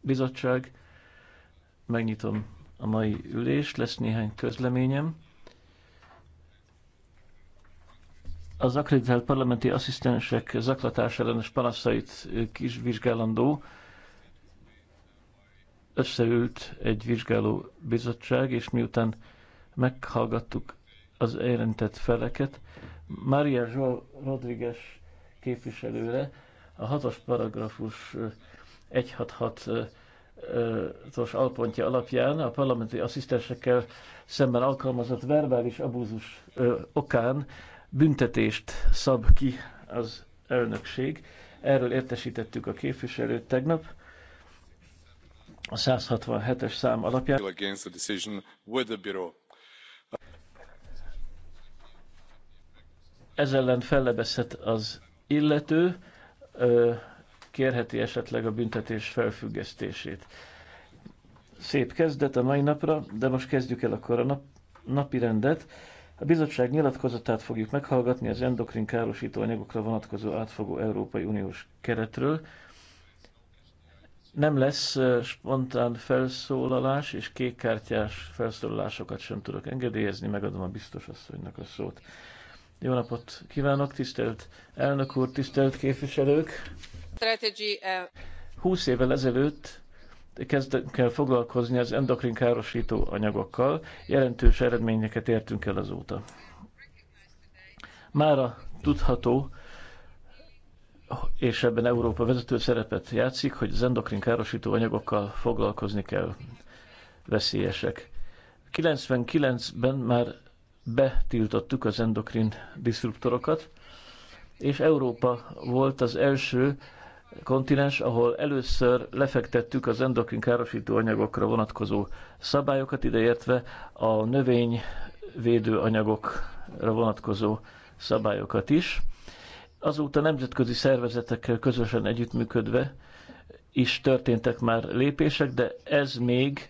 bizottság. Megnyitom a mai ülést, lesz néhány közleményem. Az akreditált parlamenti asszisztensek zaklatás ellenes panaszait kisvizsgálandó összeült egy vizsgáló bizottság, és miután meghallgattuk az érintett feleket, Mária João Rodriguez képviselőre a hatos paragrafus 166-os alpontja alapján a parlamenti asszisztensekkel szemben alkalmazott verbális abúzus okán büntetést szab ki az elnökség. Erről értesítettük a képviselőt tegnap a 167-es szám alapján. Ez ellen fellebezhet az illető, kérheti esetleg a büntetés felfüggesztését. Szép kezdet a mai napra, de most kezdjük el akkor a nap, napi rendet. A bizottság nyilatkozatát fogjuk meghallgatni az endokrin károsító anyagokra vonatkozó átfogó Európai Uniós keretről. Nem lesz spontán felszólalás, és kékkártyás felszólalásokat sem tudok engedélyezni, megadom a biztos asszonynak a szót. Jó napot kívánok, tisztelt elnök úr, tisztelt képviselők! Eh, Húsz évvel ezelőtt kezdtünk el foglalkozni az endokrin károsító anyagokkal, jelentős eredményeket értünk el azóta. Mára tudható, és ebben Európa vezető szerepet játszik, hogy az endokrin károsító anyagokkal foglalkozni kell, veszélyesek. 99-ben már betiltottuk az endokrin diszruptorokat, és Európa volt az első kontinens, ahol először lefektettük az endokrin károsító anyagokra vonatkozó szabályokat, ideértve a növényvédő anyagokra vonatkozó szabályokat is. Azóta nemzetközi szervezetekkel közösen együttműködve is történtek már lépések, de ez még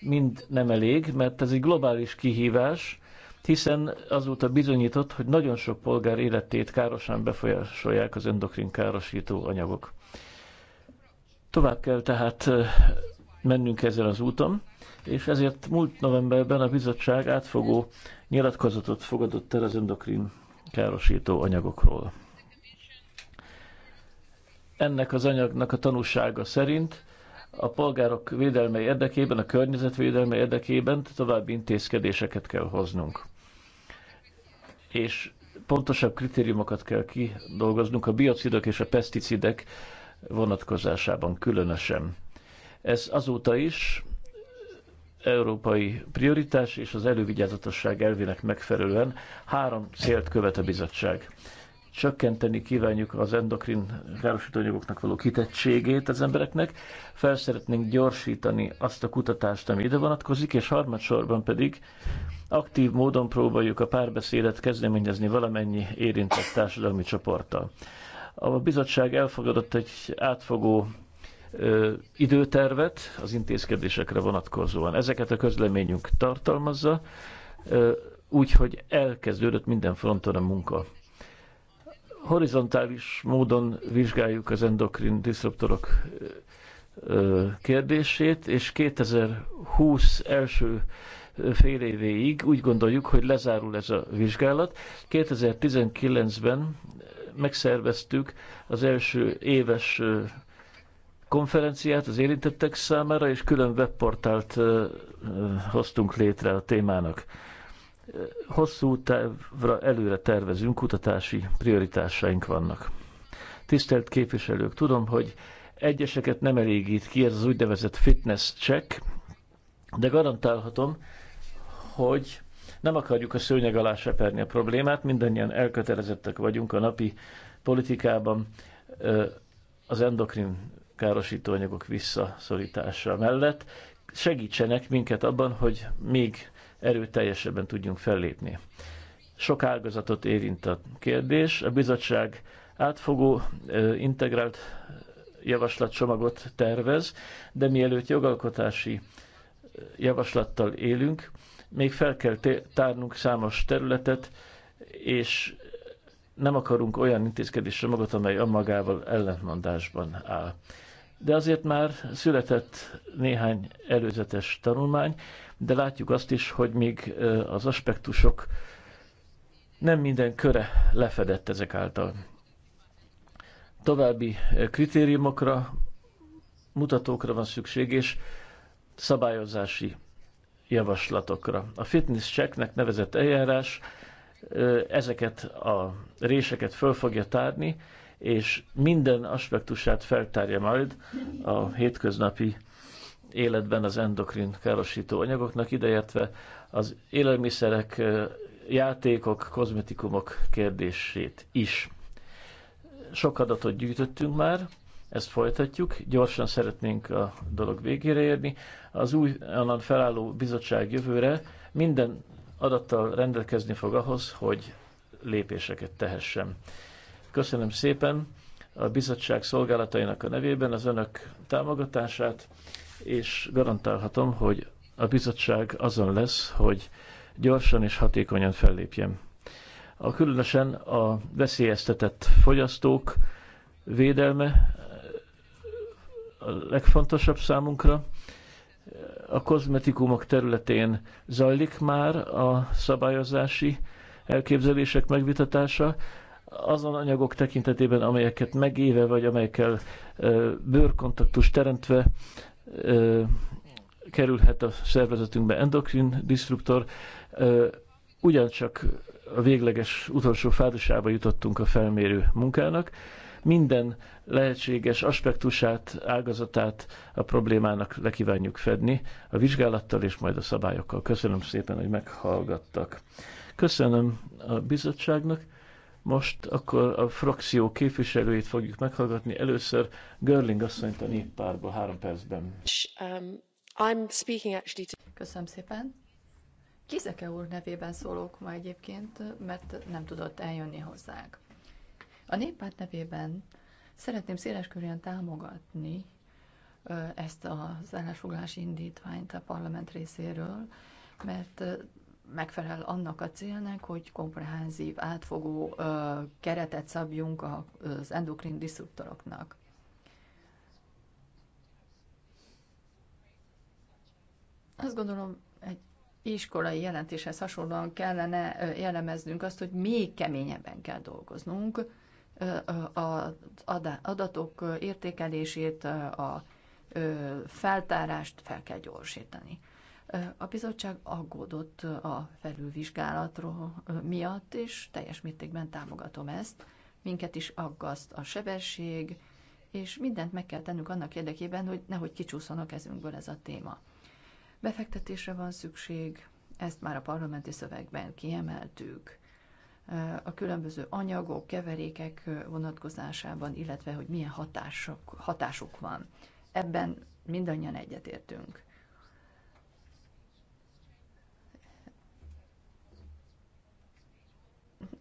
mind nem elég, mert ez egy globális kihívás, hiszen azóta bizonyított, hogy nagyon sok polgár életét károsan befolyásolják az endokrin károsító anyagok. Tovább kell tehát mennünk ezzel az úton, és ezért múlt novemberben a bizottság átfogó nyilatkozatot fogadott el az endokrin károsító anyagokról. Ennek az anyagnak a tanúsága szerint a polgárok védelme érdekében, a környezetvédelme érdekében további intézkedéseket kell hoznunk. És pontosabb kritériumokat kell kidolgoznunk a biocidok és a peszticidek vonatkozásában különösen. Ez azóta is európai prioritás és az elővigyázatosság elvének megfelelően három célt követ a bizottság. Csökkenteni kívánjuk az endokrin károsítóanyagoknak való kitettségét az embereknek, fel szeretnénk gyorsítani azt a kutatást, ami ide vonatkozik, és harmadsorban pedig aktív módon próbáljuk a párbeszédet kezdeményezni valamennyi érintett társadalmi csoporttal. A bizottság elfogadott egy átfogó ö, időtervet az intézkedésekre vonatkozóan. Ezeket a közleményünk tartalmazza, úgyhogy elkezdődött minden fronton a munka. Horizontális módon vizsgáljuk az endokrin diszruptorok kérdését, és 2020 első fél évéig úgy gondoljuk, hogy lezárul ez a vizsgálat. 2019-ben megszerveztük az első éves konferenciát az érintettek számára, és külön webportált hoztunk létre a témának. Hosszú távra előre tervezünk, kutatási prioritásaink vannak. Tisztelt képviselők, tudom, hogy egyeseket nem elégít ki ez az úgynevezett fitness check, de garantálhatom, hogy nem akarjuk a szőnyeg alá seperni a problémát, mindannyian elkötelezettek vagyunk a napi politikában az endokrin károsítóanyagok visszaszorítása mellett. Segítsenek minket abban, hogy még erőteljesebben tudjunk fellépni. Sok ágazatot érint a kérdés. A bizottság átfogó, integrált javaslatcsomagot tervez, de mielőtt jogalkotási javaslattal élünk, még fel kell tárnunk számos területet, és nem akarunk olyan intézkedésre magat, amely önmagával ellentmondásban áll. De azért már született néhány előzetes tanulmány, de látjuk azt is, hogy még az aspektusok nem minden köre lefedett ezek által. További kritériumokra, mutatókra van szükség, és szabályozási javaslatokra. A fitness checknek nevezett eljárás ezeket a réseket föl fogja tárni, és minden aspektusát feltárja majd a hétköznapi életben az endokrin károsító anyagoknak, ideértve az élelmiszerek, játékok, kozmetikumok kérdését is. Sok adatot gyűjtöttünk már, ezt folytatjuk. Gyorsan szeretnénk a dolog végére érni. Az új, annan felálló bizottság jövőre minden adattal rendelkezni fog ahhoz, hogy lépéseket tehessen. Köszönöm szépen a bizottság szolgálatainak a nevében az önök támogatását, és garantálhatom, hogy a bizottság azon lesz, hogy gyorsan és hatékonyan fellépjen. A különösen a veszélyeztetett fogyasztók védelme a legfontosabb számunkra. A kozmetikumok területén zajlik már a szabályozási elképzelések megvitatása, azon anyagok tekintetében, amelyeket megéve, vagy amelyekkel bőrkontaktus teremtve kerülhet a szervezetünkbe endokrin disruptor, ugyancsak a végleges utolsó fázisába jutottunk a felmérő munkának. Minden lehetséges aspektusát, ágazatát a problémának lekívánjuk fedni a vizsgálattal és majd a szabályokkal. Köszönöm szépen, hogy meghallgattak. Köszönöm a bizottságnak. Most akkor a frakció képviselőit fogjuk meghallgatni. Először Görling asszonyt a néppárba három percben. Um, I'm speaking actually to... Köszönöm szépen. Kizeke úr nevében szólok ma egyébként, mert nem tudott eljönni hozzánk. A néppárt nevében Szeretném széleskörűen támogatni ezt az állásfoglalási indítványt a parlament részéről, mert megfelel annak a célnak, hogy komprehenzív, átfogó keretet szabjunk az endokrin diszruptoroknak. Azt gondolom, egy iskolai jelentéshez hasonlóan kellene jellemeznünk azt, hogy még keményebben kell dolgoznunk, az adatok értékelését, a feltárást fel kell gyorsítani. A bizottság aggódott a felülvizsgálatról miatt, és teljes mértékben támogatom ezt. Minket is aggaszt a sebesség, és mindent meg kell tennünk annak érdekében, hogy nehogy kicsúszon a kezünkből ez a téma. Befektetésre van szükség, ezt már a parlamenti szövegben kiemeltük. Eh, a különböző anyagok, keverékek eh, vonatkozásában, illetve hogy milyen hatások, hatásuk van. Ebben mindannyian egyetértünk.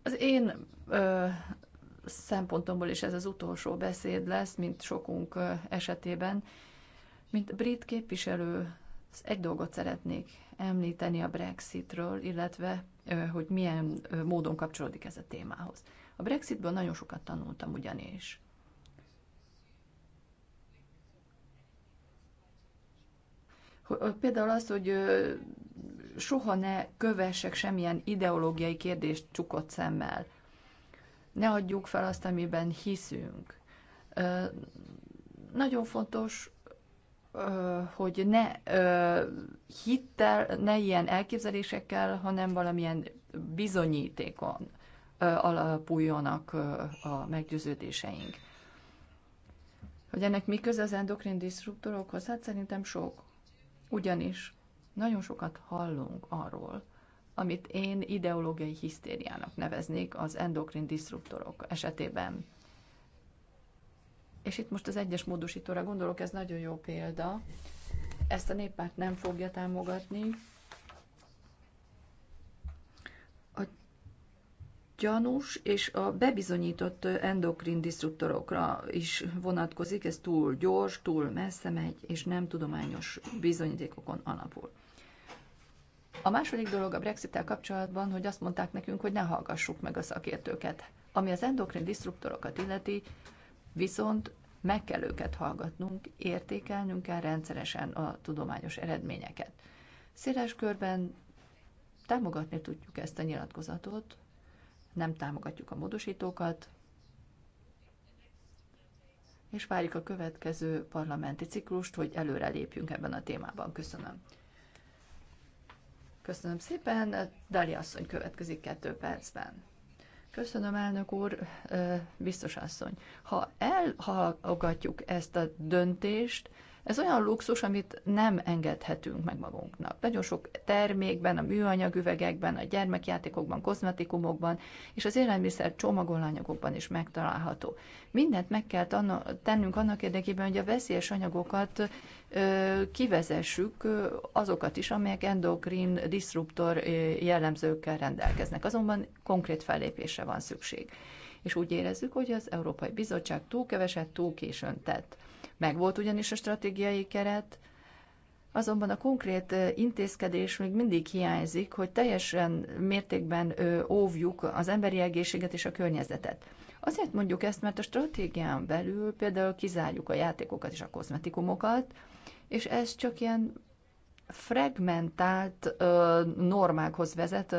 Az én ö, eh, szempontomból is ez az utolsó beszéd lesz, mint sokunk esetében. Mint brit képviselő egy dolgot szeretnék említeni a Brexitről, illetve hogy milyen módon kapcsolódik ez a témához. A Brexitből nagyon sokat tanultam ugyanis. Például az, hogy soha ne kövessek semmilyen ideológiai kérdést csukott szemmel. Ne adjuk fel azt, amiben hiszünk. Nagyon fontos, hogy ne hittel, ne ilyen elképzelésekkel, hanem valamilyen bizonyítékon alapuljonak a meggyőződéseink. Hogy ennek mi köze az endokrin diszruptorokhoz? Hát szerintem sok. Ugyanis nagyon sokat hallunk arról, amit én ideológiai hisztériának neveznék az endokrin disruptorok esetében és itt most az egyes módosítóra gondolok, ez nagyon jó példa, ezt a néppárt nem fogja támogatni. A gyanús és a bebizonyított endokrin disruptorokra is vonatkozik, ez túl gyors, túl messze megy, és nem tudományos bizonyítékokon alapul. A második dolog a Brexit-tel kapcsolatban, hogy azt mondták nekünk, hogy ne hallgassuk meg a szakértőket. Ami az endokrin disruptorokat illeti, viszont meg kell őket hallgatnunk, értékelnünk kell rendszeresen a tudományos eredményeket. Széles körben támogatni tudjuk ezt a nyilatkozatot, nem támogatjuk a módosítókat, és várjuk a következő parlamenti ciklust, hogy előrelépjünk ebben a témában. Köszönöm. Köszönöm szépen. Dali asszony következik kettő percben. Köszönöm, elnök úr, biztos asszony. Ha elhallgatjuk ezt a döntést, ez olyan luxus, amit nem engedhetünk meg magunknak. Nagyon sok termékben, a műanyag üvegekben, a gyermekjátékokban, kozmetikumokban és az élelmiszer csomagolanyagokban is megtalálható. Mindent meg kell tennünk annak érdekében, hogy a veszélyes anyagokat kivezessük azokat is, amelyek endokrin disruptor jellemzőkkel rendelkeznek. Azonban konkrét fellépésre van szükség. És úgy érezzük, hogy az Európai Bizottság túl keveset, túl későn tett Megvolt ugyanis a stratégiai keret, azonban a konkrét intézkedés még mindig hiányzik, hogy teljesen mértékben óvjuk az emberi egészséget és a környezetet. Azért mondjuk ezt, mert a stratégián belül például kizárjuk a játékokat és a kozmetikumokat, és ez csak ilyen fragmentált normákhoz vezet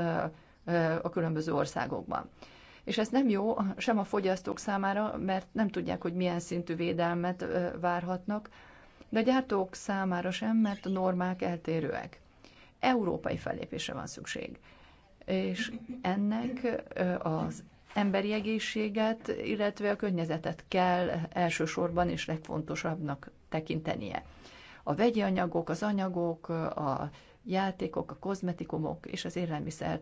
a különböző országokban és ez nem jó sem a fogyasztók számára, mert nem tudják, hogy milyen szintű védelmet várhatnak, de a gyártók számára sem, mert a normák eltérőek. Európai fellépésre van szükség. És ennek az emberi egészséget, illetve a környezetet kell elsősorban és legfontosabbnak tekintenie. A vegyi anyagok, az anyagok, a játékok, a kozmetikumok és az élelmiszer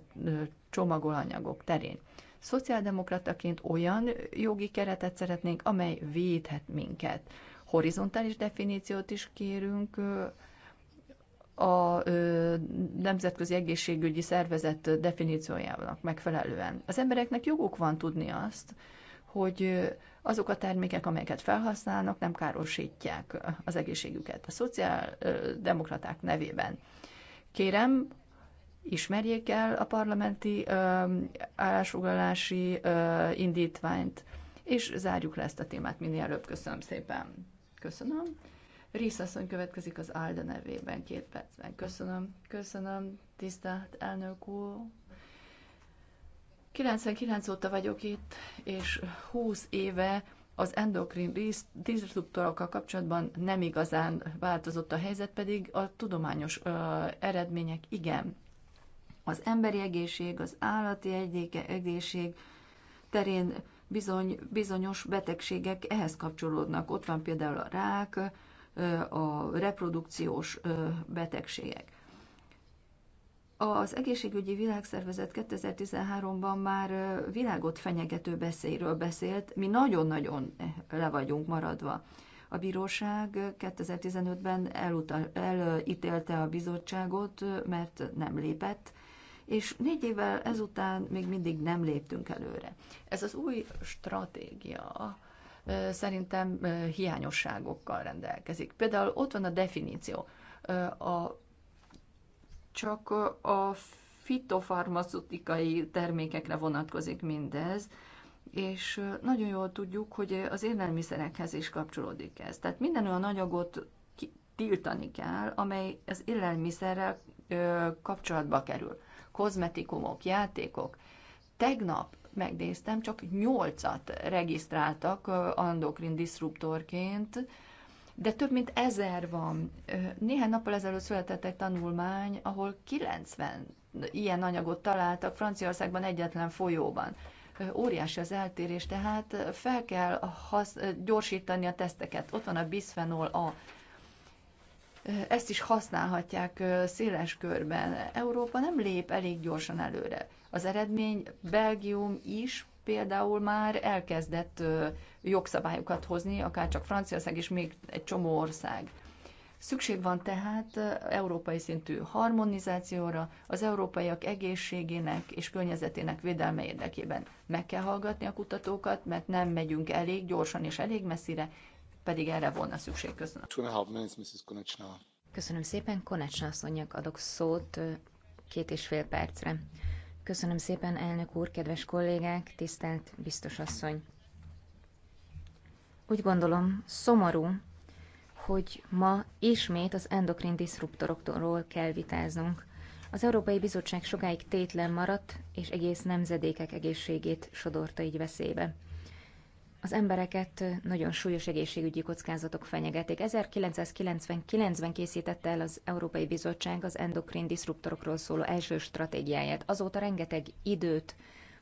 csomagolanyagok terén. Szociáldemokrataként olyan jogi keretet szeretnénk, amely védhet minket. Horizontális definíciót is kérünk a Nemzetközi Egészségügyi Szervezet definíciójának megfelelően. Az embereknek joguk van tudni azt, hogy azok a termékek, amelyeket felhasználnak, nem károsítják az egészségüket a szociáldemokraták nevében. Kérem, ismerjék el a parlamenti állásfoglalási indítványt, és zárjuk le ezt a témát minél előbb. Köszönöm szépen. Köszönöm. Részasszony következik az Alda nevében két percben. Köszönöm, köszönöm, tisztelt elnök úr. 99 óta vagyok itt, és 20 éve az endokrin disruptorokkal kapcsolatban nem igazán változott a helyzet, pedig a tudományos ö, eredmények igen az emberi egészség, az állati egészség terén bizony, bizonyos betegségek ehhez kapcsolódnak. Ott van például a rák, a reprodukciós betegségek. Az egészségügyi világszervezet 2013-ban már világot fenyegető beszélyről beszélt, mi nagyon-nagyon le vagyunk maradva. A bíróság 2015-ben elutal, elítélte a bizottságot, mert nem lépett és négy évvel ezután még mindig nem léptünk előre. Ez az új stratégia szerintem hiányosságokkal rendelkezik. Például ott van a definíció. A, csak a fitofarmaceutikai termékekre vonatkozik mindez, és nagyon jól tudjuk, hogy az élelmiszerekhez is kapcsolódik ez. Tehát minden olyan anyagot tiltani kell, amely az élelmiszerrel kapcsolatba kerül kozmetikumok, játékok. Tegnap megnéztem, csak nyolcat regisztráltak endokrin diszruptorként, de több mint ezer van. Néhány nappal ezelőtt született egy tanulmány, ahol 90 ilyen anyagot találtak Franciaországban egyetlen folyóban. Óriási az eltérés, tehát fel kell hasz, gyorsítani a teszteket. Ott van a bisphenol A ezt is használhatják széles körben. Európa nem lép elég gyorsan előre. Az eredmény Belgium is például már elkezdett jogszabályokat hozni, akár csak Franciaország és még egy csomó ország. Szükség van tehát európai szintű harmonizációra, az európaiak egészségének és környezetének védelme érdekében. Meg kell hallgatni a kutatókat, mert nem megyünk elég gyorsan és elég messzire, pedig erre volna szükség. Köszönöm. Köszönöm szépen, Konecsna asszonynak adok szót két és fél percre. Köszönöm szépen, elnök úr, kedves kollégák, tisztelt biztos asszony. Úgy gondolom, szomorú, hogy ma ismét az endokrin diszruptoroktól kell vitáznunk. Az Európai Bizottság sokáig tétlen maradt, és egész nemzedékek egészségét sodorta így veszélybe az embereket nagyon súlyos egészségügyi kockázatok fenyegetik. 1999-ben készítette el az Európai Bizottság az endokrin diszruptorokról szóló első stratégiáját. Azóta rengeteg időt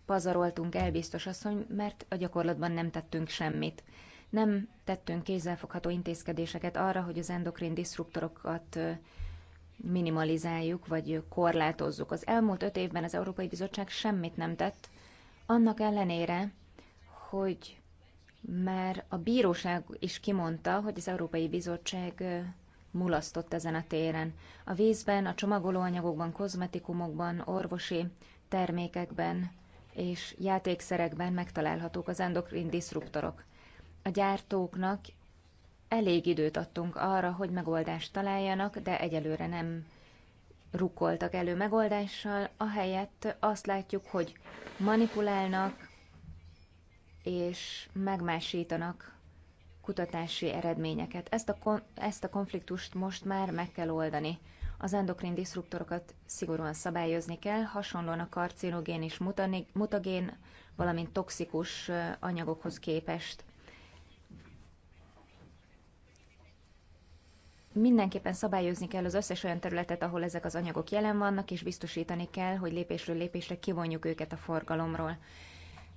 pazaroltunk el, biztos asszony, mert a gyakorlatban nem tettünk semmit. Nem tettünk kézzelfogható intézkedéseket arra, hogy az endokrin diszruptorokat minimalizáljuk, vagy korlátozzuk. Az elmúlt öt évben az Európai Bizottság semmit nem tett, annak ellenére, hogy mert a bíróság is kimondta, hogy az Európai Bizottság mulasztott ezen a téren. A vízben, a csomagolóanyagokban, kozmetikumokban, orvosi termékekben és játékszerekben megtalálhatók az endokrin diszruptorok. A gyártóknak elég időt adtunk arra, hogy megoldást találjanak, de egyelőre nem rukkoltak elő megoldással, ahelyett azt látjuk, hogy manipulálnak, és megmásítanak kutatási eredményeket. Ezt a, ezt a konfliktust most már meg kell oldani. Az endokrin diszruptorokat szigorúan szabályozni kell, hasonlóan a karcinogén és mutagén, valamint toxikus anyagokhoz képest. Mindenképpen szabályozni kell az összes olyan területet, ahol ezek az anyagok jelen vannak, és biztosítani kell, hogy lépésről lépésre kivonjuk őket a forgalomról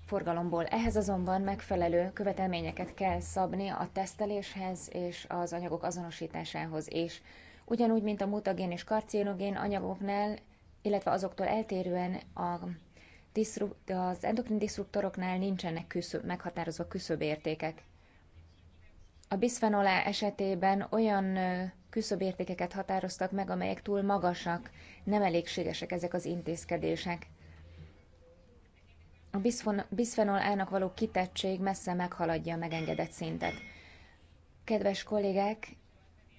forgalomból. Ehhez azonban megfelelő követelményeket kell szabni a teszteléshez és az anyagok azonosításához is. Ugyanúgy, mint a mutagén és karcinogén anyagoknál, illetve azoktól eltérően a az endokrin diszruptoroknál nincsenek küszöb, meghatározva küszöbértékek. A bisphenol A esetében olyan küszöbértékeket határoztak meg, amelyek túl magasak, nem elégségesek ezek az intézkedések a bisphenol A-nak való kitettség messze meghaladja a megengedett szintet. Kedves kollégák,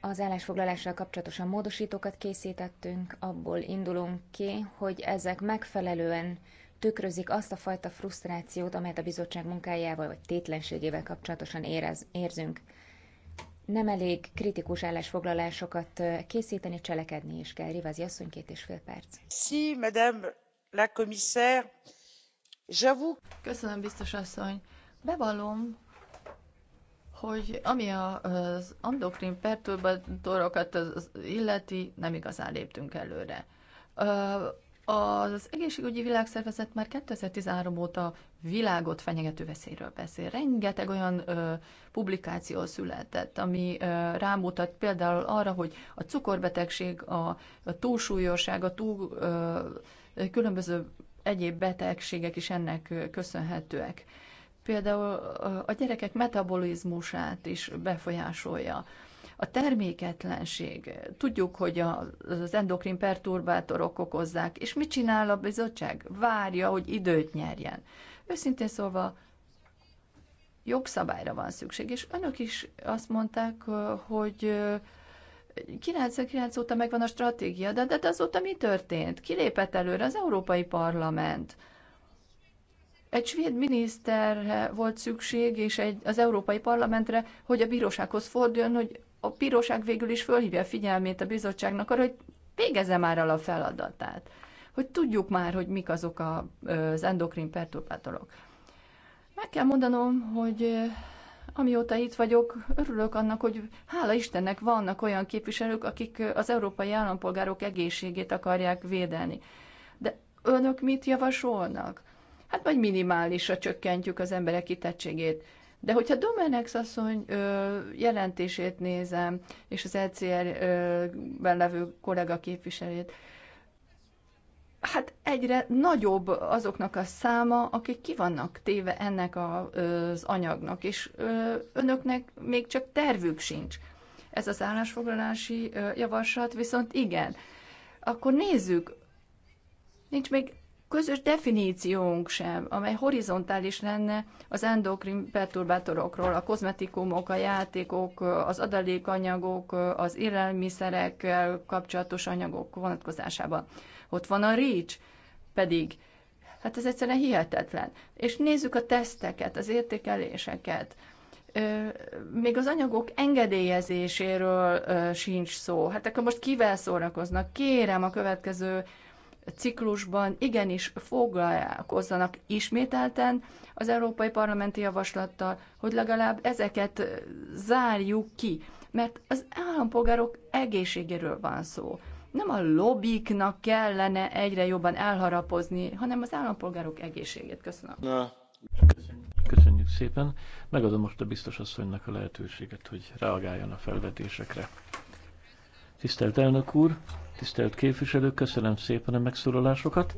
az állásfoglalással kapcsolatosan módosítókat készítettünk, abból indulunk ki, hogy ezek megfelelően tükrözik azt a fajta frusztrációt, amelyet a bizottság munkájával vagy tétlenségével kapcsolatosan érez, érzünk. Nem elég kritikus állásfoglalásokat készíteni, cselekedni is kell. Rivazi asszony, két és fél perc. Si, madame la commissaire, Köszönöm, biztos asszony. Bevallom, hogy ami az endokrin perturbatorokat illeti, nem igazán léptünk előre. Az egészségügyi világszervezet már 2013 óta világot fenyegető veszélyről beszél. Rengeteg olyan ö, publikáció született, ami ö, rámutat például arra, hogy a cukorbetegség, a, a túlsúlyosság, a túl ö, különböző egyéb betegségek is ennek köszönhetőek. Például a gyerekek metabolizmusát is befolyásolja. A terméketlenség. Tudjuk, hogy az endokrin perturbátorok okozzák, és mit csinál a bizottság? Várja, hogy időt nyerjen. Őszintén szólva, jogszabályra van szükség, és önök is azt mondták, hogy 99 óta megvan a stratégia, de, de azóta mi történt? Kilépett előre az Európai Parlament. Egy svéd miniszter volt szükség, és egy, az Európai Parlamentre, hogy a bírósághoz forduljon, hogy a bíróság végül is fölhívja a figyelmét a bizottságnak arra, hogy végezze már el a feladatát. Hogy tudjuk már, hogy mik azok a, az endokrin perturbátorok. Meg kell mondanom, hogy Amióta itt vagyok, örülök annak, hogy hála Istennek vannak olyan képviselők, akik az európai állampolgárok egészségét akarják védeni. De önök mit javasolnak? Hát vagy minimálisra csökkentjük az emberek kitettségét. De hogyha Domenex asszony ö, jelentését nézem, és az ECR-ben levő kollega képviselét, hát egyre nagyobb azoknak a száma, akik ki vannak téve ennek a, az anyagnak, és önöknek még csak tervük sincs. Ez az állásfoglalási javaslat viszont igen. Akkor nézzük, nincs még közös definíciónk sem, amely horizontális lenne az endokrin perturbátorokról, a kozmetikumok, a játékok, az adalékanyagok, az élelmiszerekkel kapcsolatos anyagok vonatkozásában ott van a REACH, pedig hát ez egyszerűen hihetetlen. És nézzük a teszteket, az értékeléseket. Még az anyagok engedélyezéséről sincs szó. Hát akkor most kivel szórakoznak? Kérem a következő ciklusban igenis foglalkozzanak ismételten az Európai Parlamenti Javaslattal, hogy legalább ezeket zárjuk ki, mert az állampolgárok egészségéről van szó nem a lobbiknak kellene egyre jobban elharapozni, hanem az állampolgárok egészségét. Köszönöm. Na. Köszönjük. szépen. Megadom most a biztos asszonynak a lehetőséget, hogy reagáljon a felvetésekre. Tisztelt elnök úr, tisztelt képviselők, köszönöm szépen a megszólalásokat.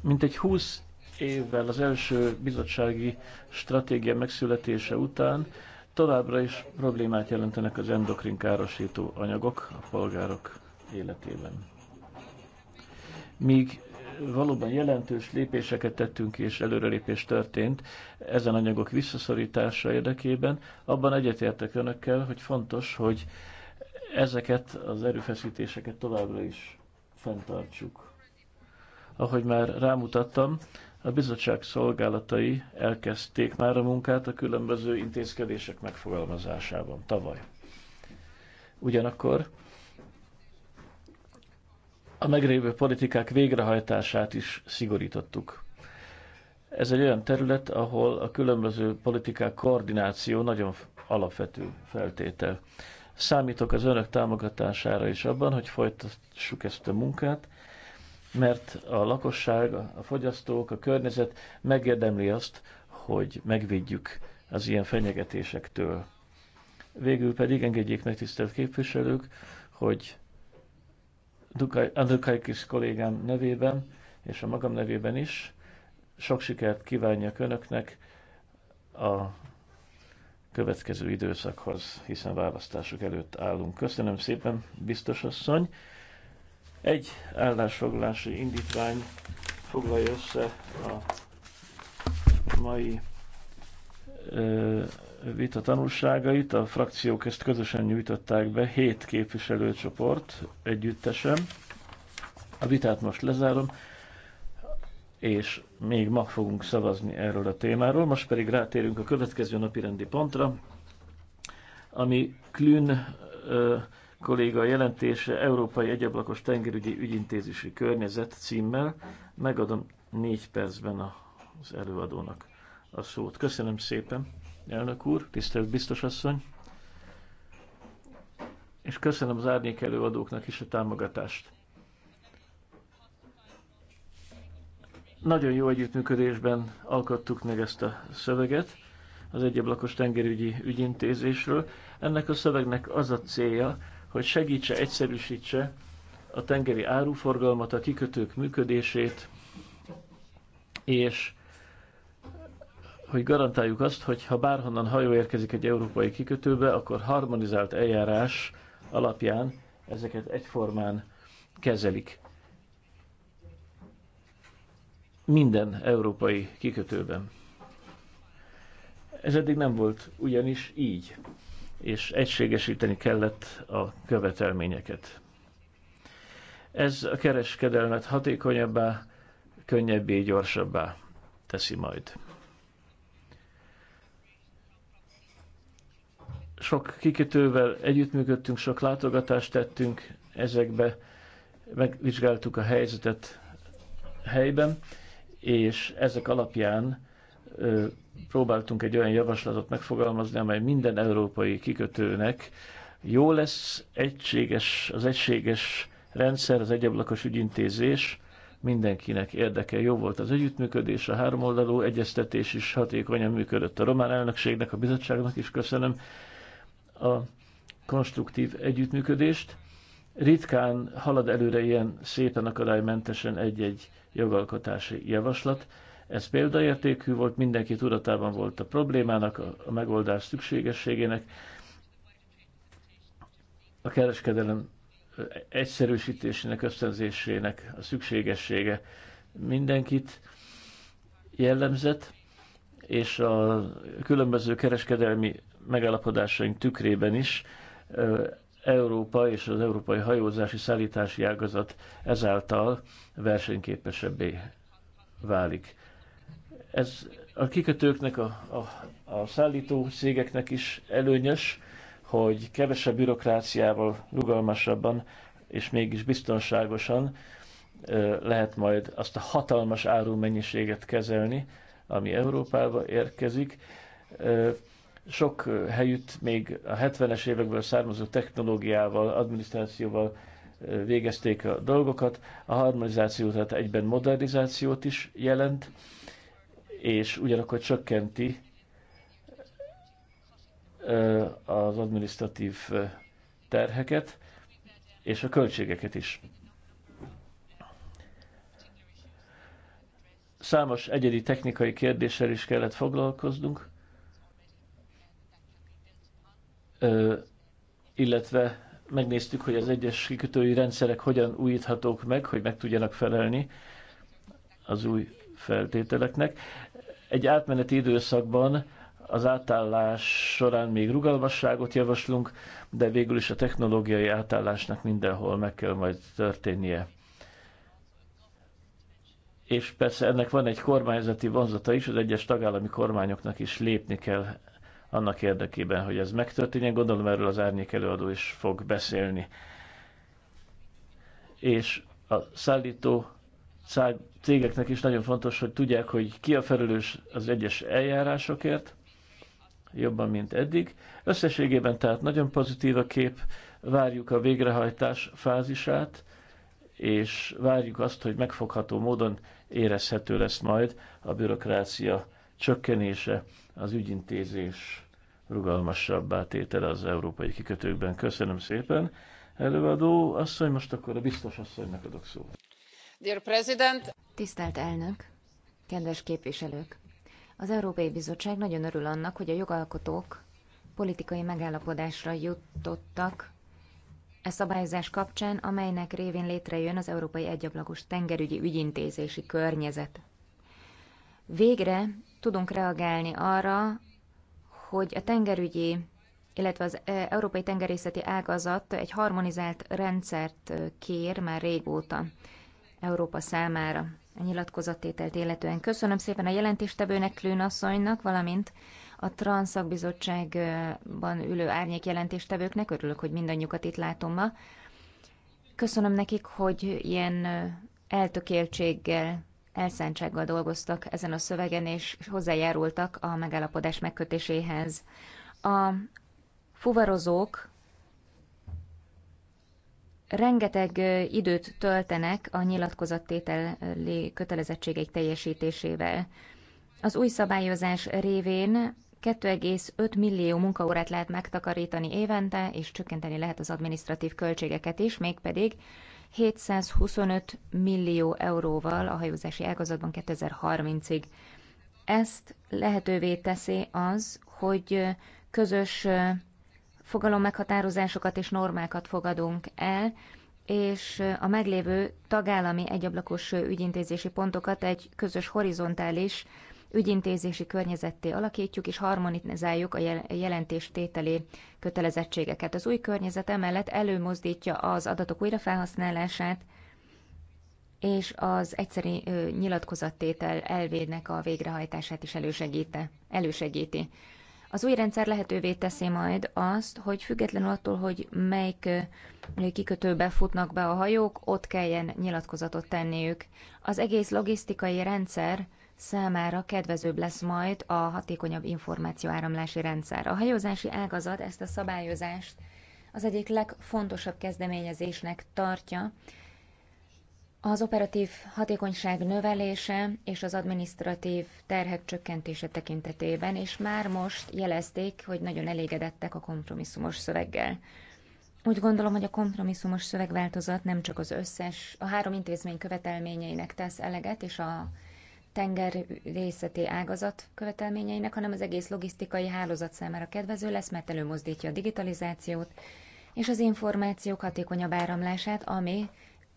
Mint egy 20 évvel az első bizottsági stratégia megszületése után Továbbra is problémát jelentenek az endokrin károsító anyagok a polgárok életében. Míg valóban jelentős lépéseket tettünk és előrelépés történt ezen anyagok visszaszorítása érdekében, abban egyetértek önökkel, hogy fontos, hogy ezeket az erőfeszítéseket továbbra is fenntartsuk. Ahogy már rámutattam, a bizottság szolgálatai elkezdték már a munkát a különböző intézkedések megfogalmazásában tavaly. Ugyanakkor a megrévő politikák végrehajtását is szigorítottuk. Ez egy olyan terület, ahol a különböző politikák koordináció nagyon alapvető feltétel. Számítok az önök támogatására is abban, hogy folytassuk ezt a munkát, mert a lakosság, a fogyasztók, a környezet megérdemli azt, hogy megvédjük az ilyen fenyegetésektől. Végül pedig engedjék meg, tisztelt képviselők, hogy Andrukajkis kollégám nevében és a magam nevében is sok sikert kívánjak Önöknek a következő időszakhoz, hiszen választások előtt állunk. Köszönöm szépen, biztos asszony! Egy állásfoglalási indítvány foglalja össze a mai ö, vita tanulságait. A frakciók ezt közösen nyújtották be, hét képviselőcsoport együttesen. A vitát most lezárom, és még ma fogunk szavazni erről a témáról. Most pedig rátérünk a következő napi rendi pontra, ami Klün ö, kolléga jelentése Európai Egyablakos Tengerügyi Ügyintézési Környezet címmel. Megadom négy percben az előadónak a szót. Köszönöm szépen, elnök úr, tisztelt asszony, és köszönöm az árnyék előadóknak is a támogatást. Nagyon jó együttműködésben alkottuk meg ezt a szöveget az egyablakos tengerügyi ügyintézésről. Ennek a szövegnek az a célja, hogy segítse, egyszerűsítse a tengeri áruforgalmat, a kikötők működését, és hogy garantáljuk azt, hogy ha bárhonnan hajó érkezik egy európai kikötőbe, akkor harmonizált eljárás alapján ezeket egyformán kezelik. Minden európai kikötőben. Ez eddig nem volt ugyanis így és egységesíteni kellett a követelményeket. Ez a kereskedelmet hatékonyabbá, könnyebbé, gyorsabbá teszi majd. Sok kikötővel együttműködtünk, sok látogatást tettünk ezekbe, megvizsgáltuk a helyzetet helyben, és ezek alapján próbáltunk egy olyan javaslatot megfogalmazni, amely minden európai kikötőnek jó lesz egységes, az egységes rendszer, az egyablakos ügyintézés, mindenkinek érdeke. Jó volt az együttműködés, a háromoldalú egyeztetés is hatékonyan működött a román elnökségnek, a bizottságnak is köszönöm a konstruktív együttműködést. Ritkán halad előre ilyen szépen akadálymentesen egy-egy jogalkotási javaslat. Ez példaértékű volt, mindenki tudatában volt a problémának, a megoldás szükségességének. A kereskedelem egyszerűsítésének, ösztönzésének a szükségessége mindenkit jellemzett, és a különböző kereskedelmi megállapodásaink tükrében is Európa és az európai hajózási szállítási ágazat ezáltal versenyképesebbé válik. Ez a kikötőknek, a, a, a szállító cégeknek is előnyös, hogy kevesebb bürokráciával, rugalmasabban és mégis biztonságosan lehet majd azt a hatalmas árumennyiséget kezelni, ami Európába érkezik. Sok helyütt még a 70-es évekből származó technológiával, adminisztrációval végezték a dolgokat. A harmonizáció tehát egyben modernizációt is jelent, és ugyanakkor csökkenti az administratív terheket és a költségeket is. Számos egyedi technikai kérdéssel is kellett foglalkoznunk, illetve megnéztük, hogy az egyes kikötői rendszerek hogyan újíthatók meg, hogy meg tudjanak felelni az új feltételeknek. Egy átmeneti időszakban az átállás során még rugalmasságot javaslunk, de végül is a technológiai átállásnak mindenhol meg kell majd történnie. És persze ennek van egy kormányzati vonzata is, az egyes tagállami kormányoknak is lépni kell annak érdekében, hogy ez megtörténjen. Gondolom erről az árnyék előadó is fog beszélni. És a szállító cégeknek is nagyon fontos, hogy tudják, hogy ki a felelős az egyes eljárásokért, jobban, mint eddig. Összességében tehát nagyon pozitív a kép, várjuk a végrehajtás fázisát, és várjuk azt, hogy megfogható módon érezhető lesz majd a bürokrácia csökkenése, az ügyintézés rugalmasabbá tétele az európai kikötőkben. Köszönöm szépen, előadó asszony, most akkor a biztos asszonynak adok szót. Tisztelt elnök, kedves képviselők! Az Európai Bizottság nagyon örül annak, hogy a jogalkotók politikai megállapodásra jutottak e szabályozás kapcsán, amelynek révén létrejön az Európai Egyablakos Tengerügyi Ügyintézési Környezet. Végre tudunk reagálni arra, hogy a tengerügyi, illetve az e, Európai Tengerészeti Ágazat egy harmonizált rendszert e, kér már régóta. Európa számára. A nyilatkozattételt illetően köszönöm szépen a jelentéstevőnek, Klőn asszonynak, valamint a Transzakbizottságban ülő árnyék jelentéstevőknek. Örülök, hogy mindannyiukat itt látom ma. Köszönöm nekik, hogy ilyen eltökéltséggel, elszántsággal dolgoztak ezen a szövegen, és hozzájárultak a megállapodás megkötéséhez. A fuvarozók rengeteg időt töltenek a nyilatkozattételi kötelezettségeik teljesítésével. Az új szabályozás révén 2,5 millió munkaórát lehet megtakarítani évente, és csökkenteni lehet az adminisztratív költségeket is, mégpedig 725 millió euróval a hajózási ágazatban 2030-ig. Ezt lehetővé teszi az, hogy közös fogalom meghatározásokat és normákat fogadunk el, és a meglévő tagállami egyablakos ügyintézési pontokat egy közös horizontális ügyintézési környezetté alakítjuk és harmonizáljuk a jelentéstételi kötelezettségeket. Az új környezet emellett előmozdítja az adatok újrafelhasználását és az egyszeri nyilatkozattétel elvédnek a végrehajtását is elősegíti. Az új rendszer lehetővé teszi majd azt, hogy függetlenül attól, hogy melyik kikötőbe futnak be a hajók, ott kelljen nyilatkozatot tenniük. Az egész logisztikai rendszer számára kedvezőbb lesz majd a hatékonyabb információáramlási rendszer. A hajózási ágazat ezt a szabályozást az egyik legfontosabb kezdeményezésnek tartja az operatív hatékonyság növelése és az adminisztratív terhek csökkentése tekintetében, és már most jelezték, hogy nagyon elégedettek a kompromisszumos szöveggel. Úgy gondolom, hogy a kompromisszumos szövegváltozat nem csak az összes, a három intézmény követelményeinek tesz eleget, és a tenger részeti ágazat követelményeinek, hanem az egész logisztikai hálózat számára kedvező lesz, mert előmozdítja a digitalizációt és az információk hatékonyabb áramlását, ami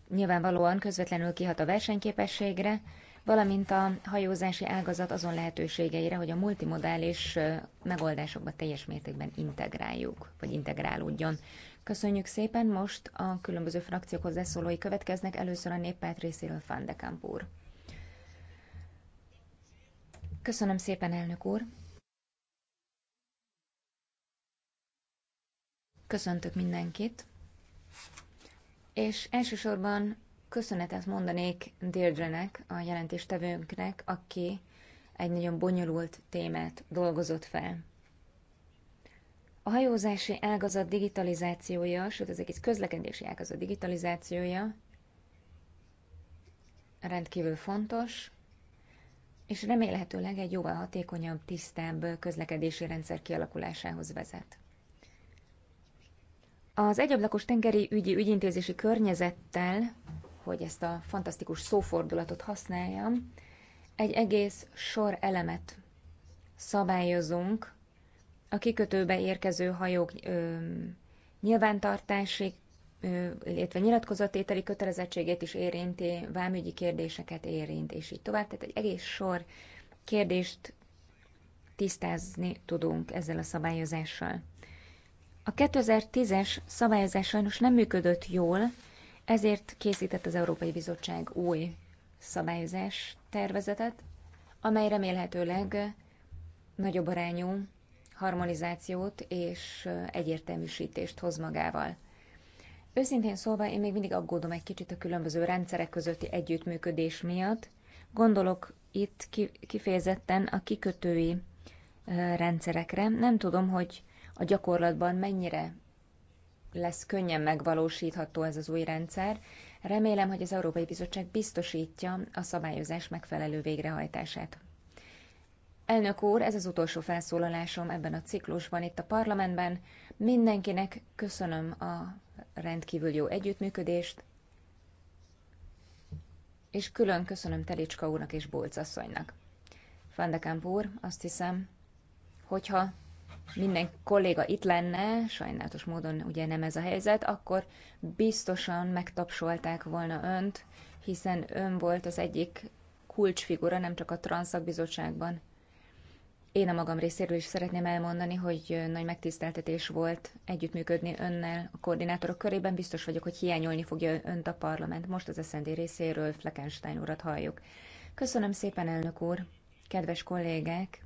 nyilvánvalóan közvetlenül kihat a versenyképességre, valamint a hajózási ágazat azon lehetőségeire, hogy a multimodális megoldásokba teljes mértékben integráljuk, vagy integrálódjon. Köszönjük szépen, most a különböző frakciók hozzászólói következnek, először a néppárt részéről Fandekamp úr. Köszönöm szépen, elnök úr! Köszöntök mindenkit! és elsősorban köszönetet mondanék Dérdrenek, a jelentéstevőnknek, aki egy nagyon bonyolult témát dolgozott fel. A hajózási ágazat digitalizációja, sőt az egész közlekedési ágazat digitalizációja rendkívül fontos, és remélhetőleg egy jóval hatékonyabb, tisztább közlekedési rendszer kialakulásához vezet. Az egyablakos tengeri ügyi ügyintézési környezettel, hogy ezt a fantasztikus szófordulatot használjam, egy egész sor elemet szabályozunk a kikötőbe érkező hajók ö, nyilvántartási, ö, illetve nyilatkozatételi kötelezettségét is érinti, vámügyi kérdéseket érint, és így tovább. Tehát egy egész sor kérdést tisztázni tudunk ezzel a szabályozással. A 2010-es szabályozás sajnos nem működött jól, ezért készített az Európai Bizottság új szabályozás tervezetet, amely remélhetőleg nagyobb arányú harmonizációt és egyértelműsítést hoz magával. Őszintén szólva, én még mindig aggódom egy kicsit a különböző rendszerek közötti együttműködés miatt. Gondolok itt kifejezetten a kikötői eh, rendszerekre. Nem tudom, hogy a gyakorlatban mennyire lesz könnyen megvalósítható ez az új rendszer. Remélem, hogy az Európai Bizottság biztosítja a szabályozás megfelelő végrehajtását. Elnök úr, ez az utolsó felszólalásom ebben a ciklusban itt a parlamentben. Mindenkinek köszönöm a rendkívül jó együttműködést, és külön köszönöm Telicska úrnak és Bolc asszonynak. Fandekamp úr, azt hiszem, hogyha minden kolléga itt lenne, sajnálatos módon ugye nem ez a helyzet, akkor biztosan megtapsolták volna önt, hiszen ön volt az egyik kulcsfigura, nem csak a Transzakbizottságban. Én a magam részéről is szeretném elmondani, hogy nagy megtiszteltetés volt együttműködni önnel a koordinátorok körében. Biztos vagyok, hogy hiányolni fogja önt a parlament. Most az SZND részéről Fleckenstein urat halljuk. Köszönöm szépen, elnök úr! Kedves kollégek!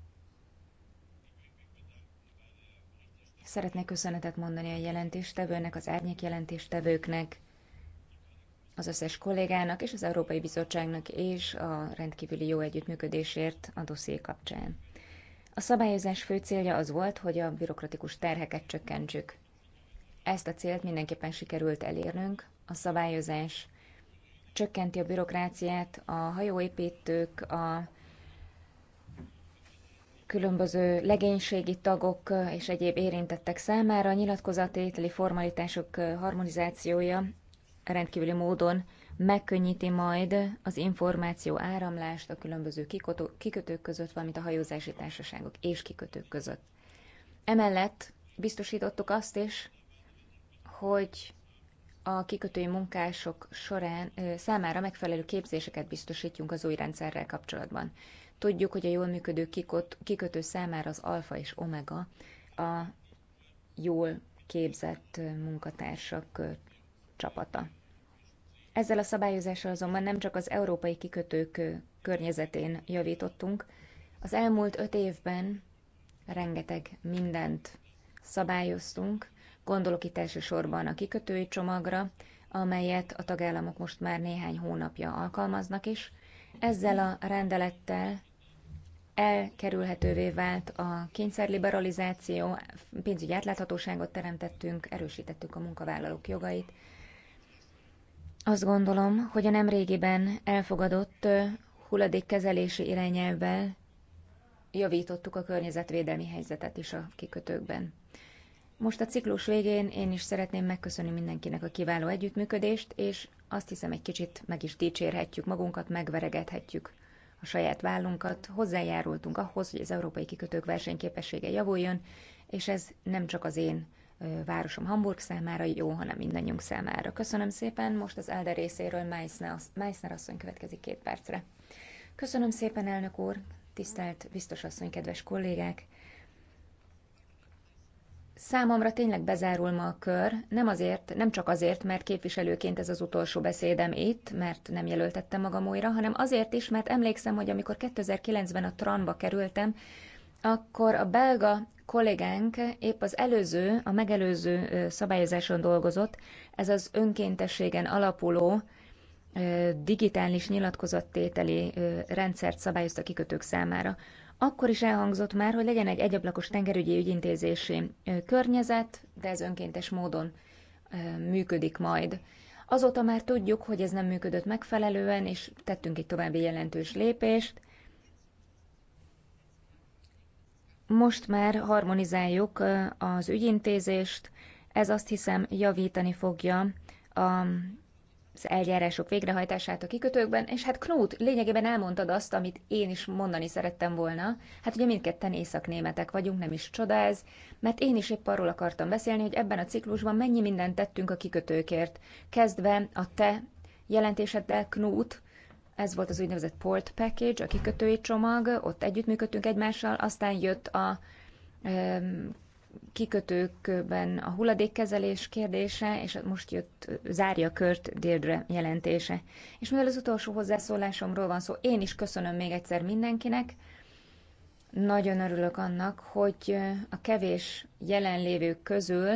Szeretnék köszönetet mondani a jelentéstevőnek, az árnyék jelentéstevőknek, az összes kollégának és az Európai Bizottságnak és a rendkívüli jó együttműködésért a dosszié kapcsán. A szabályozás fő célja az volt, hogy a bürokratikus terheket csökkentsük. Ezt a célt mindenképpen sikerült elérnünk. A szabályozás csökkenti a bürokráciát, a hajóépítők, a különböző legénységi tagok és egyéb érintettek számára a nyilatkozatételi formalitások harmonizációja rendkívüli módon megkönnyíti majd az információ áramlást a különböző kikötők között, valamint a hajózási társaságok és kikötők között. Emellett biztosítottuk azt is, hogy a kikötői munkások során számára megfelelő képzéseket biztosítjunk az új rendszerrel kapcsolatban. Tudjuk, hogy a jól működő kikötő számára az alfa és omega a jól képzett munkatársak csapata. Ezzel a szabályozással azonban nem csak az európai kikötők környezetén javítottunk. Az elmúlt öt évben rengeteg mindent szabályoztunk, gondolok itt elsősorban a kikötői csomagra, amelyet a tagállamok most már néhány hónapja alkalmaznak is. Ezzel a rendelettel elkerülhetővé vált a kényszerliberalizáció, pénzügyi átláthatóságot teremtettünk, erősítettük a munkavállalók jogait. Azt gondolom, hogy a nemrégiben elfogadott hulladékkezelési irányelvvel javítottuk a környezetvédelmi helyzetet is a kikötőkben. Most a ciklus végén én is szeretném megköszönni mindenkinek a kiváló együttműködést, és azt hiszem egy kicsit meg is dicsérhetjük magunkat, megveregethetjük a saját vállunkat, hozzájárultunk ahhoz, hogy az európai kikötők versenyképessége javuljon, és ez nem csak az én városom Hamburg számára jó, hanem mindannyiunk számára. Köszönöm szépen, most az Elde részéről Meissner, Meissner asszony következik két percre. Köszönöm szépen, elnök úr, tisztelt biztos asszony, kedves kollégák! Számomra tényleg bezárul ma a kör, nem azért, nem csak azért, mert képviselőként ez az utolsó beszédem itt, mert nem jelöltettem magam újra, hanem azért is, mert emlékszem, hogy amikor 2009-ben a Tranba kerültem, akkor a belga kollégánk épp az előző, a megelőző szabályozáson dolgozott, ez az önkéntességen alapuló digitális nyilatkozattételi rendszert szabályozta kikötők számára. Akkor is elhangzott már, hogy legyen egy egyablakos tengerügyi ügyintézési környezet, de ez önkéntes módon működik majd. Azóta már tudjuk, hogy ez nem működött megfelelően, és tettünk egy további jelentős lépést. Most már harmonizáljuk az ügyintézést, ez azt hiszem javítani fogja a az eljárások végrehajtását a kikötőkben, és hát Knut, lényegében elmondtad azt, amit én is mondani szerettem volna. Hát ugye mindketten északnémetek vagyunk, nem is csoda ez, mert én is épp arról akartam beszélni, hogy ebben a ciklusban mennyi mindent tettünk a kikötőkért. Kezdve a te jelentéseddel, Knut, ez volt az úgynevezett port package, a kikötői csomag, ott együttműködtünk egymással, aztán jött a kikötőkben a hulladékkezelés kérdése, és most jött, zárja a kört Dérdre jelentése. És mivel az utolsó hozzászólásomról van szó, én is köszönöm még egyszer mindenkinek. Nagyon örülök annak, hogy a kevés jelenlévők közül,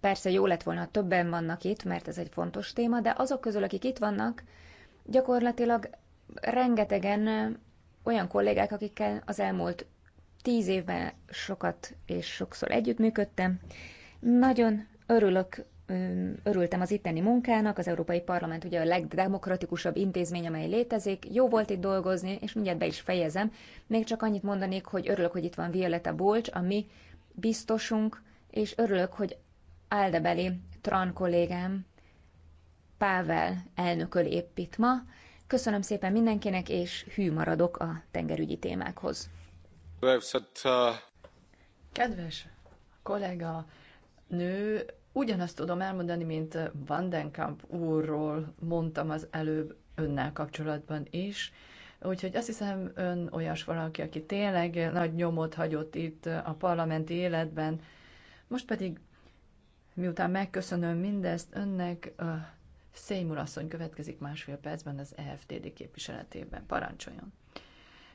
persze jó lett volna, ha többen vannak itt, mert ez egy fontos téma, de azok közül, akik itt vannak, gyakorlatilag rengetegen olyan kollégák, akikkel az elmúlt tíz évvel sokat és sokszor együttműködtem. Nagyon örülök, örültem az itteni munkának, az Európai Parlament ugye a legdemokratikusabb intézmény, amely létezik. Jó volt itt dolgozni, és mindjárt be is fejezem. Még csak annyit mondanék, hogy örülök, hogy itt van Violeta Bolcs, a mi biztosunk, és örülök, hogy áldebeli Tran kollégám Pável elnököl épp itt ma. Köszönöm szépen mindenkinek, és hű maradok a tengerügyi témákhoz. Kedves kollega, nő, ugyanazt tudom elmondani, mint Vandenkamp úrról mondtam az előbb önnel kapcsolatban is. Úgyhogy azt hiszem, ön olyas valaki, aki tényleg nagy nyomot hagyott itt a parlamenti életben. Most pedig, miután megköszönöm mindezt önnek, Szémul asszony következik másfél percben az EFTD képviseletében. Parancsoljon!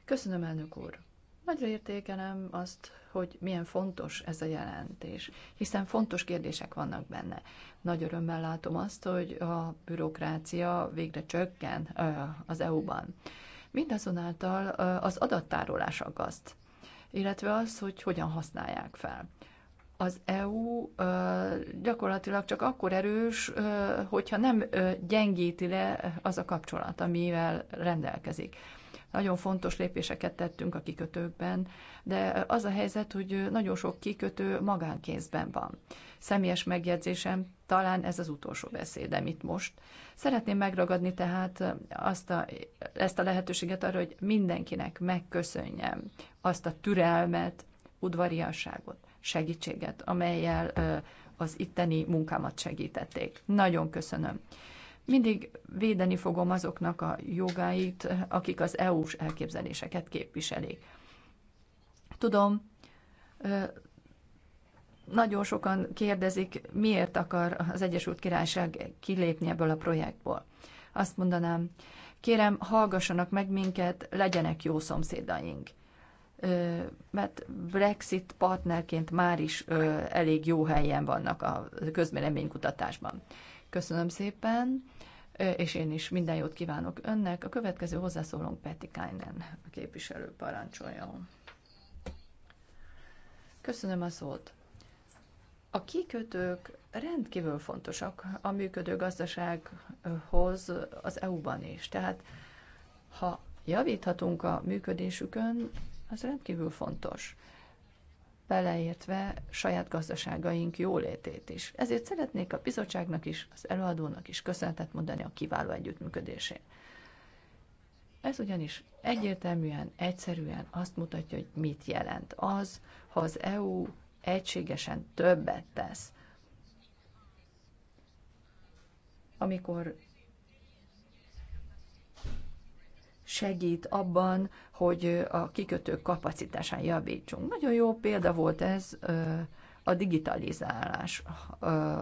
Köszönöm, elnök úr! Nagyra értékelem azt, hogy milyen fontos ez a jelentés, hiszen fontos kérdések vannak benne. Nagy örömmel látom azt, hogy a bürokrácia végre csökken az EU-ban. Mindazonáltal az adattárolás aggaszt, illetve az, hogy hogyan használják fel. Az EU gyakorlatilag csak akkor erős, hogyha nem gyengíti le az a kapcsolat, amivel rendelkezik nagyon fontos lépéseket tettünk a kikötőkben, de az a helyzet, hogy nagyon sok kikötő magánkézben van. Személyes megjegyzésem, talán ez az utolsó beszédem itt most. Szeretném megragadni tehát azt a, ezt a lehetőséget arra, hogy mindenkinek megköszönjem azt a türelmet, udvariasságot, segítséget, amelyel az itteni munkámat segítették. Nagyon köszönöm. Mindig védeni fogom azoknak a jogáit, akik az EU-s elképzeléseket képviselik. Tudom, nagyon sokan kérdezik, miért akar az Egyesült Királyság kilépni ebből a projektból. Azt mondanám, kérem, hallgassanak meg minket, legyenek jó szomszédaink. Mert Brexit partnerként már is elég jó helyen vannak a közvéleménykutatásban. kutatásban. Köszönöm szépen, és én is minden jót kívánok önnek. A következő hozzászólónk Peti Kainen, a képviselő parancsoljon. Köszönöm a szót. A kikötők rendkívül fontosak a működő gazdasághoz az EU-ban is. Tehát ha javíthatunk a működésükön, az rendkívül fontos beleértve saját gazdaságaink jólétét is. Ezért szeretnék a bizottságnak is, az előadónak is köszönetet mondani a kiváló együttműködésért. Ez ugyanis egyértelműen, egyszerűen azt mutatja, hogy mit jelent az, ha az EU egységesen többet tesz. Amikor segít abban, hogy a kikötők kapacitásán javítsunk. Nagyon jó példa volt ez a digitalizálás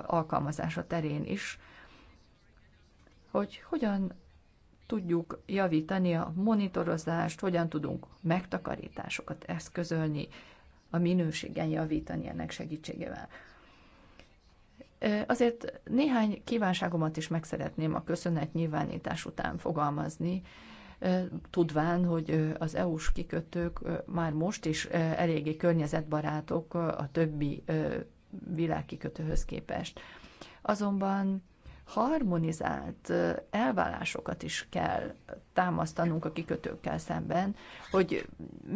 alkalmazása terén is, hogy hogyan tudjuk javítani a monitorozást, hogyan tudunk megtakarításokat eszközölni, a minőségen javítani ennek segítségével. Azért néhány kívánságomat is meg szeretném a köszönet nyilvánítás után fogalmazni, tudván, hogy az EU-s kikötők már most is eléggé környezetbarátok a többi világkikötőhöz képest. Azonban harmonizált elvállásokat is kell támasztanunk a kikötőkkel szemben, hogy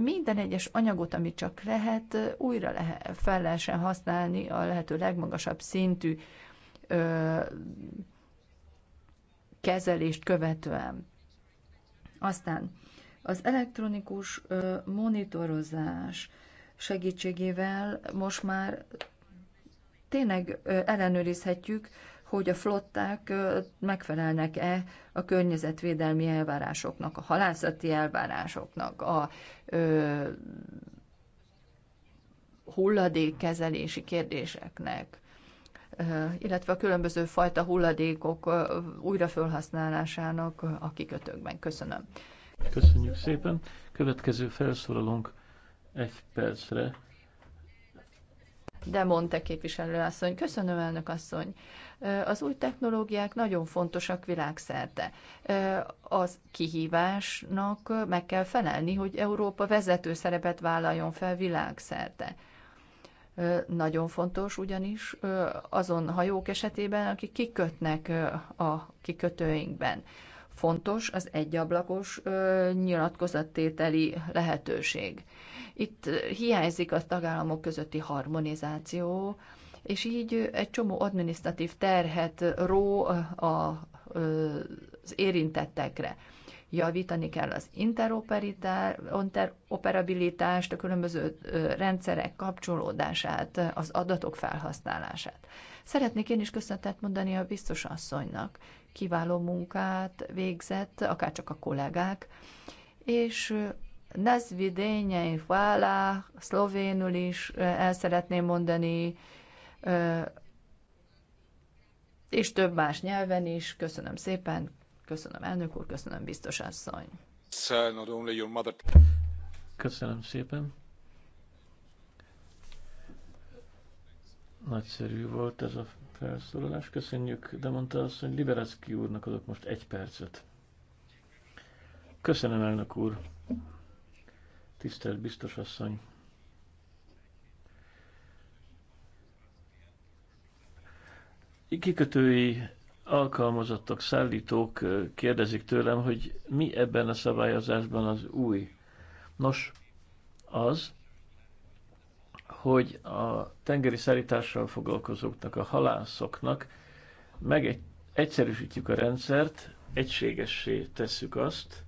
minden egyes anyagot, amit csak lehet, újra lehet, fel lehessen használni a lehető legmagasabb szintű ö, kezelést követően. Aztán az elektronikus monitorozás segítségével most már tényleg ellenőrizhetjük, hogy a flották megfelelnek-e a környezetvédelmi elvárásoknak, a halászati elvárásoknak, a ö, hulladékkezelési kérdéseknek illetve a különböző fajta hulladékok újrafelhasználásának a kikötőkben. Köszönöm. Köszönjük szépen. Következő felszólalunk egy percre. De mondta asszony, köszönöm elnök asszony. Az új technológiák nagyon fontosak világszerte. Az kihívásnak meg kell felelni, hogy Európa vezető szerepet vállaljon fel világszerte nagyon fontos ugyanis azon hajók esetében, akik kikötnek a kikötőinkben. Fontos az egyablakos nyilatkozattételi lehetőség. Itt hiányzik a tagállamok közötti harmonizáció, és így egy csomó adminisztratív terhet ró az érintettekre javítani kell az interoperabilitást, a különböző rendszerek kapcsolódását, az adatok felhasználását. Szeretnék én is köszöntet mondani a biztos asszonynak. Kiváló munkát végzett, akárcsak a kollégák, és Nazvidényei Fála, szlovénul is el szeretném mondani, és több más nyelven is. Köszönöm szépen, Köszönöm, elnök úr, köszönöm, biztos asszony. Köszönöm szépen. Nagyszerű volt ez a felszólalás. Köszönjük, de mondta azt, hogy Liberecki úrnak adok most egy percet. Köszönöm, elnök úr. Tisztelt biztos asszony. Kikötői alkalmazottak, szállítók kérdezik tőlem, hogy mi ebben a szabályozásban az új. Nos, az, hogy a tengeri szállítással foglalkozóknak, a halászoknak meg egy, egyszerűsítjük a rendszert, egységessé tesszük azt,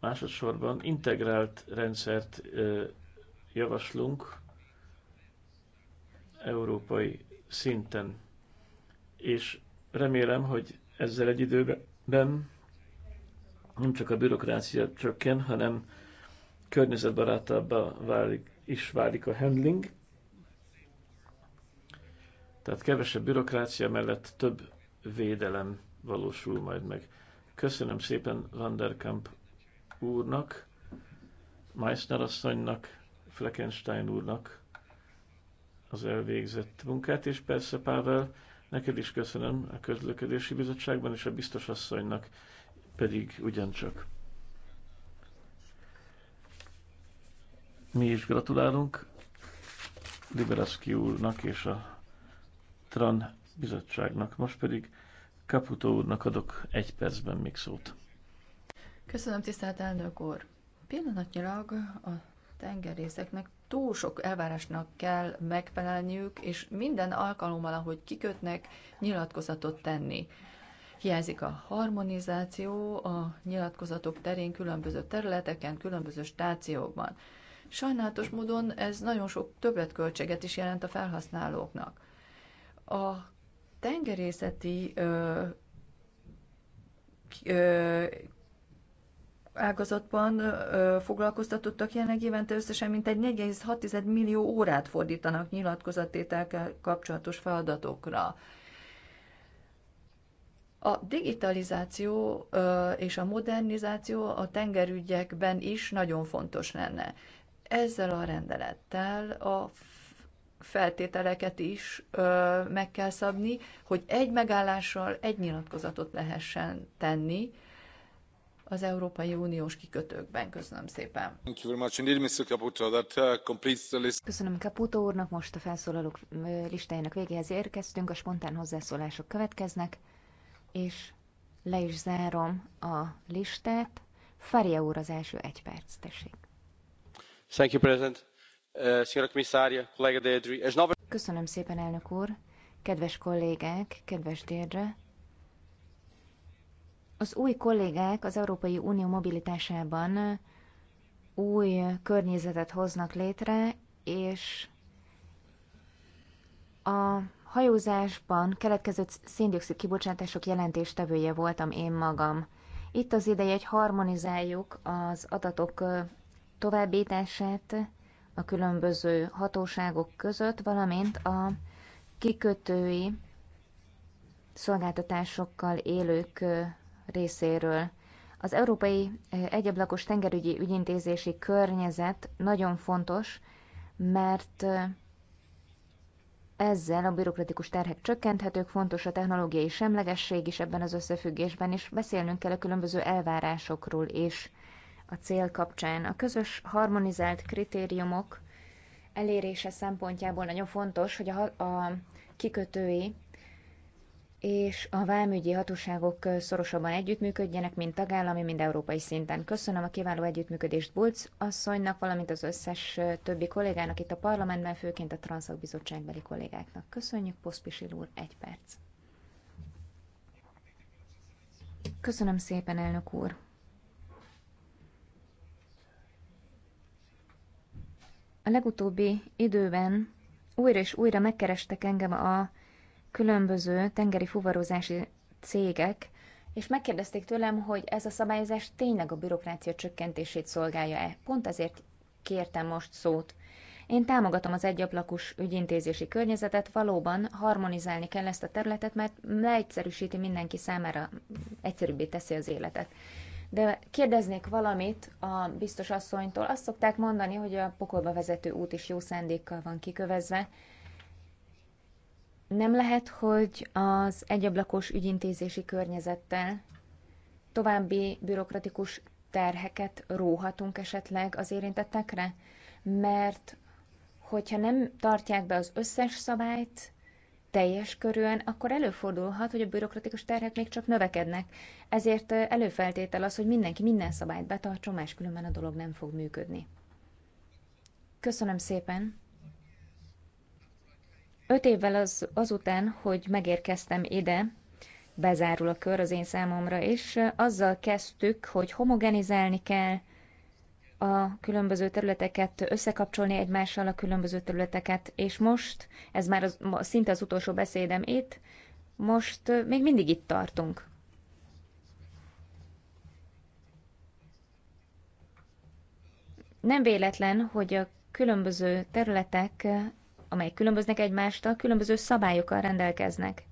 másodszorban integrált rendszert ö, javaslunk európai szinten, és remélem, hogy ezzel egy időben nem csak a bürokrácia csökken, hanem környezetbarátabbá válik, is válik a handling. Tehát kevesebb bürokrácia mellett több védelem valósul majd meg. Köszönöm szépen Vanderkamp úrnak, Meissner asszonynak, Fleckenstein úrnak az elvégzett munkát, és persze Pável Neked is köszönöm a közlekedési bizottságban, és a biztos asszonynak pedig ugyancsak. Mi is gratulálunk Liberaszki úrnak és a TRAN bizottságnak. Most pedig Kaputó úrnak adok egy percben még szót. Köszönöm, tisztelt elnök úr! Pillanatnyilag a tengerészeknek túl sok elvárásnak kell megfelelniük, és minden alkalommal, ahogy kikötnek, nyilatkozatot tenni. Hiányzik a harmonizáció a nyilatkozatok terén különböző területeken, különböző stációkban. Sajnálatos módon ez nagyon sok többletköltséget is jelent a felhasználóknak. A tengerészeti ö, ö, ágazatban foglalkoztatottak jelenleg évente összesen mintegy 4,6 millió órát fordítanak nyilatkozattételkel kapcsolatos feladatokra. A digitalizáció és a modernizáció a tengerügyekben is nagyon fontos lenne. Ezzel a rendelettel a feltételeket is meg kell szabni, hogy egy megállással egy nyilatkozatot lehessen tenni, az Európai Uniós kikötőkben. Köszönöm szépen. Uh, Köszönöm Caputo úrnak, most a felszólalók listájának végéhez érkeztünk, a spontán hozzászólások következnek, és le is zárom a listát. Faria úr az első egy perc, tessék. Thank you, President. Uh, Köszönöm szépen, elnök úr. Kedves kollégák, kedves Dédre. Az új kollégák az Európai Unió mobilitásában uh, új környezetet hoznak létre, és a hajózásban keletkező széndiokszid kibocsátások jelentéstevője voltam én magam. Itt az ideje, hogy harmonizáljuk az adatok uh, továbbítását a különböző hatóságok között, valamint a kikötői szolgáltatásokkal élők uh, részéről. Az Európai Egyablakos Tengerügyi Ügyintézési Környezet nagyon fontos, mert ezzel a bürokratikus terhek csökkenthetők, fontos a technológiai semlegesség is ebben az összefüggésben, és beszélnünk kell a különböző elvárásokról és a cél kapcsán. A közös harmonizált kritériumok elérése szempontjából nagyon fontos, hogy a, a kikötői és a vámügyi hatóságok szorosabban együttműködjenek, mint tagállami, mind európai szinten. Köszönöm a kiváló együttműködést Bulc asszonynak, valamint az összes többi kollégának itt a parlamentben, főként a Transzak Bizottságbeli kollégáknak. Köszönjük, Poszpisil úr, egy perc. Köszönöm szépen, elnök úr. A legutóbbi időben újra és újra megkerestek engem a különböző tengeri fuvarozási cégek, és megkérdezték tőlem, hogy ez a szabályozás tényleg a bürokrácia csökkentését szolgálja-e. Pont ezért kértem most szót. Én támogatom az egyablakos ügyintézési környezetet, valóban harmonizálni kell ezt a területet, mert leegyszerűsíti mindenki számára, egyszerűbbé teszi az életet. De kérdeznék valamit a biztos asszonytól. Azt szokták mondani, hogy a pokolba vezető út is jó szándékkal van kikövezve. Nem lehet, hogy az egyablakos ügyintézési környezettel további bürokratikus terheket róhatunk esetleg az érintettekre, mert hogyha nem tartják be az összes szabályt teljes körűen, akkor előfordulhat, hogy a bürokratikus terhek még csak növekednek. Ezért előfeltétel az, hogy mindenki minden szabályt betartson, máskülönben a dolog nem fog működni. Köszönöm szépen! Öt évvel az, azután, hogy megérkeztem ide, bezárul a kör az én számomra, és azzal kezdtük, hogy homogenizálni kell a különböző területeket, összekapcsolni egymással a különböző területeket, és most, ez már az, szinte az utolsó beszédem itt, most még mindig itt tartunk. Nem véletlen, hogy a különböző területek amelyek különböznek egymástól, különböző szabályokkal rendelkeznek.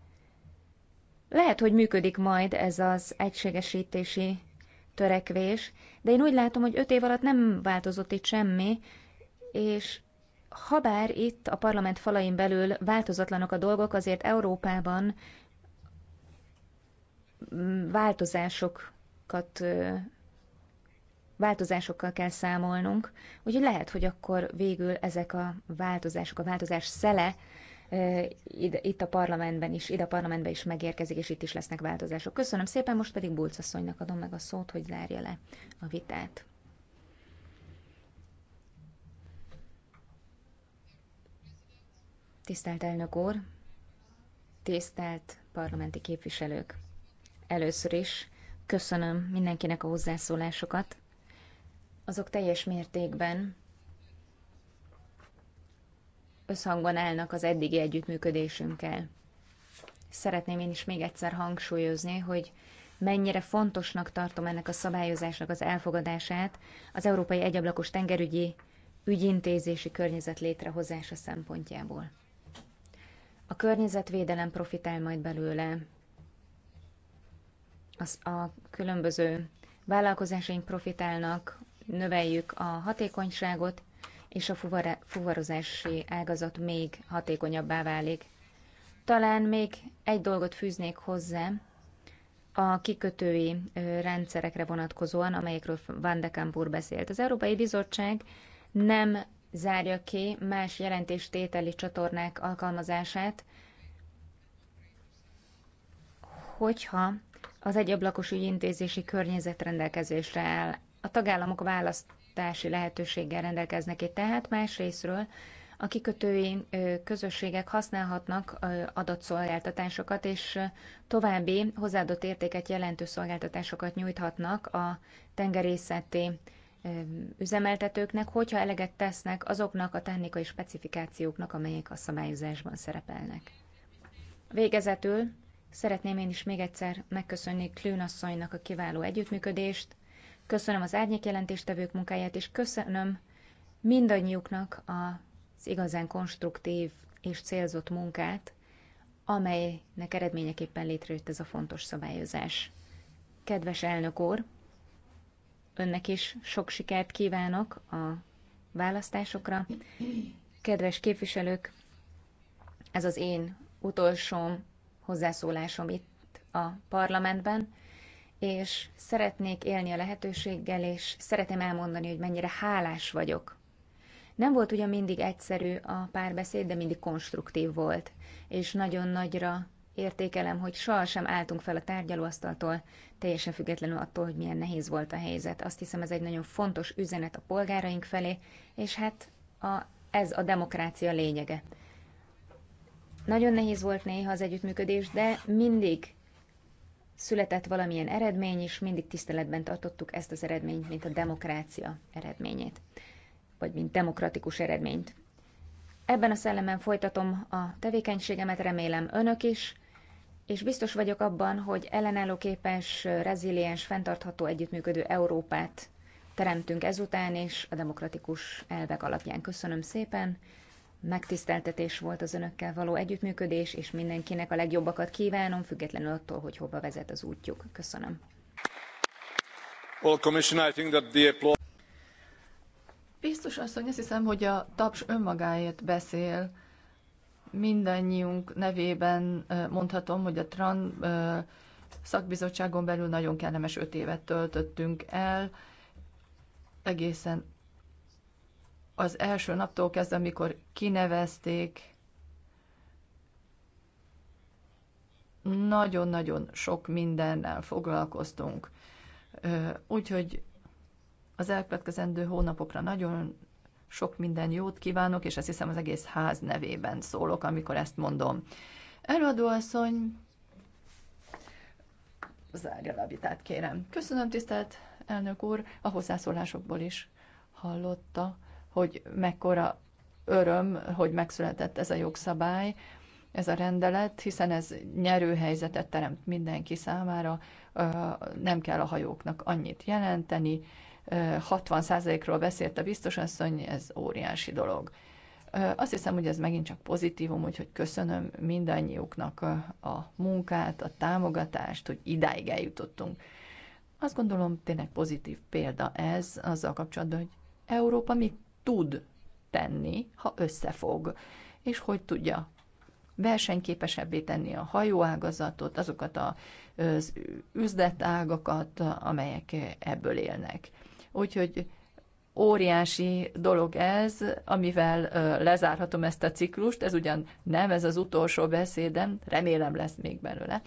Lehet, hogy működik majd ez az egységesítési törekvés, de én úgy látom, hogy öt év alatt nem változott itt semmi, és habár itt a parlament falain belül változatlanok a dolgok, azért Európában mm, változásokat változásokkal kell számolnunk, úgyhogy lehet, hogy akkor végül ezek a változások, a változás szele itt a parlamentben is, ide a parlamentben is megérkezik, és itt is lesznek változások. Köszönöm szépen, most pedig Bulc adom meg a szót, hogy zárja le a vitát. Tisztelt elnök úr, tisztelt parlamenti képviselők! Először is köszönöm mindenkinek a hozzászólásokat azok teljes mértékben összhangban állnak az eddigi együttműködésünkkel. Szeretném én is még egyszer hangsúlyozni, hogy mennyire fontosnak tartom ennek a szabályozásnak az elfogadását az Európai Egyablakos Tengerügyi Ügyintézési Környezet létrehozása szempontjából. A környezetvédelem profitál majd belőle, az a különböző vállalkozásaink profitálnak, növeljük a hatékonyságot, és a fuvarozási ágazat még hatékonyabbá válik. Talán még egy dolgot fűznék hozzá, a kikötői rendszerekre vonatkozóan, amelyekről Van de Kampur beszélt. Az Európai Bizottság nem zárja ki más jelentéstételi csatornák alkalmazását, hogyha az egyablakos ügyintézési környezet rendelkezésre áll. A tagállamok választási lehetőséggel rendelkeznek itt tehát, másrésztről a kikötői közösségek használhatnak szolgáltatásokat, és további hozzáadott értéket jelentő szolgáltatásokat nyújthatnak a tengerészeti üzemeltetőknek, hogyha eleget tesznek azoknak a technikai specifikációknak, amelyek a szabályozásban szerepelnek. Végezetül szeretném én is még egyszer megköszönni Klűn asszonynak a kiváló együttműködést, köszönöm az árnyék jelentéstevők munkáját, és köszönöm mindannyiuknak az igazán konstruktív és célzott munkát, amelynek eredményeképpen létrejött ez a fontos szabályozás. Kedves elnök úr, önnek is sok sikert kívánok a választásokra. Kedves képviselők, ez az én utolsó hozzászólásom itt a parlamentben és szeretnék élni a lehetőséggel, és szeretem elmondani, hogy mennyire hálás vagyok. Nem volt ugyan mindig egyszerű a párbeszéd, de mindig konstruktív volt, és nagyon nagyra értékelem, hogy sohasem álltunk fel a tárgyalóasztaltól, teljesen függetlenül attól, hogy milyen nehéz volt a helyzet. Azt hiszem, ez egy nagyon fontos üzenet a polgáraink felé, és hát a, ez a demokrácia lényege. Nagyon nehéz volt néha az együttműködés, de mindig született valamilyen eredmény, és mindig tiszteletben tartottuk ezt az eredményt, mint a demokrácia eredményét, vagy mint demokratikus eredményt. Ebben a szellemben folytatom a tevékenységemet, remélem önök is, és biztos vagyok abban, hogy ellenállóképes, reziliens, fenntartható együttműködő Európát teremtünk ezután, és a demokratikus elvek alapján. Köszönöm szépen, megtiszteltetés volt az önökkel való együttműködés, és mindenkinek a legjobbakat kívánom, függetlenül attól, hogy hova vezet az útjuk. Köszönöm. Well, Biztos asszony, azt hiszem, hogy a taps önmagáért beszél. Mindennyiunk nevében mondhatom, hogy a TRAN szakbizottságon belül nagyon kellemes öt évet töltöttünk el, egészen az első naptól kezdve, amikor kinevezték, nagyon-nagyon sok mindennel foglalkoztunk. Úgyhogy az elkövetkezendő hónapokra nagyon sok minden jót kívánok, és ezt hiszem az egész ház nevében szólok, amikor ezt mondom. Előadóasszony, zárja a vitát, kérem. Köszönöm, tisztelt elnök úr, a hozzászólásokból is hallotta, hogy mekkora öröm, hogy megszületett ez a jogszabály, ez a rendelet, hiszen ez nyerő helyzetet teremt mindenki számára, nem kell a hajóknak annyit jelenteni. 60%-ról beszélt a biztosasszony, ez óriási dolog. Azt hiszem, hogy ez megint csak pozitívum, úgyhogy köszönöm mindannyiuknak a munkát, a támogatást, hogy idáig eljutottunk. Azt gondolom, tényleg pozitív példa ez azzal kapcsolatban, hogy Európa mit tud tenni, ha összefog, és hogy tudja versenyképesebbé tenni a hajóágazatot, azokat az üzletágakat, amelyek ebből élnek. Úgyhogy óriási dolog ez, amivel lezárhatom ezt a ciklust. Ez ugyan nem ez az utolsó beszédem, remélem lesz még belőle.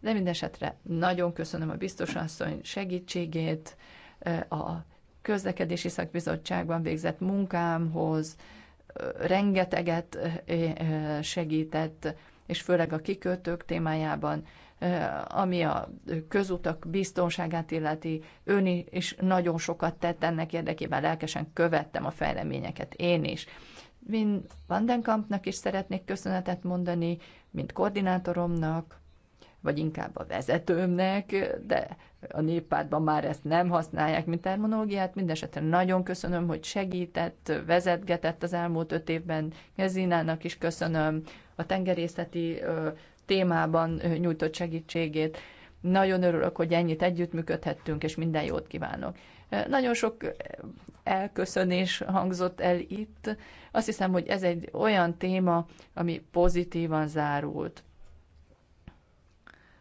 De mindesetre nagyon köszönöm a biztos asszony segítségét, a közlekedési szakbizottságban végzett munkámhoz, rengeteget segített, és főleg a kikötők témájában, ami a közutak biztonságát illeti, ön is nagyon sokat tett ennek érdekében, lelkesen követtem a fejleményeket én is. Vin Vandenkampnak is szeretnék köszönetet mondani, mint koordinátoromnak, vagy inkább a vezetőmnek, de a néppártban már ezt nem használják, mint terminológiát. Mindenesetre nagyon köszönöm, hogy segített, vezetgetett az elmúlt öt évben. Gezinának is köszönöm a tengerészeti témában nyújtott segítségét. Nagyon örülök, hogy ennyit együttműködhettünk, és minden jót kívánok. Nagyon sok elköszönés hangzott el itt. Azt hiszem, hogy ez egy olyan téma, ami pozitívan zárult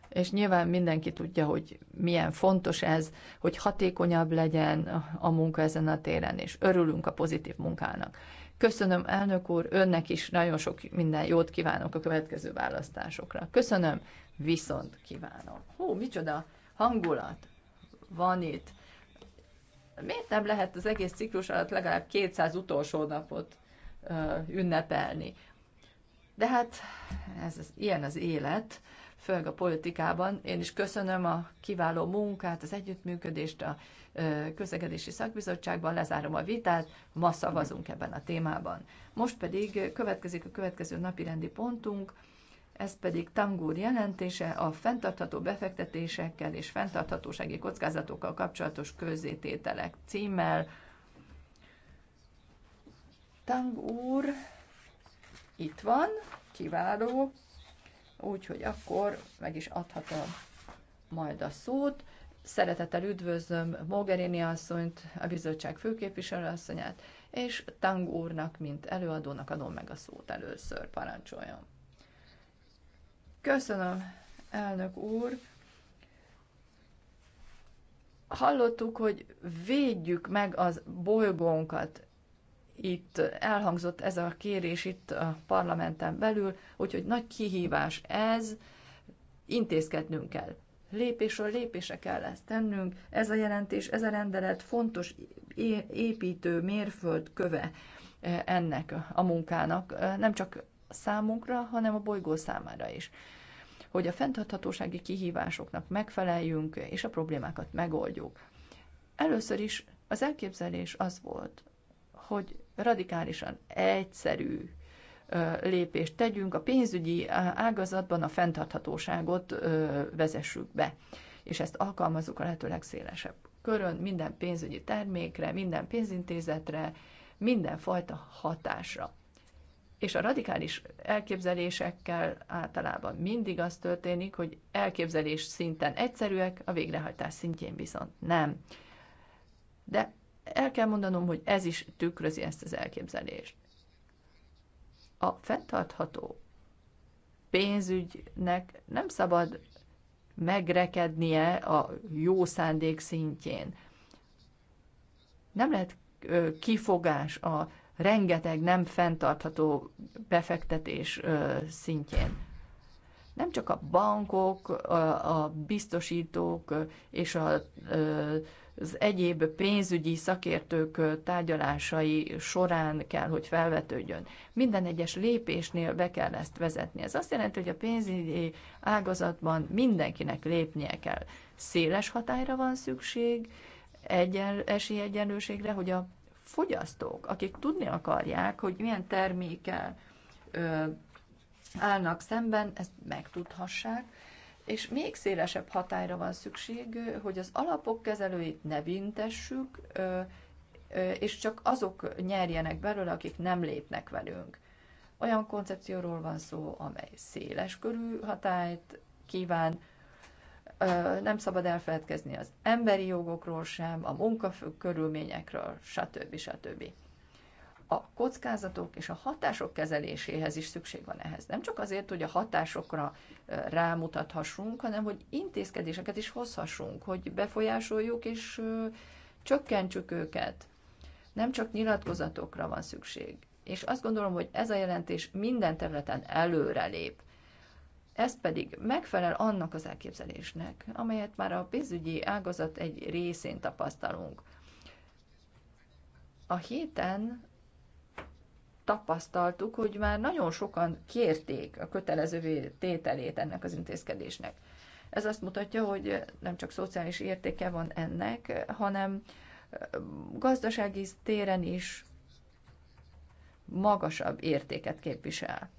és nyilván mindenki tudja, hogy milyen fontos ez, hogy hatékonyabb legyen a munka ezen a téren, és örülünk a pozitív munkának. Köszönöm, elnök úr, önnek is nagyon sok minden jót kívánok a következő választásokra. Köszönöm, viszont kívánom. Hú, micsoda hangulat van itt. Miért nem lehet az egész ciklus alatt legalább 200 utolsó napot ö, ünnepelni? De hát ez, ez ilyen az élet főleg a politikában. Én is köszönöm a kiváló munkát, az együttműködést a közlekedési szakbizottságban, lezárom a vitát, ma szavazunk ebben a témában. Most pedig következik a következő napi rendi pontunk, ez pedig Tangúr jelentése a fenntartható befektetésekkel és fenntarthatósági kockázatokkal kapcsolatos közzétételek címmel. Tang úr itt van, kiváló, úgyhogy akkor meg is adhatom majd a szót. Szeretettel üdvözlöm Mogherini asszonyt, a bizottság főképviselő asszonyát, és Tang úrnak, mint előadónak adom meg a szót először, parancsoljon. Köszönöm, elnök úr. Hallottuk, hogy védjük meg az bolygónkat itt elhangzott ez a kérés itt a parlamenten belül, úgyhogy nagy kihívás ez, intézkednünk kell. Lépésről lépése kell ezt tennünk, ez a jelentés, ez a rendelet fontos építő mérföld köve eh, ennek a munkának, eh, nem csak számunkra, hanem a bolygó számára is. Hogy a fenntarthatósági kihívásoknak megfeleljünk, és a problémákat megoldjuk. Először is az elképzelés az volt, hogy radikálisan egyszerű lépést tegyünk, a pénzügyi ágazatban a fenntarthatóságot vezessük be, és ezt alkalmazzuk a lehető legszélesebb körön, minden pénzügyi termékre, minden pénzintézetre, minden fajta hatásra. És a radikális elképzelésekkel általában mindig az történik, hogy elképzelés szinten egyszerűek, a végrehajtás szintjén viszont nem. De el kell mondanom, hogy ez is tükrözi ezt az elképzelést. A fenntartható pénzügynek nem szabad megrekednie a jó szándék szintjén. Nem lehet kifogás a rengeteg nem fenntartható befektetés szintjén. Nem csak a bankok, a biztosítók és a az egyéb pénzügyi szakértők tárgyalásai során kell, hogy felvetődjön. Minden egyes lépésnél be kell ezt vezetni. Ez azt jelenti, hogy a pénzügyi ágazatban mindenkinek lépnie kell. Széles hatályra van szükség, egyen, esélyegyenlőségre, hogy a fogyasztók, akik tudni akarják, hogy milyen termékkel állnak szemben, ezt megtudhassák, és még szélesebb hatályra van szükség, hogy az alapok kezelőit ne büntessük, és csak azok nyerjenek belőle, akik nem lépnek velünk. Olyan koncepcióról van szó, amely széles körű hatályt kíván, nem szabad elfeledkezni az emberi jogokról sem, a munkakörülményekről, stb. stb a kockázatok és a hatások kezeléséhez is szükség van ehhez. Nem csak azért, hogy a hatásokra rámutathassunk, hanem hogy intézkedéseket is hozhassunk, hogy befolyásoljuk és csökkentsük őket. Nem csak nyilatkozatokra van szükség. És azt gondolom, hogy ez a jelentés minden területen előrelép. Ez pedig megfelel annak az elképzelésnek, amelyet már a pénzügyi ágazat egy részén tapasztalunk. A héten tapasztaltuk, hogy már nagyon sokan kérték a kötelező tételét ennek az intézkedésnek. Ez azt mutatja, hogy nem csak szociális értéke van ennek, hanem gazdasági téren is magasabb értéket képvisel.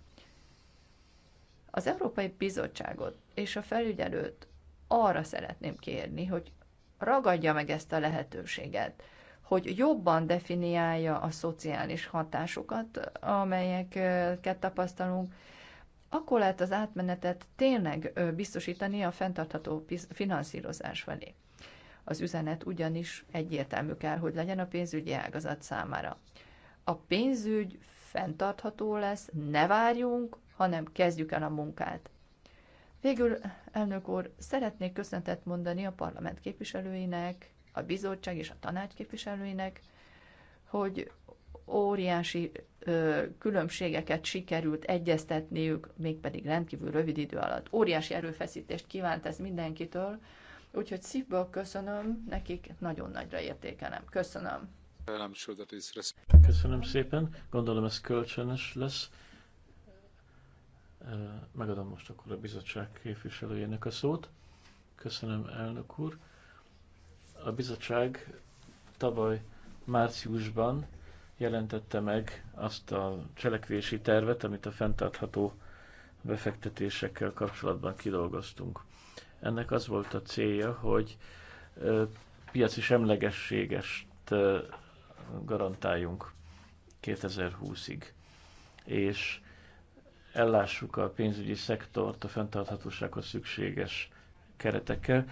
Az Európai Bizottságot és a felügyelőt arra szeretném kérni, hogy ragadja meg ezt a lehetőséget, hogy jobban definiálja a szociális hatásokat, amelyeket tapasztalunk, akkor lehet az átmenetet tényleg biztosítani a fenntartható finanszírozás felé. Az üzenet ugyanis egyértelmű kell, hogy legyen a pénzügyi ágazat számára. A pénzügy fenntartható lesz, ne várjunk, hanem kezdjük el a munkát. Végül, elnök úr, szeretnék köszöntet mondani a parlament képviselőinek, a bizottság és a tanács képviselőinek, hogy óriási ö, különbségeket sikerült egyeztetniük, mégpedig rendkívül rövid idő alatt. Óriási erőfeszítést kívánt ez mindenkitől, úgyhogy szívből köszönöm, nekik nagyon nagyra értékelem. Köszönöm. Köszönöm szépen, gondolom ez kölcsönös lesz. Megadom most akkor a bizottság képviselőjének a szót. Köszönöm, elnök úr a bizottság tavaly márciusban jelentette meg azt a cselekvési tervet, amit a fenntartható befektetésekkel kapcsolatban kidolgoztunk. Ennek az volt a célja, hogy piaci semlegességest garantáljunk 2020-ig, és ellássuk a pénzügyi szektort a fenntarthatósághoz szükséges keretekkel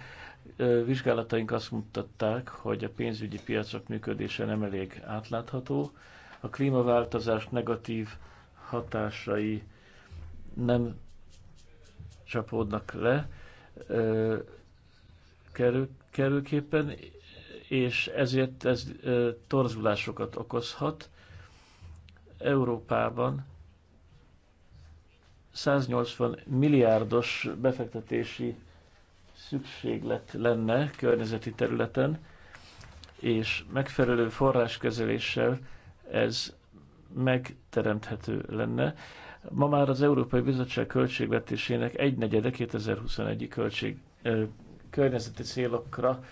vizsgálataink azt mutatták, hogy a pénzügyi piacok működése nem elég átlátható, a klímaváltozás negatív hatásai nem csapódnak le kerül, kerülképpen, és ezért ez torzulásokat okozhat. Európában 180 milliárdos befektetési szükséglet lenne környezeti területen, és megfelelő forráskezeléssel ez megteremthető lenne. Ma már az Európai Bizottság költségvetésének egynegyede 2021-i költség, ö, környezeti célokra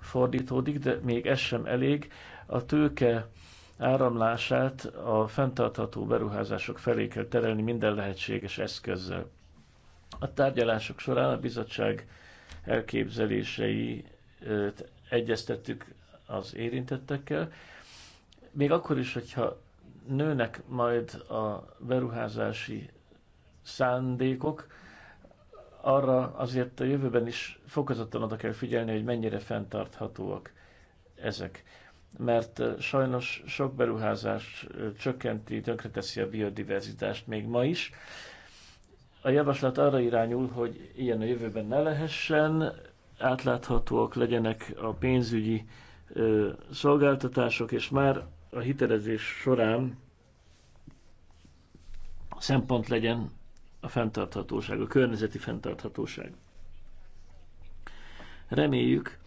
fordítódik, de még ez sem elég. A tőke áramlását a fenntartható beruházások felé kell terelni minden lehetséges eszközzel. A tárgyalások során a bizottság elképzeléseit egyeztettük az érintettekkel. Még akkor is, hogyha nőnek majd a beruházási szándékok, arra azért a jövőben is fokozottan oda kell figyelni, hogy mennyire fenntarthatóak ezek. Mert sajnos sok beruházás csökkenti, tönkreteszi a biodiverzitást még ma is, a javaslat arra irányul, hogy ilyen a jövőben ne lehessen, átláthatóak legyenek a pénzügyi ö, szolgáltatások, és már a hitelezés során szempont legyen a fenntarthatóság, a környezeti fenntarthatóság. Reméljük,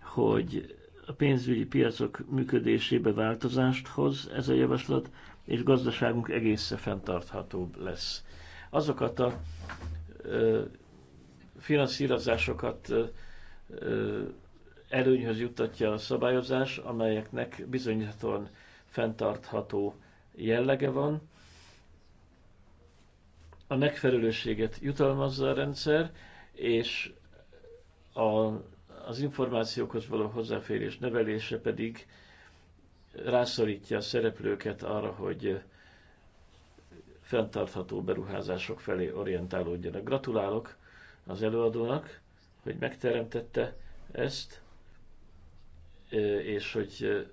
hogy a pénzügyi piacok működésébe változást hoz ez a javaslat, és gazdaságunk egészen fenntarthatóbb lesz azokat a ö, finanszírozásokat ö, ö, előnyhöz juttatja a szabályozás, amelyeknek bizonyítóan fenntartható jellege van. A megfelelőséget jutalmazza a rendszer, és a, az információkhoz való hozzáférés növelése pedig rászorítja a szereplőket arra, hogy fenntartható beruházások felé orientálódjanak. Gratulálok az előadónak, hogy megteremtette ezt, és hogy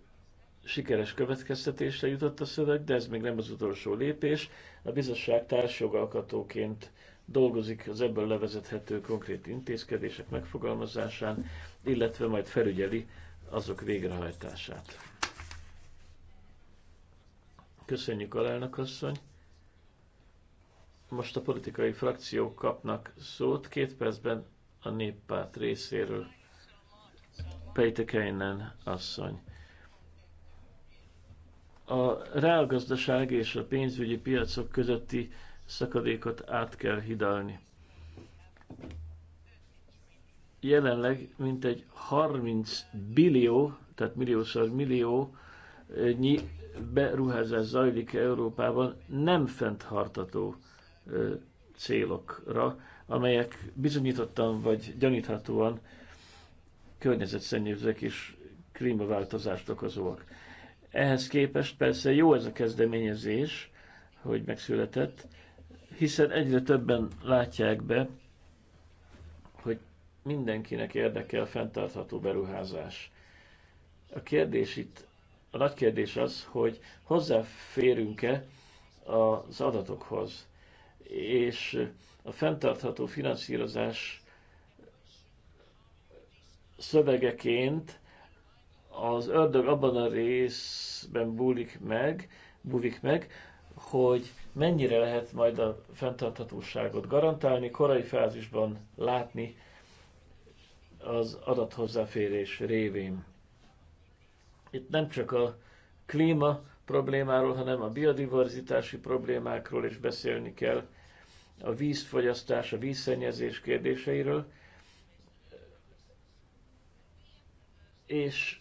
sikeres következtetésre jutott a szöveg, de ez még nem az utolsó lépés. A bizottság társjogalkatóként dolgozik az ebből levezethető konkrét intézkedések megfogalmazásán, illetve majd felügyeli azok végrehajtását. Köszönjük a asszony! Most a politikai frakciók kapnak szót, két percben a néppárt részéről. Pejtekeinen asszony. A reálgazdaság és a pénzügyi piacok közötti szakadékot át kell hidalni. Jelenleg mintegy 30 billió, tehát milliószor millió eh, nyi beruházás zajlik Európában, nem fenntartható célokra, amelyek bizonyítottan vagy gyaníthatóan környezetszennyezők és klímaváltozást okozóak. Ehhez képest persze jó ez a kezdeményezés, hogy megszületett, hiszen egyre többen látják be, hogy mindenkinek érdekel fenntartható beruházás. A kérdés itt, a nagy kérdés az, hogy hozzáférünk-e az adatokhoz és a fenntartható finanszírozás szövegeként az ördög abban a részben búlik meg, búvik meg, hogy mennyire lehet majd a fenntarthatóságot garantálni, korai fázisban látni az adathozzáférés révén. Itt nem csak a klíma problémáról, hanem a biodiverzitási problémákról is beszélni kell, a vízfogyasztás, a vízszennyezés kérdéseiről, és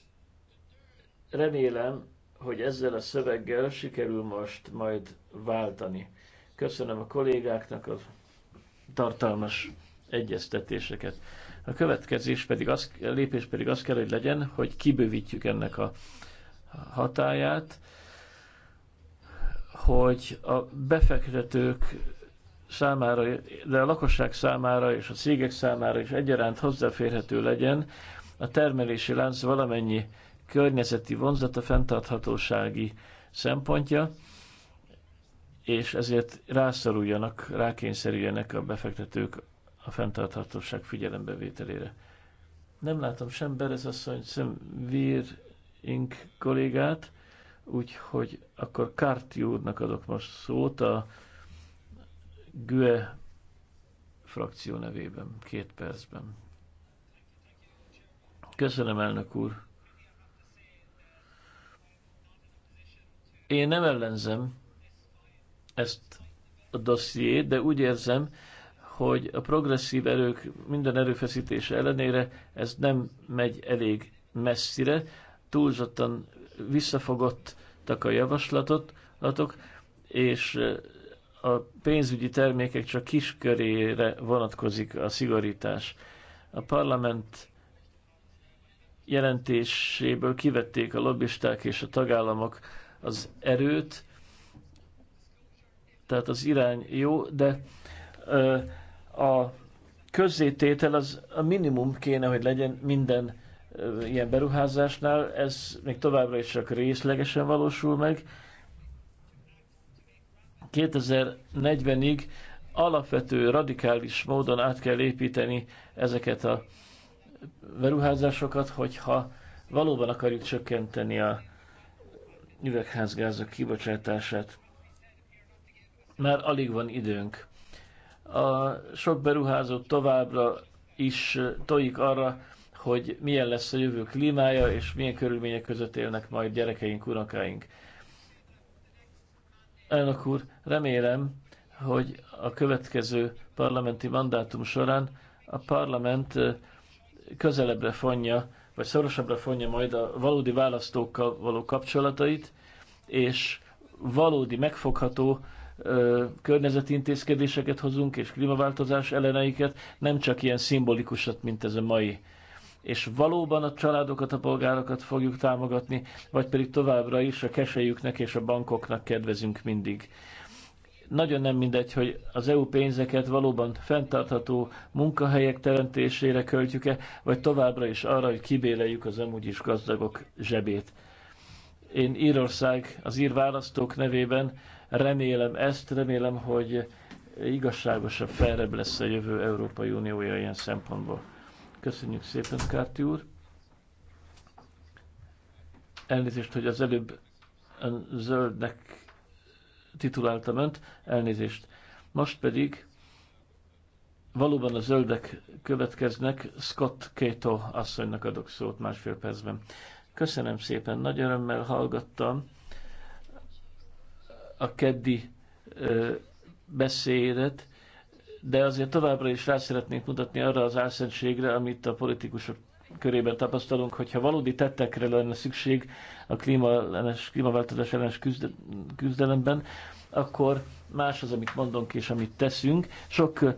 remélem, hogy ezzel a szöveggel sikerül most majd váltani. Köszönöm a kollégáknak a tartalmas egyeztetéseket. A következés pedig az, a lépés pedig az kell, hogy legyen, hogy kibővítjük ennek a hatáját, hogy a befektetők számára, de a lakosság számára és a cégek számára is egyaránt hozzáférhető legyen a termelési lánc valamennyi környezeti vonzata fenntarthatósági szempontja, és ezért rászoruljanak, rákényszerüljenek a befektetők a fenntarthatóság figyelembevételére. Nem látom sem Berez asszony, sem Vír Inc. kollégát, úgyhogy akkor Kárti úrnak adok most szót a GUE frakció nevében, két percben. Köszönöm, elnök úr. Én nem ellenzem ezt a dossziét, de úgy érzem, hogy a progresszív erők minden erőfeszítése ellenére ez nem megy elég messzire, túlzottan visszafogottak a javaslatot, és a pénzügyi termékek csak kiskörére vonatkozik a szigorítás. A parlament jelentéséből kivették a lobbisták és a tagállamok az erőt, tehát az irány jó, de ö, a közzététel az a minimum kéne, hogy legyen minden ö, ilyen beruházásnál, ez még továbbra is csak részlegesen valósul meg, 2040-ig alapvető, radikális módon át kell építeni ezeket a beruházásokat, hogyha valóban akarjuk csökkenteni a üvegházgázok kibocsátását. Már alig van időnk. A sok beruházó továbbra is tojik arra, hogy milyen lesz a jövő klímája, és milyen körülmények között élnek majd gyerekeink, unokáink. Elnök úr, remélem, hogy a következő parlamenti mandátum során a parlament közelebbre fonja, vagy szorosabbra fonja majd a valódi választókkal való kapcsolatait, és valódi megfogható ö, környezeti intézkedéseket hozunk, és klímaváltozás elleneiket, nem csak ilyen szimbolikusat, mint ez a mai és valóban a családokat, a polgárokat fogjuk támogatni, vagy pedig továbbra is a kesejüknek és a bankoknak kedvezünk mindig. Nagyon nem mindegy, hogy az EU pénzeket valóban fenntartható munkahelyek teremtésére költjük-e, vagy továbbra is arra, hogy kibéleljük az amúgy is gazdagok zsebét. Én Írország, az ír választók nevében remélem ezt, remélem, hogy igazságosabb, felrebb lesz a jövő Európai Uniója ilyen szempontból. Köszönjük szépen, Kárti úr. Elnézést, hogy az előbb zöldnek tituláltam önt, elnézést. Most pedig valóban a zöldek következnek, Scott Kato asszonynak adok szót másfél percben. Köszönöm szépen, nagy örömmel hallgattam a keddi beszédet, de azért továbbra is rá szeretnénk mutatni arra az álszentségre, amit a politikusok körében tapasztalunk, hogyha valódi tettekre lenne szükség a klímaváltozás ellenes küzdelemben, akkor más az, amit mondunk és amit teszünk. Sok eh,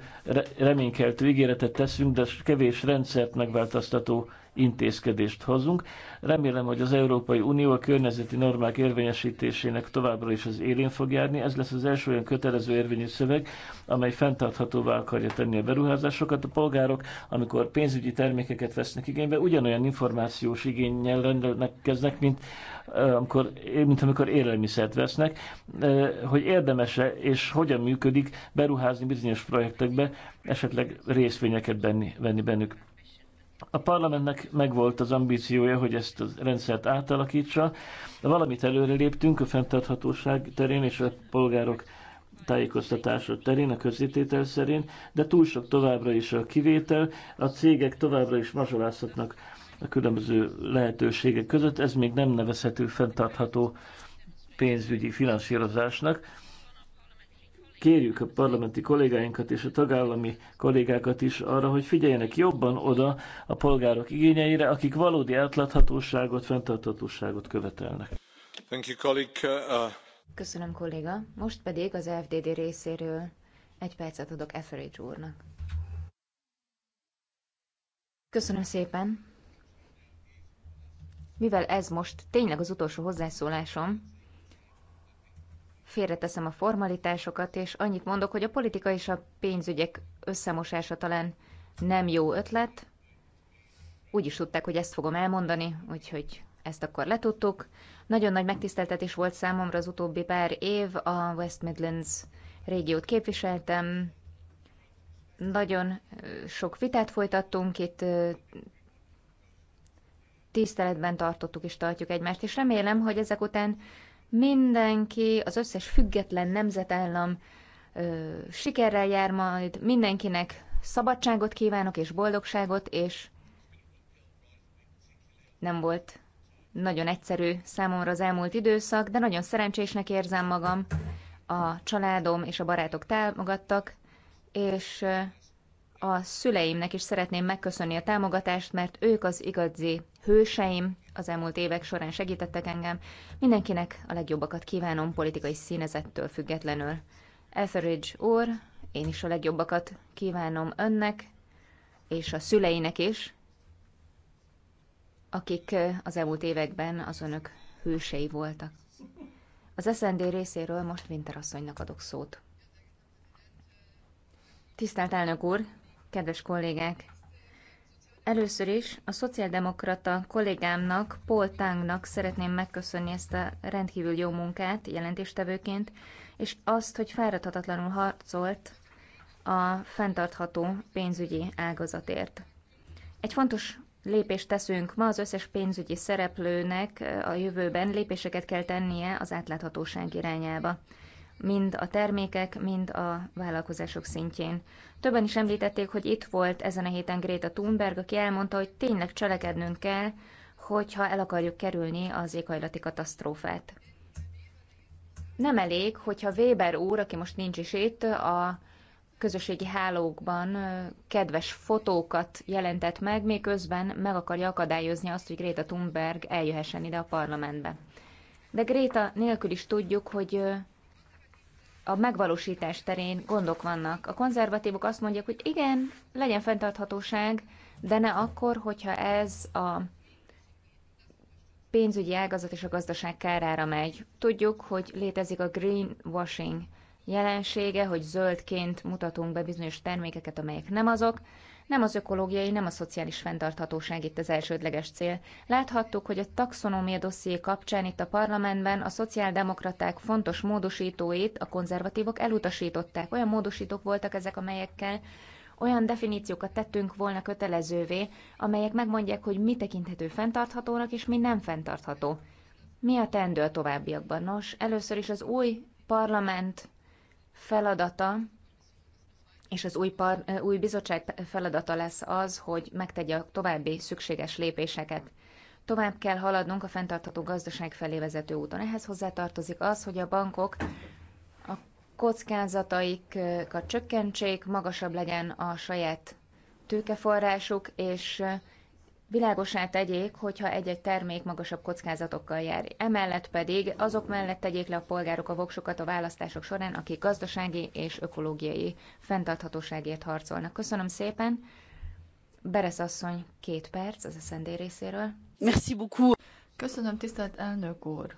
reménykeltő ígéretet teszünk, de kevés rendszert megváltoztató intézkedést hozunk. Remélem, hogy az Európai Unió a környezeti normák érvényesítésének továbbra is az élén fog járni. Ez lesz az első olyan kötelező érvényű szöveg, amely fenntarthatóvá akarja tenni a beruházásokat. A polgárok, amikor pénzügyi termékeket vesznek igénybe, ugyanolyan információs igényel rendelkeznek, mint amikor, mint amikor élelmiszert vesznek, hogy érdemese és hogyan működik beruházni bizonyos projektekbe, esetleg részvényeket venni, venni bennük. A parlamentnek megvolt az ambíciója, hogy ezt a rendszert átalakítsa. Valamit előre léptünk a fenntarthatóság terén és a polgárok tájékoztatása terén, a közététel szerint, de túl sok továbbra is a kivétel, a cégek továbbra is mazsolázhatnak a különböző lehetőségek között, ez még nem nevezhető fenntartható pénzügyi finanszírozásnak kérjük a parlamenti kollégáinkat és a tagállami kollégákat is arra, hogy figyeljenek jobban oda a polgárok igényeire, akik valódi átláthatóságot, fenntarthatóságot követelnek. Thank you, colleague. Uh, Köszönöm, kolléga. Most pedig az FDD részéről egy percet adok Etheridge úrnak. Köszönöm szépen. Mivel ez most tényleg az utolsó hozzászólásom, félreteszem a formalitásokat, és annyit mondok, hogy a politika és a pénzügyek összemosása talán nem jó ötlet. Úgy is tudták, hogy ezt fogom elmondani, úgyhogy ezt akkor letudtuk. Nagyon nagy megtiszteltetés volt számomra az utóbbi pár év, a West Midlands régiót képviseltem. Nagyon sok vitát folytattunk itt, tiszteletben tartottuk és tartjuk egymást, és remélem, hogy ezek után mindenki, az összes független nemzetállam ö, sikerrel jár majd, mindenkinek szabadságot kívánok és boldogságot, és nem volt nagyon egyszerű számomra az elmúlt időszak, de nagyon szerencsésnek érzem magam. A családom és a barátok támogattak, és a szüleimnek is szeretném megköszönni a támogatást, mert ők az igazi hőseim, az elmúlt évek során segítettek engem. Mindenkinek a legjobbakat kívánom politikai színezettől függetlenül. Etheridge úr, én is a legjobbakat kívánom önnek, és a szüleinek is, akik az elmúlt években az önök hősei voltak. Az SND részéről most Winterasszonynak adok szót. Tisztelt elnök úr, kedves kollégák! Először is a szociáldemokrata kollégámnak, Paul Tangnak szeretném megköszönni ezt a rendkívül jó munkát jelentéstevőként, és azt, hogy fáradhatatlanul harcolt a fenntartható pénzügyi ágazatért. Egy fontos lépést teszünk ma az összes pénzügyi szereplőnek a jövőben lépéseket kell tennie az átláthatóság irányába mind a termékek, mind a vállalkozások szintjén. Többen is említették, hogy itt volt ezen a héten Greta Thunberg, aki elmondta, hogy tényleg cselekednünk kell, hogyha el akarjuk kerülni az éghajlati katasztrófát. Nem elég, hogyha Weber úr, aki most nincs is itt, a közösségi hálókban kedves fotókat jelentett meg, miközben meg akarja akadályozni azt, hogy Greta Thunberg eljöhessen ide a parlamentbe. De Greta nélkül is tudjuk, hogy a megvalósítás terén gondok vannak. A konzervatívok azt mondják, hogy igen, legyen fenntarthatóság, de ne akkor, hogyha ez a pénzügyi ágazat és a gazdaság kárára megy. Tudjuk, hogy létezik a greenwashing jelensége, hogy zöldként mutatunk be bizonyos termékeket, amelyek nem azok, nem az ökológiai, nem a szociális fenntarthatóság itt az elsődleges cél. Láthattuk, hogy a taxonómia dosszié kapcsán itt a parlamentben a szociáldemokraták fontos módosítóit a konzervatívok elutasították. Olyan módosítók voltak ezek, amelyekkel olyan definíciókat tettünk volna kötelezővé, amelyek megmondják, hogy mi tekinthető fenntarthatónak és mi nem fenntartható. Mi a tendő a továbbiakban? Nos, először is az új parlament feladata és az új, par, új bizottság feladata lesz az, hogy megtegye a további szükséges lépéseket. Tovább kell haladnunk a fenntartható gazdaság felé vezető úton. Ehhez hozzátartozik az, hogy a bankok a kockázataikat csökkentsék, magasabb legyen a saját tőkeforrásuk, és világosá tegyék, hogyha egy-egy termék magasabb kockázatokkal jár. Emellett pedig azok mellett tegyék le a polgárok a voksokat a választások során, akik gazdasági és ökológiai fenntarthatóságért harcolnak. Köszönöm szépen! Beresz asszony, két perc az szendély részéről. Merci beaucoup! Köszönöm, tisztelt elnök úr!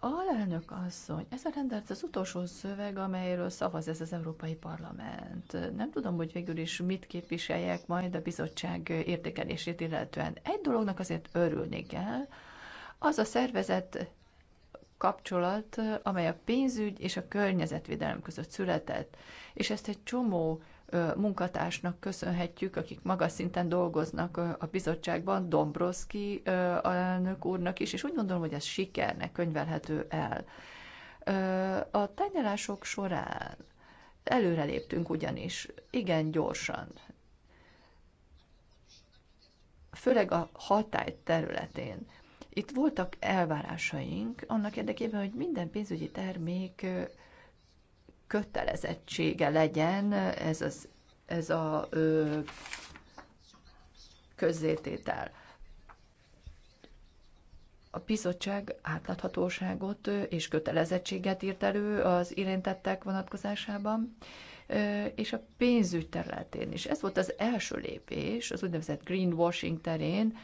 Alelnök asszony, ez a rendelet az utolsó szöveg, amelyről szavaz ez az Európai Parlament. Nem tudom, hogy végül is mit képviseljek majd a bizottság értékelését illetően. Egy dolognak azért örülni kell, az a szervezet kapcsolat, amely a pénzügy és a környezetvédelem között született. És ezt egy csomó munkatársnak köszönhetjük, akik magas szinten dolgoznak a bizottságban, Dombrovski elnök úrnak is, és úgy gondolom, hogy ez sikernek könyvelhető el. A tárgyalások során előreléptünk ugyanis, igen gyorsan, főleg a hatály területén. Itt voltak elvárásaink annak érdekében, hogy minden pénzügyi termék kötelezettsége legyen ez, az, ez a ö, közzététel. A bizottság átláthatóságot és kötelezettséget írt elő az érintettek vonatkozásában, és a pénzügy területén is. Ez volt az első lépés, az úgynevezett greenwashing terén,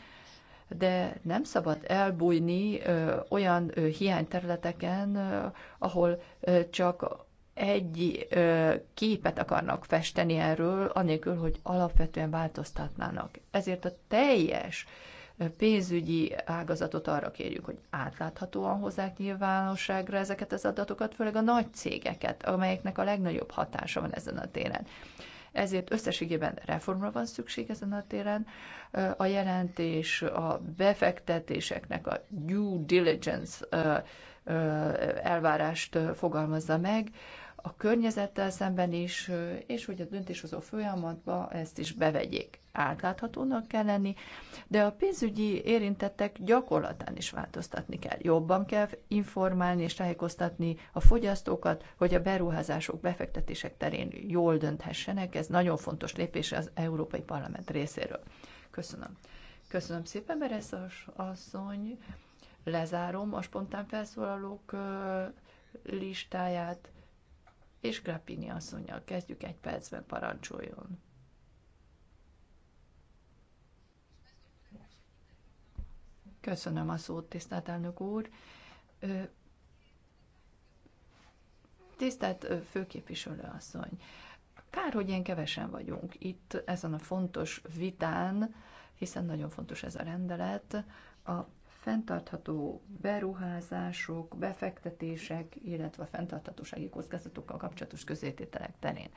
de nem szabad elbújni olyan hiányterületeken, ahol csak egy ö, képet akarnak festeni erről, anélkül, hogy alapvetően változtatnának. Ezért a teljes pénzügyi ágazatot arra kérjük, hogy átláthatóan hozzák nyilvánosságra ezeket az adatokat, főleg a nagy cégeket, amelyeknek a legnagyobb hatása van ezen a téren. Ezért összességében reformra van szükség ezen a téren. A jelentés a befektetéseknek a due diligence elvárást fogalmazza meg, a környezettel szemben is, és hogy a döntéshozó folyamatba ezt is bevegyék. Átláthatónak kell lenni, de a pénzügyi érintettek gyakorlatán is változtatni kell. Jobban kell informálni és tájékoztatni a fogyasztókat, hogy a beruházások, befektetések terén jól dönthessenek. Ez nagyon fontos lépés az Európai Parlament részéről. Köszönöm. Köszönöm szépen, Beresz asszony. Lezárom a spontán felszólalók listáját és Grappini asszonynal kezdjük egy percben parancsoljon. Köszönöm a szót, tisztelt elnök úr. Tisztelt főképviselő asszony, kár, hogy ilyen kevesen vagyunk itt ezen a fontos vitán, hiszen nagyon fontos ez a rendelet, a fenntartható beruházások, befektetések, illetve a fenntarthatósági kockázatokkal kapcsolatos közétételek terén.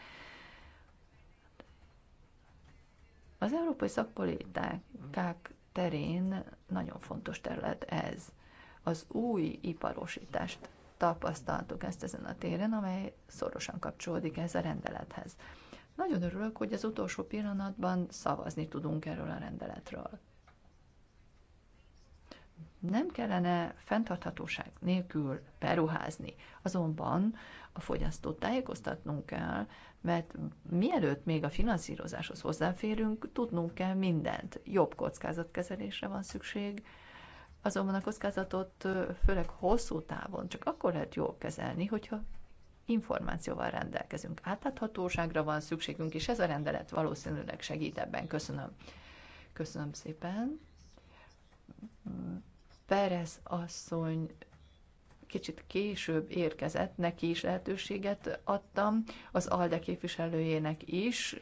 Az európai szakpolitikák terén nagyon fontos terület ez. Az új iparosítást tapasztaltuk ezt ezen a téren, amely szorosan kapcsolódik ez a rendelethez. Nagyon örülök, hogy az utolsó pillanatban szavazni tudunk erről a rendeletről nem kellene fenntarthatóság nélkül beruházni. Azonban a fogyasztót tájékoztatnunk kell, mert mielőtt még a finanszírozáshoz hozzáférünk, tudnunk kell mindent. Jobb kockázatkezelésre van szükség, azonban a kockázatot főleg hosszú távon csak akkor lehet jól kezelni, hogyha információval rendelkezünk. Átláthatóságra van szükségünk, és ez a rendelet valószínűleg segít ebben. Köszönöm. Köszönöm szépen. Perez asszony kicsit később érkezett, neki is lehetőséget adtam, az ALDE képviselőjének is,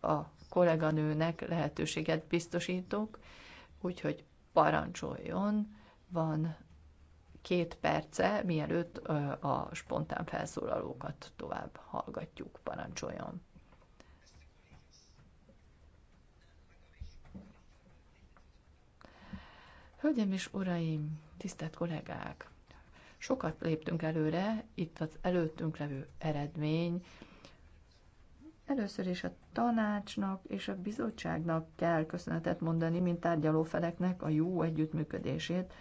a kolléganőnek lehetőséget biztosítok, úgyhogy parancsoljon, van két perce, mielőtt a spontán felszólalókat tovább hallgatjuk, parancsoljon. Hölgyeim és uraim, tisztelt kollégák! Sokat léptünk előre, itt az előttünk levő eredmény. Először is a tanácsnak és a bizottságnak kell köszönetet mondani, mint tárgyalófeleknek a jó együttműködését,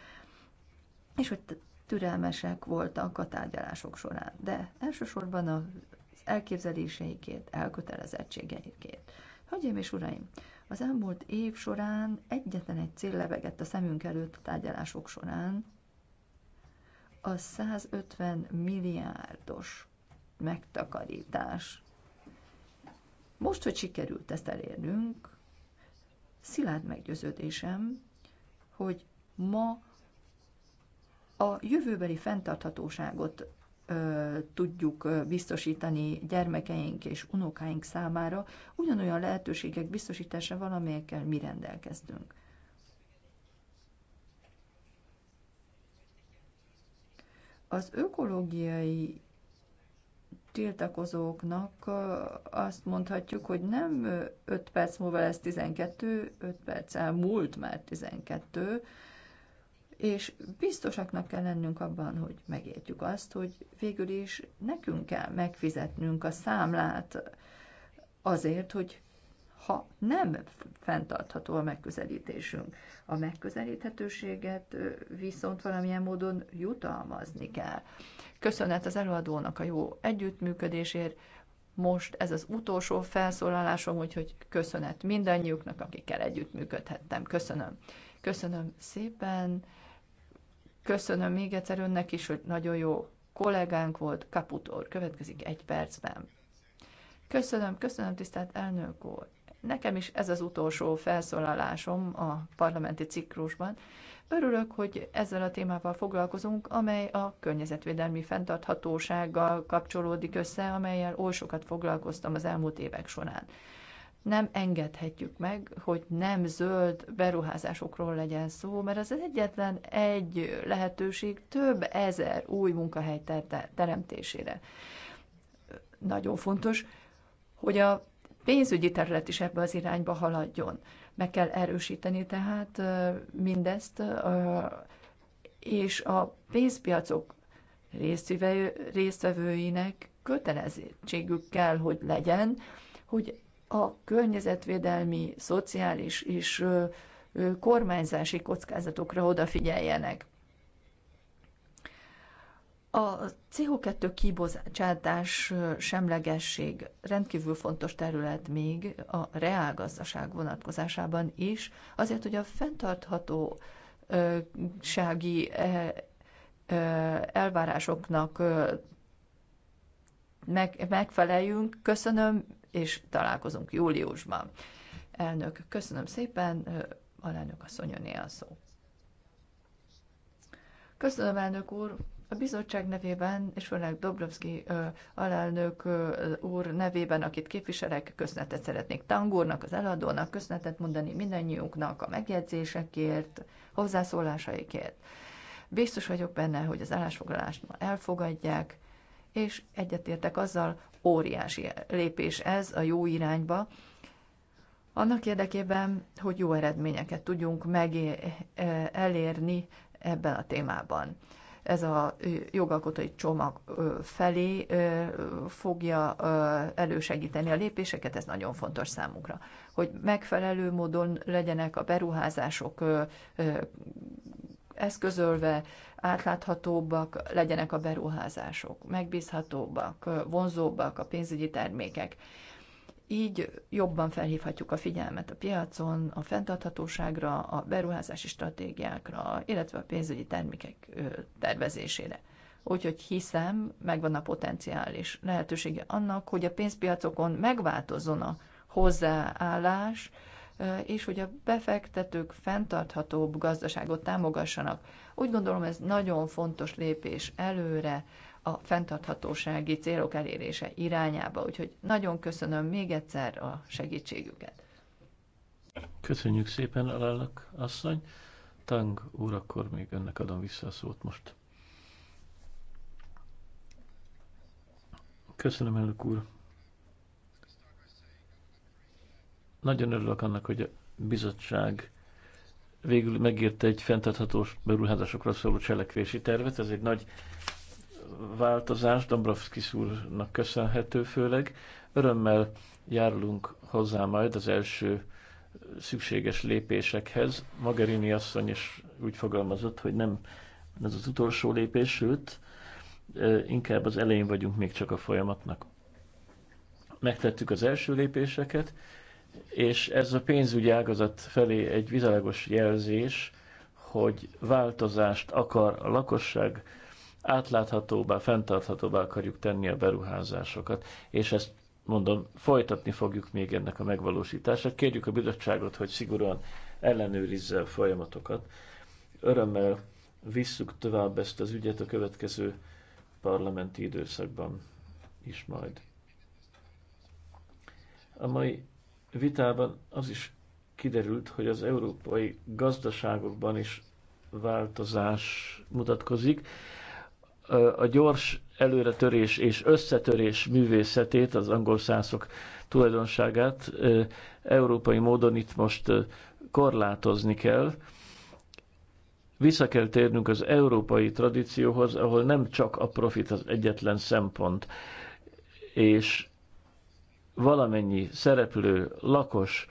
és hogy türelmesek voltak a tárgyalások során, de elsősorban az elképzeléseikért, elkötelezettségeikért. Hölgyeim és uraim, az elmúlt év során egyetlen egy cél lebegett a szemünk előtt a tárgyalások során, a 150 milliárdos megtakarítás. Most, hogy sikerült ezt elérnünk, szilárd meggyőződésem, hogy ma a jövőbeli fenntarthatóságot tudjuk biztosítani gyermekeink és unokáink számára, ugyanolyan lehetőségek biztosítása valamelyekkel mi rendelkeztünk. Az ökológiai tiltakozóknak azt mondhatjuk, hogy nem 5 perc múlva lesz 12, 5 perc múlt már 12, és biztosaknak kell lennünk abban, hogy megértjük azt, hogy végül is nekünk kell megfizetnünk a számlát azért, hogy ha nem fenntartható a megközelítésünk. A megközelíthetőséget viszont valamilyen módon jutalmazni kell. Köszönet az előadónak a jó együttműködésért. Most ez az utolsó felszólalásom, úgyhogy köszönet mindannyiuknak, akikkel együttműködhettem. Köszönöm. Köszönöm szépen. Köszönöm még egyszer önnek is, hogy nagyon jó kollégánk volt, Kaputor. Következik egy percben. Köszönöm, köszönöm, tisztelt elnök úr. Nekem is ez az utolsó felszólalásom a parlamenti ciklusban. Örülök, hogy ezzel a témával foglalkozunk, amely a környezetvédelmi fenntarthatósággal kapcsolódik össze, amelyel oly sokat foglalkoztam az elmúlt évek során nem engedhetjük meg, hogy nem zöld beruházásokról legyen szó, mert az egyetlen egy lehetőség több ezer új munkahely teremtésére. Nagyon fontos, hogy a pénzügyi terület is ebbe az irányba haladjon. Meg kell erősíteni tehát mindezt, és a pénzpiacok résztvevőinek kötelezettségük kell, hogy legyen, hogy a környezetvédelmi, szociális és kormányzási kockázatokra odafigyeljenek. A CO2 kibocsátás semlegesség rendkívül fontos terület még a reálgazdaság vonatkozásában is, azért, hogy a fenntarthatósági e, e, elvárásoknak megfeleljünk. Köszönöm és találkozunk júliusban. Elnök, köszönöm szépen, alelnök a öné a szó. Köszönöm, elnök úr, a bizottság nevében, és főleg Dobrovszki alelnök úr nevében, akit képviselek, köszönetet szeretnék Tangúrnak, az eladónak, köszönetet mondani mindannyiunknak a megjegyzésekért, hozzászólásaikért. Biztos vagyok benne, hogy az állásfoglalást ma elfogadják, és egyetértek azzal, óriási lépés ez a jó irányba, annak érdekében, hogy jó eredményeket tudjunk meg eh, elérni ebben a témában. Ez a jogalkotói csomag felé fogja elősegíteni a lépéseket, ez nagyon fontos számunkra. Hogy megfelelő módon legyenek a beruházások eszközölve, átláthatóbbak legyenek a beruházások, megbízhatóbbak, vonzóbbak a pénzügyi termékek. Így jobban felhívhatjuk a figyelmet a piacon, a fenntarthatóságra, a beruházási stratégiákra, illetve a pénzügyi termékek tervezésére. Úgyhogy hiszem, megvan a potenciális lehetősége annak, hogy a pénzpiacokon megváltozzon a hozzáállás, Eh, és hogy a befektetők fenntarthatóbb gazdaságot támogassanak. Úgy gondolom, ez nagyon fontos lépés előre a fenntarthatósági célok elérése irányába, úgyhogy nagyon köszönöm még egyszer a segítségüket. Köszönjük szépen, Alállak asszony. Tang úr, akkor még önnek adom vissza a szót most. Köszönöm, elnök úr. Nagyon örülök annak, hogy a bizottság végül megírta egy fenntartható beruházásokra szóló cselekvési tervet. Ez egy nagy változás, Dombrovskis úrnak köszönhető főleg. Örömmel járulunk hozzá majd az első szükséges lépésekhez. Magarini asszony is úgy fogalmazott, hogy nem ez az utolsó lépés, sőt, inkább az elején vagyunk még csak a folyamatnak. Megtettük az első lépéseket, és ez a pénzügyi ágazat felé egy vizelegos jelzés, hogy változást akar a lakosság, átláthatóbbá, fenntarthatóbbá akarjuk tenni a beruházásokat, és ezt mondom, folytatni fogjuk még ennek a megvalósítását. Kérjük a bizottságot, hogy szigorúan ellenőrizze a folyamatokat. Örömmel visszük tovább ezt az ügyet a következő parlamenti időszakban is majd. A mai vitában az is kiderült, hogy az európai gazdaságokban is változás mutatkozik. A gyors előretörés és összetörés művészetét, az angol szászok tulajdonságát európai módon itt most korlátozni kell. Vissza kell térnünk az európai tradícióhoz, ahol nem csak a profit az egyetlen szempont, és valamennyi szereplő, lakos,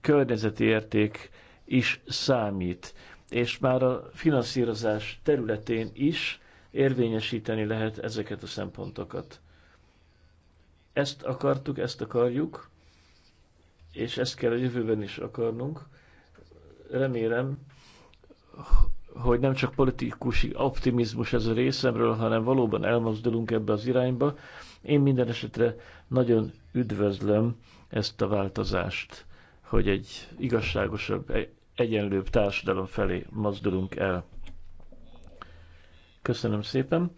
környezeti érték is számít, és már a finanszírozás területén is érvényesíteni lehet ezeket a szempontokat. Ezt akartuk, ezt akarjuk, és ezt kell a jövőben is akarnunk. Remélem, hogy nem csak politikusi optimizmus ez a részemről, hanem valóban elmozdulunk ebbe az irányba, én minden esetre nagyon üdvözlöm ezt a változást, hogy egy igazságosabb, egyenlőbb társadalom felé mozdulunk el. Köszönöm szépen.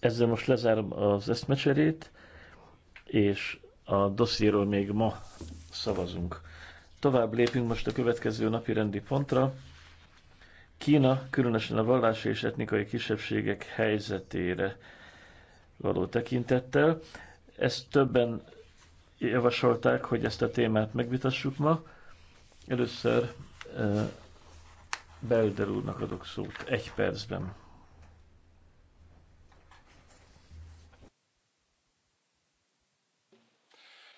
Ezzel most lezárom az eszmecserét, és a dossziéről még ma szavazunk. Tovább lépünk most a következő napi rendi pontra. Kína, különösen a vallási és etnikai kisebbségek helyzetére való tekintettel. Ezt többen javasolták, hogy ezt a témát megvitassuk ma. Először eh, Belder úrnak adok szót egy percben.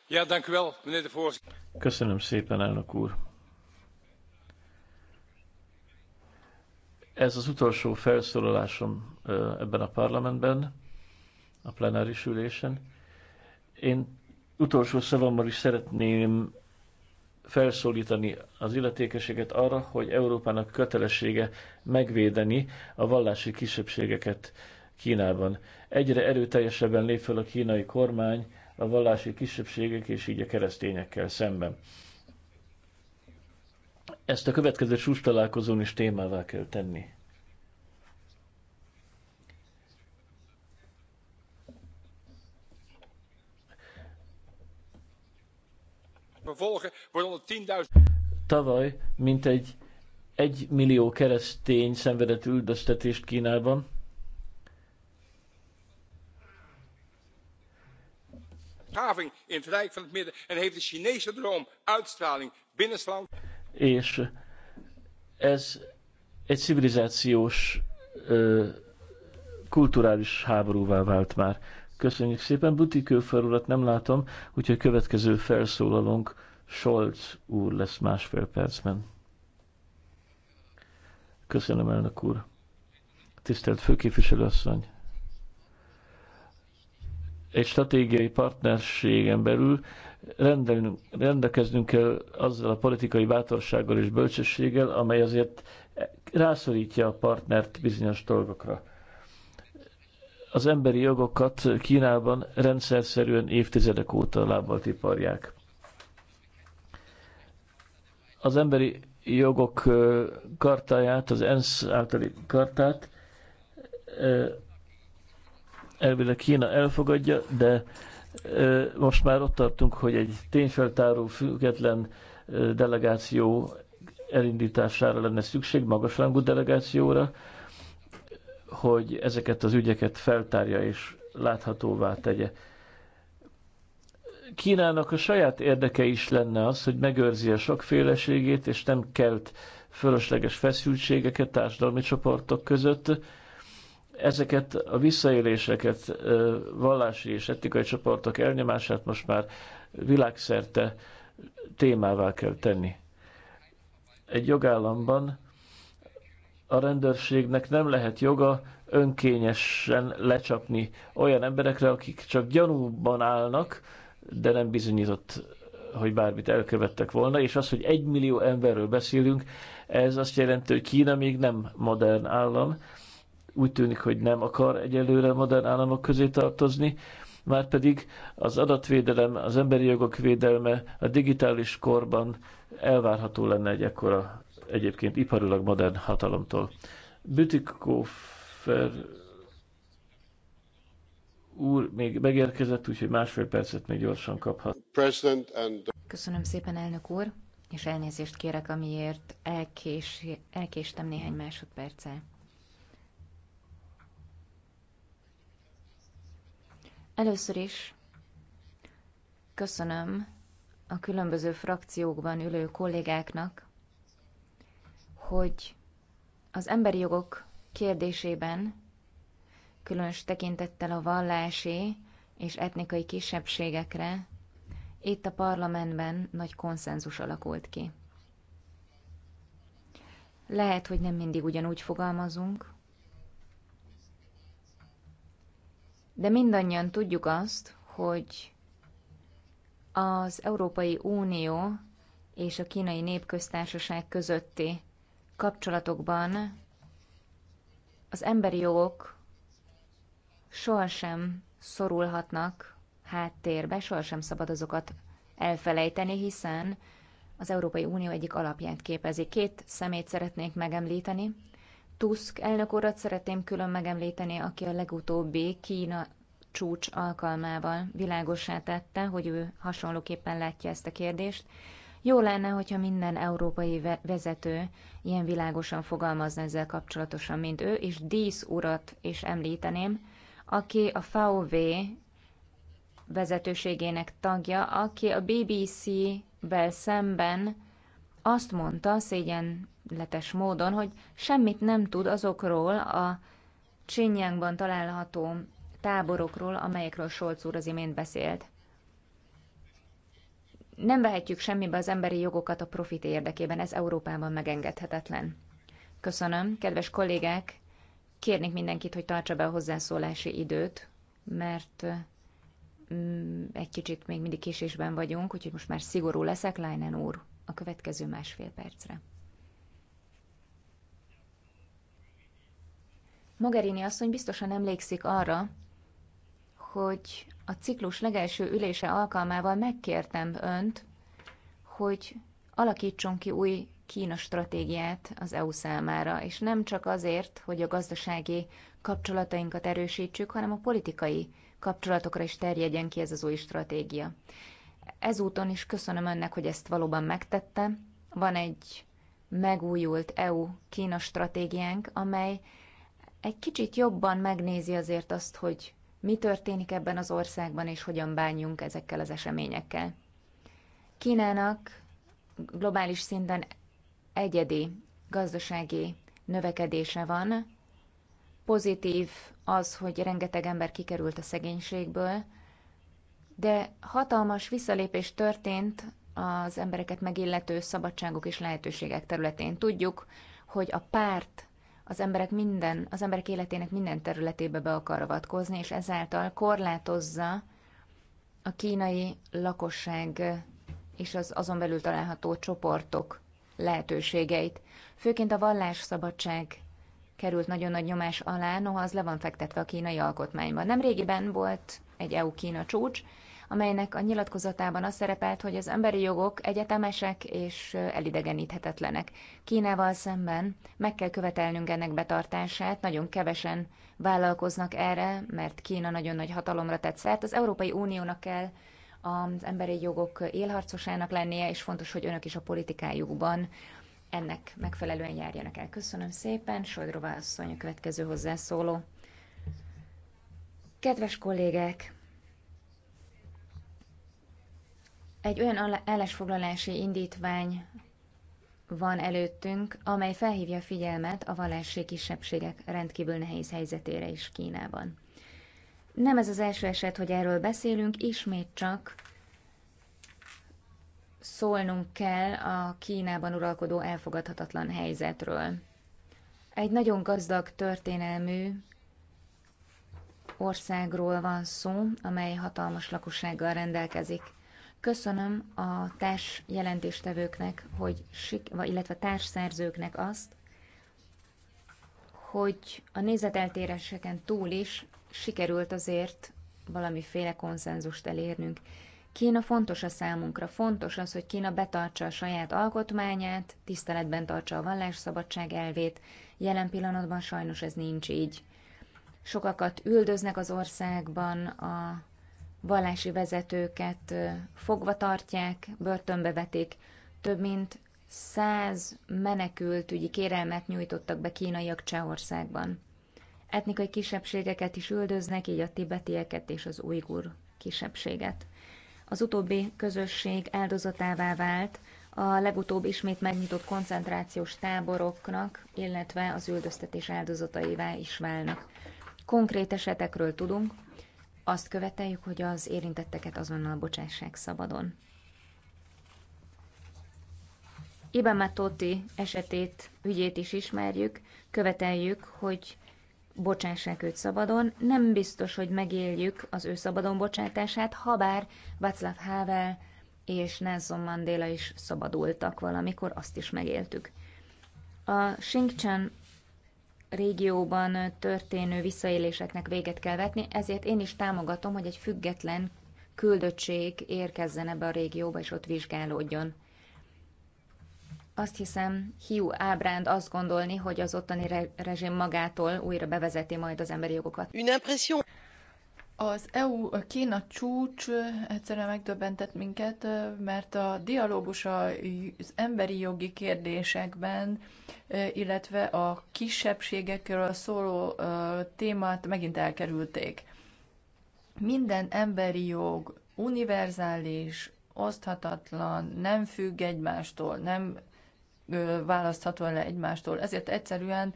Ja, dank u wel, meneer de voorzitter. Köszönöm szépen, elnök úr. Ez az utolsó felszólalásom eh, ebben a parlamentben a plenáris ülésen. Én utolsó szavammal is szeretném felszólítani az illetékeséget arra, hogy Európának kötelessége megvédeni a vallási kisebbségeket Kínában. Egyre erőteljesebben lép fel a kínai kormány a vallási kisebbségek és így a keresztényekkel szemben. Ezt a következő csúcs találkozón is témává kell tenni. Tavaly mintegy egy millió keresztény szenvedett üldöztetést Kínában. in het Rijk van het Midden en heeft de Chinese droom uitstraling binnenland. És ez egy civilizációs, kulturális háborúvá vált már. Köszönjük szépen. Butikőfer urat nem látom, úgyhogy következő felszólalónk Scholz úr lesz másfél percben. Köszönöm, elnök úr. Tisztelt főképviselőasszony! Egy stratégiai partnerségen belül rendelünk, rendelkeznünk kell azzal a politikai bátorsággal és bölcsességgel, amely azért rászorítja a partnert bizonyos dolgokra az emberi jogokat Kínában rendszerszerűen évtizedek óta lábbal tiparják. Az emberi jogok kartáját, az ENSZ általi kartát elvileg Kína elfogadja, de most már ott tartunk, hogy egy tényfeltáró független delegáció elindítására lenne szükség, magasrangú delegációra, hogy ezeket az ügyeket feltárja és láthatóvá tegye. Kínának a saját érdeke is lenne az, hogy megőrzi a sokféleségét, és nem kelt fölösleges feszültségeket társadalmi csoportok között. Ezeket a visszaéléseket, vallási és etikai csoportok elnyomását most már világszerte témává kell tenni. Egy jogállamban a rendőrségnek nem lehet joga önkényesen lecsapni olyan emberekre, akik csak gyanúban állnak, de nem bizonyított, hogy bármit elkövettek volna, és az, hogy egy millió emberről beszélünk, ez azt jelenti, hogy Kína még nem modern állam, úgy tűnik, hogy nem akar egyelőre modern államok közé tartozni, már pedig az adatvédelem, az emberi jogok védelme a digitális korban elvárható lenne egy ekkora egyébként iparilag modern hatalomtól. Bütikófer úr még megérkezett, úgyhogy másfél percet még gyorsan kaphat. Köszönöm szépen, elnök úr, és elnézést kérek, amiért elkés, elkéstem néhány másodperccel. Először is köszönöm a különböző frakciókban ülő kollégáknak hogy az emberi jogok kérdésében, különös tekintettel a vallási és etnikai kisebbségekre, itt a parlamentben nagy konszenzus alakult ki. Lehet, hogy nem mindig ugyanúgy fogalmazunk, de mindannyian tudjuk azt, hogy az Európai Unió és a Kínai Népköztársaság közötti kapcsolatokban az emberi jogok sohasem szorulhatnak háttérbe, sohasem szabad azokat elfelejteni, hiszen az Európai Unió egyik alapját képezi. Két szemét szeretnék megemlíteni. Tusk elnök urat szeretném külön megemlíteni, aki a legutóbbi Kína csúcs alkalmával világosá tette, hogy ő hasonlóképpen látja ezt a kérdést. Jó lenne, hogyha minden európai vezető ilyen világosan fogalmazna ezzel kapcsolatosan, mint ő, és Dísz urat is említeném, aki a VV vezetőségének tagja, aki a BBC-vel szemben azt mondta szégyenletes módon, hogy semmit nem tud azokról a Csinyánkban található táborokról, amelyekről Solc úr az imént beszélt. Nem vehetjük semmibe az emberi jogokat a profit érdekében, ez Európában megengedhetetlen. Köszönöm, kedves kollégák, kérnék mindenkit, hogy tartsa be a hozzászólási időt, mert mm, egy kicsit még mindig késésben vagyunk, úgyhogy most már szigorú leszek, Leinen úr, a következő másfél percre. Mogherini asszony biztosan emlékszik arra, hogy a ciklus legelső ülése alkalmával megkértem önt, hogy alakítson ki új Kína stratégiát az EU számára, és nem csak azért, hogy a gazdasági kapcsolatainkat erősítsük, hanem a politikai kapcsolatokra is terjedjen ki ez az új stratégia. Ezúton is köszönöm önnek, hogy ezt valóban megtette. Van egy megújult EU-Kína stratégiánk, amely egy kicsit jobban megnézi azért azt, hogy mi történik ebben az országban, és hogyan bánjunk ezekkel az eseményekkel. Kínának globális szinten egyedi gazdasági növekedése van. Pozitív az, hogy rengeteg ember kikerült a szegénységből, de hatalmas visszalépés történt az embereket megillető szabadságok és lehetőségek területén. Tudjuk, hogy a párt az emberek minden, az emberek életének minden területébe be akar avatkozni, és ezáltal korlátozza a kínai lakosság és az azon belül található csoportok lehetőségeit. Főként a vallásszabadság került nagyon nagy nyomás alá, noha az le van fektetve a kínai alkotmányban. Nem régiben volt egy EU-Kína csúcs, amelynek a nyilatkozatában az szerepelt, hogy az emberi jogok egyetemesek és elidegeníthetetlenek. Kínával szemben meg kell követelnünk ennek betartását, nagyon kevesen vállalkoznak erre, mert Kína nagyon nagy hatalomra tett szert. Az Európai Uniónak kell az emberi jogok élharcosának lennie, és fontos, hogy önök is a politikájukban ennek megfelelően járjanak el. Köszönöm szépen, Sojdrova asszony a következő hozzászóló. Kedves kollégek, Egy olyan állásfoglalási indítvány van előttünk, amely felhívja a figyelmet a vallási kisebbségek rendkívül nehéz helyzetére is Kínában. Nem ez az első eset, hogy erről beszélünk, ismét csak szólnunk kell a Kínában uralkodó elfogadhatatlan helyzetről. Egy nagyon gazdag történelmű országról van szó, amely hatalmas lakossággal rendelkezik. Köszönöm a társ jelentéstevőknek, hogy, illetve társszerzőknek azt, hogy a nézeteltéréseken túl is sikerült azért valamiféle konszenzust elérnünk. Kína fontos a számunkra, fontos az, hogy Kína betartsa a saját alkotmányát, tiszteletben tartsa a vallásszabadság elvét, jelen pillanatban sajnos ez nincs így. Sokakat üldöznek az országban, a vallási vezetőket fogva tartják, börtönbe vetik, több mint száz menekültügyi kérelmet nyújtottak be kínaiak Csehországban. Etnikai kisebbségeket is üldöznek, így a tibetieket és az ujgur kisebbséget. Az utóbbi közösség áldozatává vált a legutóbb ismét megnyitott koncentrációs táboroknak, illetve az üldöztetés áldozataivá is válnak. Konkrét esetekről tudunk, azt követeljük, hogy az érintetteket azonnal bocsássák szabadon. Ibama Toti esetét, ügyét is ismerjük, követeljük, hogy bocsássák őt szabadon. Nem biztos, hogy megéljük az ő szabadon bocsátását, habár Václav Havel és Nelson Mandela is szabadultak valamikor, azt is megéltük. A Shinkchan régióban történő visszaéléseknek véget kell vetni, ezért én is támogatom, hogy egy független küldöttség érkezzen ebbe a régióba, és ott vizsgálódjon. Azt hiszem, hiú ábránd azt gondolni, hogy az ottani re- rezsim magától újra bevezeti majd az emberi jogokat. Une impression. Az EU-Kína csúcs egyszerűen megdöbbentett minket, mert a dialógus az emberi jogi kérdésekben, illetve a kisebbségekről szóló témát megint elkerülték. Minden emberi jog univerzális, oszthatatlan, nem függ egymástól, nem választható le egymástól, ezért egyszerűen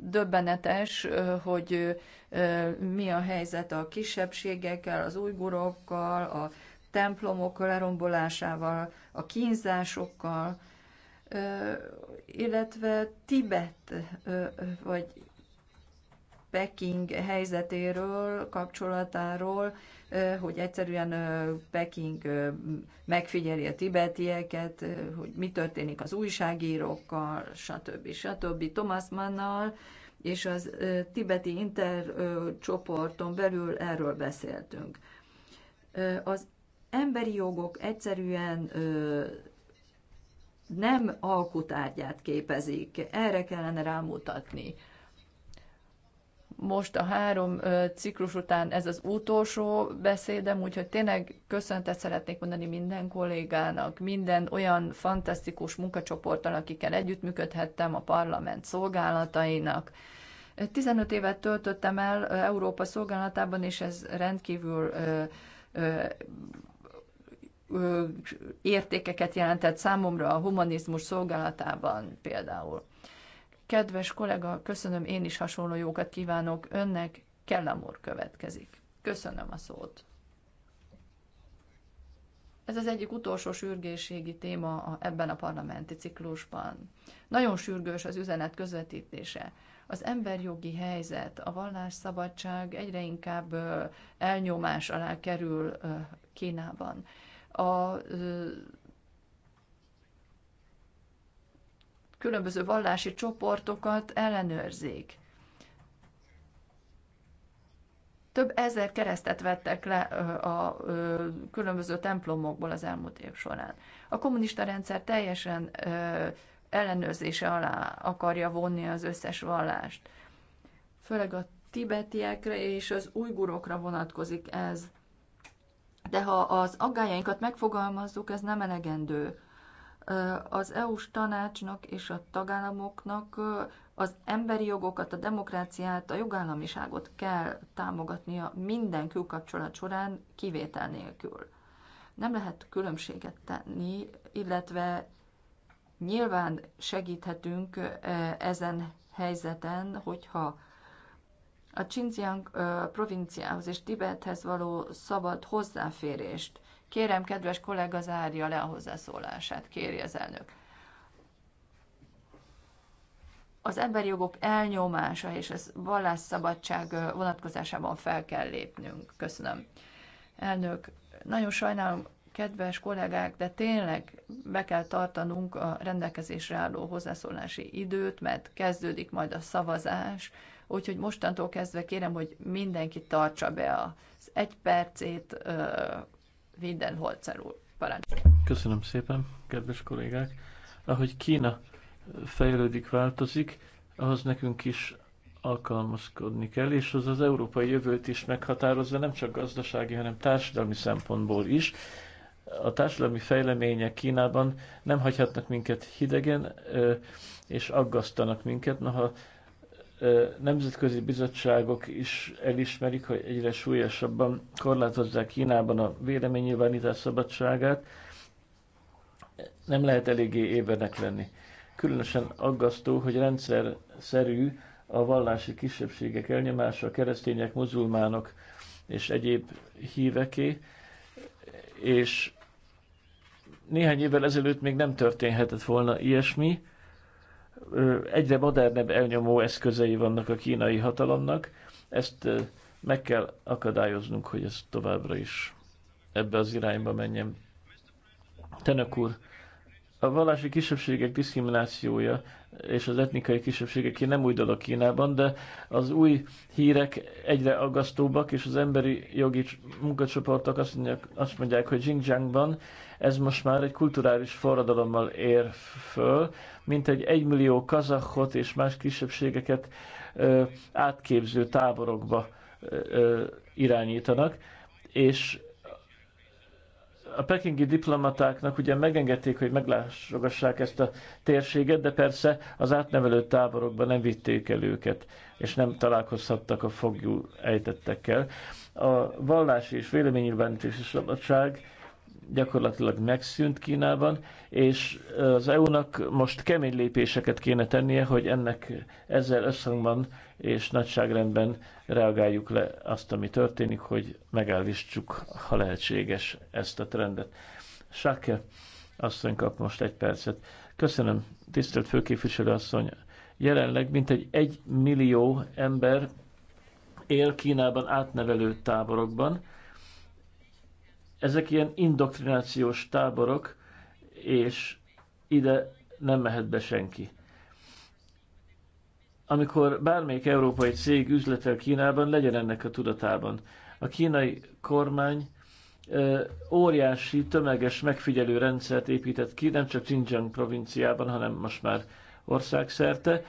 Döbbenetes, hogy mi a helyzet a kisebbségekkel, az újgurokkal, a templomok lerombolásával, a kínzásokkal, illetve Tibet vagy Peking helyzetéről, kapcsolatáról, hogy egyszerűen Peking megfigyeli a tibetieket, hogy mi történik az újságírókkal, stb. stb. Thomas Mannal, és az tibeti intercsoporton belül erről beszéltünk. Az emberi jogok egyszerűen nem alkutárgyát képezik, erre kellene rámutatni most a három ciklus után ez az utolsó beszédem, úgyhogy tényleg köszöntet szeretnék mondani minden kollégának, minden olyan fantasztikus munkacsoporttal, akikkel együttműködhettem, a parlament szolgálatainak. 15 évet töltöttem el Európa szolgálatában, és ez rendkívül ö, ö, ö, értékeket jelentett számomra a humanizmus szolgálatában például. Kedves kollega, köszönöm, én is hasonló jókat kívánok önnek. Kellamor következik. Köszönöm a szót. Ez az egyik utolsó sürgésségi téma ebben a parlamenti ciklusban. Nagyon sürgős az üzenet közvetítése. Az emberjogi helyzet, a vallásszabadság egyre inkább elnyomás alá kerül Kínában. A különböző vallási csoportokat ellenőrzik. Több ezer keresztet vettek le a különböző templomokból az elmúlt év során. A kommunista rendszer teljesen ellenőrzése alá akarja vonni az összes vallást. Főleg a tibetiekre és az ujgurokra vonatkozik ez. De ha az aggájainkat megfogalmazzuk, ez nem elegendő az EU-s tanácsnak és a tagállamoknak az emberi jogokat, a demokráciát, a jogállamiságot kell támogatnia minden külkapcsolat során, kivétel nélkül. Nem lehet különbséget tenni, illetve nyilván segíthetünk ezen helyzeten, hogyha a Xinjiang provinciához és Tibethez való szabad hozzáférést Kérem, kedves kollega, zárja le a hozzászólását, kéri az elnök. Az emberi jogok elnyomása és a vallásszabadság vonatkozásában fel kell lépnünk. Köszönöm. Elnök, nagyon sajnálom, kedves kollégák, de tényleg be kell tartanunk a rendelkezésre álló hozzászólási időt, mert kezdődik majd a szavazás, úgyhogy mostantól kezdve kérem, hogy mindenki tartsa be az egy percét, Windenholzer úr. Parancs. Köszönöm szépen, kedves kollégák. Ahogy Kína fejlődik, változik, ahhoz nekünk is alkalmazkodni kell, és az az európai jövőt is meghatározza, nem csak gazdasági, hanem társadalmi szempontból is. A társadalmi fejlemények Kínában nem hagyhatnak minket hidegen, és aggasztanak minket, noha nemzetközi bizottságok is elismerik, hogy egyre súlyosabban korlátozzák Kínában a véleménynyilvánítás szabadságát, nem lehet eléggé ébernek lenni. Különösen aggasztó, hogy rendszer szerű a vallási kisebbségek elnyomása, a keresztények, muzulmánok és egyéb híveké, és néhány évvel ezelőtt még nem történhetett volna ilyesmi, egyre modernebb elnyomó eszközei vannak a kínai hatalomnak. Ezt meg kell akadályoznunk, hogy ez továbbra is ebbe az irányba menjen. Tenök úr, a vallási kisebbségek diszkriminációja és az etnikai kisebbségeké nem új dolog Kínában, de az új hírek egyre aggasztóbbak, és az emberi jogi munkacsoportok azt mondják, azt mondják hogy Xinjiangban ez most már egy kulturális forradalommal ér föl, mint egy egymillió kazahot és más kisebbségeket ö, átképző táborokba ö, irányítanak, és a pekingi diplomatáknak ugye megengedték, hogy meglásogassák ezt a térséget, de persze az átnevelő táborokban nem vitték el őket, és nem találkozhattak a fogjú ejtettekkel. A vallási és véleménynyilvánítási szabadság gyakorlatilag megszűnt Kínában, és az EU-nak most kemény lépéseket kéne tennie, hogy ennek ezzel összhangban és nagyságrendben reagáljuk le azt, ami történik, hogy megállítsuk, ha lehetséges ezt a trendet. Sáke asszony kap most egy percet. Köszönöm, tisztelt főképviselő asszony. Jelenleg mintegy egy millió ember él Kínában átnevelő táborokban, ezek ilyen indoktrinációs táborok, és ide nem mehet be senki. Amikor bármelyik európai cég üzletel Kínában, legyen ennek a tudatában. A kínai kormány óriási tömeges megfigyelő rendszert épített ki, nem csak Xinjiang provinciában, hanem most már országszerte.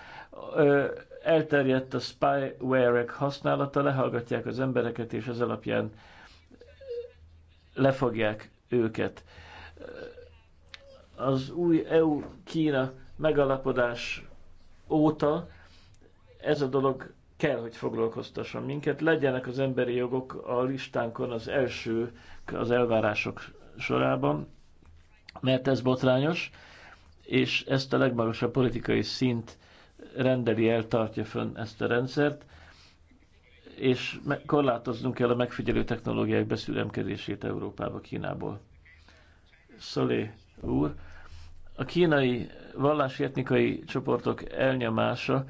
Elterjedt a spyware-ek használata, lehallgatják az embereket, és az alapján lefogják őket. Az új EU-Kína megalapodás óta ez a dolog kell, hogy foglalkoztasson minket. Legyenek az emberi jogok a listánkon az első az elvárások sorában, mert ez botrányos, és ezt a legmagasabb politikai szint rendeli el, tartja fönn ezt a rendszert és korlátoznunk kell a megfigyelő technológiák beszüremkedését Európába, Kínából. Szolé úr, a kínai vallási etnikai csoportok elnyomása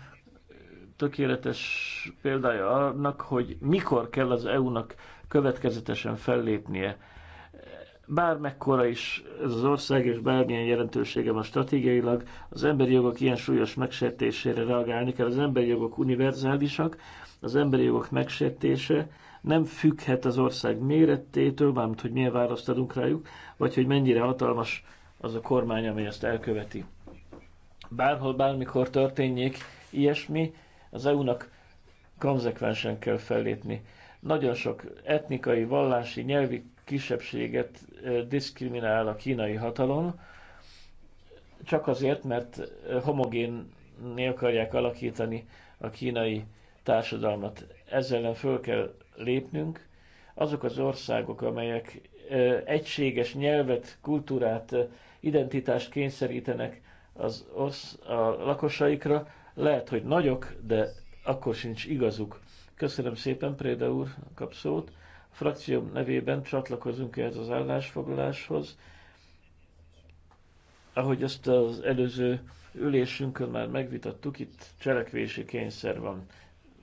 tökéletes példája annak, hogy mikor kell az EU-nak következetesen fellépnie. Bármekkora is ez az ország, és bármilyen jelentősége van stratégiailag, az emberi jogok ilyen súlyos megsértésére reagálni kell. Az emberi jogok univerzálisak, az emberi jogok megsértése nem függhet az ország mérettétől, bármint hogy milyen választ adunk rájuk, vagy hogy mennyire hatalmas az a kormány, amely ezt elköveti. Bárhol, bármikor történjék ilyesmi, az EU-nak konzekvensen kell fellépni. Nagyon sok etnikai, vallási, nyelvi kisebbséget diszkriminál a kínai hatalom, csak azért, mert homogénné akarják alakítani a kínai társadalmat. Ezzel ellen föl kell lépnünk. Azok az országok, amelyek egységes nyelvet, kultúrát, identitást kényszerítenek az orsz, a lakosaikra, lehet, hogy nagyok, de akkor sincs igazuk. Köszönöm szépen, Préda úr, kap szót. A frakcióm nevében csatlakozunk ehhez az állásfoglaláshoz. Ahogy azt az előző ülésünkön már megvitattuk, itt cselekvési kényszer van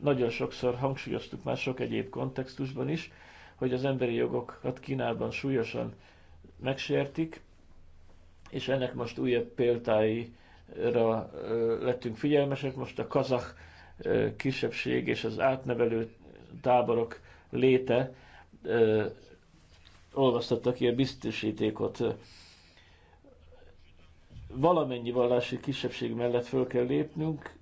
nagyon sokszor hangsúlyoztuk már sok egyéb kontextusban is, hogy az emberi jogokat Kínában súlyosan megsértik, és ennek most újabb példáira lettünk figyelmesek. Most a kazah kisebbség és az átnevelő táborok léte olvasztatta ki a biztosítékot. Valamennyi vallási kisebbség mellett föl kell lépnünk,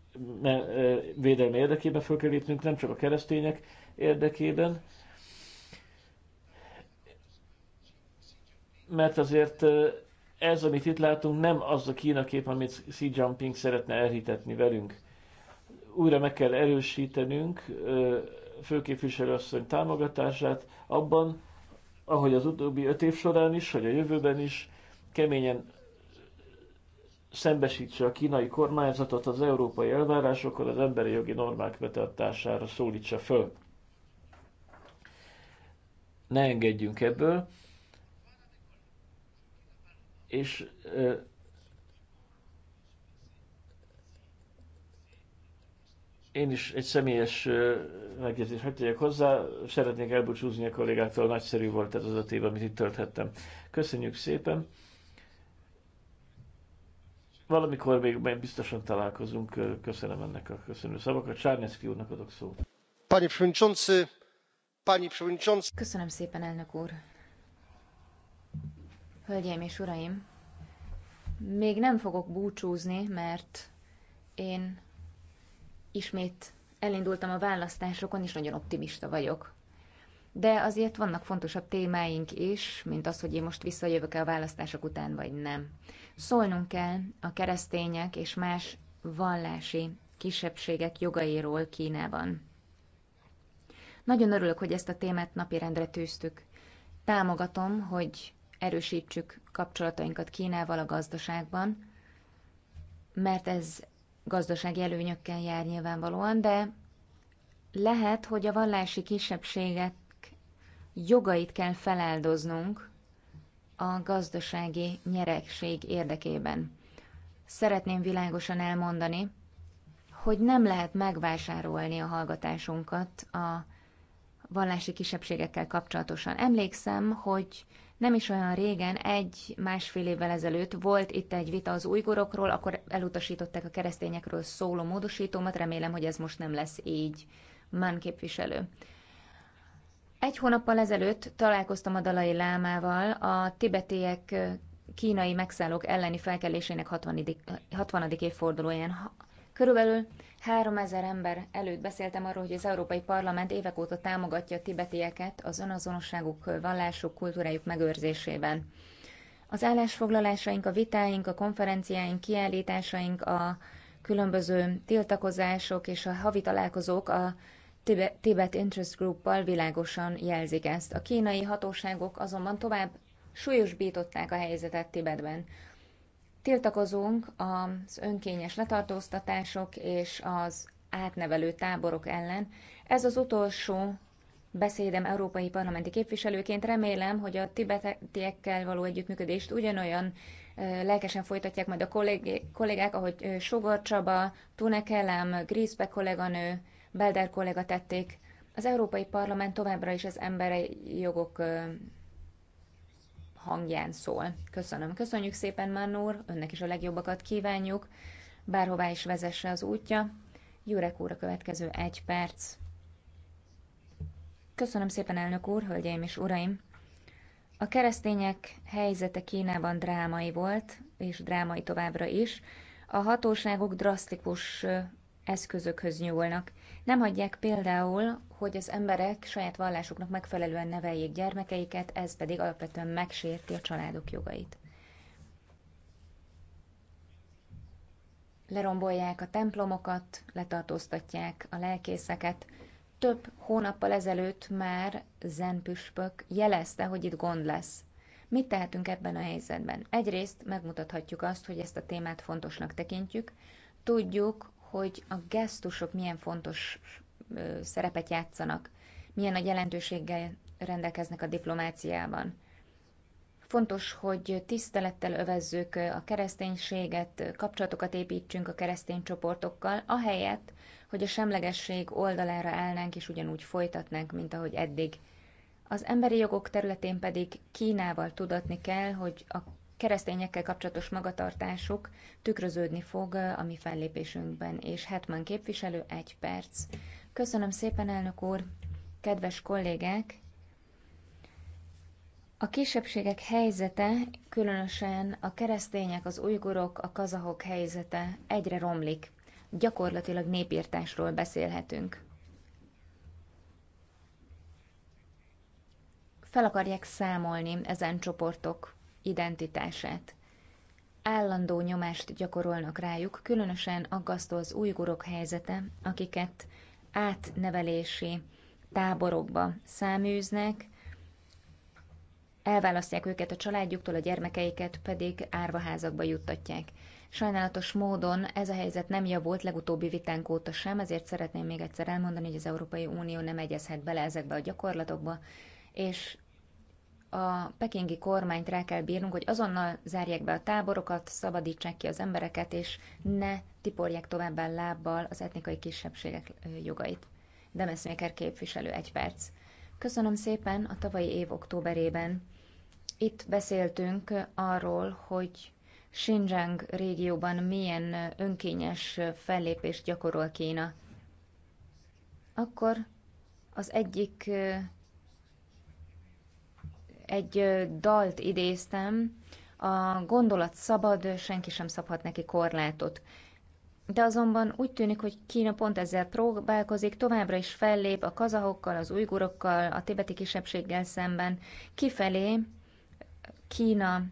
védelme érdekében föl kell lépnünk, nem csak a keresztények érdekében, mert azért ez, amit itt látunk, nem az a Kína kép, amit Xi Jinping szeretne elhitetni velünk. Újra meg kell erősítenünk főképviselőasszony támogatását abban, ahogy az utóbbi öt év során is, vagy a jövőben is keményen szembesítse a kínai kormányzatot az európai elvárásokkal, az emberi jogi normák betartására szólítsa föl. Ne engedjünk ebből, és én is egy személyes megjegyzést hagyják hozzá, szeretnék elbúcsúzni a kollégáktól, nagyszerű volt ez az a téma, amit itt tölthettem. Köszönjük szépen! Valamikor még biztosan találkozunk. Köszönöm ennek a köszönő szavakat. Sárnyeszki úrnak adok szót. Pani Przewodniczący, Pani Przewodniczący. Köszönöm szépen, elnök úr. Hölgyeim és uraim, még nem fogok búcsúzni, mert én ismét elindultam a választásokon, és nagyon optimista vagyok de azért vannak fontosabb témáink is, mint az, hogy én most visszajövök-e a választások után, vagy nem. Szólnunk kell a keresztények és más vallási kisebbségek jogairól Kínában. Nagyon örülök, hogy ezt a témát napirendre tűztük. Támogatom, hogy erősítsük kapcsolatainkat Kínával a gazdaságban, mert ez gazdasági előnyökkel jár nyilvánvalóan, de lehet, hogy a vallási kisebbséget jogait kell feláldoznunk a gazdasági nyerekség érdekében. Szeretném világosan elmondani, hogy nem lehet megvásárolni a hallgatásunkat a vallási kisebbségekkel kapcsolatosan. Emlékszem, hogy nem is olyan régen, egy-másfél évvel ezelőtt volt itt egy vita az újgorokról, akkor elutasították a keresztényekről szóló módosítómat, remélem, hogy ez most nem lesz így, Mann képviselő. Egy hónappal ezelőtt találkoztam a Dalai Lámával a tibetiek kínai megszállók elleni felkelésének 60. évfordulóján. Körülbelül 3000 ember előtt beszéltem arról, hogy az Európai Parlament évek óta támogatja a tibetieket az önazonosságuk, vallásuk, kultúrájuk megőrzésében. Az állásfoglalásaink, a vitáink, a konferenciáink, kiállításaink, a különböző tiltakozások és a havi találkozók a Tibet Interest Group-pal világosan jelzik ezt. A kínai hatóságok azonban tovább súlyosbították a helyzetet Tibetben. Tiltakozunk az önkényes letartóztatások és az átnevelő táborok ellen. Ez az utolsó beszédem európai parlamenti képviselőként. Remélem, hogy a tibetiekkel való együttműködést ugyanolyan lelkesen folytatják majd a kollégák, ahogy Sogor Csaba, Tune Kelem, kolléganő, Belder kolléga tették, az Európai Parlament továbbra is az emberi jogok hangján szól. Köszönöm. Köszönjük szépen, Mannur, önnek is a legjobbakat kívánjuk, bárhová is vezesse az útja. Jurek úr a következő egy perc. Köszönöm szépen, elnök úr, hölgyeim és uraim! A keresztények helyzete Kínában drámai volt, és drámai továbbra is. A hatóságok drasztikus eszközökhöz nyúlnak. Nem hagyják például, hogy az emberek saját vallásuknak megfelelően neveljék gyermekeiket, ez pedig alapvetően megsérti a családok jogait. Lerombolják a templomokat, letartóztatják a lelkészeket. Több hónappal ezelőtt már zenpüspök jelezte, hogy itt gond lesz. Mit tehetünk ebben a helyzetben? Egyrészt megmutathatjuk azt, hogy ezt a témát fontosnak tekintjük, tudjuk, hogy a gesztusok milyen fontos szerepet játszanak, milyen a jelentőséggel rendelkeznek a diplomáciában. Fontos, hogy tisztelettel övezzük a kereszténységet, kapcsolatokat építsünk a keresztény csoportokkal, ahelyett, hogy a semlegesség oldalára állnánk és ugyanúgy folytatnánk, mint ahogy eddig. Az emberi jogok területén pedig Kínával tudatni kell, hogy a keresztényekkel kapcsolatos magatartásuk tükröződni fog a mi fellépésünkben, és Hetman képviselő egy perc. Köszönöm szépen, elnök úr! Kedves kollégák! A kisebbségek helyzete, különösen a keresztények, az ujgurok, a kazahok helyzete egyre romlik. Gyakorlatilag népírtásról beszélhetünk. Fel akarják számolni ezen csoportok identitását. Állandó nyomást gyakorolnak rájuk, különösen aggasztó az újgurok helyzete, akiket átnevelési táborokba száműznek, elválasztják őket a családjuktól, a gyermekeiket pedig árvaházakba juttatják. Sajnálatos módon ez a helyzet nem javult legutóbbi vitánk óta sem, ezért szeretném még egyszer elmondani, hogy az Európai Unió nem egyezhet bele ezekbe a gyakorlatokba, és a pekingi kormányt rá kell bírnunk, hogy azonnal zárják be a táborokat, szabadítsák ki az embereket, és ne tiporják továbbá lábbal az etnikai kisebbségek jogait. Demeszméker képviselő, egy perc. Köszönöm szépen a tavalyi év októberében. Itt beszéltünk arról, hogy Xinjiang régióban milyen önkényes fellépést gyakorol Kína. Akkor az egyik egy dalt idéztem, a gondolat szabad, senki sem szabhat neki korlátot. De azonban úgy tűnik, hogy Kína pont ezzel próbálkozik, továbbra is fellép a kazahokkal, az ujgurokkal, a tibeti kisebbséggel szemben. Kifelé Kína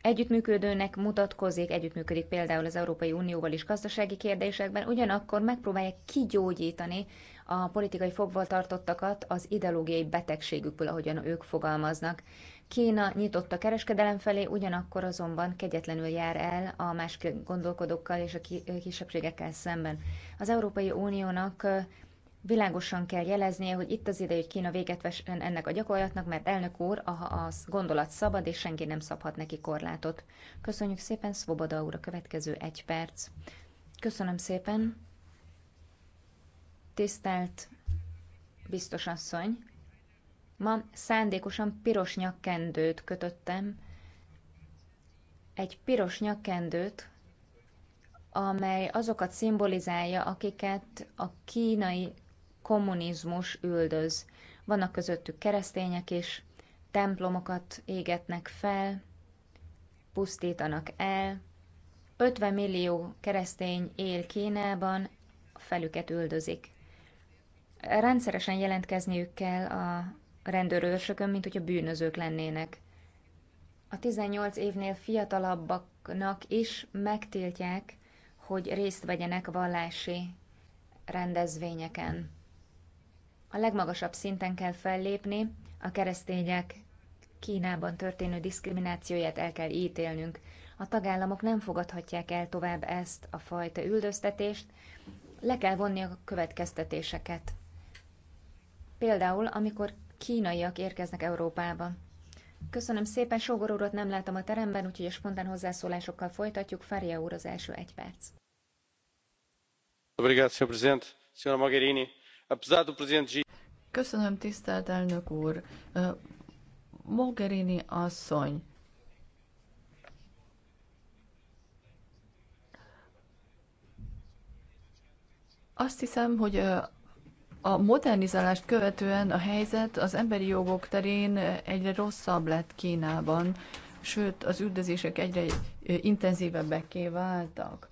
együttműködőnek mutatkozik, együttműködik például az Európai Unióval is gazdasági kérdésekben, ugyanakkor megpróbálják kigyógyítani a politikai fogvatartottakat az ideológiai betegségükből, ahogyan ők fogalmaznak. Kína nyitott a kereskedelem felé, ugyanakkor azonban kegyetlenül jár el a más gondolkodókkal és a kisebbségekkel szemben. Az Európai Uniónak világosan kell jeleznie, hogy itt az ideje, hogy Kína véget vessen ennek a gyakorlatnak, mert elnök úr, a, a gondolat szabad, és senki nem szabhat neki korlátot. Köszönjük szépen, Svoboda úr, a következő egy perc. Köszönöm szépen. Tisztelt biztos asszony, ma szándékosan piros nyakkendőt kötöttem, egy piros nyakkendőt, amely azokat szimbolizálja, akiket a kínai kommunizmus üldöz. Vannak közöttük keresztények is, templomokat égetnek fel, pusztítanak el. 50 millió keresztény él Kínában, felüket üldözik rendszeresen jelentkezniük kell a rendőrőrsökön, mint hogyha bűnözők lennének. A 18 évnél fiatalabbaknak is megtiltják, hogy részt vegyenek vallási rendezvényeken. A legmagasabb szinten kell fellépni, a keresztények Kínában történő diszkriminációját el kell ítélnünk. A tagállamok nem fogadhatják el tovább ezt a fajta üldöztetést, le kell vonni a következtetéseket például amikor kínaiak érkeznek Európába. Köszönöm szépen, Sógor úrot nem látom a teremben, úgyhogy a spontán hozzászólásokkal folytatjuk. Faria úr az első egy perc. Köszönöm, tisztelt elnök úr. Mogherini asszony, azt hiszem, hogy a modernizálást követően a helyzet az emberi jogok terén egyre rosszabb lett Kínában, sőt az üldözések egyre intenzívebbeké váltak.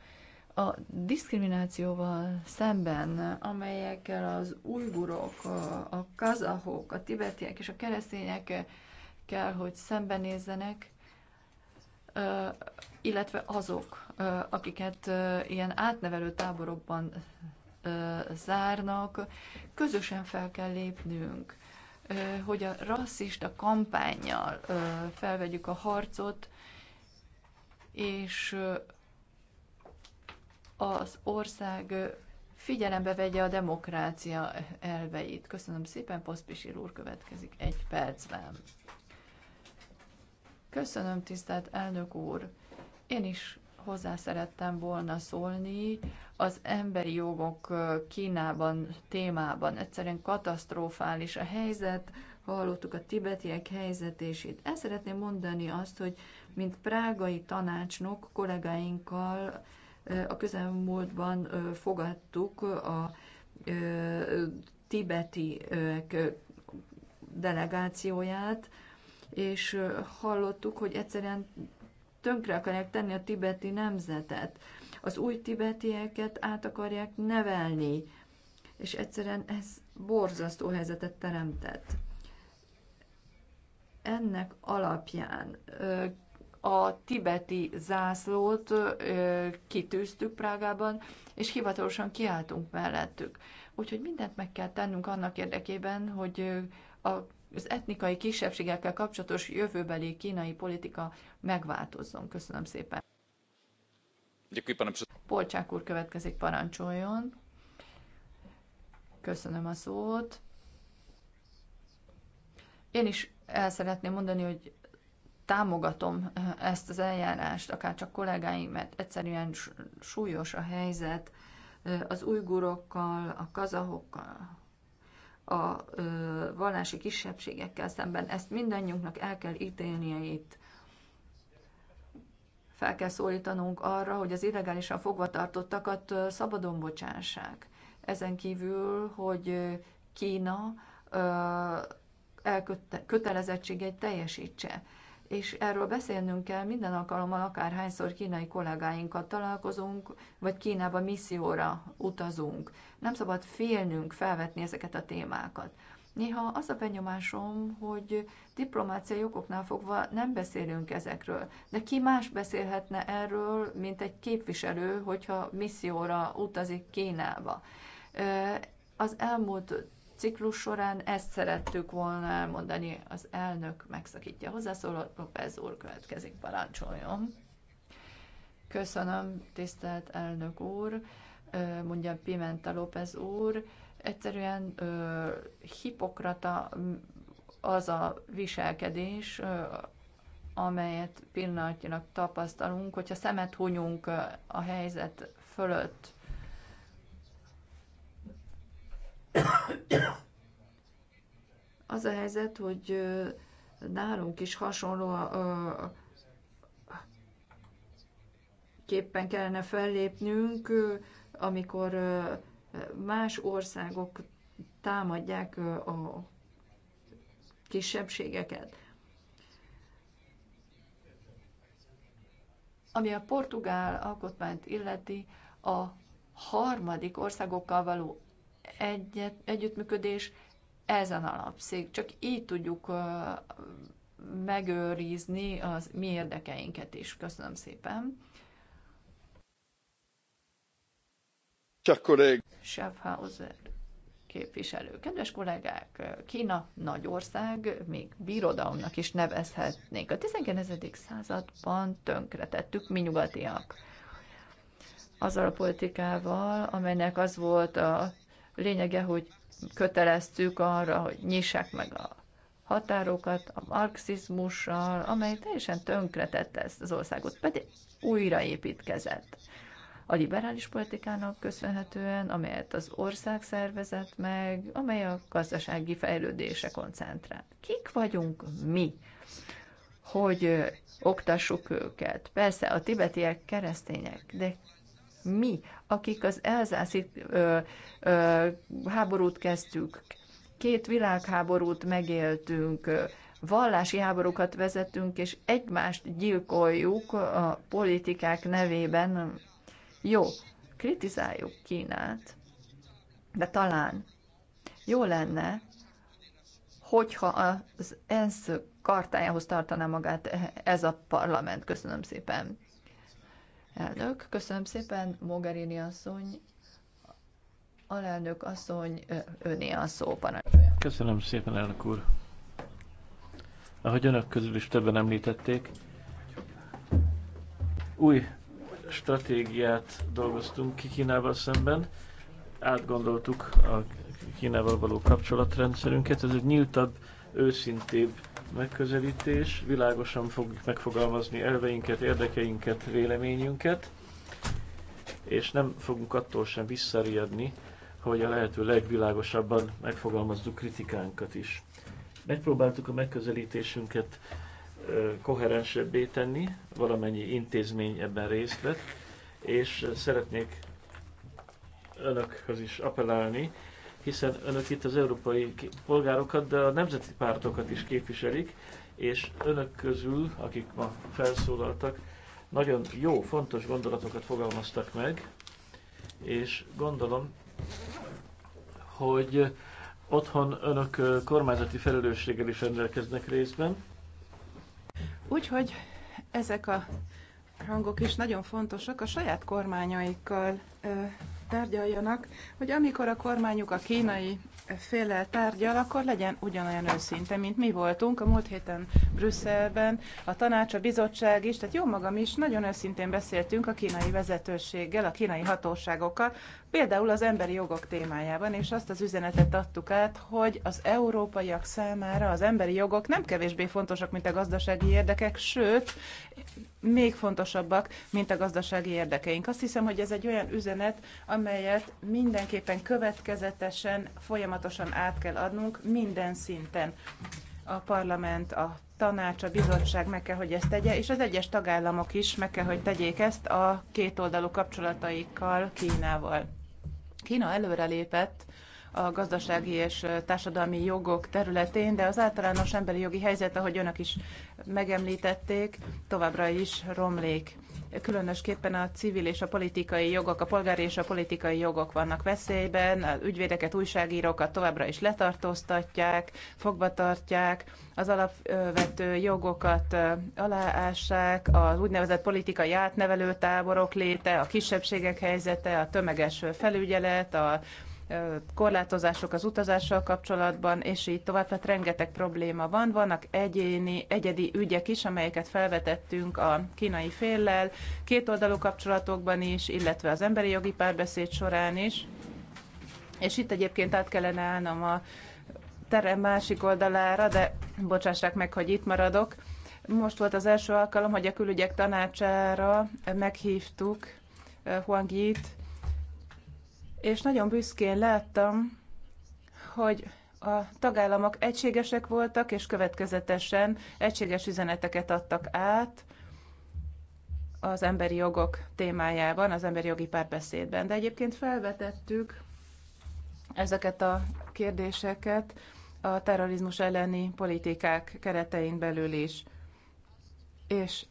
A diszkriminációval szemben, amelyekkel az ujgurok, a kazahok, a tibetiek és a keresztények kell, hogy szembenézzenek, illetve azok, akiket ilyen átnevelő táborokban zárnak. Közösen fel kell lépnünk, hogy a rasszista kampányjal felvegyük a harcot, és az ország figyelembe vegye a demokrácia elveit. Köszönöm szépen, Poszpisír úr következik egy percben. Köszönöm, tisztelt elnök úr! Én is hozzá szerettem volna szólni az emberi jogok Kínában témában. Egyszerűen katasztrofális a helyzet, hallottuk a tibetiek helyzetését. Ezt szeretném mondani azt, hogy mint prágai tanácsnok kollégáinkkal a közelmúltban fogadtuk a tibetiek delegációját, és hallottuk, hogy egyszerűen tönkre akarják tenni a tibeti nemzetet. Az új tibetieket át akarják nevelni, és egyszerűen ez borzasztó helyzetet teremtett. Ennek alapján a tibeti zászlót kitűztük Prágában, és hivatalosan kiálltunk mellettük. Úgyhogy mindent meg kell tennünk annak érdekében, hogy a az etnikai kisebbségekkel kapcsolatos jövőbeli kínai politika megváltozzon. Köszönöm szépen. Polcsák úr következik, parancsoljon. Köszönöm a szót. Én is el szeretném mondani, hogy támogatom ezt az eljárást, akár csak kollégáim, mert egyszerűen súlyos a helyzet az ujgurokkal, a kazahokkal, a ö, vallási kisebbségekkel szemben. Ezt mindannyiunknak el kell ítélnie itt. Fel kell szólítanunk arra, hogy az illegálisan fogvatartottakat szabadon bocsássák. Ezen kívül, hogy Kína ö, elkötelezettségeit teljesítse és erről beszélnünk kell minden alkalommal, akárhányszor kínai kollégáinkat találkozunk, vagy Kínába misszióra utazunk. Nem szabad félnünk felvetni ezeket a témákat. Néha az a benyomásom, hogy diplomáciai okoknál fogva nem beszélünk ezekről. De ki más beszélhetne erről, mint egy képviselő, hogyha misszióra utazik Kínába? Az elmúlt ciklus során ezt szerettük volna elmondani. Az elnök megszakítja a hozzászólót, Lopez úr következik, parancsoljon. Köszönöm, tisztelt elnök úr, mondja Pimenta López úr. Egyszerűen hipokrata az a viselkedés, amelyet pillanatnyilag tapasztalunk, hogyha szemet hunyunk a helyzet fölött, Az a helyzet, hogy nálunk is hasonló a, képpen kellene fellépnünk, amikor más országok támadják a kisebbségeket. Ami a portugál alkotmányt illeti, a harmadik országokkal való egyet, együttműködés ezen alapszik. Csak így tudjuk megőrizni az mi érdekeinket is. Köszönöm szépen. Csak kollég. Schaffhauser képviselő. Kedves kollégák, Kína nagy ország, még birodalomnak is nevezhetnénk. A 19. században tönkretettük mi nyugatiak. Azzal a politikával, amelynek az volt a Lényege, hogy köteleztük arra, hogy nyissák meg a határokat a marxizmussal, amely teljesen tönkretette ezt az országot, pedig újraépítkezett. A liberális politikának köszönhetően, amelyet az ország szervezett meg, amely a gazdasági fejlődése koncentrál. Kik vagyunk mi, hogy oktassuk őket? Persze a tibetiek keresztények, de mi, akik az elzászi ö, ö, háborút kezdtük, két világháborút megéltünk, vallási háborúkat vezetünk, és egymást gyilkoljuk a politikák nevében. Jó, kritizáljuk Kínát, de talán jó lenne, hogyha az ENSZ kartájához tartaná magát ez a parlament. Köszönöm szépen. Elnök, köszönöm szépen, Mogherini asszony, alelnök asszony, öné a szó parancsolja. Köszönöm szépen, elnök úr. Ahogy önök közül is többen említették, új stratégiát dolgoztunk ki Kínával szemben, átgondoltuk a Kínával való kapcsolatrendszerünket, ez egy nyíltabb, őszintébb megközelítés, világosan fogjuk megfogalmazni elveinket, érdekeinket, véleményünket, és nem fogunk attól sem visszariadni, hogy a lehető legvilágosabban megfogalmazzuk kritikánkat is. Megpróbáltuk a megközelítésünket koherensebbé tenni, valamennyi intézmény ebben részt vett, és szeretnék önökhöz is appellálni, hiszen önök itt az európai polgárokat, de a nemzeti pártokat is képviselik, és önök közül, akik ma felszólaltak, nagyon jó, fontos gondolatokat fogalmaztak meg, és gondolom, hogy otthon önök kormányzati felelősséggel is rendelkeznek részben. Úgyhogy ezek a hangok is nagyon fontosak. A saját kormányaikkal tárgyaljanak, hogy amikor a kormányuk a kínai féllel tárgyal, akkor legyen ugyanolyan őszinte, mint mi voltunk a múlt héten Brüsszelben, a tanács, a bizottság is, tehát jó magam is, nagyon őszintén beszéltünk a kínai vezetőséggel, a kínai hatóságokkal, például az emberi jogok témájában, és azt az üzenetet adtuk át, hogy az európaiak számára az emberi jogok nem kevésbé fontosak, mint a gazdasági érdekek, sőt, még fontosabbak, mint a gazdasági érdekeink. Azt hiszem, hogy ez egy olyan üzenet, amelyet mindenképpen következetesen, folyamatosan át kell adnunk minden szinten. A parlament, a tanács, a bizottság meg kell, hogy ezt tegye, és az egyes tagállamok is meg kell, hogy tegyék ezt a kétoldalú kapcsolataikkal Kínával. Kína előrelépett a gazdasági és társadalmi jogok területén, de az általános emberi jogi helyzet, ahogy önök is megemlítették, továbbra is romlik különösképpen a civil és a politikai jogok, a polgári és a politikai jogok vannak veszélyben, az ügyvédeket, újságírókat továbbra is letartóztatják, fogva tartják, az alapvető jogokat aláássák, az úgynevezett politikai átnevelő táborok léte, a kisebbségek helyzete, a tömeges felügyelet, a korlátozások az utazással kapcsolatban, és így tovább, tehát rengeteg probléma van. Vannak egyéni, egyedi ügyek is, amelyeket felvetettünk a kínai féllel, kétoldalú kapcsolatokban is, illetve az emberi jogi párbeszéd során is. És itt egyébként át kellene állnom a terem másik oldalára, de bocsássák meg, hogy itt maradok. Most volt az első alkalom, hogy a külügyek tanácsára meghívtuk Huang Yit, és nagyon büszkén láttam, hogy a tagállamok egységesek voltak, és következetesen egységes üzeneteket adtak át az emberi jogok témájában, az emberi jogi párbeszédben. De egyébként felvetettük ezeket a kérdéseket a terrorizmus elleni politikák keretein belül is. És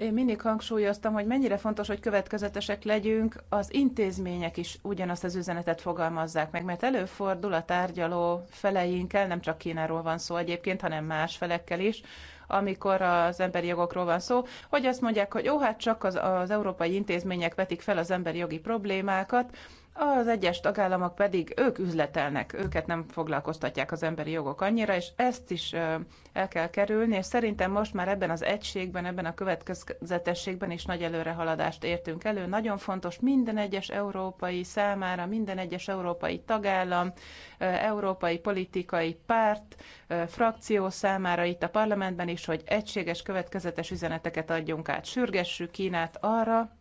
én mindig hangsúlyoztam, hogy mennyire fontos, hogy következetesek legyünk, az intézmények is ugyanazt az üzenetet fogalmazzák meg, mert előfordul a tárgyaló feleinkkel, nem csak Kínáról van szó egyébként, hanem más felekkel is, amikor az emberi jogokról van szó, hogy azt mondják, hogy jó, hát csak az, az európai intézmények vetik fel az emberi jogi problémákat, az egyes tagállamok pedig ők üzletelnek, őket nem foglalkoztatják az emberi jogok annyira, és ezt is el kell kerülni, és szerintem most már ebben az egységben, ebben a következetességben is nagy előrehaladást értünk elő. Nagyon fontos minden egyes európai számára, minden egyes európai tagállam, európai politikai párt, frakció számára itt a parlamentben is, hogy egységes következetes üzeneteket adjunk át. Sürgessük Kínát arra,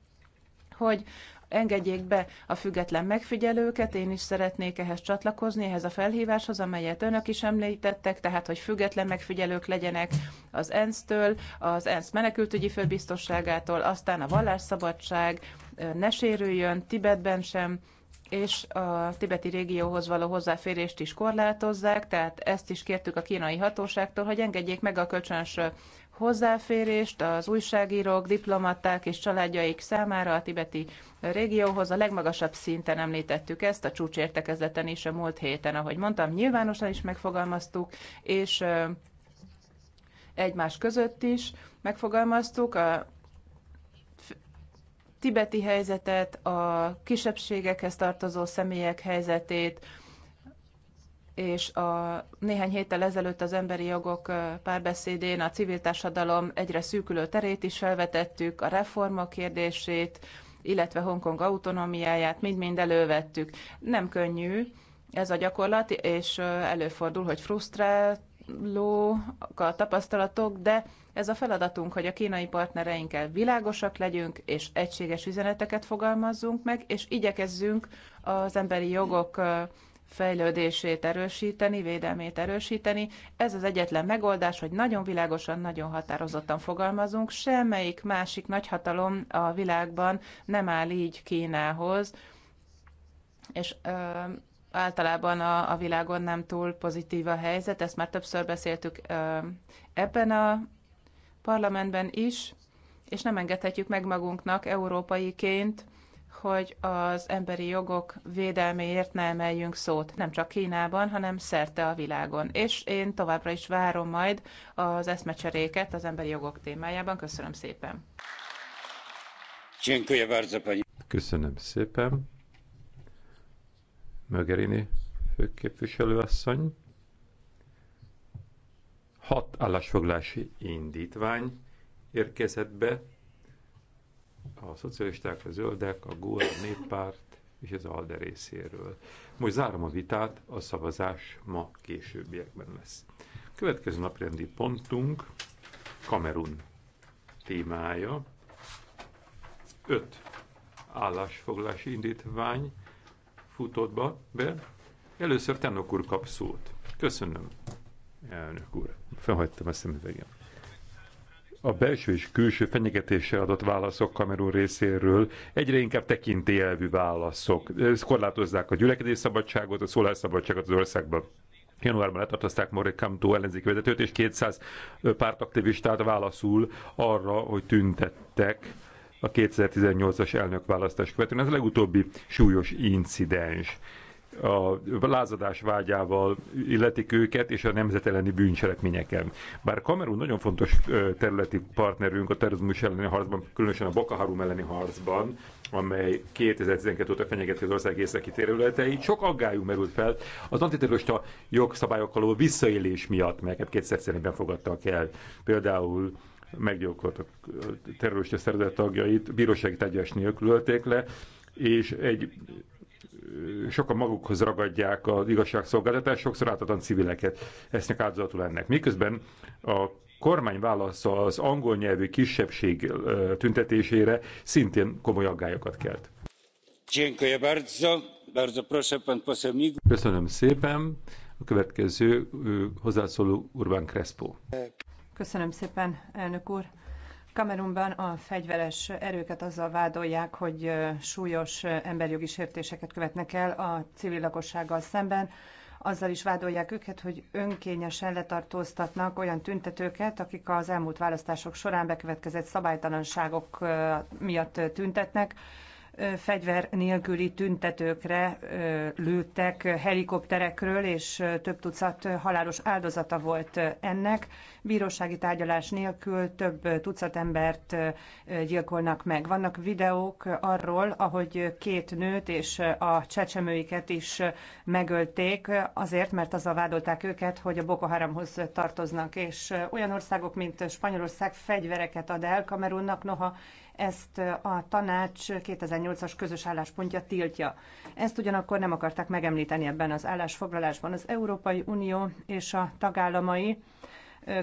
hogy engedjék be a független megfigyelőket, én is szeretnék ehhez csatlakozni, ehhez a felhíváshoz, amelyet önök is említettek, tehát hogy független megfigyelők legyenek az ENSZ-től, az ENSZ menekültügyi főbiztosságától, aztán a vallásszabadság ne sérüljön, Tibetben sem, és a tibeti régióhoz való hozzáférést is korlátozzák, tehát ezt is kértük a kínai hatóságtól, hogy engedjék meg a kölcsönös hozzáférést az újságírók, diplomaták és családjaik számára a tibeti régióhoz. A legmagasabb szinten említettük ezt a csúcsértekezleten is a múlt héten, ahogy mondtam, nyilvánosan is megfogalmaztuk, és egymás között is megfogalmaztuk a tibeti helyzetet, a kisebbségekhez tartozó személyek helyzetét, és a néhány héttel ezelőtt az emberi jogok párbeszédén a civil társadalom egyre szűkülő terét is felvetettük, a reforma kérdését, illetve Hongkong autonómiáját, mind-mind elővettük. Nem könnyű ez a gyakorlat, és előfordul, hogy frusztráló a tapasztalatok, de ez a feladatunk, hogy a kínai partnereinkkel világosak legyünk, és egységes üzeneteket fogalmazzunk meg, és igyekezzünk az emberi jogok fejlődését erősíteni, védelmét erősíteni. Ez az egyetlen megoldás, hogy nagyon világosan, nagyon határozottan fogalmazunk. Semmelyik másik nagyhatalom a világban nem áll így Kínához, és ö, általában a, a világon nem túl pozitív a helyzet, ezt már többször beszéltük ö, ebben a parlamentben is, és nem engedhetjük meg magunknak európaiként, hogy az emberi jogok védelméért ne emeljünk szót, nem csak Kínában, hanem szerte a világon. És én továbbra is várom majd az eszmecseréket az emberi jogok témájában. Köszönöm szépen! Köszönöm szépen! Mögerini főképviselőasszony. Hat állásfoglási indítvány érkezett be a szocialisták, a zöldek, a gól, a néppárt és az ALDE részéről. Most zárom a vitát, a szavazás ma későbbiekben lesz. Következő naprendi pontunk Kamerun témája. Öt állásfoglalási indítvány futott be. Először Tenok úr kap szót. Köszönöm, elnök úr. Felhagytam a szemüvegem a belső és külső fenyegetésre adott válaszok Kamerun részéről egyre inkább tekintélyelvű válaszok. Ezt korlátozzák a gyülekedés szabadságot, a szólásszabadságot az országban. Januárban letartozták Morik Kamtó ellenzéki vezetőt, és 200 pártaktivistát válaszul arra, hogy tüntettek a 2018-as választás követően. Ez a legutóbbi súlyos incidens a lázadás vágyával illetik őket, és a nemzeteleni bűncselekményeken. Bár Kamerun nagyon fontos területi partnerünk a terrorizmus elleni harcban, különösen a Boko Haram elleni harcban, amely 2012 óta fenyegeti az ország északi területeit, sok aggályú merült fel az antiterrorista jogszabályokkal való visszaélés miatt, melyeket 2001-ben fogadtak el. Például meggyilkoltak terrorista szervezet tagjait, bírósági tárgyalás nélkül ölték le, és egy sokan magukhoz ragadják az igazságszolgáltatást, sokszor átadlan civileket esznek áldozatul ennek. Miközben a kormány válasza az angol nyelvű kisebbség tüntetésére szintén komoly aggályokat kelt. Köszönöm szépen. A következő hozzászóló Urbán Crespo. Köszönöm szépen, elnök úr. Kamerunban a fegyveres erőket azzal vádolják, hogy súlyos emberjogi sértéseket követnek el a civil lakossággal szemben. Azzal is vádolják őket, hogy önkényesen letartóztatnak olyan tüntetőket, akik az elmúlt választások során bekövetkezett szabálytalanságok miatt tüntetnek fegyver nélküli tüntetőkre lőttek helikopterekről, és több tucat halálos áldozata volt ennek. Bírósági tárgyalás nélkül több tucat embert gyilkolnak meg. Vannak videók arról, ahogy két nőt és a csecsemőiket is megölték, azért, mert azzal vádolták őket, hogy a Boko Haramhoz tartoznak, és olyan országok, mint Spanyolország fegyvereket ad el Kamerunnak, noha ezt a tanács 2008-as közös álláspontja tiltja. Ezt ugyanakkor nem akarták megemlíteni ebben az állásfoglalásban. Az Európai Unió és a tagállamai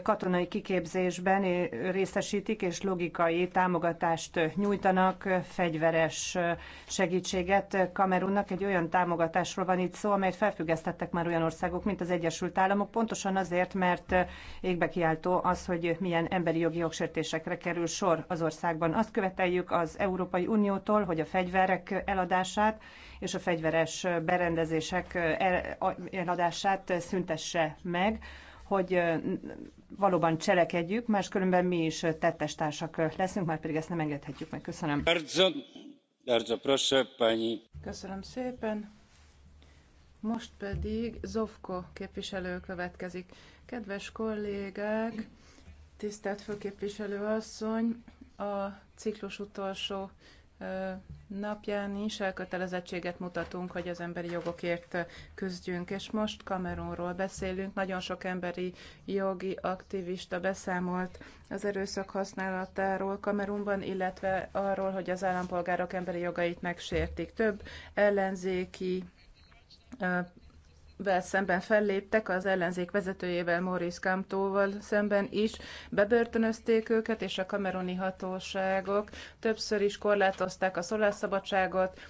katonai kiképzésben részesítik, és logikai támogatást nyújtanak, fegyveres segítséget Kamerunnak. Egy olyan támogatásról van itt szó, amelyet felfüggesztettek már olyan országok, mint az Egyesült Államok, pontosan azért, mert égbe kiáltó az, hogy milyen emberi jogi jogsértésekre kerül sor az országban. Azt követeljük az Európai Uniótól, hogy a fegyverek eladását és a fegyveres berendezések eladását szüntesse meg, hogy valóban cselekedjük, máskülönben mi is tettestársak leszünk, már pedig ezt nem engedhetjük meg. Köszönöm. Köszönöm szépen. Most pedig Zovko képviselő következik. Kedves kollégák, tisztelt főképviselő asszony, a ciklus utolsó napján is elkötelezettséget mutatunk, hogy az emberi jogokért küzdjünk. És most Kamerunról beszélünk. Nagyon sok emberi jogi aktivista beszámolt az erőszak használatáról Kamerunban, illetve arról, hogy az állampolgárok emberi jogait megsértik. Több ellenzéki vel szemben felléptek, az ellenzék vezetőjével, Maurice Camptóval szemben is bebörtönözték őket, és a kameruni hatóságok többször is korlátozták a szólásszabadságot,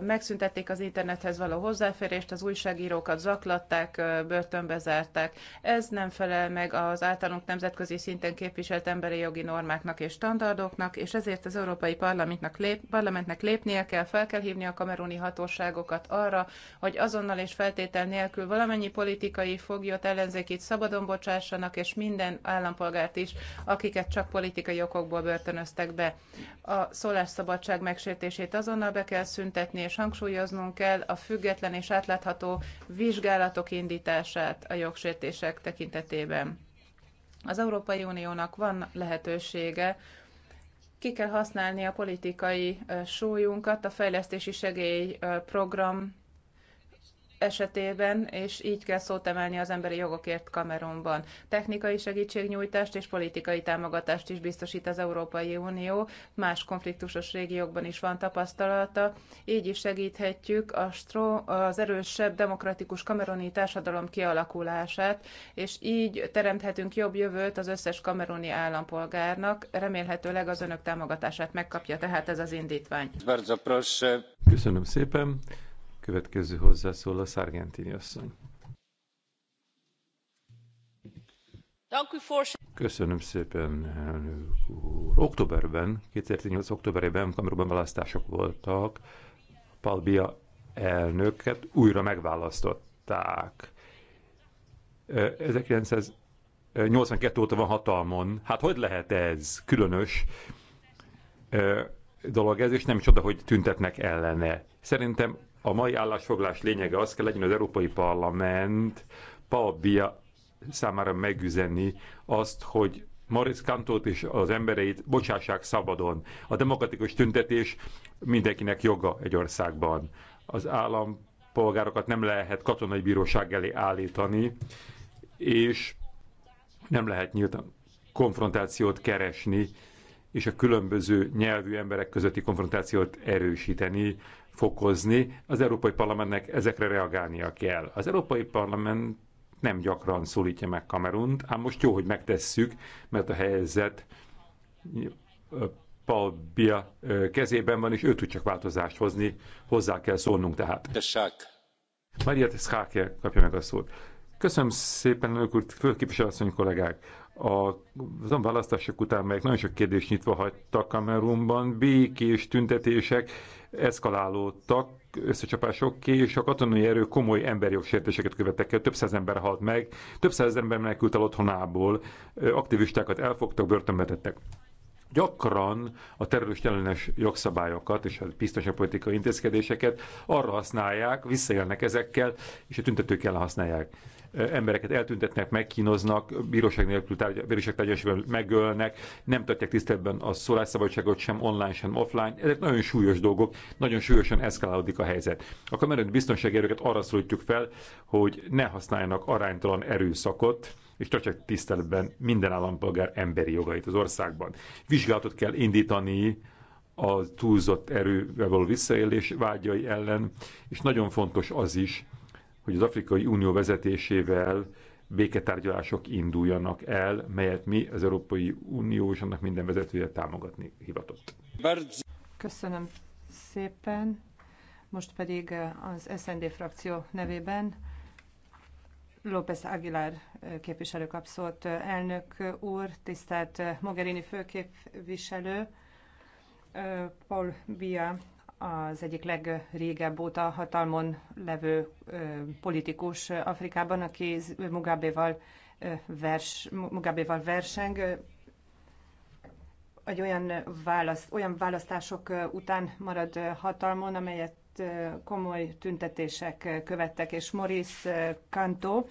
megszüntették az internethez való hozzáférést, az újságírókat zaklatták, börtönbe zárták. Ez nem felel meg az általunk nemzetközi szinten képviselt emberi jogi normáknak és standardoknak, és ezért az Európai Parlamentnek, lép, parlamentnek lépnie kell, fel kell hívni a kameruni hatóságokat arra, hogy azonnal és feltétel nélkül valamennyi politikai foglyot, ellenzékit szabadon bocsássanak, és minden állampolgárt is, akiket csak politikai okokból börtönöztek be. A szólásszabadság megsértését azonnal be kell szüntetni, erőltetni és hangsúlyoznunk kell a független és átlátható vizsgálatok indítását a jogsértések tekintetében. Az Európai Uniónak van lehetősége, ki kell használni a politikai súlyunkat a fejlesztési segélyprogram esetében, és így kell szót emelni az emberi jogokért Kamerunban. Technikai segítségnyújtást és politikai támogatást is biztosít az Európai Unió, más konfliktusos régiókban is van tapasztalata, így is segíthetjük a stró, az erősebb demokratikus kameroni társadalom kialakulását, és így teremthetünk jobb jövőt az összes kameroni állampolgárnak, remélhetőleg az önök támogatását megkapja tehát ez az indítvány. Köszönöm szépen. Következő hozzászól a Szargentini asszony. Köszönöm szépen, elnök úr. Októberben, 2018. októberében, amikor választások voltak, Palbia elnöket újra megválasztották. 1982 óta van hatalmon. Hát hogy lehet ez? Különös dolog ez, és nem is oda, hogy tüntetnek ellene. Szerintem a mai állásfoglás lényege az kell legyen, az Európai Parlament Pabia számára megüzeni azt, hogy Maurice Kantót és az embereit bocsássák szabadon. A demokratikus tüntetés mindenkinek joga egy országban. Az állampolgárokat nem lehet katonai bíróság elé állítani, és nem lehet nyíltan konfrontációt keresni, és a különböző nyelvű emberek közötti konfrontációt erősíteni, fokozni, az Európai Parlamentnek ezekre reagálnia kell. Az Európai Parlament nem gyakran szólítja meg Kamerunt, ám most jó, hogy megtesszük, mert a helyzet Palbia kezében van, és ő tud csak változást hozni, hozzá kell szólnunk tehát. Maria Schake kapja meg a szót. Köszönöm szépen, önök úr, főképviselőasszony kollégák. A azon választások után, melyek nagyon sok kérdést nyitva hagytak Kamerunban, békés tüntetések eszkalálódtak, összecsapások ki, és a katonai erő komoly emberjogsértéseket követtek el, több száz ember halt meg, több száz ember menekült el otthonából, aktivistákat elfogtak, börtönbe tettek gyakran a terrorist ellenes jogszabályokat és a biztonságpolitikai intézkedéseket arra használják, visszaélnek ezekkel, és a tüntetők ellen használják embereket eltüntetnek, megkínoznak, bíróság nélkül tárgy, bíróság tárgyasban megölnek, nem tartják tisztelben a szólásszabadságot sem online, sem offline. Ezek nagyon súlyos dolgok, nagyon súlyosan eszkalálódik a helyzet. A kamerun biztonsági erőket arra szólítjuk fel, hogy ne használjanak aránytalan erőszakot, és csak tiszteletben minden állampolgár emberi jogait az országban. Vizsgálatot kell indítani a túlzott erővel való visszaélés vágyai ellen, és nagyon fontos az is, hogy az Afrikai Unió vezetésével béketárgyalások induljanak el, melyet mi, az Európai Unió és annak minden vezetője támogatni hivatott. Köszönöm szépen. Most pedig az SND frakció nevében López Aguilar képviselő kapszolt Elnök úr, tisztelt Mogherini főképviselő, Paul Bia az egyik legrégebb óta hatalmon levő politikus Afrikában, aki Mugabeval, vers, Mugabeval verseng, egy olyan, választ, olyan választások után marad hatalmon, amelyet komoly tüntetések követtek, és Maurice Kanto,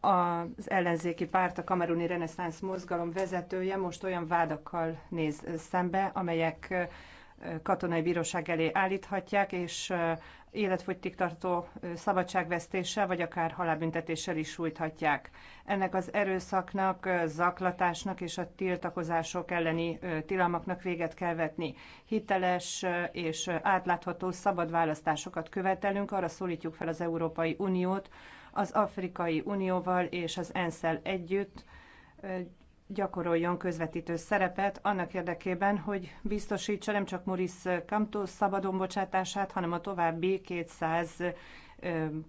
az ellenzéki párt, a kameruni reneszánsz mozgalom vezetője most olyan vádakkal néz szembe, amelyek katonai bíróság elé állíthatják, és életfogytig tartó szabadságvesztéssel, vagy akár halálbüntetéssel is sújthatják. Ennek az erőszaknak, zaklatásnak és a tiltakozások elleni tilalmaknak véget kell vetni. Hiteles és átlátható szabad választásokat követelünk, arra szólítjuk fel az Európai Uniót, az Afrikai Unióval és az ENSZ-el együtt, gyakoroljon közvetítő szerepet annak érdekében, hogy biztosítsa nem csak Maurice Kamtó szabadon hanem a további 200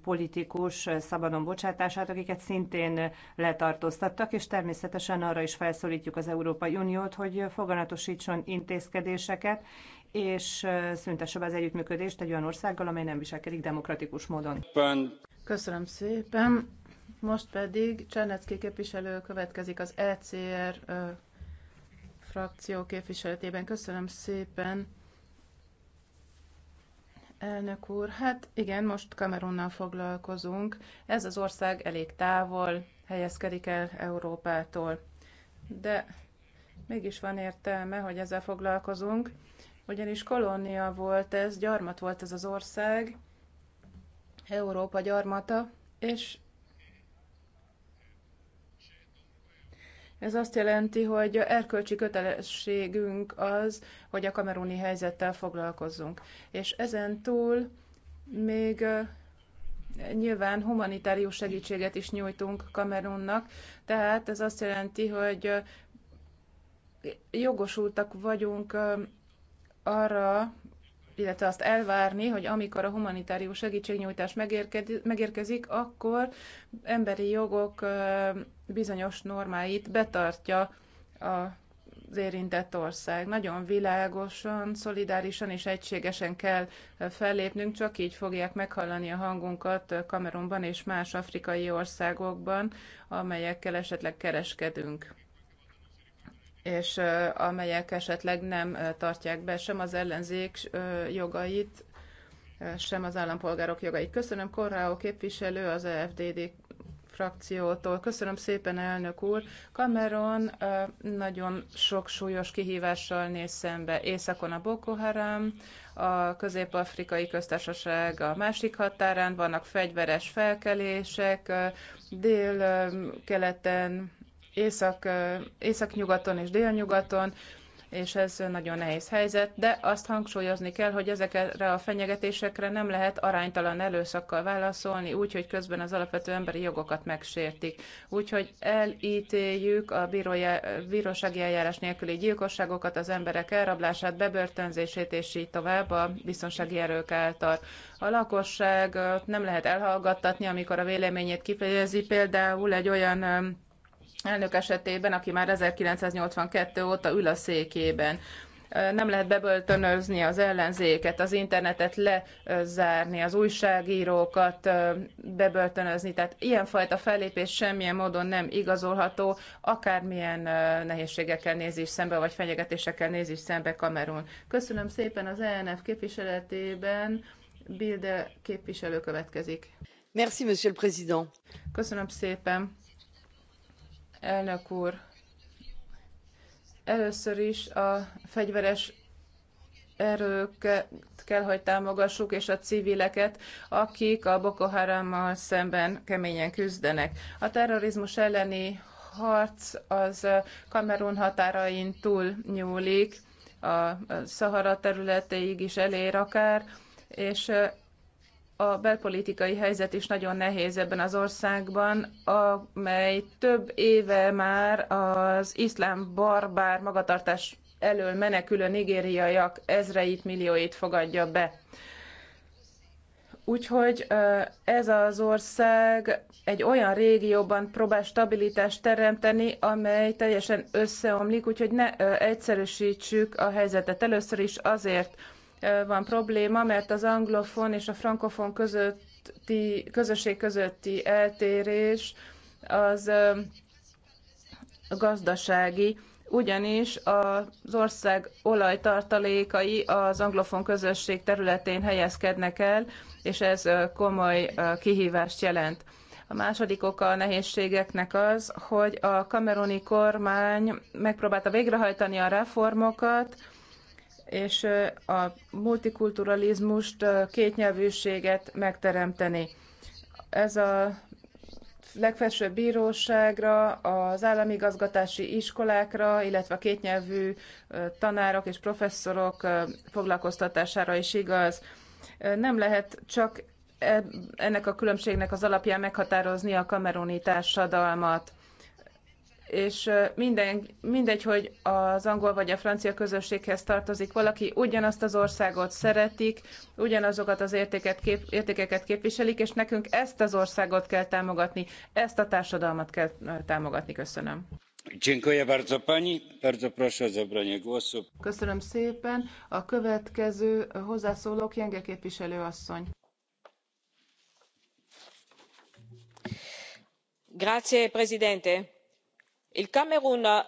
politikus szabadonbocsátását, akiket szintén letartóztattak, és természetesen arra is felszólítjuk az Európai Uniót, hogy foganatosítson intézkedéseket, és szüntesse be az együttműködést egy olyan országgal, amely nem viselkedik demokratikus módon. Köszönöm szépen. Most pedig Csernecki képviselő következik az ECR ö, frakció képviseletében. Köszönöm szépen, elnök úr. Hát igen, most Kamerunnal foglalkozunk. Ez az ország elég távol helyezkedik el Európától. De mégis van értelme, hogy ezzel foglalkozunk, ugyanis kolónia volt ez, gyarmat volt ez az ország, Európa gyarmata, és Ez azt jelenti, hogy erkölcsi kötelességünk az, hogy a kameruni helyzettel foglalkozzunk. És ezen túl még nyilván humanitárius segítséget is nyújtunk Kamerunnak, tehát ez azt jelenti, hogy jogosultak vagyunk arra, illetve azt elvárni, hogy amikor a humanitárius segítségnyújtás megérkezik, akkor emberi jogok bizonyos normáit betartja az érintett ország. Nagyon világosan, szolidárisan és egységesen kell fellépnünk, csak így fogják meghallani a hangunkat Kamerunban és más afrikai országokban, amelyekkel esetleg kereskedünk és amelyek esetleg nem tartják be sem az ellenzék jogait, sem az állampolgárok jogait. Köszönöm Korrao képviselő az EFDD frakciótól. Köszönöm szépen, elnök úr. Cameron nagyon sok súlyos kihívással néz szembe. Északon a Boko Haram, a közép-afrikai köztársaság a másik határán, vannak fegyveres felkelések, dél-keleten észak, északnyugaton és délnyugaton, és ez nagyon nehéz helyzet, de azt hangsúlyozni kell, hogy ezekre a fenyegetésekre nem lehet aránytalan előszakkal válaszolni, úgyhogy közben az alapvető emberi jogokat megsértik. Úgyhogy elítéljük a bírósági eljárás nélküli gyilkosságokat, az emberek elrablását, bebörtönzését és így tovább a biztonsági erők által. A lakosság nem lehet elhallgattatni, amikor a véleményét kifejezi, például egy olyan elnök esetében, aki már 1982 óta ül a székében nem lehet bebörtönözni az ellenzéket, az internetet lezárni, az újságírókat bebörtönözni. Tehát ilyenfajta fellépés semmilyen módon nem igazolható, akármilyen nehézségekkel néz is szembe, vagy fenyegetésekkel néz is szembe Kamerun. Köszönöm szépen az ENF képviseletében. Bilde képviselő következik. Merci, monsieur le président. Köszönöm szépen. Elnök úr, először is a fegyveres erőket kell, hogy támogassuk, és a civileket, akik a Boko Harammal szemben keményen küzdenek. A terrorizmus elleni harc az Kamerun határain túl nyúlik, a Szahara területéig is elér akár, és a belpolitikai helyzet is nagyon nehéz ebben az országban, amely több éve már az iszlám barbár magatartás elől menekülő nigériaiak ezreit, millióit fogadja be. Úgyhogy ez az ország egy olyan régióban próbál stabilitást teremteni, amely teljesen összeomlik, úgyhogy ne egyszerűsítsük a helyzetet. Először is azért, van probléma, mert az anglofon és a frankofon közötti, közösség közötti eltérés az gazdasági, ugyanis az ország olajtartalékai az anglofon közösség területén helyezkednek el, és ez komoly kihívást jelent. A második oka a nehézségeknek az, hogy a kameruni kormány megpróbálta végrehajtani a reformokat, és a multikulturalizmust, kétnyelvűséget megteremteni. Ez a legfelsőbb bíróságra, az államigazgatási iskolákra, illetve a kétnyelvű tanárok és professzorok foglalkoztatására is igaz. Nem lehet csak e- ennek a különbségnek az alapján meghatározni a kameruni társadalmat és minden, mindegy, hogy az angol vagy a francia közösséghez tartozik valaki, ugyanazt az országot szeretik, ugyanazokat az értéket kép, értékeket képviselik, és nekünk ezt az országot kell támogatni, ezt a társadalmat kell támogatni. Köszönöm. Köszönöm szépen. A következő hozzászólók Jenge képviselő asszony. Grazie, Presidente Uh,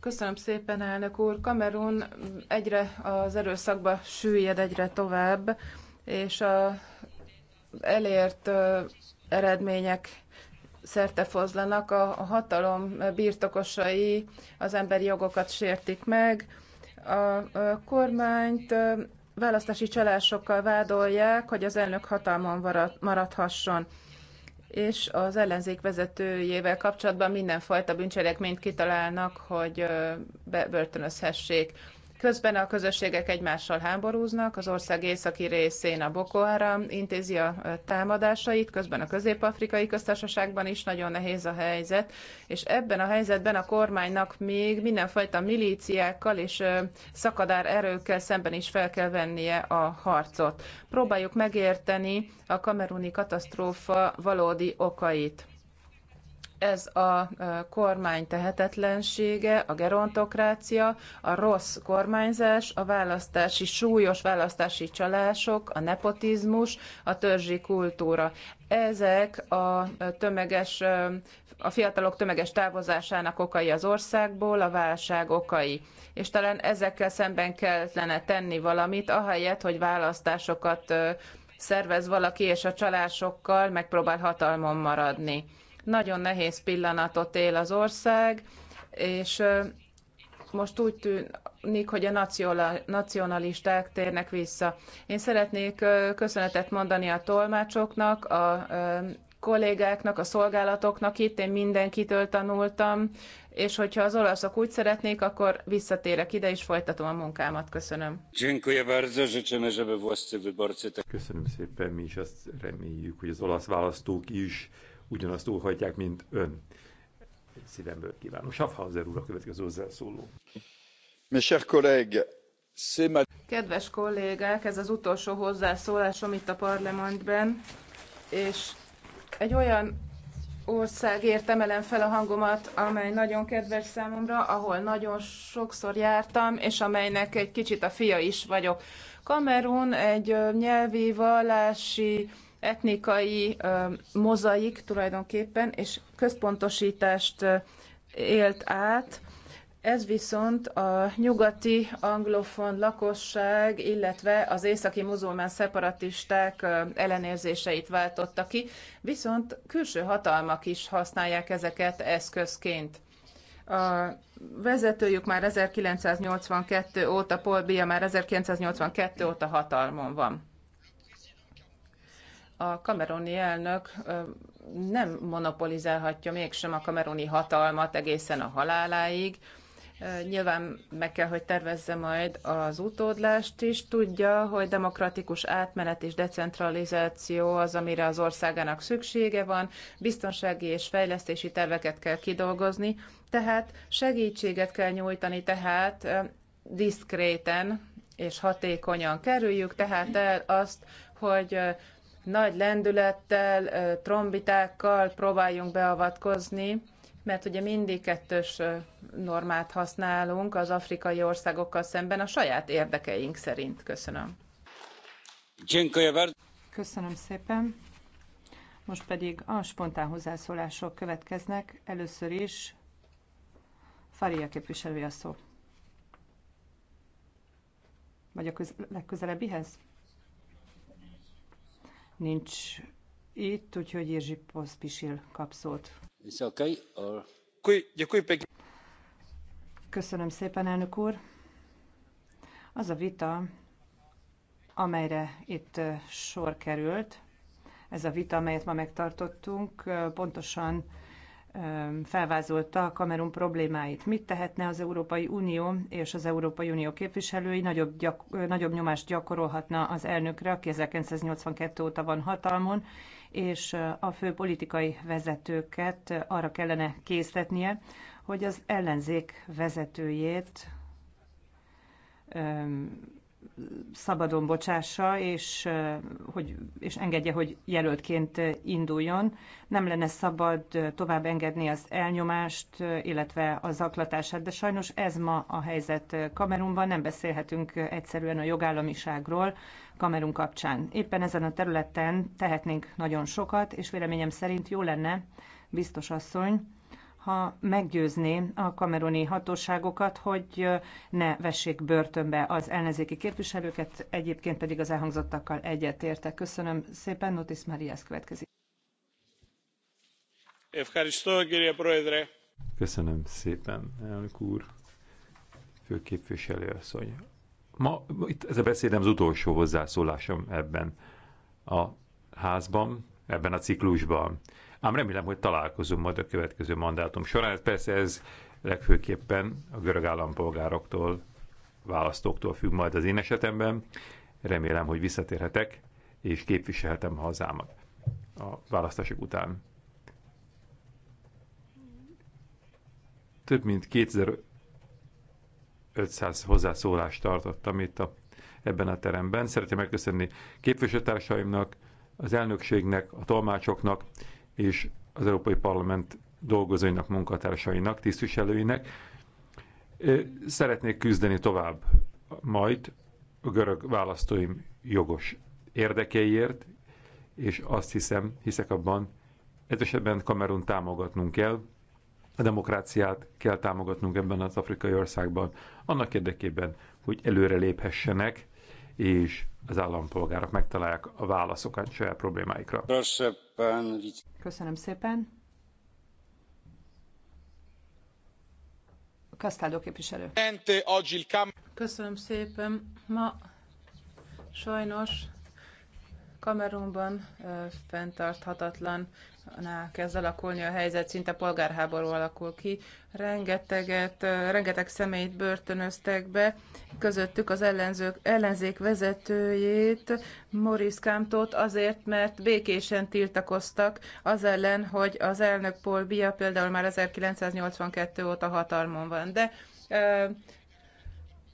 Köszönöm szépen, elnök úr. Kamerun mm, egyre az erőszakba süllyed egyre tovább, és a elért eredmények szertefozlanak. A hatalom birtokosai az emberi jogokat sértik meg. A kormányt választási csalásokkal vádolják, hogy az elnök hatalmon maradhasson és az ellenzék vezetőjével kapcsolatban mindenfajta bűncselekményt kitalálnak, hogy bebörtönözhessék. Közben a közösségek egymással háborúznak, az ország északi részén a Boko Haram intézi a támadásait, közben a közép-afrikai köztársaságban is nagyon nehéz a helyzet, és ebben a helyzetben a kormánynak még mindenfajta milíciákkal és szakadár erőkkel szemben is fel kell vennie a harcot. Próbáljuk megérteni a kameruni katasztrófa valódi okait ez a kormány tehetetlensége, a gerontokrácia, a rossz kormányzás, a választási súlyos választási csalások, a nepotizmus, a törzsi kultúra. Ezek a tömeges, a fiatalok tömeges távozásának okai az országból, a válság okai. És talán ezekkel szemben kellene tenni valamit, ahelyett, hogy választásokat szervez valaki, és a csalásokkal megpróbál hatalmon maradni nagyon nehéz pillanatot él az ország, és most úgy tűnik, hogy a nacionalisták térnek vissza. Én szeretnék köszönetet mondani a tolmácsoknak, a kollégáknak, a szolgálatoknak itt, én mindenkitől tanultam, és hogyha az olaszok úgy szeretnék, akkor visszatérek ide, és folytatom a munkámat. Köszönöm. Köszönöm szépen, mi is azt reméljük, hogy az olasz választók is ugyanazt óhajtják, mint ön. Szívemből kívánom. Schaffhauser úr a következő hozzászóló. Mes chers collègues, Kedves kollégák, ez az utolsó hozzászólásom itt a parlamentben, és egy olyan országért emelem fel a hangomat, amely nagyon kedves számomra, ahol nagyon sokszor jártam, és amelynek egy kicsit a fia is vagyok. Kamerun egy nyelvi, vallási, etnikai mozaik tulajdonképpen, és központosítást élt át. Ez viszont a nyugati anglofon lakosság, illetve az északi muzulmán szeparatisták ellenérzéseit váltotta ki, viszont külső hatalmak is használják ezeket eszközként. A vezetőjük már 1982 óta, Paul Bia már 1982 óta hatalmon van a kameroni elnök nem monopolizálhatja mégsem a kameroni hatalmat egészen a haláláig. Nyilván meg kell, hogy tervezze majd az utódlást is. Tudja, hogy demokratikus átmenet és decentralizáció az, amire az országának szüksége van. Biztonsági és fejlesztési terveket kell kidolgozni. Tehát segítséget kell nyújtani, tehát diszkréten és hatékonyan kerüljük, tehát el azt, hogy nagy lendülettel, trombitákkal próbáljunk beavatkozni, mert ugye mindig kettős normát használunk az afrikai országokkal szemben a saját érdekeink szerint. Köszönöm. Köszönöm szépen. Most pedig a spontán hozzászólások következnek. Először is Faria képviselője a szó. Vagy a köz- legközelebbihez? nincs itt, úgyhogy Jerzy Poszpisil kap szót. Köszönöm szépen, elnök úr. Az a vita, amelyre itt sor került, ez a vita, amelyet ma megtartottunk, pontosan felvázolta a Kamerun problémáit. Mit tehetne az Európai Unió és az Európai Unió képviselői? Nagyobb, gyak, nagyobb nyomást gyakorolhatna az elnökre, aki 1982 óta van hatalmon, és a fő politikai vezetőket arra kellene késztetnie, hogy az ellenzék vezetőjét szabadon bocsássa, és, hogy, és engedje, hogy jelöltként induljon. Nem lenne szabad tovább engedni az elnyomást, illetve a zaklatását, de sajnos ez ma a helyzet Kamerunban, nem beszélhetünk egyszerűen a jogállamiságról Kamerun kapcsán. Éppen ezen a területen tehetnénk nagyon sokat, és véleményem szerint jó lenne, biztos asszony, ha meggyőzné a kameruni hatóságokat, hogy ne vessék börtönbe az ellenzéki képviselőket, egyébként pedig az elhangzottakkal egyetértek. Köszönöm szépen, Notis Marias következik. Köszönöm szépen, elnök úr, főképviselő asszony. Ma itt ez a beszédem az utolsó hozzászólásom ebben a házban, ebben a ciklusban. Ám remélem, hogy találkozunk majd a következő mandátum során. Persze ez legfőképpen a görög állampolgároktól, választóktól függ majd az én esetemben. Remélem, hogy visszatérhetek, és képviselhetem hazámat a választások után. Több mint 2500 hozzászólást tartottam itt a, ebben a teremben. Szeretném megköszönni képviselőtársaimnak, az elnökségnek, a tolmácsoknak, és az Európai Parlament dolgozóinak, munkatársainak, tisztviselőinek. Szeretnék küzdeni tovább majd a görög választóim jogos érdekeiért, és azt hiszem, hiszek abban, ez esetben Kamerun támogatnunk kell, a demokráciát kell támogatnunk ebben az afrikai országban, annak érdekében, hogy előre léphessenek, és az állampolgárok megtalálják a válaszokat saját problémáikra. Köszönöm szépen. Kasztáldó képviselő. Köszönöm szépen. Ma sajnos Kamerunban fenntarthatatlan kezd alakulni a helyzet, szinte polgárháború alakul ki. Rengeteget, rengeteg személyt börtönöztek be, közöttük az ellenzők, ellenzék vezetőjét, Maurice Kámtót azért, mert békésen tiltakoztak az ellen, hogy az elnök Paul Bia például már 1982 óta hatalmon van. De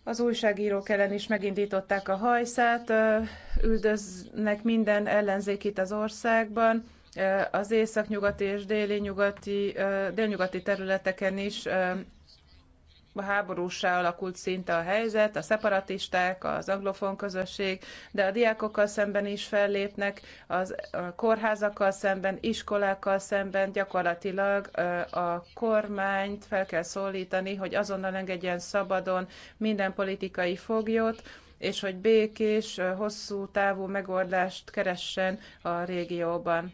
az újságírók ellen is megindították a hajszát, üldöznek minden ellenzékit az országban, az északnyugati és déli nyugati, délnyugati területeken is a háborúsá alakult szinte a helyzet, a szeparatisták, az anglofon közösség, de a diákokkal szemben is fellépnek, az, a kórházakkal szemben, iskolákkal szemben gyakorlatilag a kormányt fel kell szólítani, hogy azonnal engedjen szabadon minden politikai foglyot, és hogy békés, hosszú távú megoldást keressen a régióban.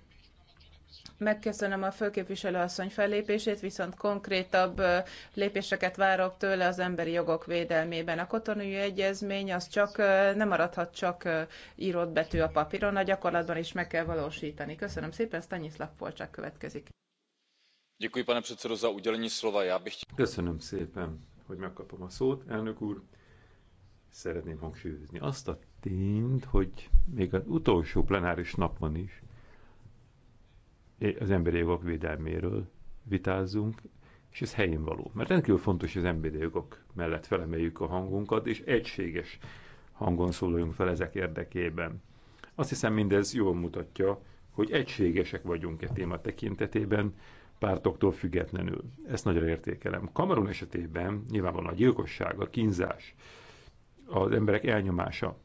Megköszönöm a főképviselő asszony fellépését, viszont konkrétabb lépéseket várok tőle az emberi jogok védelmében. A kotonúi egyezmény az csak nem maradhat csak írott betű a papíron, a gyakorlatban is meg kell valósítani. Köszönöm szépen, Stanislav Polcsák következik. pane předsedo, za udělení slova. Já bych... Köszönöm szépen, hogy megkapom a szót, elnök úr szeretném hangsúlyozni azt a tényt, hogy még az utolsó plenáris napon is az emberi jogok védelméről vitázzunk, és ez helyén való. Mert rendkívül fontos, hogy az emberi jogok mellett felemeljük a hangunkat, és egységes hangon szóljunk fel ezek érdekében. Azt hiszem mindez jól mutatja, hogy egységesek vagyunk-e téma tekintetében, pártoktól függetlenül. Ezt nagyra értékelem. Kamerun esetében nyilvánvalóan a gyilkosság, a kínzás, az emberek elnyomása,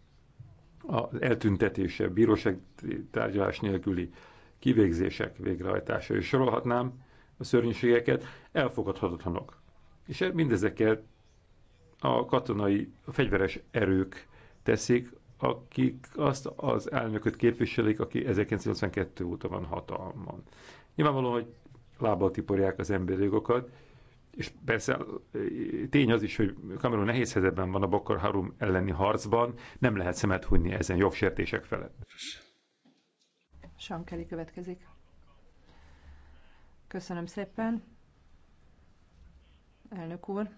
az eltüntetése, bíróság tárgyalás nélküli kivégzések végrehajtása, és sorolhatnám a szörnyűségeket, elfogadhatatlanok. És mindezeket a katonai, a fegyveres erők teszik, akik azt az elnököt képviselik, aki 1992 óta van hatalmon. Nyilvánvalóan, hogy lábbal tiporják az emberi jogokat, és persze eh, tény az is, hogy Kamerun nehéz helyzetben van a Bokar Harum elleni harcban, nem lehet szemet hunyni ezen jogsértések felett. Sankeli következik. Köszönöm szépen. Elnök úr.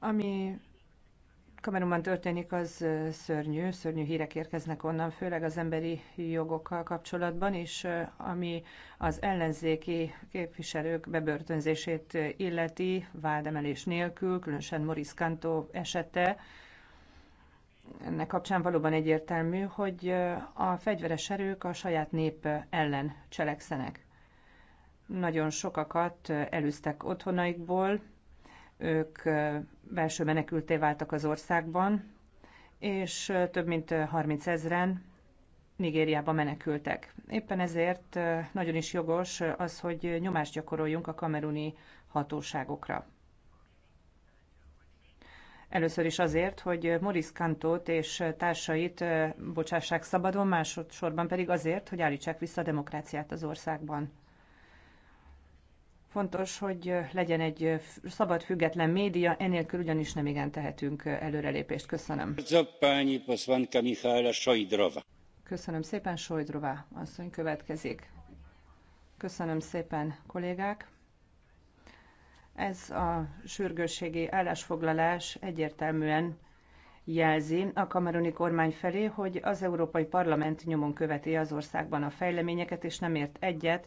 Ami Kamerunban történik, az szörnyű, szörnyű hírek érkeznek onnan, főleg az emberi jogokkal kapcsolatban is, ami az ellenzéki képviselők bebörtönzését illeti, vádemelés nélkül, különösen Maurice Kanto esete, ennek kapcsán valóban egyértelmű, hogy a fegyveres erők a saját nép ellen cselekszenek. Nagyon sokakat elűztek otthonaikból, ők belső menekülté váltak az országban, és több mint 30 ezeren Nigériába menekültek. Éppen ezért nagyon is jogos az, hogy nyomást gyakoroljunk a kameruni hatóságokra. Először is azért, hogy Maurice Kantót és társait bocsássák szabadon, másodszorban pedig azért, hogy állítsák vissza a demokráciát az országban. Fontos, hogy legyen egy szabad, független média, enélkül ugyanis nem igen tehetünk előrelépést. Köszönöm. Köszönöm szépen, Sojdrová asszony következik. Köszönöm szépen, kollégák. Ez a sürgősségi állásfoglalás egyértelműen jelzi a kameruni kormány felé, hogy az Európai Parlament nyomon követi az országban a fejleményeket, és nem ért egyet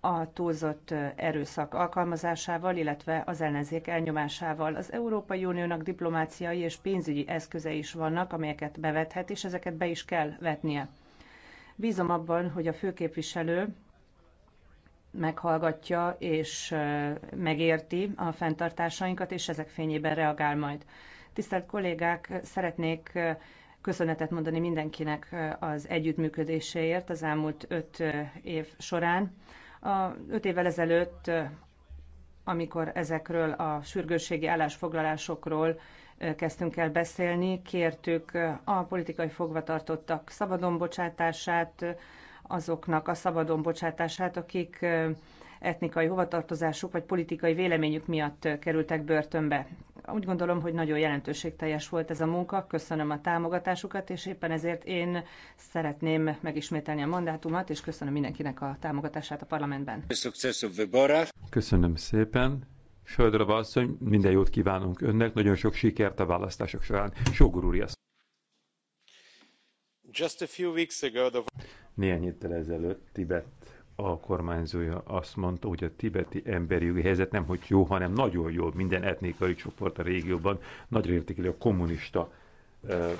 a túlzott erőszak alkalmazásával, illetve az ellenzék elnyomásával. Az Európai Uniónak diplomáciai és pénzügyi eszköze is vannak, amelyeket bevethet, és ezeket be is kell vetnie. Bízom abban, hogy a főképviselő meghallgatja és megérti a fenntartásainkat, és ezek fényében reagál majd. Tisztelt kollégák, szeretnék köszönetet mondani mindenkinek az együttműködéséért az elmúlt öt év során. A öt évvel ezelőtt, amikor ezekről a sürgősségi állásfoglalásokról kezdtünk el beszélni, kértük a politikai fogvatartottak szabadonbocsátását, azoknak a szabadon bocsátását, akik etnikai hovatartozásuk vagy politikai véleményük miatt kerültek börtönbe. Úgy gondolom, hogy nagyon jelentőségteljes volt ez a munka, köszönöm a támogatásukat, és éppen ezért én szeretném megismételni a mandátumat, és köszönöm mindenkinek a támogatását a parlamentben. Köszönöm szépen. Söldrova asszony, minden jót kívánunk önnek, nagyon sok sikert a választások során. Sógor úr, néhány héttel ezelőtt Tibet a kormányzója azt mondta, hogy a tibeti emberi jogi helyzet nem hogy jó, hanem nagyon jó. Minden etnikai csoport a régióban nagyra értékeli a kommunista ö,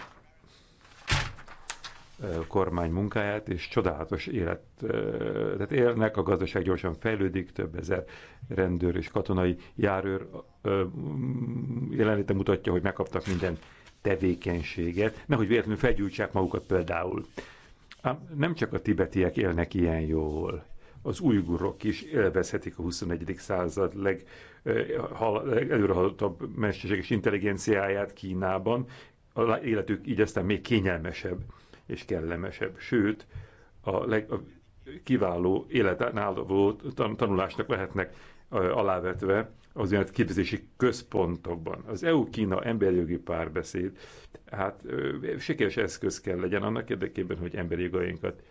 ö, kormány munkáját, és csodálatos élet. Ö, tehát élnek, a gazdaság gyorsan fejlődik, több ezer rendőr és katonai járőr jelenléte mutatja, hogy megkaptak minden tevékenységet, nehogy véletlenül felgyújtsák magukat például. nem csak a tibetiek élnek ilyen jól. Az ujgurok is élvezhetik a 21. század leg, eh, legelőrehaladottabb mesterséges intelligenciáját Kínában. A életük így aztán még kényelmesebb és kellemesebb. Sőt, a, leg, a kiváló életen álló tanulásnak lehetnek eh, alávetve az olyan képzési központokban. Az EU-Kína emberjogi párbeszéd, hát sikeres eszköz kell legyen annak érdekében, hogy emberi jogainkat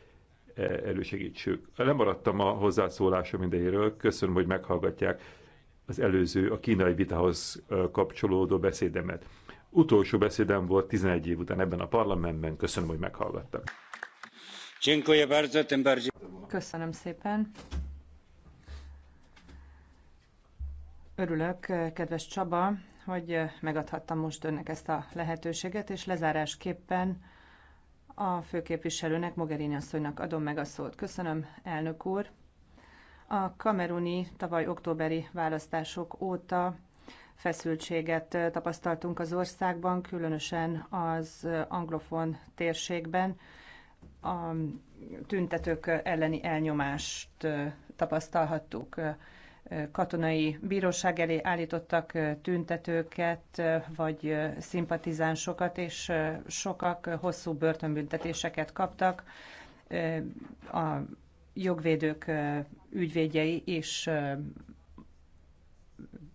e, elősegítsük. Lemaradtam a hozzászólásom idejéről, köszönöm, hogy meghallgatják az előző, a kínai vitához kapcsolódó beszédemet. Utolsó beszédem volt 11 év után ebben a parlamentben, köszönöm, hogy meghallgattak. Köszönöm szépen. Örülök, kedves Csaba, hogy megadhattam most önnek ezt a lehetőséget, és lezárásképpen a főképviselőnek, Mogherini asszonynak adom meg a szót. Köszönöm, elnök úr. A kameruni tavaly októberi választások óta feszültséget tapasztaltunk az országban, különösen az anglofon térségben. A tüntetők elleni elnyomást tapasztalhattuk katonai bíróság elé állítottak tüntetőket vagy szimpatizánsokat, és sokak hosszú börtönbüntetéseket kaptak. A jogvédők ügyvédjei is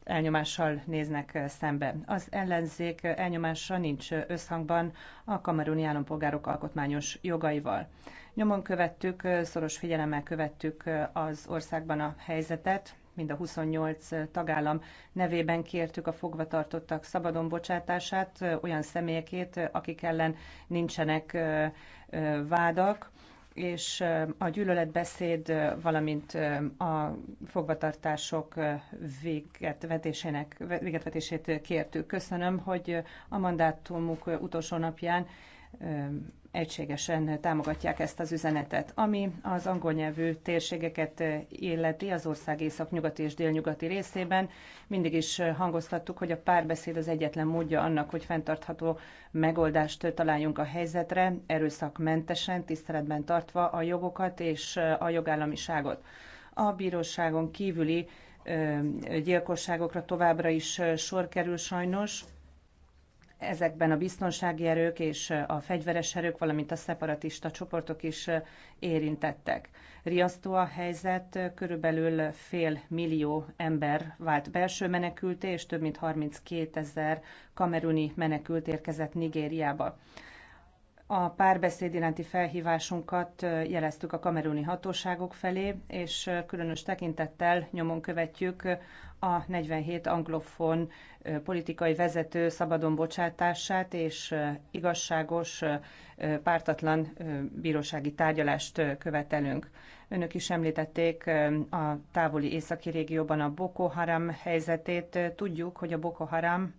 elnyomással néznek szembe. Az ellenzék elnyomása nincs összhangban a kameruni állampolgárok alkotmányos jogaival. Nyomon követtük, szoros figyelemmel követtük az országban a helyzetet, mind a 28 tagállam nevében kértük a fogvatartottak szabadon bocsátását, olyan személyekét, akik ellen nincsenek vádak, és a gyűlöletbeszéd, valamint a fogvatartások véget, vetésének, véget vetését kértük. Köszönöm, hogy a mandátumuk utolsó napján egységesen támogatják ezt az üzenetet. Ami az angol nyelvű térségeket illeti az ország észak-nyugati és délnyugati részében, mindig is hangoztattuk, hogy a párbeszéd az egyetlen módja annak, hogy fenntartható megoldást találjunk a helyzetre, erőszakmentesen, tiszteletben tartva a jogokat és a jogállamiságot. A bíróságon kívüli gyilkosságokra továbbra is sor kerül sajnos, ezekben a biztonsági erők és a fegyveres erők, valamint a szeparatista csoportok is érintettek. Riasztó a helyzet, körülbelül fél millió ember vált belső menekülté, és több mint 32 ezer kameruni menekült érkezett Nigériába. A párbeszéd iránti felhívásunkat jeleztük a kameruni hatóságok felé, és különös tekintettel nyomon követjük a 47 anglofon politikai vezető szabadon bocsátását és igazságos, pártatlan bírósági tárgyalást követelünk. Önök is említették a távoli északi régióban a Boko Haram helyzetét. Tudjuk, hogy a Boko Haram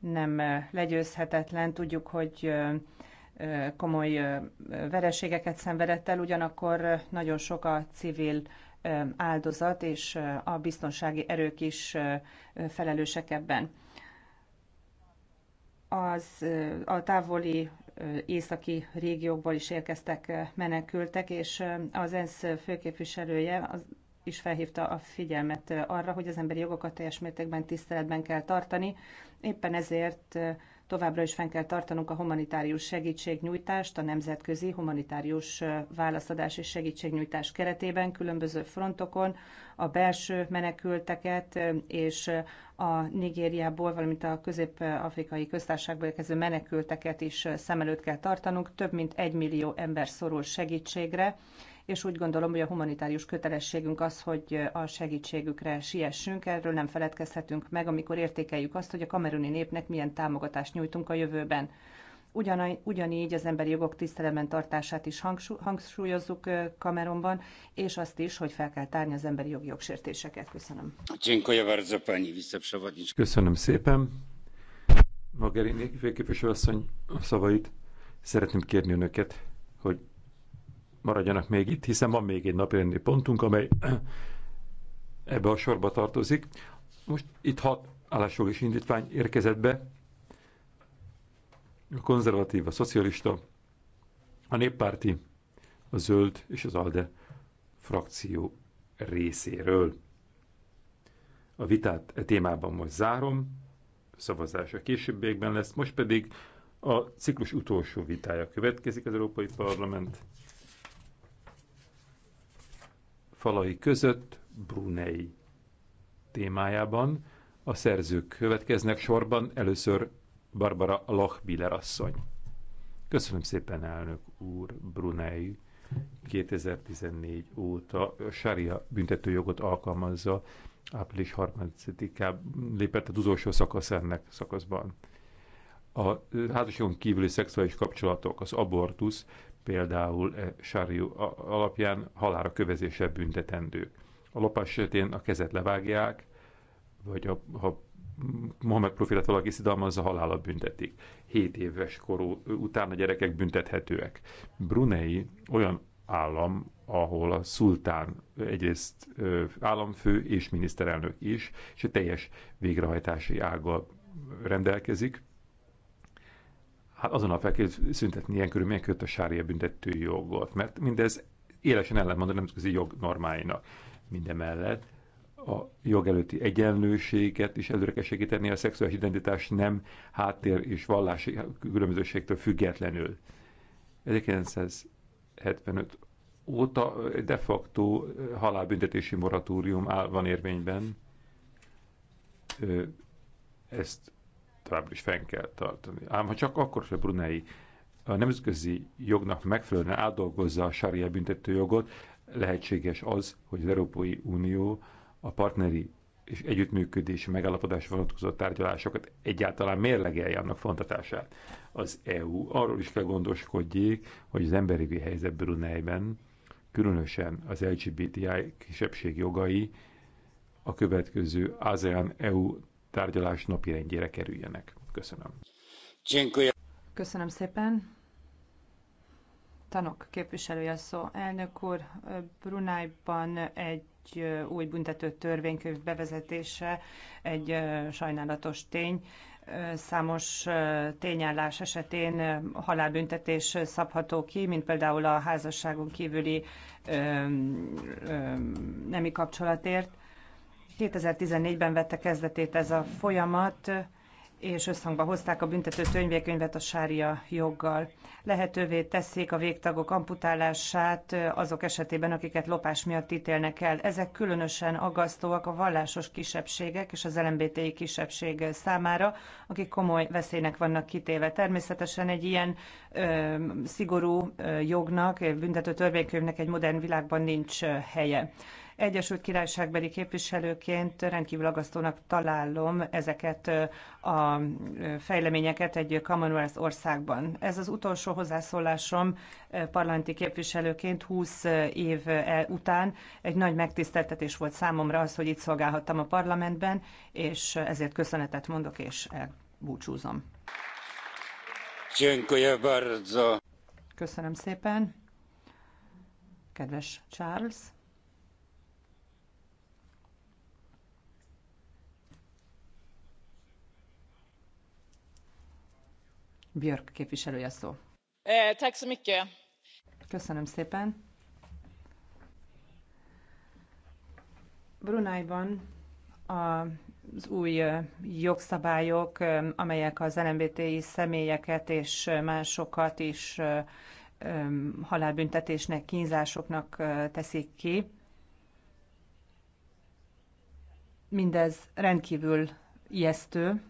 nem legyőzhetetlen. Tudjuk, hogy komoly vereségeket szenvedett el, ugyanakkor nagyon sok a civil áldozat, és a biztonsági erők is felelősek ebben. Az, a távoli északi régiókból is érkeztek menekültek, és az ENSZ főképviselője az is felhívta a figyelmet arra, hogy az emberi jogokat teljes mértékben tiszteletben kell tartani, Éppen ezért továbbra is fenn kell tartanunk a humanitárius segítségnyújtást, a nemzetközi humanitárius válaszadás és segítségnyújtás keretében, különböző frontokon, a belső menekülteket és a Nigériából, valamint a közép-afrikai köztársaságból érkező menekülteket is szem előtt kell tartanunk. Több mint egy millió ember szorul segítségre és úgy gondolom, hogy a humanitárius kötelességünk az, hogy a segítségükre siessünk, erről nem feledkezhetünk meg, amikor értékeljük azt, hogy a kameruni népnek milyen támogatást nyújtunk a jövőben. ugyanígy az emberi jogok tisztelemben tartását is hangsúlyozzuk Kameronban, és azt is, hogy fel kell tárni az emberi jogi jogsértéseket. Köszönöm. Köszönöm szépen. Magarini asszony, a szavait. Szeretném kérni önöket, hogy maradjanak még itt, hiszen van még egy napirendi pontunk, amely ebbe a sorba tartozik. Most itt hat állásfoglalási indítvány érkezett be. A konzervatív, a szocialista, a néppárti, a zöld és az ALDE frakció részéről. A vitát e témában most zárom, szavazása későbbiekben lesz, most pedig a ciklus utolsó vitája következik az Európai Parlament falai között Brunei témájában. A szerzők következnek sorban, először Barbara Lochbiller asszony. Köszönöm szépen, elnök úr, Brunei 2014 óta sária büntetőjogot alkalmazza, április 30-án lépett az utolsó szakasz ennek szakaszban. A házasságon kívüli szexuális kapcsolatok, az abortusz például eh, Sáriu alapján halára kövezése büntetendők. A lopás esetén a kezet levágják, vagy a, ha Mohamed profilat valaki szidalmazza, halála büntetik. 7 éves korú után a gyerekek büntethetőek. Brunei olyan állam, ahol a szultán egyrészt államfő és miniszterelnök is, és a teljes végrehajtási ága rendelkezik, hát azonnal fel kell szüntetni ilyen körülmények között a sárja büntető jogot, mert mindez élesen ellentmond a nemzetközi jog normáinak. Mindemellett a jog előtti egyenlőséget is előre kell segíteni, a szexuális identitás nem háttér és vallási különbözőségtől függetlenül. 1975 óta de facto halálbüntetési moratórium áll, van érvényben. Ezt továbbra is fenn kell tartani. Ám ha csak akkor, hogy a Brunei a nemzetközi jognak megfelelően átdolgozza a büntető jogot. lehetséges az, hogy az Európai Unió a partneri és együttműködési megállapodás vonatkozó tárgyalásokat egyáltalán mérlegelje annak fontatását. Az EU arról is kell gondoskodjék, hogy az emberi helyzet Bruneiben, különösen az LGBTI kisebbség jogai a következő ASEAN-EU tárgyalás napirendjére kerüljenek. Köszönöm. Köszönöm szépen. Tanok képviselője szó. Elnök úr, Brunájban egy új büntető törvénykönyv bevezetése egy sajnálatos tény számos tényállás esetén halálbüntetés szabható ki, mint például a házasságon kívüli nemi kapcsolatért. 2014-ben vette kezdetét ez a folyamat, és összhangba hozták a büntető törvénykönyvet a sária joggal. Lehetővé teszik a végtagok amputálását azok esetében, akiket lopás miatt ítélnek el. Ezek különösen aggasztóak a vallásos kisebbségek és az LMBTI kisebbség számára, akik komoly veszélynek vannak kitéve. Természetesen egy ilyen ö, szigorú ö, jognak, büntető törvénykönyvnek egy modern világban nincs helye. Egyesült Királyságbeli képviselőként rendkívül agasztónak találom ezeket a fejleményeket egy Commonwealth országban. Ez az utolsó hozzászólásom parlamenti képviselőként 20 év után egy nagy megtiszteltetés volt számomra az, hogy itt szolgálhattam a parlamentben, és ezért köszönetet mondok és elbúcsúzom. Köszönöm szépen. Kedves Charles. Björk képviselője szó. Eh, Köszönöm szépen. Brunájban az új eh, jogszabályok, eh, amelyek az LMBTI személyeket és másokat is halálbüntetésnek, kínzásoknak teszik ki. Mindez rendkívül ijesztő,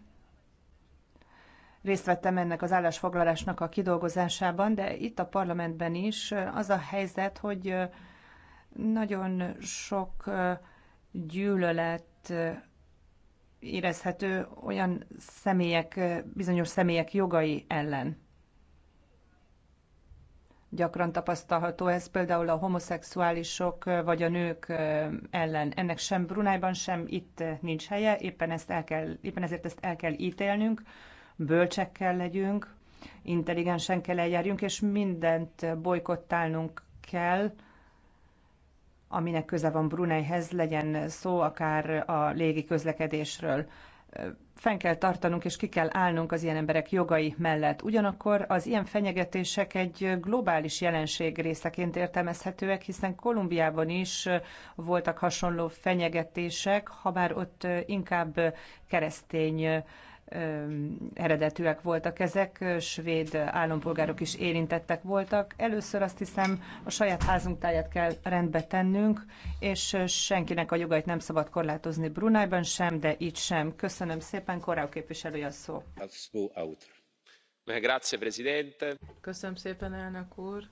részt vettem ennek az állásfoglalásnak a kidolgozásában, de itt a parlamentben is az a helyzet, hogy nagyon sok gyűlölet érezhető olyan személyek, bizonyos személyek jogai ellen. Gyakran tapasztalható ez például a homoszexuálisok vagy a nők ellen. Ennek sem Brunájban, sem itt nincs helye, éppen, ezt el kell, éppen ezért ezt el kell ítélnünk bölcsek kell legyünk, intelligensen kell eljárjunk, és mindent bolykottálnunk kell, aminek köze van Bruneihez, legyen szó akár a légi közlekedésről. Fenn kell tartanunk és ki kell állnunk az ilyen emberek jogai mellett. Ugyanakkor az ilyen fenyegetések egy globális jelenség részeként értelmezhetőek, hiszen Kolumbiában is voltak hasonló fenyegetések, ha bár ott inkább keresztény eredetűek voltak ezek, svéd állampolgárok is érintettek voltak. Először azt hiszem a saját házunk táját kell rendbe tennünk, és senkinek a jogait nem szabad korlátozni Brunájban sem, de itt sem. Köszönöm szépen, Korau képviselő a szó. Köszönöm szépen, elnök úr.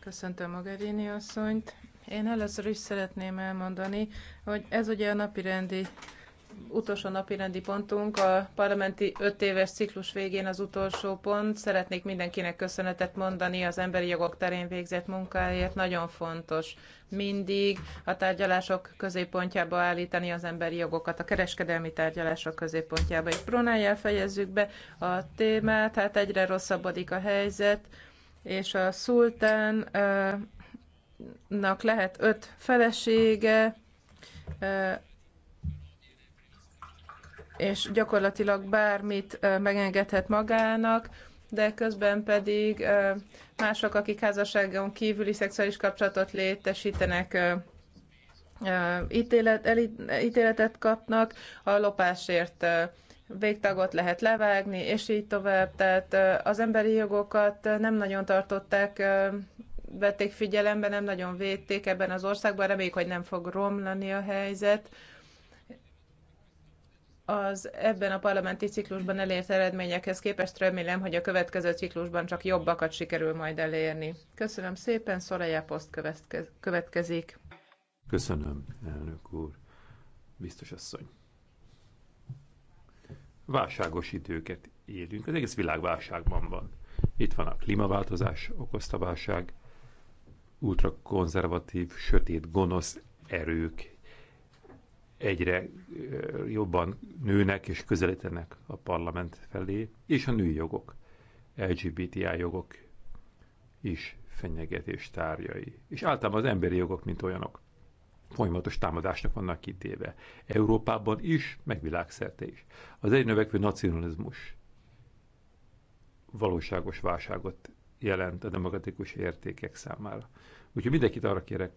Köszöntöm Mogherini asszonyt. Én először is szeretném elmondani, hogy ez ugye a napirendi utolsó napi rendi pontunk, a parlamenti öt éves ciklus végén az utolsó pont. Szeretnék mindenkinek köszönetet mondani az emberi jogok terén végzett munkáért. Nagyon fontos mindig a tárgyalások középpontjába állítani az emberi jogokat, a kereskedelmi tárgyalások középpontjába. egy Brunájjel fejezzük be a témát, hát egyre rosszabbodik a helyzet, és a szultánnak lehet öt felesége, és gyakorlatilag bármit megengedhet magának, de közben pedig mások, akik házasságon kívüli szexuális kapcsolatot létesítenek, ítélet, el, ítéletet kapnak, a lopásért végtagot lehet levágni, és így tovább. Tehát az emberi jogokat nem nagyon tartották, vették figyelembe, nem nagyon védték ebben az országban, reméljük, hogy nem fog romlani a helyzet az ebben a parlamenti ciklusban elért eredményekhez képest remélem, hogy a következő ciklusban csak jobbakat sikerül majd elérni. Köszönöm szépen, Szoleja Poszt következik. Köszönöm, elnök úr, biztos asszony. Válságos időket élünk, az egész világ válságban van. Itt van a klímaváltozás okozta válság, ultrakonzervatív, sötét, gonosz erők egyre jobban nőnek és közelítenek a parlament felé, és a női jogok, LGBTI jogok is fenyegetés tárgyai, és általában az emberi jogok, mint olyanok folyamatos támadásnak vannak kitéve. Európában is, meg világszerte is. Az egy növekvő nacionalizmus valóságos válságot jelent a demokratikus értékek számára. Úgyhogy mindenkit arra kérek,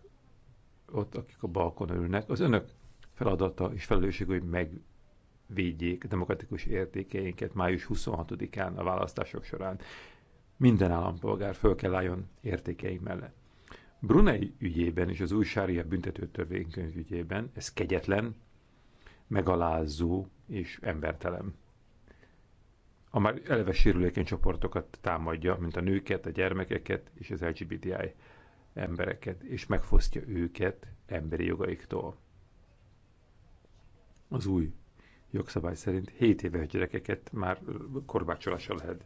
ott, akik a balkon ülnek, az önök feladata és felelősség, hogy megvédjék a demokratikus értékeinket május 26-án a választások során. Minden állampolgár föl kell álljon értékeim mellett. Brunei ügyében és az új sária büntető törvénykönyv ügyében ez kegyetlen, megalázó és embertelen. A már eleve sérülékeny csoportokat támadja, mint a nőket, a gyermekeket és az LGBTI embereket, és megfosztja őket emberi jogaiktól. Az új jogszabály szerint 7 éves gyerekeket már korbácsolásra lehet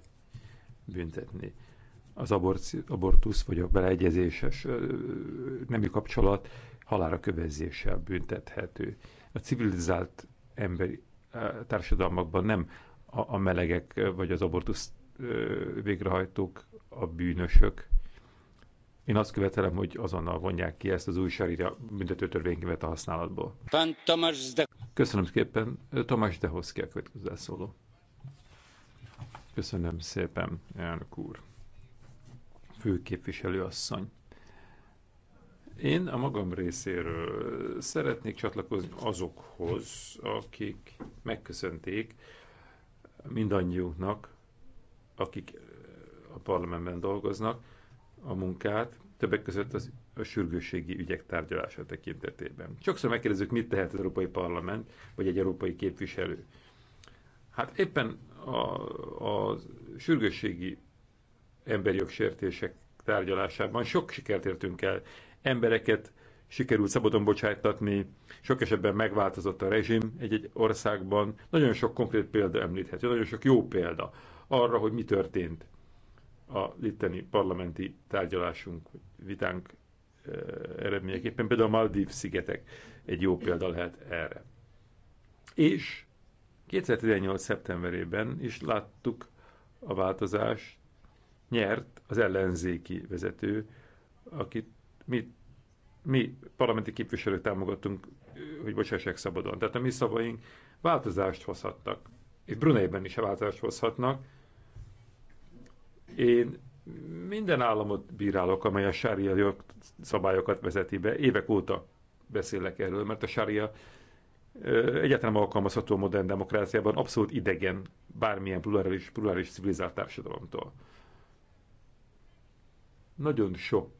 büntetni. Az abortusz vagy a beleegyezéses nemi kapcsolat halára kövezéssel büntethető. A civilizált emberi társadalmakban nem a, a melegek vagy az abortusz végrehajtók a bűnösök. Én azt követelem, hogy azonnal vonják ki ezt az új sarira büntető törvénykövet a használatból. Pán Tamás Köszönöm szépen. Tomás Dehoszki a következő szóló. Köszönöm szépen, elnök úr. Főképviselő asszony. Én a magam részéről szeretnék csatlakozni azokhoz, akik megköszönték mindannyiunknak, akik a parlamentben dolgoznak, a munkát, többek között az a sürgősségi ügyek tárgyalása tekintetében. Sokszor megkérdezzük, mit tehet az Európai Parlament, vagy egy európai képviselő. Hát éppen a, a sürgősségi emberjogsértések tárgyalásában sok sikert értünk el. Embereket sikerült szabadon bocsájtatni, sok esetben megváltozott a rezsim egy-egy országban. Nagyon sok konkrét példa említhető, nagyon sok jó példa arra, hogy mi történt a litteni parlamenti tárgyalásunk, vitánk eredményeképpen. Például a Maldív szigetek egy jó példa lehet erre. És 2018. szeptemberében is láttuk a változást, nyert az ellenzéki vezető, akit mi, mi parlamenti képviselők támogattunk, hogy bocsássák szabadon. Tehát a mi szavaink változást hozhattak, és Bruneiben is a változást hozhatnak. Én minden államot bírálok, amely a sária szabályokat vezeti be. Évek óta beszélek erről, mert a sária egyáltalán alkalmazható a modern demokráciában, abszolút idegen bármilyen plurális, plurális civilizált társadalomtól. Nagyon sok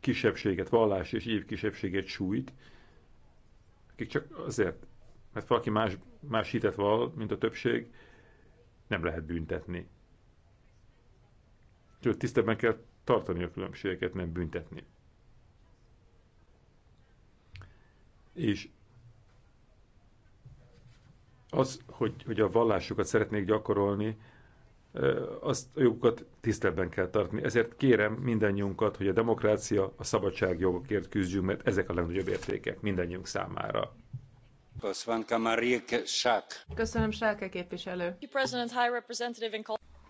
kisebbséget, vallás és év kisebbséget sújt, akik csak azért, mert valaki más, más hitet val, mint a többség, nem lehet büntetni. Csak tisztában kell tartani a különbségeket, nem büntetni. És az, hogy, hogy a vallásukat szeretnék gyakorolni, azt a jogokat tisztelben kell tartani. Ezért kérem mindannyiunkat, hogy a demokrácia, a szabadságjogokért küzdjünk, mert ezek a legnagyobb értékek mindannyiunk számára. Köszönöm, Sáke képviselő.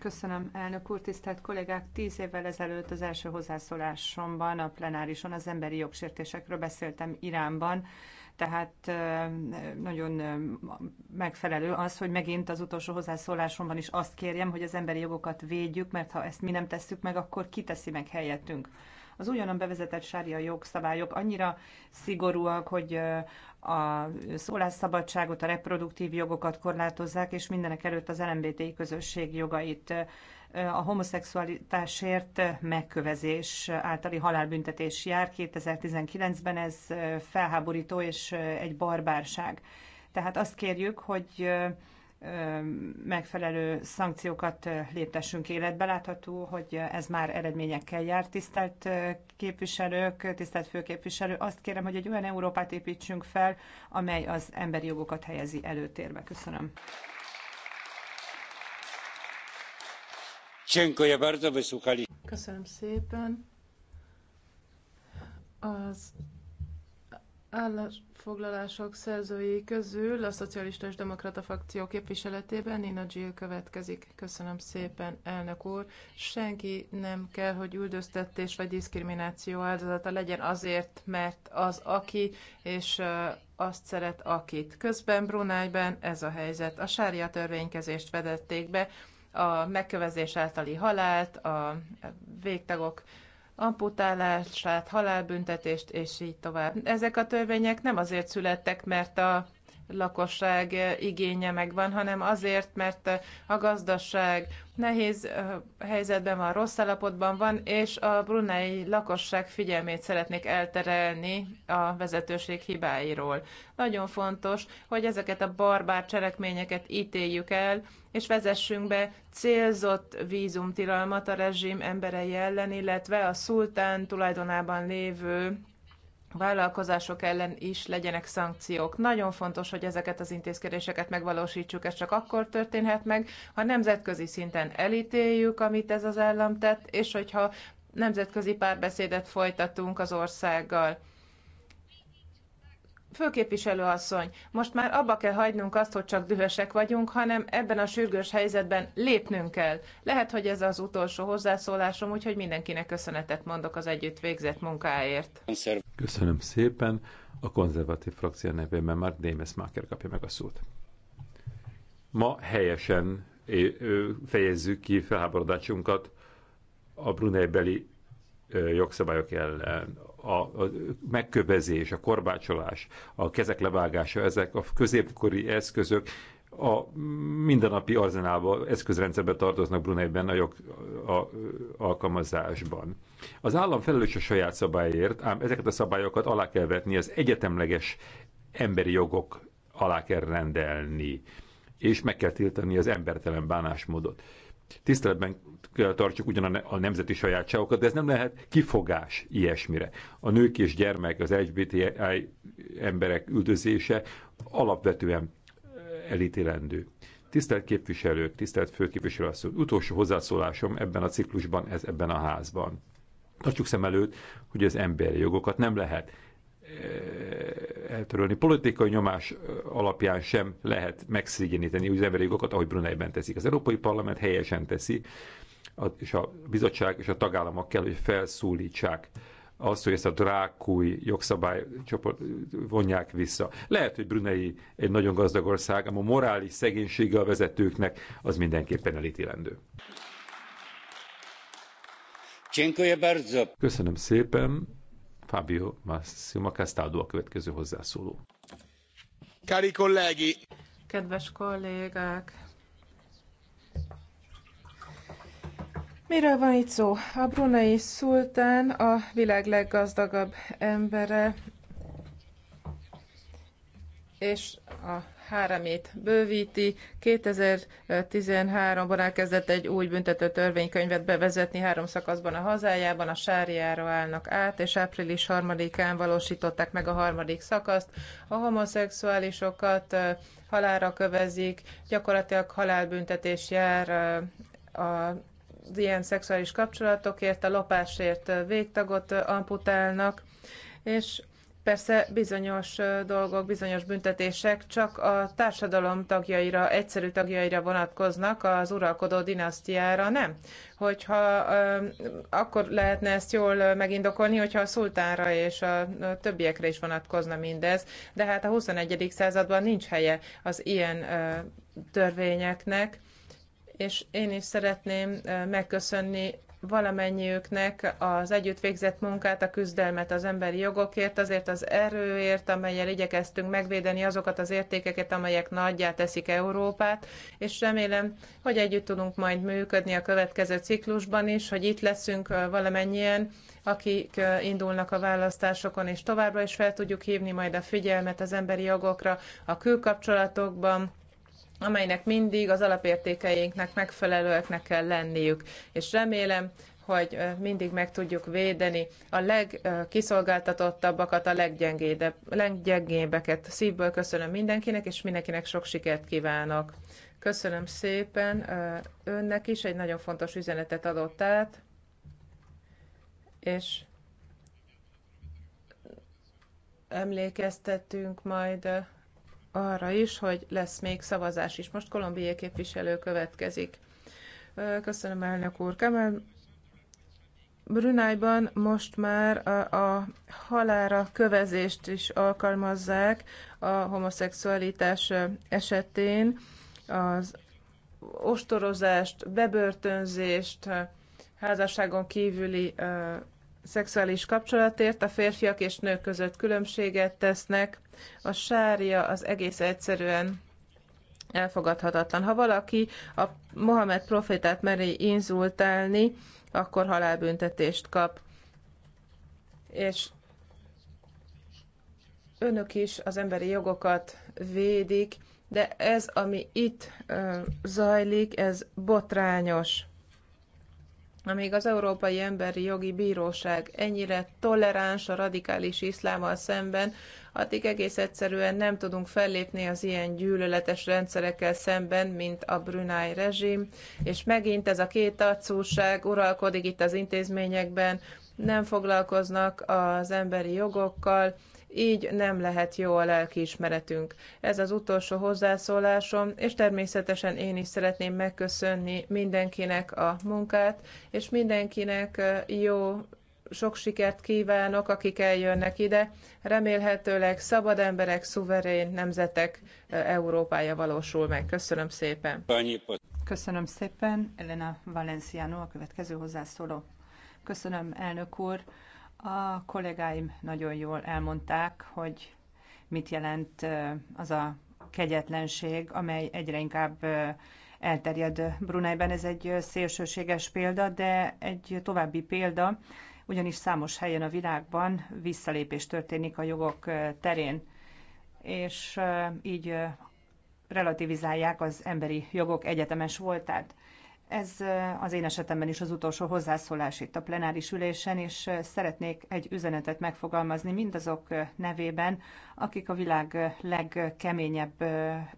Köszönöm, elnök úr, tisztelt kollégák! Tíz évvel ezelőtt az első hozzászólásomban a plenárison az emberi jogsértésekről beszéltem Iránban, tehát nagyon megfelelő az, hogy megint az utolsó hozzászólásomban is azt kérjem, hogy az emberi jogokat védjük, mert ha ezt mi nem tesszük meg, akkor ki teszi meg helyettünk az újonnan bevezetett sária jogszabályok annyira szigorúak, hogy a szólásszabadságot, a reproduktív jogokat korlátozzák, és mindenek előtt az LMBTI közösség jogait a homoszexualitásért megkövezés általi halálbüntetés jár. 2019-ben ez felháborító és egy barbárság. Tehát azt kérjük, hogy megfelelő szankciókat léptessünk életbe. Látható, hogy ez már eredményekkel jár. Tisztelt képviselők, tisztelt főképviselő, azt kérem, hogy egy olyan Európát építsünk fel, amely az emberi jogokat helyezi előtérbe. Köszönöm. Köszönöm szépen. Az állásfoglalások szerzői közül a Szocialista és Demokrata frakció képviseletében Nina Gill következik. Köszönöm szépen, elnök úr. Senki nem kell, hogy üldöztetés vagy diszkrimináció áldozata legyen azért, mert az aki és azt szeret akit. Közben Brunájban ez a helyzet. A sárja törvénykezést vedették be, a megkövezés általi halált, a végtagok amputálását, halálbüntetést, és így tovább. Ezek a törvények nem azért születtek, mert a lakosság igénye megvan, hanem azért, mert a gazdaság nehéz helyzetben van, rossz állapotban van, és a brunei lakosság figyelmét szeretnék elterelni a vezetőség hibáiról. Nagyon fontos, hogy ezeket a barbár cselekményeket ítéljük el, és vezessünk be célzott vízumtilalmat a rezsim emberei ellen, illetve a szultán tulajdonában lévő vállalkozások ellen is legyenek szankciók. Nagyon fontos, hogy ezeket az intézkedéseket megvalósítsuk, ez csak akkor történhet meg, ha nemzetközi szinten elítéljük, amit ez az állam tett, és hogyha nemzetközi párbeszédet folytatunk az országgal. Főképviselő asszony, most már abba kell hagynunk azt, hogy csak dühösek vagyunk, hanem ebben a sürgős helyzetben lépnünk kell. Lehet, hogy ez az utolsó hozzászólásom, úgyhogy mindenkinek köszönetet mondok az együtt végzett munkáért. Köszönöm szépen. A konzervatív frakció nevében már Démes Máker kapja meg a szót. Ma helyesen fejezzük ki felháborodásunkat a Brunei beli jogszabályok ellen, a, a megkövezés, a korbácsolás, a kezek levágása, ezek a középkori eszközök a mindennapi arzenálba, eszközrendszerbe tartoznak Bruneiben a jog a, a, alkalmazásban. Az állam felelős a saját szabályért, ám ezeket a szabályokat alá kell vetni, az egyetemleges emberi jogok alá kell rendelni, és meg kell tiltani az embertelen bánásmódot tiszteletben tartjuk ugyan a nemzeti sajátságokat, de ez nem lehet kifogás ilyesmire. A nők és gyermek, az LGBTI emberek üldözése alapvetően eh, elítélendő. Tisztelt képviselők, tisztelt főképviselő asszony, utolsó hozzászólásom ebben a ciklusban, ez ebben a házban. Tartsuk szem előtt, hogy az emberi jogokat nem lehet eltörölni. Politikai nyomás alapján sem lehet megszégyeníteni az emberi jogokat, ahogy Bruneiben teszik. Az Európai Parlament helyesen teszi, és a bizottság és a tagállamok kell, hogy felszólítsák azt, hogy ezt a drákúj jogszabály vonják vissza. Lehet, hogy Brunei egy nagyon gazdag ország, ám a morális szegénysége a vezetőknek az mindenképpen elítélendő. Köszönöm szépen. Fabio Massimo Castaldo a következő hozzászóló. Cari colleghi! Kedves kollégák! Miről van itt szó? A brunei szultán a világ leggazdagabb embere, és a három bővíti. 2013-ban elkezdett egy új büntető törvénykönyvet bevezetni három szakaszban a hazájában, a sárjára állnak át, és április harmadikán valósították meg a harmadik szakaszt. A homoszexuálisokat halára kövezik, gyakorlatilag halálbüntetés jár a ilyen szexuális kapcsolatokért, a lopásért végtagot amputálnak, és Persze bizonyos dolgok, bizonyos büntetések csak a társadalom tagjaira, egyszerű tagjaira vonatkoznak, az uralkodó dinasztiára nem. Hogyha akkor lehetne ezt jól megindokolni, hogyha a szultánra és a többiekre is vonatkozna mindez, de hát a 21. században nincs helye az ilyen törvényeknek és én is szeretném megköszönni valamennyiüknek az együtt végzett munkát, a küzdelmet az emberi jogokért, azért az erőért, amelyel igyekeztünk megvédeni azokat az értékeket, amelyek nagyjá teszik Európát, és remélem, hogy együtt tudunk majd működni a következő ciklusban is, hogy itt leszünk valamennyien, akik indulnak a választásokon, és továbbra is fel tudjuk hívni majd a figyelmet az emberi jogokra a külkapcsolatokban, amelynek mindig az alapértékeinknek megfelelőeknek kell lenniük. És remélem, hogy mindig meg tudjuk védeni a legkiszolgáltatottabbakat, a leggyengébbeket. Szívből köszönöm mindenkinek, és mindenkinek sok sikert kívánok. Köszönöm szépen önnek is, egy nagyon fontos üzenetet adott át, és emlékeztetünk majd arra is, hogy lesz még szavazás is. Most kolumbiai képviselő következik. Köszönöm, elnök úr. Kemen Brunájban most már a, a halára kövezést is alkalmazzák a homoszexualitás esetén, az ostorozást, bebörtönzést, házasságon kívüli szexuális kapcsolatért a férfiak és nők között különbséget tesznek. A sária az egész egyszerűen elfogadhatatlan. Ha valaki a Mohamed profétát meri inzultálni, akkor halálbüntetést kap. És önök is az emberi jogokat védik, de ez, ami itt ö, zajlik, ez botrányos amíg az Európai Emberi Jogi Bíróság ennyire toleráns a radikális iszlámmal szemben, addig egész egyszerűen nem tudunk fellépni az ilyen gyűlöletes rendszerekkel szemben, mint a Brunei rezsim, és megint ez a két arcúság uralkodik itt az intézményekben, nem foglalkoznak az emberi jogokkal, így nem lehet jó a lelkiismeretünk. Ez az utolsó hozzászólásom, és természetesen én is szeretném megköszönni mindenkinek a munkát, és mindenkinek jó sok sikert kívánok, akik eljönnek ide. Remélhetőleg szabad emberek, szuverén nemzetek Európája valósul meg. Köszönöm szépen. Köszönöm szépen. Elena Valenciano a következő hozzászóló. Köszönöm, elnök úr. A kollégáim nagyon jól elmondták, hogy mit jelent az a kegyetlenség, amely egyre inkább elterjed Bruneiben. Ez egy szélsőséges példa, de egy további példa, ugyanis számos helyen a világban visszalépés történik a jogok terén, és így relativizálják az emberi jogok egyetemes voltát. Ez az én esetemben is az utolsó hozzászólás itt a plenáris ülésen, és szeretnék egy üzenetet megfogalmazni mindazok nevében, akik a világ legkeményebb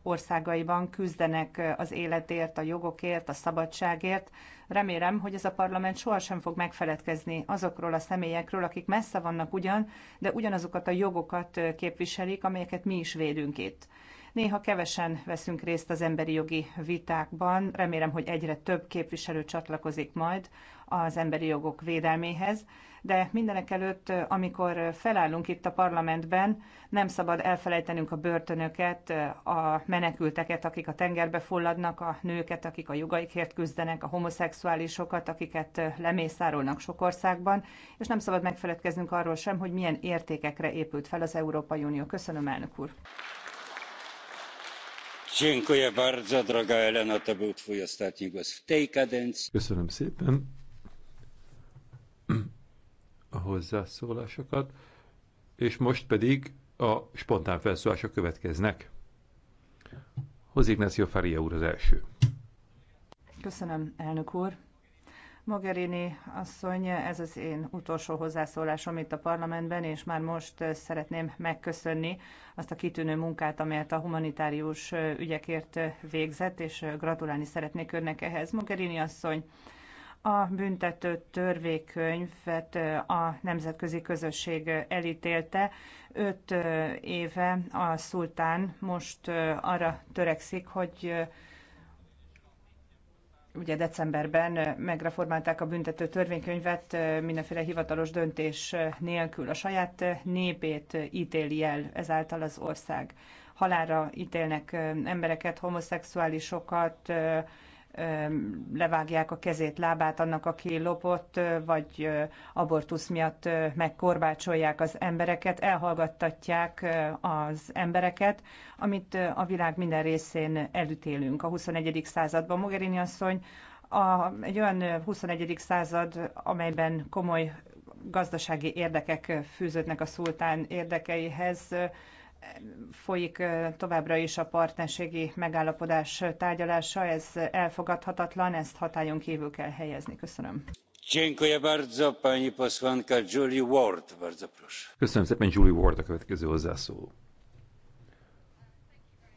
országaiban küzdenek az életért, a jogokért, a szabadságért. Remélem, hogy ez a parlament sohasem fog megfeledkezni azokról a személyekről, akik messze vannak ugyan, de ugyanazokat a jogokat képviselik, amelyeket mi is védünk itt. Néha kevesen veszünk részt az emberi jogi vitákban. Remélem, hogy egyre több képviselő csatlakozik majd az emberi jogok védelméhez, de mindenek előtt, amikor felállunk itt a parlamentben, nem szabad elfelejtenünk a börtönöket, a menekülteket, akik a tengerbe fulladnak, a nőket, akik a jogaikért küzdenek, a homoszexuálisokat, akiket lemészárolnak sok országban, és nem szabad megfeledkeznünk arról sem, hogy milyen értékekre épült fel az Európai Unió. Köszönöm, elnök úr! Köszönöm szépen a hozzászólásokat, és most pedig a spontán felszólások következnek. Hoz Ignacio Faria úr az első. Köszönöm, elnök úr. Mogherini asszony, ez az én utolsó hozzászólásom itt a parlamentben, és már most szeretném megköszönni azt a kitűnő munkát, amelyet a humanitárius ügyekért végzett, és gratulálni szeretnék önnek ehhez. Mogherini asszony, a büntető törvékönyvet a nemzetközi közösség elítélte. Öt éve a szultán most arra törekszik, hogy ugye decemberben megreformálták a büntető törvénykönyvet mindenféle hivatalos döntés nélkül. A saját népét ítéli el ezáltal az ország. Halára ítélnek embereket, homoszexuálisokat, levágják a kezét, lábát annak, aki lopott, vagy abortusz miatt megkorbácsolják az embereket, elhallgattatják az embereket, amit a világ minden részén elütélünk a 21. században. Mogherini asszony a, egy olyan 21. század, amelyben komoly gazdasági érdekek fűződnek a szultán érdekeihez, folyik továbbra is a partnerségi megállapodás tárgyalása, ez elfogadhatatlan, ezt hatályon kívül kell helyezni. Köszönöm. Köszönöm szépen, Julie Ward a következő hozzászóló.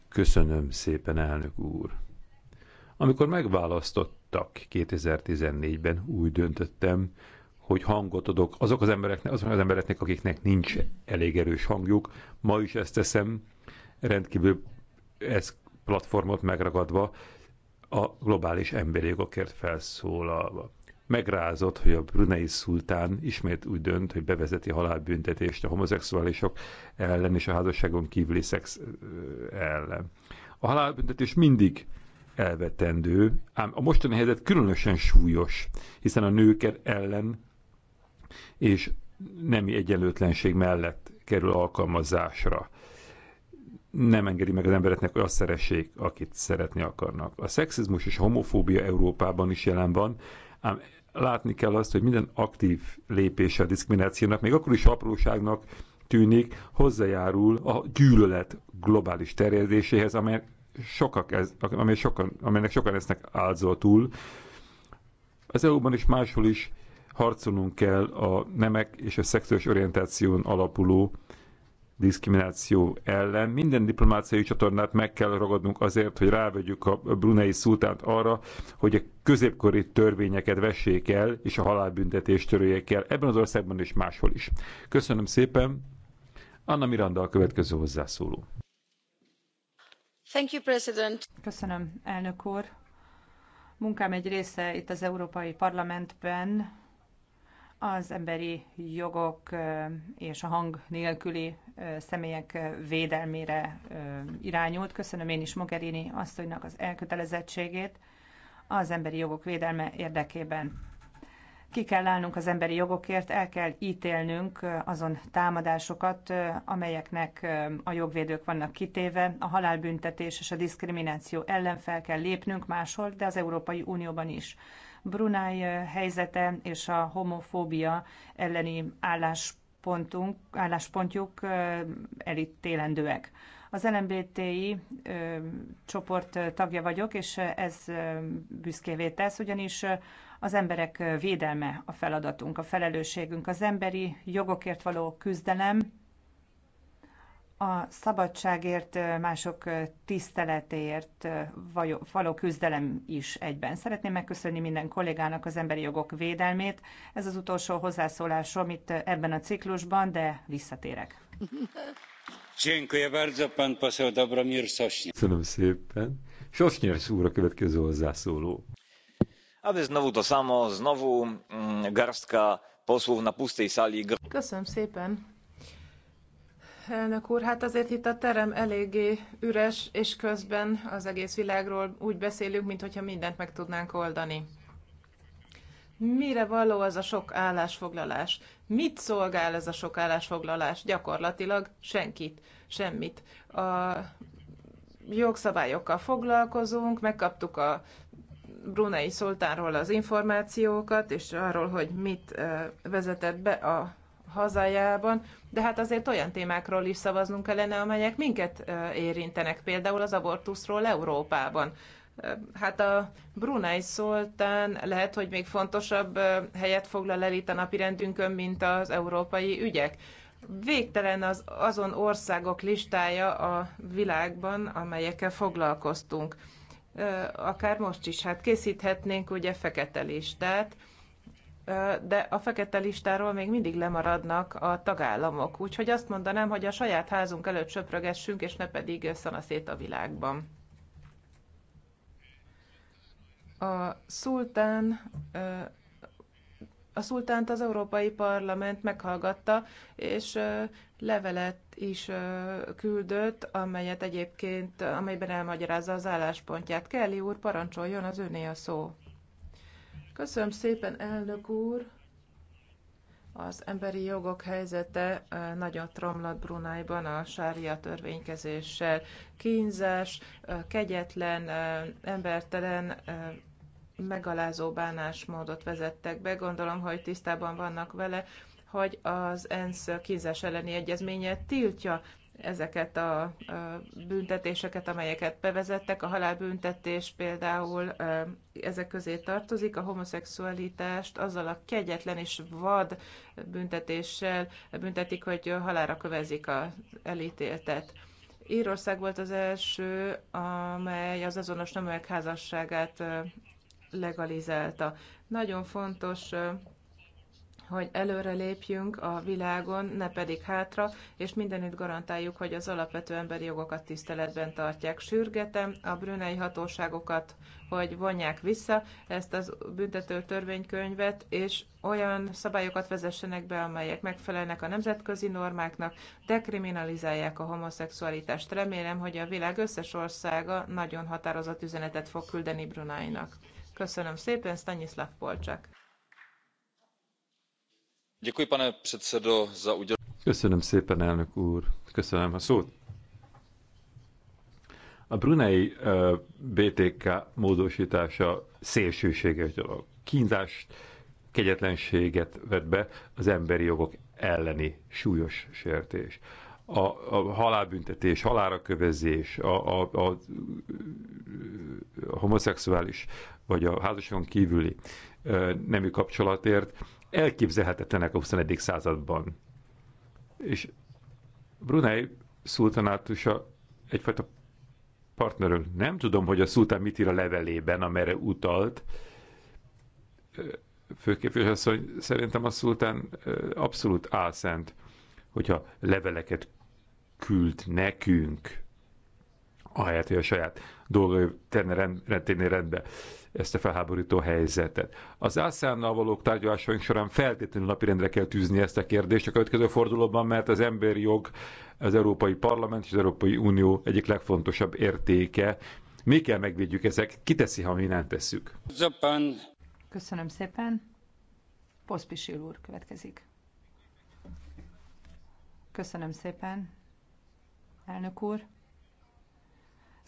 Köszönöm szépen, elnök úr. Amikor megválasztottak 2014-ben, úgy döntöttem, hogy hangot adok azok az embereknek, azok az embereknek, akiknek nincs elég erős hangjuk. Ma is ezt teszem, rendkívül ez platformot megragadva, a globális emberi jogokért felszólalva. Megrázott, hogy a Brunei szultán ismét úgy dönt, hogy bevezeti halálbüntetést a homoszexuálisok ellen és a házasságon kívüli szex ellen. A halálbüntetés mindig elvetendő, ám a mostani helyzet különösen súlyos, hiszen a nők ellen és nemi egyenlőtlenség mellett kerül alkalmazásra. Nem engedi meg az embereknek, hogy azt szeressék, akit szeretni akarnak. A szexizmus és a homofóbia Európában is jelen van, ám látni kell azt, hogy minden aktív lépése a diszkriminációnak, még akkor is apróságnak tűnik, hozzájárul a gyűlölet globális terjedéséhez, amely sokak ez, amely sokan, amelynek sokan lesznek áldozatul. Az EU-ban is máshol is harcolnunk kell a nemek és a szexuális orientáción alapuló diszkrimináció ellen. Minden diplomáciai csatornát meg kell ragadnunk azért, hogy rávegyük a brunei szultánt arra, hogy a középkori törvényeket vessék el, és a halálbüntetést törőjék el ebben az országban és máshol is. Köszönöm szépen. Anna Miranda a következő hozzászóló. Thank you, President. Köszönöm, elnök úr. Munkám egy része itt az Európai Parlamentben az emberi jogok és a hang nélküli személyek védelmére irányult. Köszönöm én is Mogherini asszonynak az elkötelezettségét az emberi jogok védelme érdekében. Ki kell állnunk az emberi jogokért, el kell ítélnünk azon támadásokat, amelyeknek a jogvédők vannak kitéve. A halálbüntetés és a diszkrimináció ellen fel kell lépnünk máshol, de az Európai Unióban is Brunei helyzete és a homofóbia elleni álláspontunk, álláspontjuk elítélendőek. Az LMBTI csoport tagja vagyok, és ez büszkévé tesz, ugyanis az emberek védelme a feladatunk, a felelősségünk, az emberi jogokért való küzdelem, a szabadságért, mások tiszteletéért való küzdelem is egyben. Szeretném megköszönni minden kollégának az emberi jogok védelmét. Ez az utolsó hozzászólásom itt ebben a ciklusban, de visszatérek. Köszönöm szépen. Sosnyers úr a következő hozzászóló. Ale znowu to samo, znowu mm, garstka posłów na pustej sali. Köszönöm szépen elnök úr, hát azért itt a terem eléggé üres, és közben az egész világról úgy beszélünk, mintha mindent meg tudnánk oldani. Mire való ez a sok állásfoglalás? Mit szolgál ez a sok állásfoglalás? Gyakorlatilag senkit, semmit. A jogszabályokkal foglalkozunk, megkaptuk a Brunei Szoltánról az információkat, és arról, hogy mit vezetett be a hazájában, de hát azért olyan témákról is szavaznunk kellene, amelyek minket érintenek, például az abortuszról Európában. Hát a Brunei Szoltán lehet, hogy még fontosabb helyet foglal el itt a napirendünkön, mint az európai ügyek. Végtelen az azon országok listája a világban, amelyekkel foglalkoztunk. Akár most is, hát készíthetnénk ugye fekete listát, de a fekete listáról még mindig lemaradnak a tagállamok. Úgyhogy azt mondanám, hogy a saját házunk előtt söprögessünk, és ne pedig szanaszét a világban. A szultán a szultánt az Európai Parlament meghallgatta, és levelet is küldött, amelyet egyébként, amelyben elmagyarázza az álláspontját. Kelly úr, parancsoljon, az öné a szó. Köszönöm szépen, elnök úr! Az emberi jogok helyzete nagyon romlott Brunájban a sária törvénykezéssel. Kínzás, kegyetlen, embertelen, megalázó bánásmódot vezettek be. Gondolom, hogy tisztában vannak vele, hogy az ENSZ kínzás elleni egyezménye tiltja ezeket a büntetéseket, amelyeket bevezettek. A halálbüntetés például ezek közé tartozik, a homoszexualitást azzal a kegyetlen és vad büntetéssel büntetik, hogy halára kövezik az elítéltet. Írország volt az első, amely az azonos neműek házasságát legalizálta. Nagyon fontos hogy előre lépjünk a világon, ne pedig hátra, és mindenütt garantáljuk, hogy az alapvető emberi jogokat tiszteletben tartják. Sürgetem a brünei hatóságokat, hogy vonják vissza ezt az büntető törvénykönyvet, és olyan szabályokat vezessenek be, amelyek megfelelnek a nemzetközi normáknak, dekriminalizálják a homoszexualitást. Remélem, hogy a világ összes országa nagyon határozott üzenetet fog küldeni Bruneinak. Köszönöm szépen, Stanislav Polcsak! Köszönöm szépen, Köszönöm a szót. A Brunei BTK módosítása szélsőséges dolog. Kínzást, kegyetlenséget vet be az emberi jogok elleni súlyos sértés. A, a halálbüntetés, halára kövezés, a, a, a, a homoszexuális vagy a házasságon kívüli nemű kapcsolatért elképzelhetetlenek a XXI. században. És Brunei szultanátusa egyfajta partnerünk. Nem tudom, hogy a szultán mit ír a levelében, amire utalt. Főképviselőasszony, szerintem a szultán abszolút álszent, hogyha leveleket küld nekünk, ahelyett, hogy a saját dolgai tenne rend, tenni rendbe ezt a felháborító helyzetet. Az ASEAN-nal való tárgyalásaink során feltétlenül napirendre kell tűzni ezt a kérdést a következő fordulóban, mert az emberi jog az Európai Parlament és az Európai Unió egyik legfontosabb értéke. Mi kell megvédjük ezek? Ki teszi, ha mi nem tesszük? Zapan. Köszönöm szépen. Poszpisil úr következik. Köszönöm szépen, elnök úr.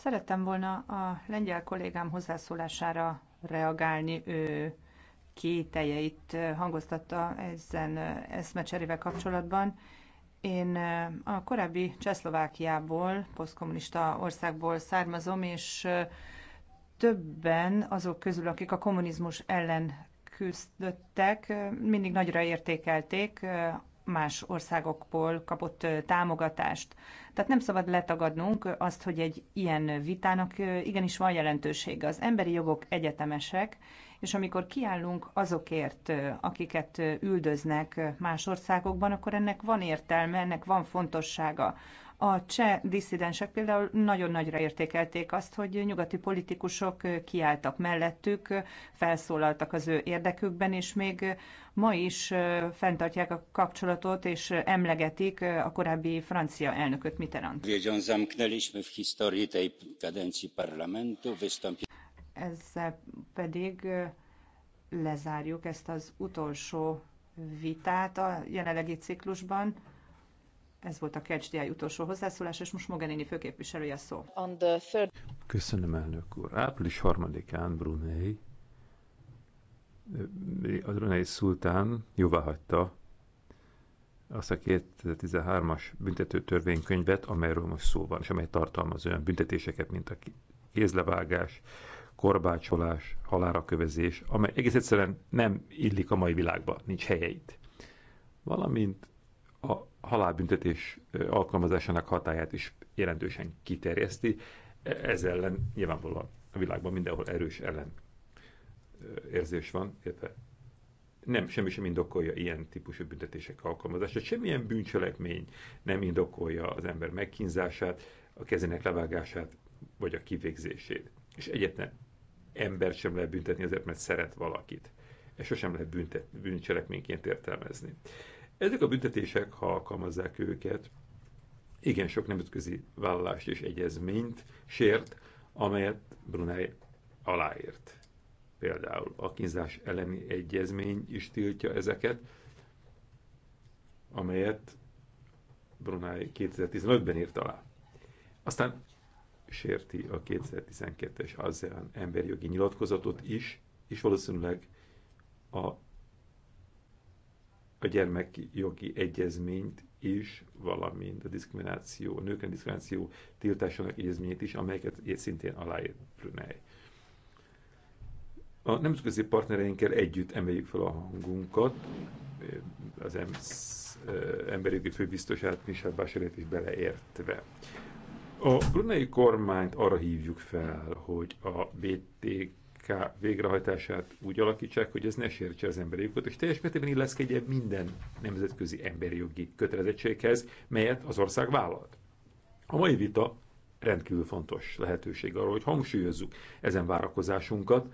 Szerettem volna a lengyel kollégám hozzászólására reagálni. Ő kételjeit hangoztatta ezen eszmecserével kapcsolatban. Én a korábbi Csehszlovákiából, posztkommunista országból származom, és többen azok közül, akik a kommunizmus ellen küzdöttek, mindig nagyra értékelték más országokból kapott támogatást. Tehát nem szabad letagadnunk azt, hogy egy ilyen vitának igenis van jelentősége. Az emberi jogok egyetemesek, és amikor kiállunk azokért, akiket üldöznek más országokban, akkor ennek van értelme, ennek van fontossága. A cseh disszidensek például nagyon nagyra értékelték azt, hogy nyugati politikusok kiálltak mellettük, felszólaltak az ő érdekükben, és még ma is fenntartják a kapcsolatot, és emlegetik a korábbi francia elnököt Mitterrand. Ezzel pedig lezárjuk ezt az utolsó vitát a jelenlegi ciklusban. Ez volt a KCDI utolsó hozzászólás, és most Mogherini főképviselője szó. Third... Köszönöm, elnök úr. Április harmadikán Brunei, eh, a Brunei szultán jóváhagyta azt a 2013-as büntetőtörvénykönyvet, amelyről most szó van, és amely tartalmaz olyan büntetéseket, mint a kézlevágás, korbácsolás, halára kövezés, amely egész egyszerűen nem illik a mai világba, nincs helyeit. Valamint a halálbüntetés alkalmazásának hatáját is jelentősen kiterjeszti. Ez ellen nyilvánvalóan a világban mindenhol erős ellen érzés van, illetve nem, semmi sem indokolja ilyen típusú büntetések alkalmazását. Semmilyen bűncselekmény nem indokolja az ember megkínzását, a kezének levágását, vagy a kivégzését. És egyetlen ember sem lehet büntetni azért, mert szeret valakit. És sosem lehet büntet, bűncselekményként értelmezni. Ezek a büntetések, ha alkalmazzák őket, igen sok nemzetközi vállalást és egyezményt sért, amelyet Brunei aláírt. Például a kínzás elleni egyezmény is tiltja ezeket, amelyet Brunei 2015-ben írt alá. Aztán sérti a 2012-es ASEAN emberjogi nyilatkozatot is, és valószínűleg a a gyermekjogi egyezményt is, valamint a diszkrimináció, nőkön diszkrimináció tiltásának egyezményét is, amelyeket szintén aláír Brunei. A nemzetközi partnereinkkel együtt emeljük fel a hangunkat, az emberi jogi főbiztosát, Michel Bachelet is beleértve. A brunei kormányt arra hívjuk fel, hogy a BTK politikák végrehajtását úgy alakítsák, hogy ez ne sértse az emberi jogot, és teljes mértékben illeszkedje minden nemzetközi emberi jogi kötelezettséghez, melyet az ország vállalt. A mai vita rendkívül fontos lehetőség arra, hogy hangsúlyozzuk ezen várakozásunkat,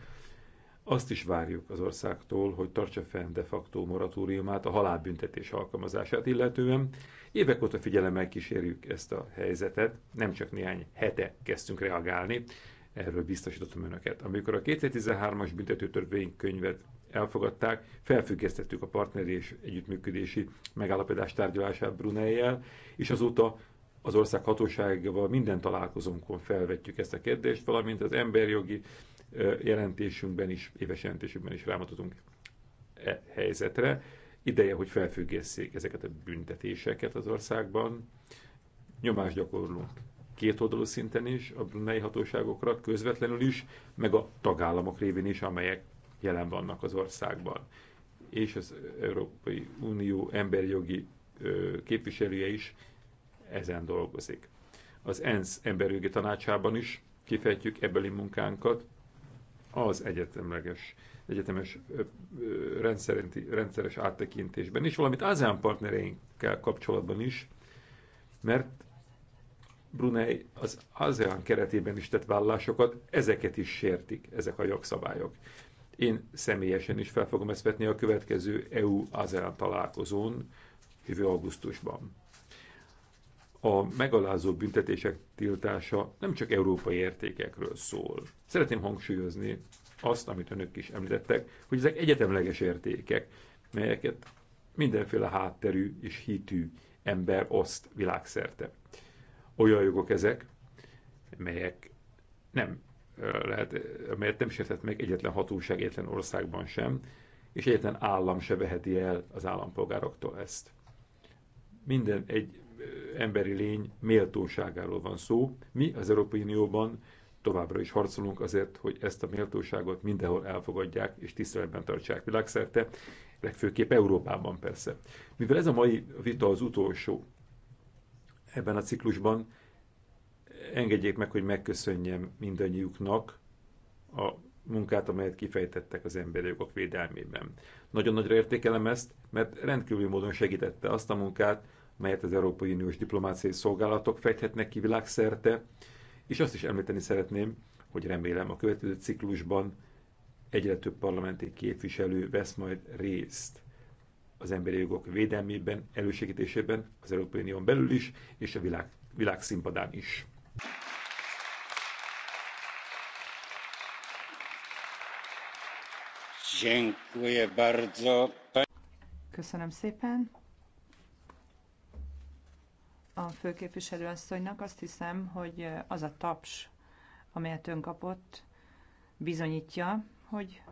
azt is várjuk az országtól, hogy tartsa fenn de facto moratóriumát a halálbüntetés alkalmazását illetően. Évek óta figyelemmel kísérjük ezt a helyzetet, nem csak néhány hete kezdtünk reagálni erről biztosítottam önöket. Amikor a 2013-as büntetőtörvénykönyvet elfogadták, felfüggesztettük a partneri és együttműködési megállapodás tárgyalását Brunei-jel, és azóta az ország hatóságával minden találkozónkon felvetjük ezt a kérdést, valamint az emberjogi jelentésünkben is, éves jelentésünkben is rámutatunk e helyzetre. Ideje, hogy felfüggesszék ezeket a büntetéseket az országban. Nyomást gyakorlunk két oldalú szinten is, a brunei hatóságokra közvetlenül is, meg a tagállamok révén is, amelyek jelen vannak az országban. És az Európai Unió emberjogi képviselője is ezen dolgozik. Az ENSZ emberjogi tanácsában is kifejtjük ebbeli munkánkat, az egyetemleges, egyetemes rendszeres áttekintésben is, valamint ASEAN partnereinkkel kapcsolatban is, mert Brunei az ASEAN keretében is tett vállásokat, ezeket is sértik, ezek a jogszabályok. Én személyesen is fel fogom ezt vetni a következő EU-ASEAN találkozón, jövő augusztusban. A megalázó büntetések tiltása nem csak európai értékekről szól. Szeretném hangsúlyozni azt, amit önök is említettek, hogy ezek egyetemleges értékek, melyeket mindenféle hátterű és hitű ember oszt világszerte olyan jogok ezek, melyek nem lehet, amelyet nem sértett meg egyetlen hatóság, egyetlen országban sem, és egyetlen állam se veheti el az állampolgároktól ezt. Minden egy emberi lény méltóságáról van szó. Mi az Európai Unióban továbbra is harcolunk azért, hogy ezt a méltóságot mindenhol elfogadják és tiszteletben tartsák világszerte, legfőképp Európában persze. Mivel ez a mai vita az utolsó ebben a ciklusban, engedjék meg, hogy megköszönjem mindannyiuknak a munkát, amelyet kifejtettek az emberi jogok védelmében. Nagyon nagyra értékelem ezt, mert rendkívüli módon segítette azt a munkát, melyet az Európai Uniós diplomáciai szolgálatok fejthetnek ki világszerte, és azt is említeni szeretném, hogy remélem a következő ciklusban egyre több parlamenti képviselő vesz majd részt az emberi jogok védelmében, elősegítésében az Európai Unión belül is, és a világ, világszínpadán is. Köszönöm szépen. A főképviselő asszonynak azt hiszem, hogy az a taps, amelyet ön kapott, bizonyítja, hogy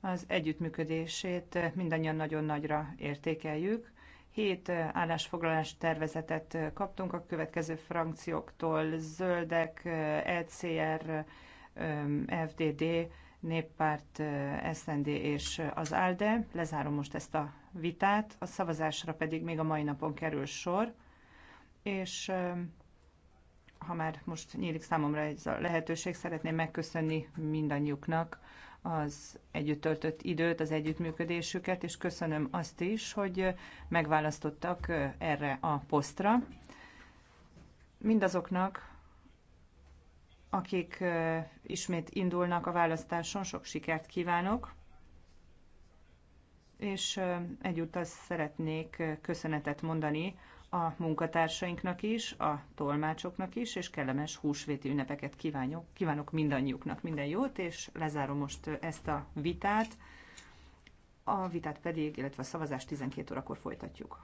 az együttműködését mindannyian nagyon nagyra értékeljük. Hét állásfoglalás tervezetet kaptunk a következő frakcióktól, zöldek, ECR, FDD, Néppárt, SND és az ALDE. Lezárom most ezt a vitát, a szavazásra pedig még a mai napon kerül sor, és ha már most nyílik számomra ez a lehetőség, szeretném megköszönni mindannyiuknak, az együtt töltött időt, az együttműködésüket, és köszönöm azt is, hogy megválasztottak erre a posztra. Mindazoknak, akik ismét indulnak a választáson, sok sikert kívánok, és egyúttal szeretnék köszönetet mondani a munkatársainknak is, a tolmácsoknak is, és kellemes húsvéti ünnepeket kívánok, kívánok mindannyiuknak minden jót, és lezárom most ezt a vitát. A vitát pedig, illetve a szavazást 12 órakor folytatjuk.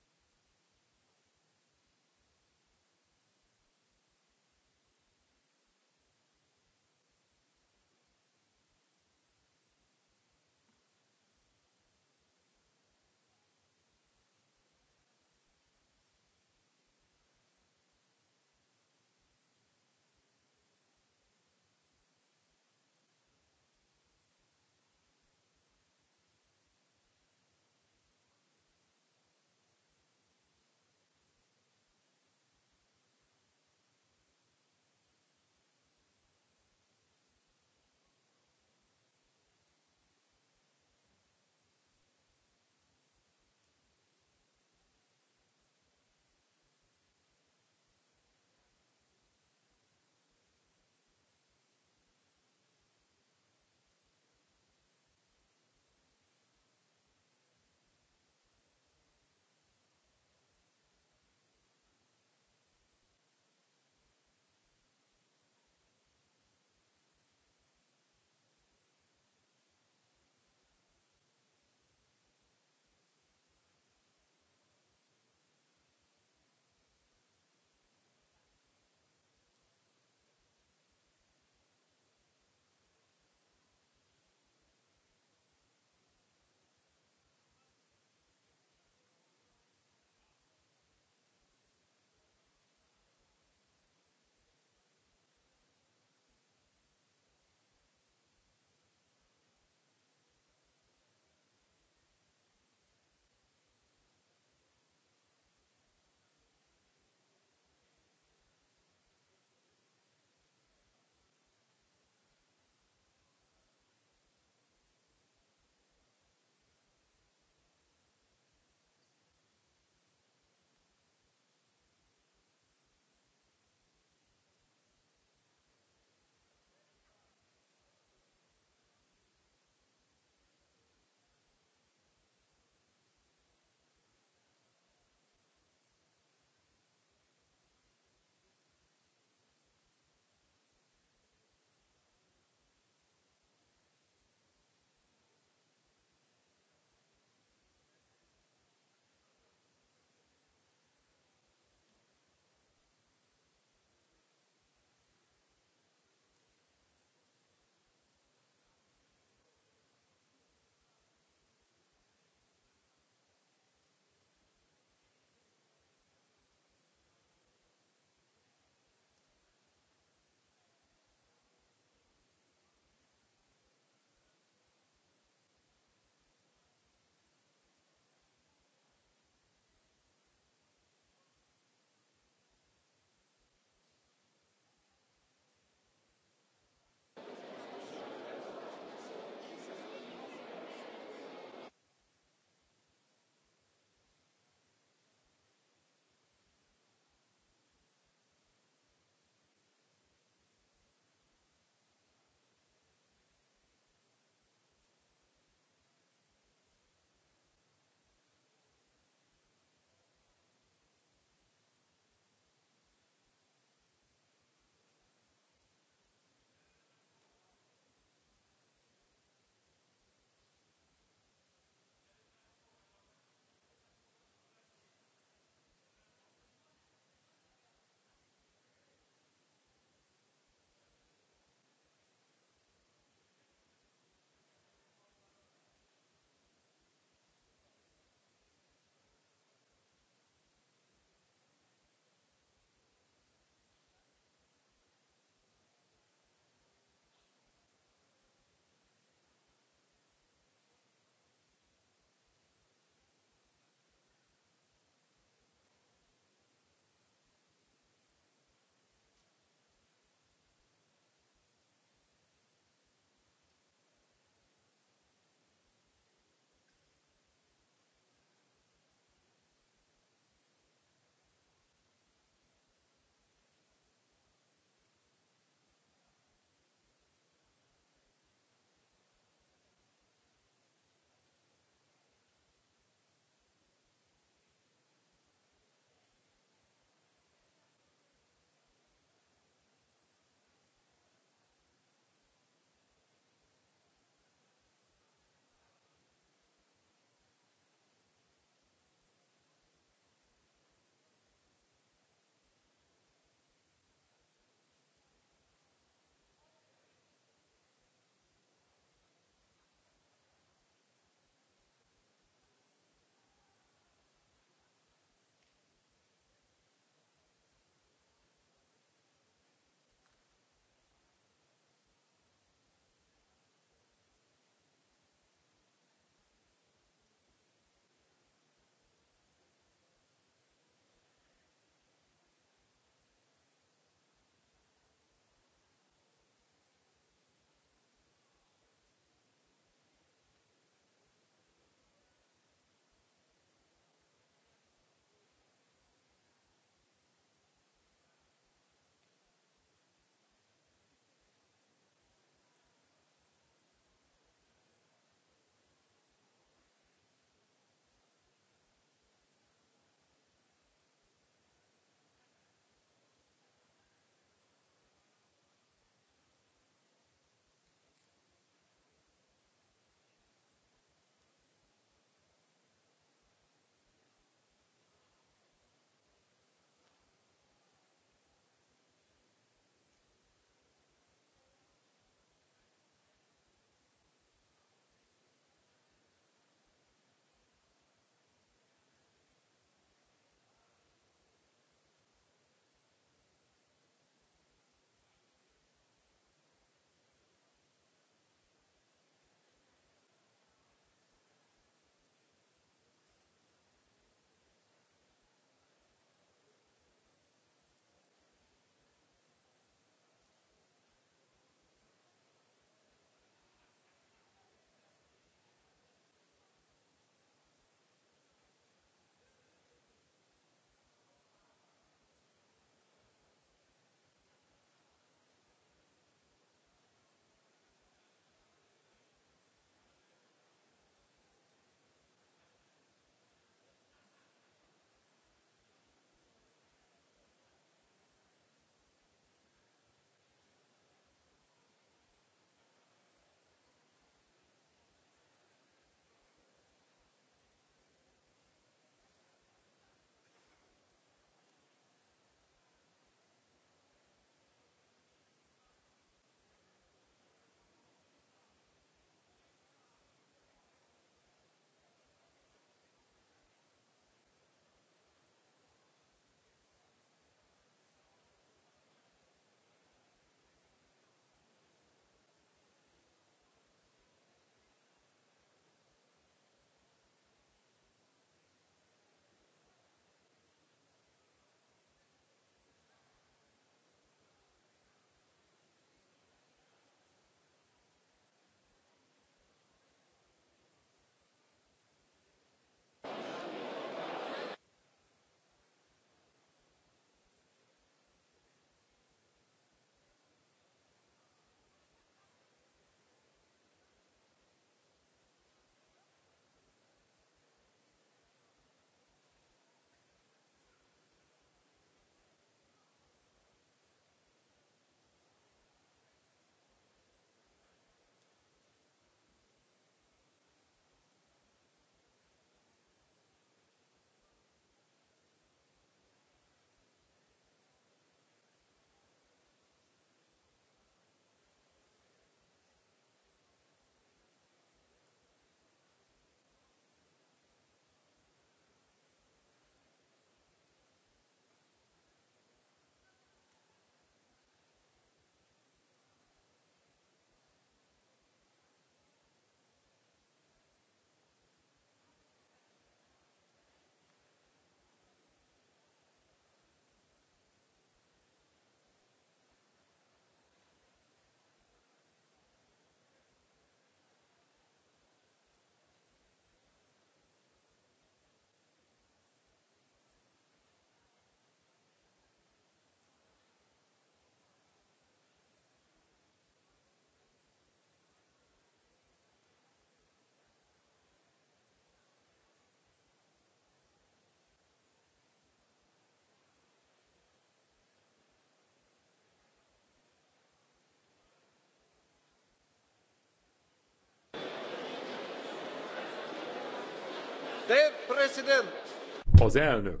Az elnök.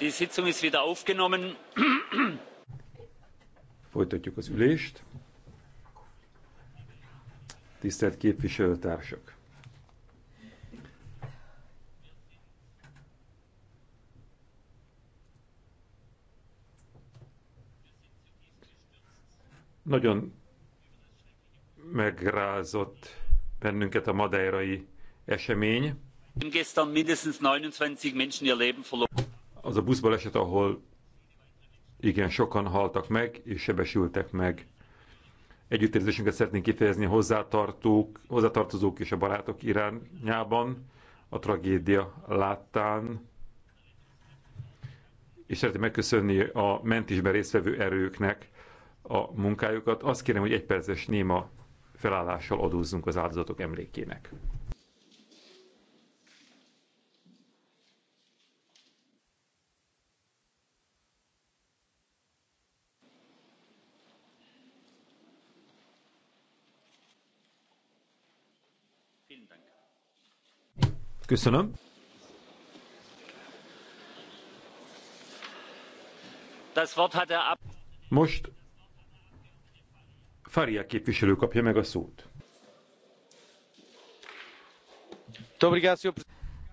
Die Sitzung ist wieder aufgenommen. Folytatjuk az ülést. Tisztelt képviselőtársak! Nagyon megrázott bennünket a madeirai esemény. Az a buszbaleset, ahol igen, sokan haltak meg és sebesültek meg. Együttérzésünket szeretnénk kifejezni hozzátartók, hozzátartozók és a barátok irányában a tragédia láttán. És szeretném megköszönni a mentésben résztvevő erőknek, a munkájukat. Azt kérem, hogy egy perces néma felállással adózzunk az áldozatok emlékének. Köszönöm. Most Faria képviselő kapja meg a szót.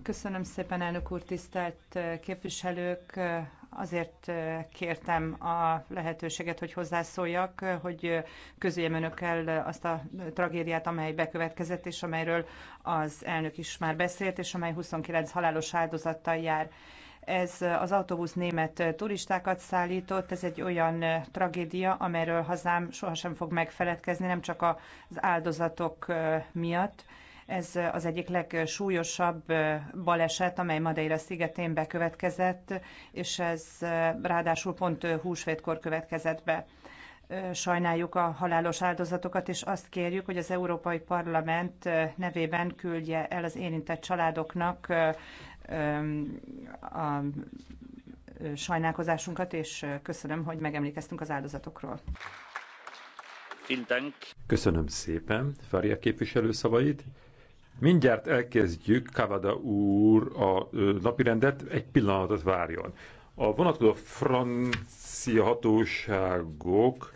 Köszönöm szépen, elnök úr, tisztelt eh, képviselők! Eh, azért eh, kértem a lehetőséget, hogy hozzászóljak, hogy közöljem önökkel azt a tragédiát, amely bekövetkezett, és amelyről az elnök is már beszélt, és amely 29 halálos áldozattal jár. Ez az autóbusz német turistákat szállított, ez egy olyan tragédia, amelyről hazám sohasem fog megfeledkezni, nem csak az áldozatok miatt, ez az egyik legsúlyosabb baleset, amely Madeira szigetén bekövetkezett, és ez ráadásul pont húsvétkor következett be. Sajnáljuk a halálos áldozatokat, és azt kérjük, hogy az Európai Parlament nevében küldje el az érintett családoknak a sajnálkozásunkat, és köszönöm, hogy megemlékeztünk az áldozatokról. Köszönöm szépen Faria képviselő szavait. Mindjárt elkezdjük, Kavada úr, a napirendet egy pillanatot várjon. A vonatkozó francia hatóságok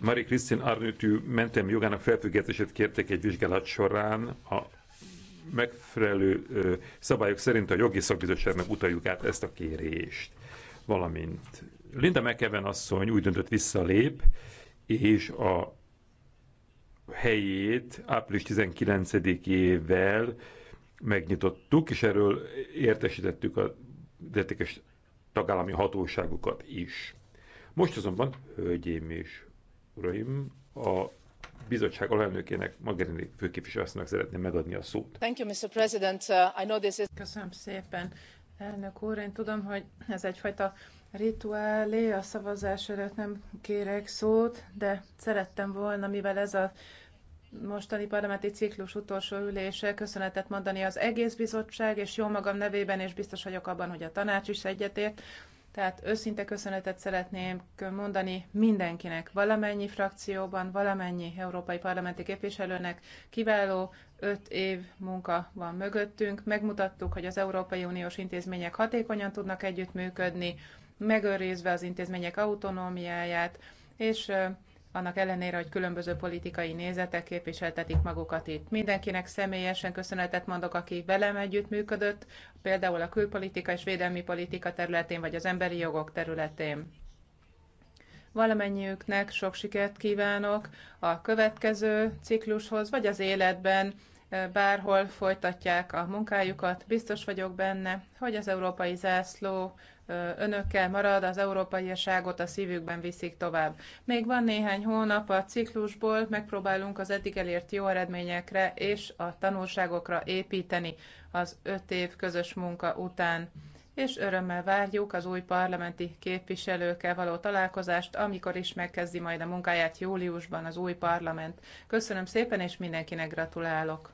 Marie-Christine Arnutu mentem jogának felfüggesztését kértek egy vizsgálat során a megfelelő szabályok szerint a jogi szakbizottságnak utaljuk át ezt a kérést. Valamint Linda McEwen asszony úgy döntött visszalép, és a helyét április 19-ével megnyitottuk, és erről értesítettük a értékes tagállami hatóságokat is. Most azonban, hölgyém és uraim, a bizottság alelnökének, Magarini főképviselőasszonynak szeretném megadni a szót. Thank you, Mr. President. Uh, I know this is... Köszönöm szépen, elnök úr. Én tudom, hogy ez egyfajta rituálé, a szavazás előtt nem kérek szót, de szerettem volna, mivel ez a mostani parlamenti ciklus utolsó ülése köszönetet mondani az egész bizottság, és jó magam nevében, és biztos vagyok abban, hogy a tanács is egyetért, tehát őszinte köszönetet szeretném mondani mindenkinek, valamennyi frakcióban, valamennyi európai parlamenti képviselőnek. Kiváló öt év munka van mögöttünk. Megmutattuk, hogy az Európai Uniós intézmények hatékonyan tudnak együttműködni, megőrizve az intézmények autonómiáját, és annak ellenére, hogy különböző politikai nézetek képviseltetik magukat itt. Mindenkinek személyesen köszönetet mondok, aki velem együttműködött, például a külpolitika és védelmi politika területén, vagy az emberi jogok területén. Valamennyiüknek sok sikert kívánok a következő ciklushoz, vagy az életben, bárhol folytatják a munkájukat. Biztos vagyok benne, hogy az európai zászló önökkel marad, az európai írságot a szívükben viszik tovább. Még van néhány hónap a ciklusból, megpróbálunk az eddig elért jó eredményekre és a tanulságokra építeni az öt év közös munka után és örömmel várjuk az új parlamenti képviselőkkel való találkozást, amikor is megkezdi majd a munkáját júliusban az új parlament. Köszönöm szépen, és mindenkinek gratulálok!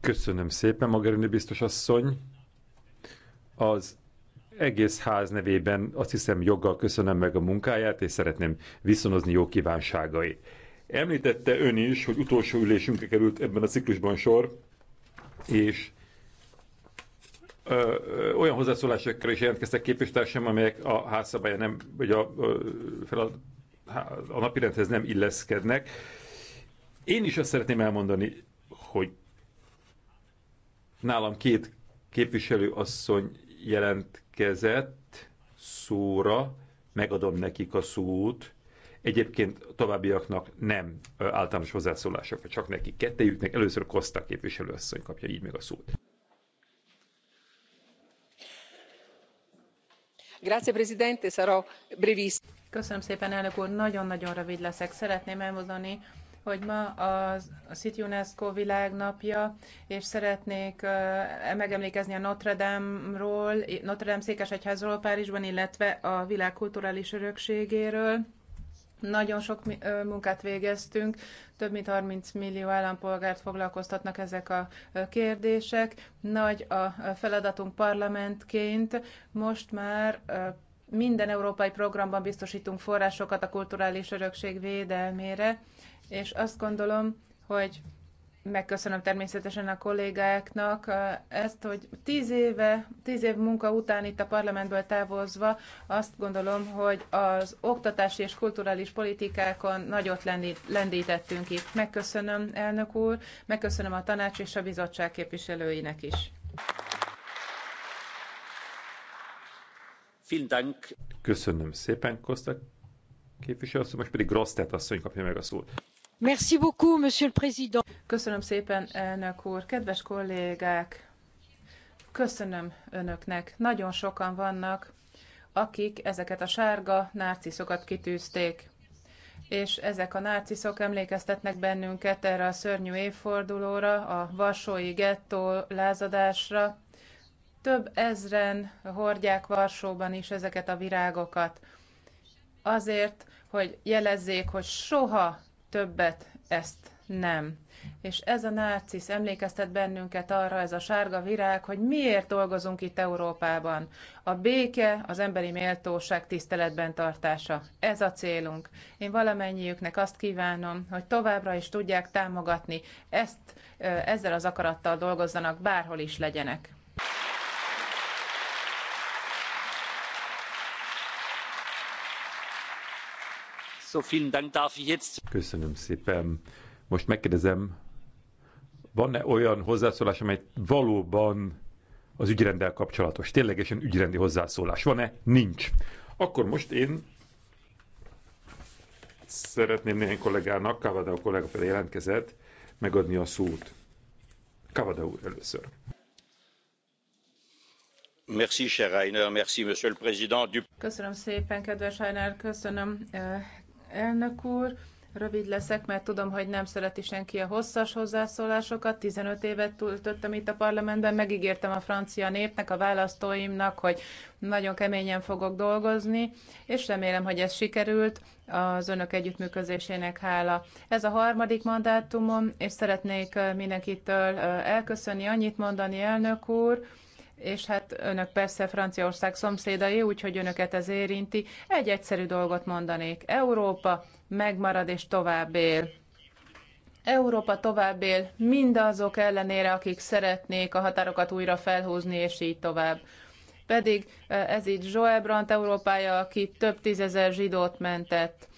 Köszönöm szépen, Magarini biztos asszony. Az egész ház nevében azt hiszem joggal köszönöm meg a munkáját, és szeretném viszonozni jó kívánságait. Említette ön is, hogy utolsó ülésünkre került ebben a ciklusban sor, és ö, ö, olyan hozzászólásokkal is jelentkeztek képviselőtársam, amelyek a házszabálya nem, vagy a, ö, fel a, a napirendhez nem illeszkednek. Én is azt szeretném elmondani, hogy nálam két képviselő asszony jelentkezett szóra, megadom nekik a szót. Egyébként továbbiaknak nem általános hozzászólások, csak nekik kettejüknek. Először képviselő asszony kapja így meg a szót. Grazie Presidente, sarò Köszönöm szépen, elnök úr! Nagyon-nagyon rövid leszek. Szeretném elmondani, hogy ma a City UNESCO világnapja, és szeretnék megemlékezni a Notre Dame-ról, Notre Dame székesegyházról Párizsban, illetve a világ kulturális örökségéről. Nagyon sok munkát végeztünk, több mint 30 millió állampolgárt foglalkoztatnak ezek a kérdések. Nagy a feladatunk parlamentként, most már minden európai programban biztosítunk forrásokat a kulturális örökség védelmére, és azt gondolom, hogy megköszönöm természetesen a kollégáknak ezt, hogy tíz éve, tíz év munka után itt a parlamentből távozva azt gondolom, hogy az oktatási és kulturális politikákon nagyot lendítettünk itt. Megköszönöm, elnök úr, megköszönöm a tanács és a bizottság képviselőinek is. Köszönöm szépen, Kosztak képviselő, most pedig Grosztet asszony kapja meg a szót. Merci beaucoup, monsieur le président. Köszönöm szépen, elnök úr. Kedves kollégák, köszönöm önöknek. Nagyon sokan vannak, akik ezeket a sárga nárciszokat kitűzték. És ezek a nárciszok emlékeztetnek bennünket erre a szörnyű évfordulóra, a Varsói gettó lázadásra. Több ezren hordják Varsóban is ezeket a virágokat. Azért, hogy jelezzék, hogy soha többet ezt nem. És ez a nácisz emlékeztet bennünket arra, ez a sárga virág, hogy miért dolgozunk itt Európában. A béke, az emberi méltóság tiszteletben tartása. Ez a célunk. Én valamennyiüknek azt kívánom, hogy továbbra is tudják támogatni ezt, ezzel az akarattal dolgozzanak, bárhol is legyenek. Köszönöm szépen. Most megkérdezem, van-e olyan hozzászólás, amely valóban az ügyrendel kapcsolatos? Ténylegesen ügyrendi hozzászólás van-e? Nincs. Akkor most én szeretném néhány kollégának, Kavada a kollega felé jelentkezett, megadni a szót. Kavada úr először. Merci, cher Rainer, merci, monsieur le président. Köszönöm szépen, kedves Rainer, köszönöm eh, Elnök úr, rövid leszek, mert tudom, hogy nem szereti senki a hosszas hozzászólásokat. 15 évet töltöttem itt a parlamentben, megígértem a francia népnek, a választóimnak, hogy nagyon keményen fogok dolgozni, és remélem, hogy ez sikerült az önök együttműködésének hála. Ez a harmadik mandátumom, és szeretnék mindenkitől elköszönni, annyit mondani, elnök úr, és hát önök persze Franciaország szomszédai, úgyhogy önöket ez érinti. Egy egyszerű dolgot mondanék. Európa megmarad és tovább él. Európa tovább él mindazok ellenére, akik szeretnék a határokat újra felhúzni, és így tovább. Pedig ez itt Joel Brandt Európája, aki több tízezer zsidót mentett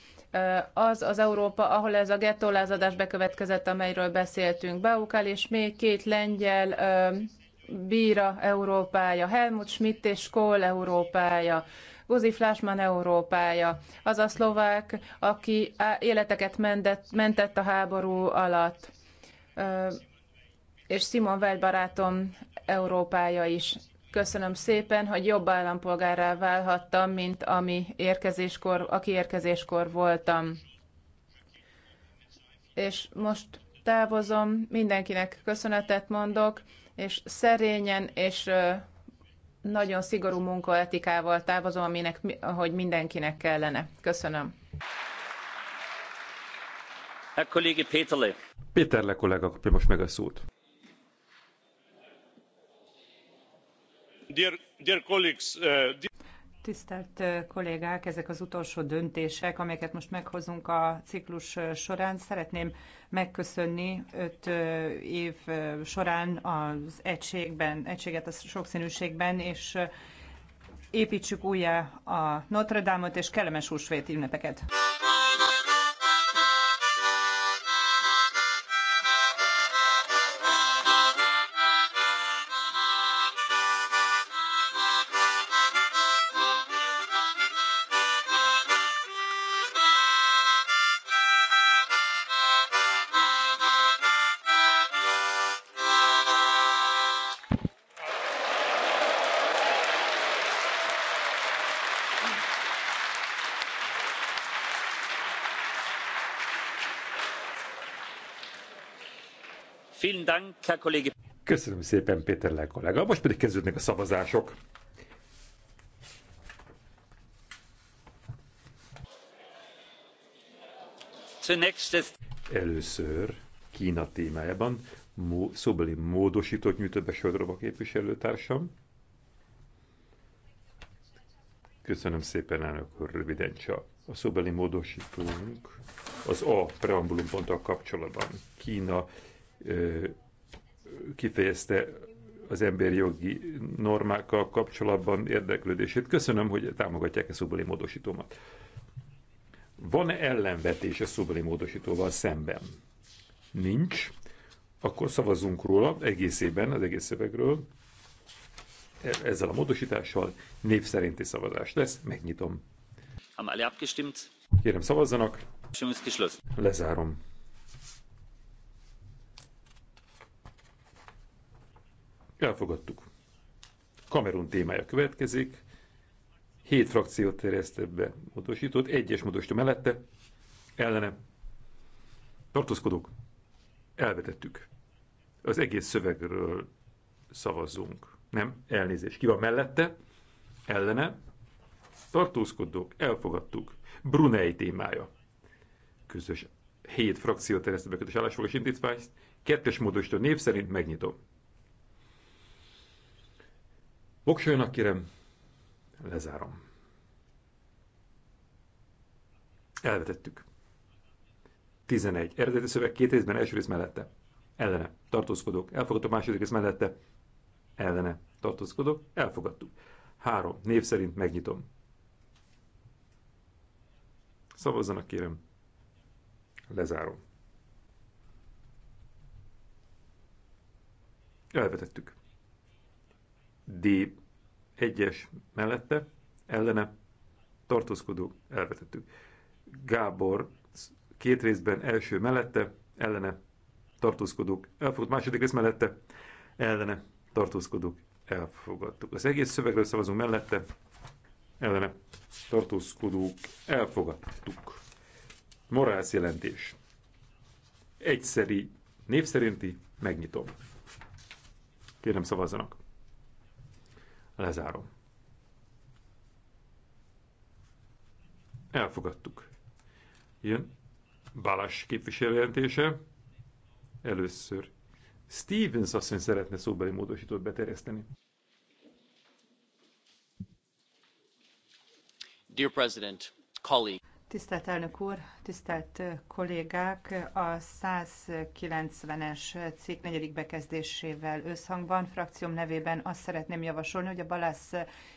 az az Európa, ahol ez a gettólázadás bekövetkezett, amelyről beszéltünk. Baukál és még két lengyel Bíra Európája, Helmut Schmidt és Kohl Európája, Guzi Flásman Európája, az a szlovák, aki életeket mentett, mentett a háború alatt, és Simon Weil barátom Európája is. Köszönöm szépen, hogy jobb állampolgárrá válhattam, mint ami érkezéskor, aki érkezéskor voltam. És most távozom, mindenkinek köszönetet mondok és szerényen és nagyon szigorú munkaetikával távozom, aminek, hogy mindenkinek kellene. Köszönöm. Herr Kollege Péterle. Péterle kollega kapja most meg a szót. Dear, dear colleagues, uh, dear... Tisztelt kollégák, ezek az utolsó döntések, amelyeket most meghozunk a ciklus során. Szeretném megköszönni öt év során az egységben, egységet a sokszínűségben, és építsük újjá a Notre Dame-ot, és kellemes húsvét ünnepeket! Köszönöm szépen, Péter Lel kollega. Most pedig kezdődnek a szavazások. Először Kína témájában szóbeli módosított nyújtott be képviselőtársam. Köszönöm szépen, elnök úr, röviden csak. A szóbeli módosítunk az A preambulum ponttal kapcsolatban. Kína kifejezte az emberi jogi normákkal kapcsolatban érdeklődését. Köszönöm, hogy támogatják a szubli módosítómat. Van-e ellenvetés a szubli módosítóval szemben? Nincs. Akkor szavazzunk róla egészében, az egész szövegről. E-, ezzel a módosítással név szerinti szavazás lesz. Megnyitom. Kérem szavazzanak. Lezárom. Elfogadtuk. Kamerun témája következik. Hét frakció terjeszt be módosított, egyes módosító mellette, ellene. Tartózkodók, elvetettük. Az egész szövegről szavazzunk. Nem, Elnézés. Ki van mellette? Ellene. Tartózkodók, elfogadtuk. Brunei témája. Közös hét frakció terjesztett be közös állásfogás indítványt. Kettes módosító név szerint megnyitom. Voksoljanak, kérem, lezárom. Elvetettük. 11. Eredeti szöveg két részben, első rész mellette. Ellene. Tartózkodok. Elfogadtuk második rész mellette. Ellene. Tartózkodok. Elfogadtuk. 3. Név szerint megnyitom. Szavazzanak, kérem. Lezárom. Elvetettük. D1-es mellette ellene tartózkodó elvetettük. Gábor két részben első mellette ellene tartózkodók elfogadtuk, második rész mellette ellene tartózkodók elfogadtuk. Az egész szövegről szavazunk mellette ellene tartózkodók elfogadtuk. Morális jelentés. Egyszeri név szerinti megnyitom. Kérem szavazzanak. Lezárom. Elfogadtuk. Jön Balázs képviselőjelentése. Először Stevens asszony szeretne szóbeli módosítót beterjeszteni. Dear President, colleague. Tisztelt elnök úr, tisztelt kollégák! A 190-es cikk negyedik bekezdésével összhangban frakcióm nevében azt szeretném javasolni, hogy a Balász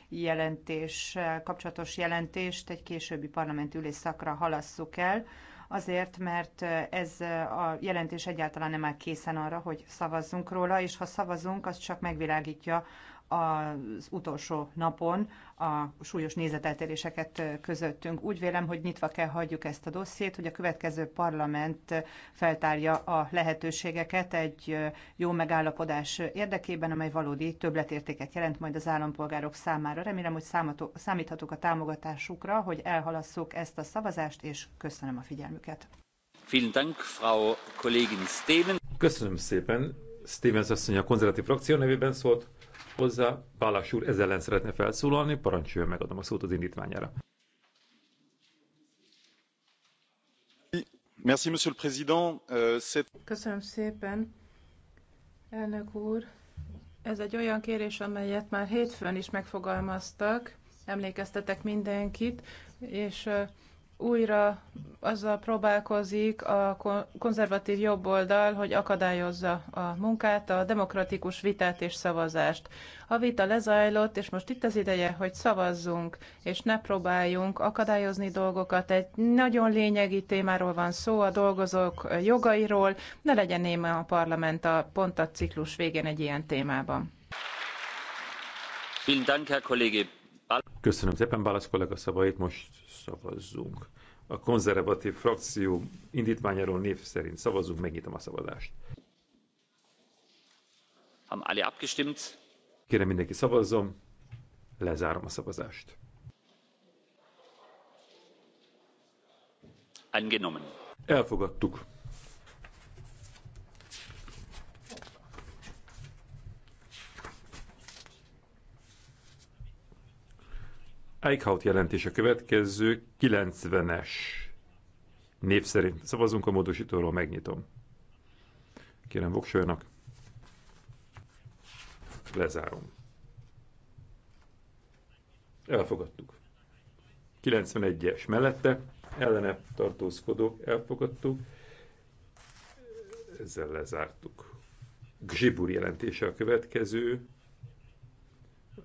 jelentés kapcsolatos jelentést egy későbbi parlamenti ülésszakra halasszuk el, azért, mert ez a jelentés egyáltalán nem áll készen arra, hogy szavazzunk róla, és ha szavazunk, az csak megvilágítja az utolsó napon a súlyos nézeteltéréseket közöttünk. Úgy vélem, hogy nyitva kell hagyjuk ezt a dossziét, hogy a következő parlament feltárja a lehetőségeket egy jó megállapodás érdekében, amely valódi többletértéket jelent majd az állampolgárok számára. Remélem, hogy számíthatok a támogatásukra, hogy elhalasszuk ezt a szavazást, és köszönöm a figyelmüket. Köszönöm szépen. Stevens asszony a konzervatív frakció nevében szólt hozzá. Bálás úr ez ellen szeretne felszólalni, parancsoljon, megadom a szót az indítványára. Merci, monsieur le président. Euh, Köszönöm szépen, elnök úr. Ez egy olyan kérés, amelyet már hétfőn is megfogalmaztak, emlékeztetek mindenkit, és újra azzal próbálkozik a konzervatív jobboldal, hogy akadályozza a munkát, a demokratikus vitát és szavazást. A vita lezajlott, és most itt az ideje, hogy szavazzunk, és ne próbáljunk akadályozni dolgokat. Egy nagyon lényegi témáról van szó, a dolgozók jogairól. Ne legyen néma a parlament a pont a ciklus végén egy ilyen témában. Köszönöm szépen, Bálasz kollega szavait most szavazzunk. A konzervatív frakció indítványáról név szerint szavazzunk, megnyitom a szavazást. Haben alle abgestimmt? Kérem mindenki szavazzon, lezárom a szavazást. Angenommen. Elfogadtuk. Eichhout jelentés a következő 90-es. Név szerint szavazunk a módosítóról, megnyitom. Kérem, voksoljanak. Lezárom. Elfogadtuk. 91-es mellette, ellene tartózkodók, elfogadtuk. Ezzel lezártuk. Gzsibur jelentése a következő,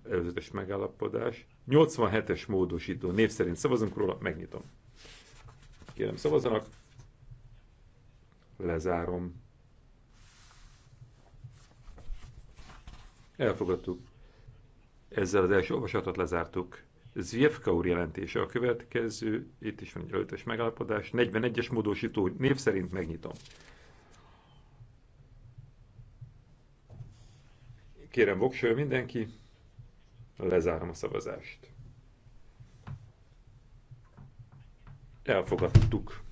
előzetes megállapodás. 87-es módosító név szerint szavazunk róla, megnyitom. Kérem szavazzanak, lezárom. Elfogadtuk. Ezzel az első olvasatot lezártuk. Zvievka úr jelentése a következő, itt is van egy előttes megállapodás, 41-es módosító név szerint megnyitom. Kérem, voksolja mindenki. Lezárom a szavazást. Elfogadtuk.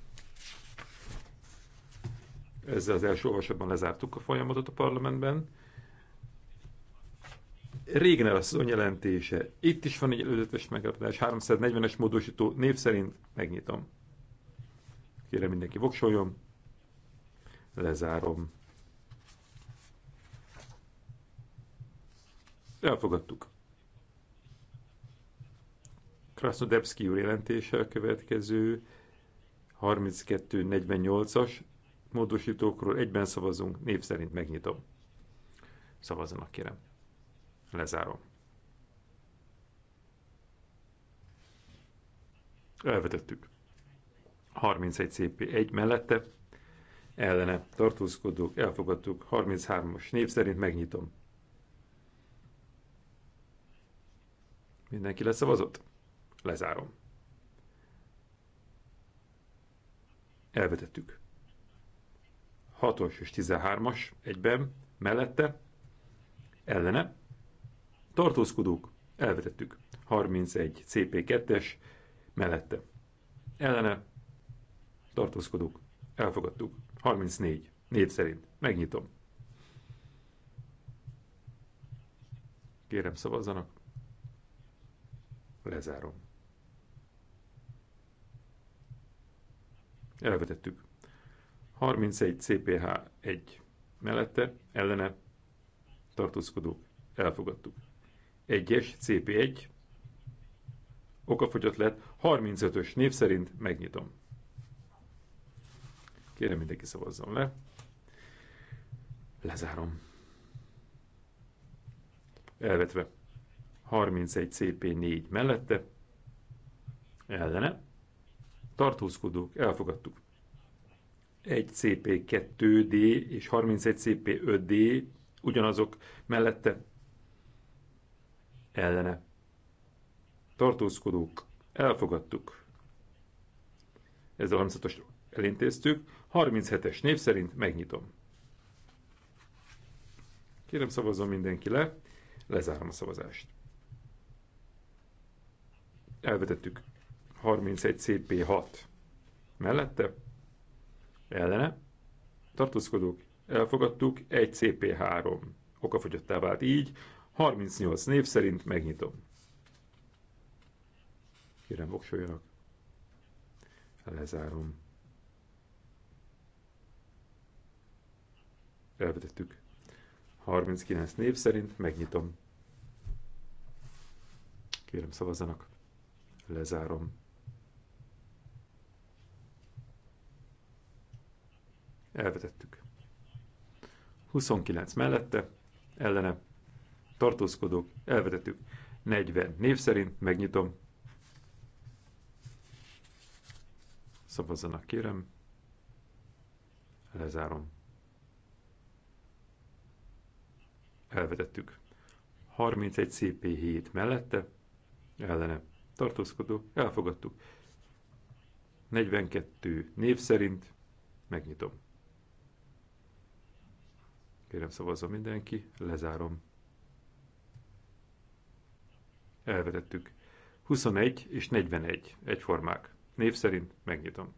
Ezzel az első olvasatban lezártuk a folyamatot a parlamentben. Régner asszony jelentése. Itt is van egy előzetes megadás. 340-es módosító név szerint megnyitom. Kérem mindenki voksoljon. Lezárom. Elfogadtuk. Krasnodebski úr jelentése a következő 32-48-as módosítókról egyben szavazunk, név szerint megnyitom. Szavazzanak kérem. Lezárom. Elvetettük. 31 CP1 mellette, ellene tartózkodók, elfogadtuk. 33-os név szerint megnyitom. Mindenki leszavazott? Lezárom. Elvetettük. 6-os és 13-as egyben, mellette, ellene. Tartózkodók, elvetettük. 31 CP2-es, mellette. Ellene, tartózkodók, elfogadtuk. 34, név szerint. Megnyitom. Kérem szavazzanak. Lezárom. elvetettük. 31 CPH 1 mellette, ellene tartózkodó elfogadtuk. 1-es CP1 okafogyott lett, 35-ös név szerint megnyitom. Kérem mindenki szavazzon le. Lezárom. Elvetve. 31 CP4 mellette, ellene tartózkodók, elfogadtuk. 1 CP2D és 31 CP5D ugyanazok mellette ellene. Tartózkodók, elfogadtuk. Ezzel a 36-ost elintéztük. 37-es név szerint megnyitom. Kérem szavazzon mindenki le, lezárom a szavazást. Elvetettük 31 CP6 mellette, ellene, tartózkodók, elfogadtuk, 1 CP3 okafogyottá vált így, 38 név szerint megnyitom. Kérem, voksoljanak. Lezárom. Elvetettük. 39 név szerint megnyitom. Kérem, szavazzanak. Lezárom. elvetettük. 29 mellette, ellene, tartózkodók, elvetettük. 40 név szerint, megnyitom. Szavazzanak kérem. Lezárom. Elvetettük. 31 CP7 mellette, ellene, tartózkodó, elfogadtuk. 42 név szerint, megnyitom. Kérem szavazza mindenki, lezárom. Elvetettük. 21 és 41 egyformák. Név szerint megnyitom.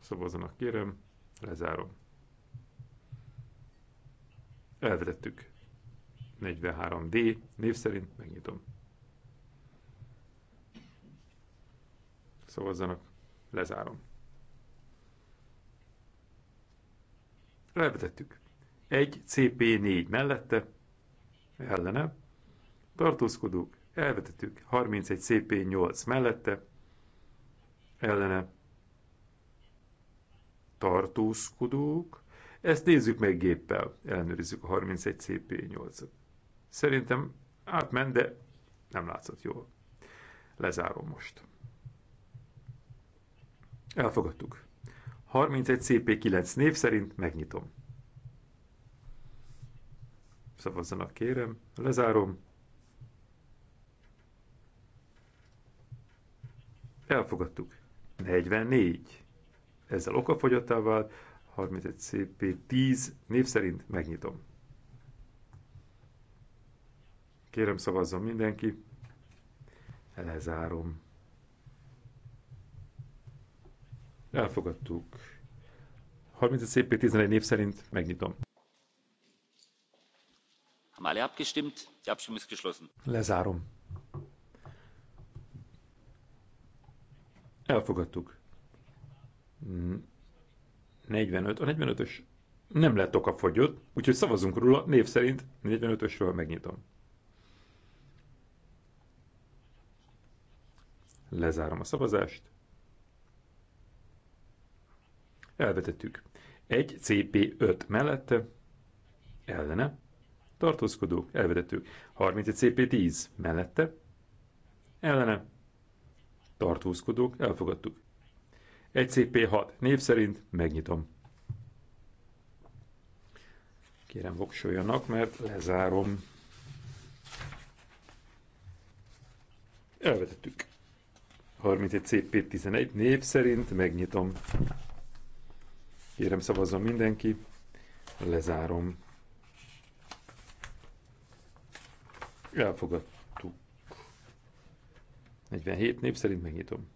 Szavazzanak kérem, lezárom. Elvetettük. 43D, név szerint megnyitom. Szavazzanak, lezárom. Elvetettük. 1 CP4 mellette, ellene, tartózkodók, elvetettük. 31 CP8 mellette, ellene, tartózkodók. Ezt nézzük meg géppel, ellenőrizzük a 31 CP8-at. Szerintem átment, de nem látszott jól. Lezárom most. Elfogadtuk. 31 CP9 név szerint megnyitom. Szavazzanak kérem, lezárom. Elfogadtuk. 44. Ezzel okafogyottá vált. 31 CP10 név szerint megnyitom. Kérem szavazzon mindenki. Lezárom. Elfogadtuk. 30 CP 11 név szerint megnyitom. Haben abgestimmt? Die Abstimmung ist geschlossen. Lezárom. Elfogadtuk. 45. A 45-ös nem lett fogyott, úgyhogy szavazunk róla név szerint 45-ösről megnyitom. Lezárom a szavazást elvetettük. Egy CP5 mellette, ellene, tartózkodók, elvetettük. 31 CP10 mellette, ellene, tartózkodók, elfogadtuk. Egy CP6 név szerint megnyitom. Kérem voksoljanak, mert lezárom. Elvetettük. 31 CP11 név szerint megnyitom. Kérem szavazzon mindenki. Lezárom. Elfogadtuk. 47 nép szerint megnyitom.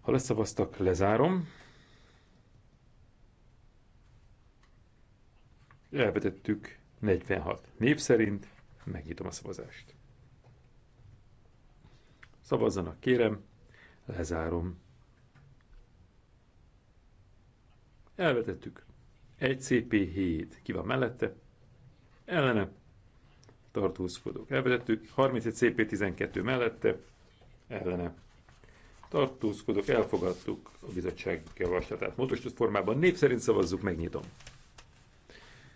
Ha leszavaztak, lezárom. Elvetettük 46 nép szerint. Megnyitom a szavazást. Szavazzanak, kérem. Lezárom. Elvetettük. 1 CP7. Ki van mellette? Ellene. Tartózkodók. Elvetettük. 31 CP12 mellette. Ellene. Tartózkodók. Elfogadtuk a bizottság javaslatát. Módosított formában név szerint szavazzuk. Megnyitom.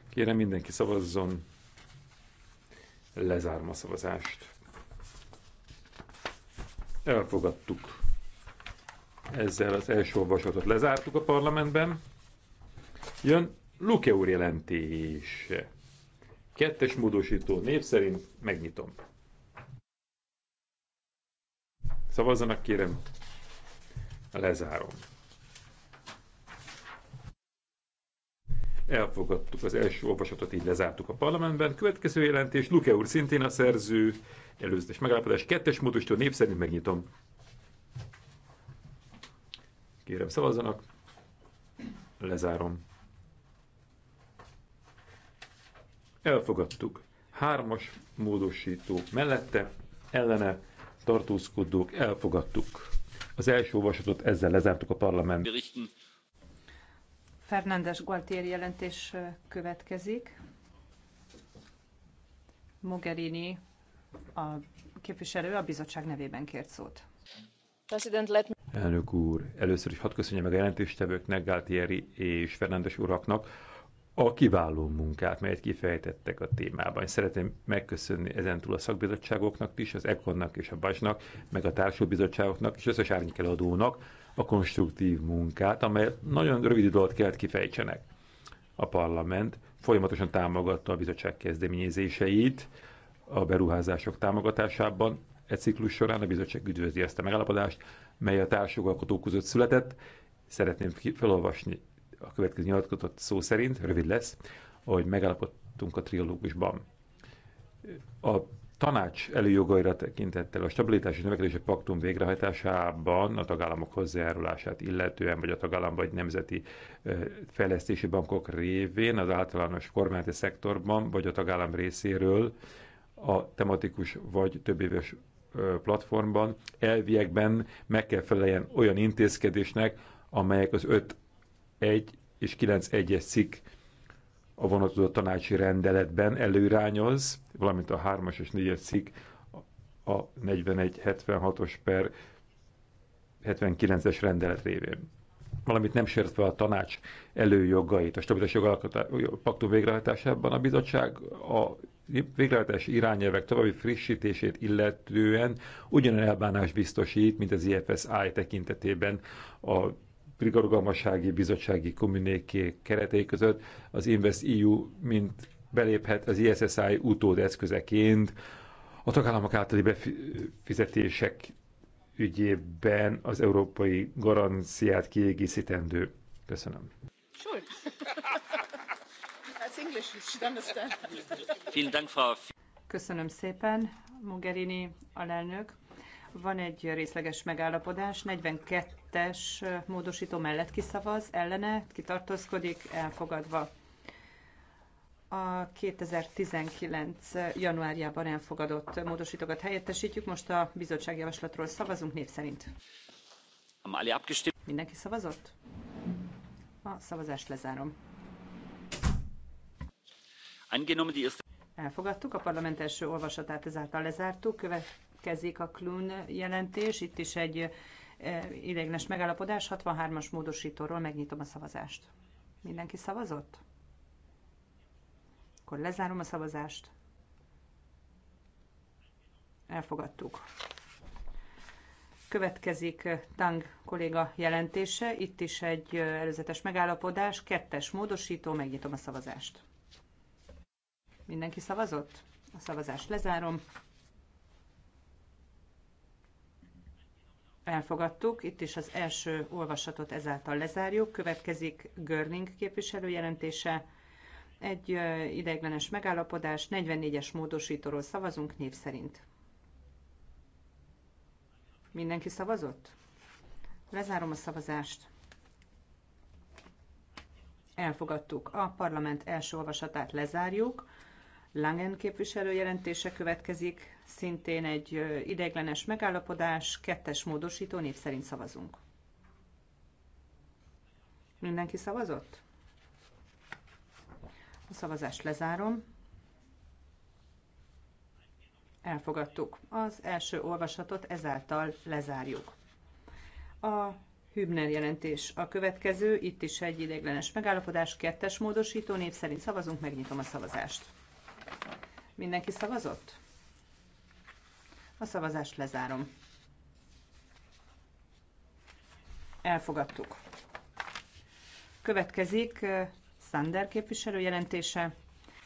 Kérem mindenki szavazzon. Lezárom a szavazást. Elfogadtuk. Ezzel az első olvasatot lezártuk a parlamentben. Jön Luke úr jelentése. Kettes módosító név szerint megnyitom. Szavazzanak kérem, lezárom. Elfogadtuk az első olvasatot, így lezártuk a parlamentben. Következő jelentés, Luke úr szintén a szerző, előzetes, megállapodás, kettes módosító név szerint megnyitom. Kérem szavazzanak, lezárom. Elfogadtuk. Hármas módosító mellette, ellene tartózkodók elfogadtuk. Az első olvasatot ezzel lezártuk a parlament. Fernándes Gualtier jelentés következik. Mogherini a képviselő a bizottság nevében kért szót. Elnök úr, először is hadd köszönjem meg a jelentéstevőknek, Gáltieri és Fernándes uraknak a kiváló munkát, melyet kifejtettek a témában. Szeretném megköszönni ezentúl a szakbizottságoknak is, az Ekonnak és a BASnak, meg a társulbizottságoknak és összes árnyékeladónak a konstruktív munkát, amely nagyon rövid idő alatt kellett kifejtsenek. A parlament folyamatosan támogatta a bizottság kezdeményezéseit a beruházások támogatásában. egy ciklus során a bizottság üdvözli ezt a megállapodást, mely a társjogalkotók között született. Szeretném felolvasni a következő nyilatkozott szó szerint, rövid lesz, ahogy megállapodtunk a triológusban. A tanács előjogaira tekintettel a stabilitási növekedési paktum végrehajtásában a tagállamok hozzájárulását illetően, vagy a tagállam vagy nemzeti fejlesztési bankok révén, az általános kormányzati szektorban, vagy a tagállam részéről a tematikus vagy éves platformban elviekben meg kell feleljen olyan intézkedésnek, amelyek az öt 1 és 9.1-es cikk a vonatkozó tanácsi rendeletben előrányoz, valamint a 3-as és 4-es cikk a 41-76-os per 79-es rendelet révén. Valamit nem sértve a tanács előjogait. A stabilitás paktum végrehajtásában a bizottság a végrehajtási irányelvek további frissítését illetően ugyanolyan elbánás biztosít, mint az IFSI tekintetében a rugalmassági bizottsági kommunéké keretei között az Invest EU mint beléphet az ISSI utód eszközeként a tagállamok általi befizetések ügyében az európai garanciát kiegészítendő. Köszönöm. Köszönöm szépen, Mogherini alelnök. Van egy részleges megállapodás, 42 kettes módosító mellett kiszavaz, ellene kitartózkodik, elfogadva. A 2019. januárjában elfogadott módosítókat helyettesítjük. Most a bizottságjavaslatról szavazunk név szerint. Mindenki szavazott? A szavazást lezárom. Elfogadtuk, a parlament első olvasatát ezáltal lezártuk. Következik a Klun jelentés. Itt is egy ideiglenes megállapodás 63-as módosítóról megnyitom a szavazást. Mindenki szavazott? Akkor lezárom a szavazást. Elfogadtuk. Következik Tang kolléga jelentése. Itt is egy előzetes megállapodás, kettes módosító, megnyitom a szavazást. Mindenki szavazott? A szavazást lezárom. elfogadtuk. Itt is az első olvasatot ezáltal lezárjuk. Következik Görling képviselő jelentése. Egy ideiglenes megállapodás, 44-es módosítóról szavazunk név szerint. Mindenki szavazott? Lezárom a szavazást. Elfogadtuk. A parlament első olvasatát lezárjuk. Langen képviselő jelentése következik szintén egy ideiglenes megállapodás, kettes módosító, név szerint szavazunk. Mindenki szavazott? A szavazást lezárom. Elfogadtuk. Az első olvasatot ezáltal lezárjuk. A Hübner jelentés a következő, itt is egy ideiglenes megállapodás, kettes módosító, név szerint szavazunk, megnyitom a szavazást. Mindenki szavazott? A szavazást lezárom. Elfogadtuk. Következik Sander képviselő jelentése.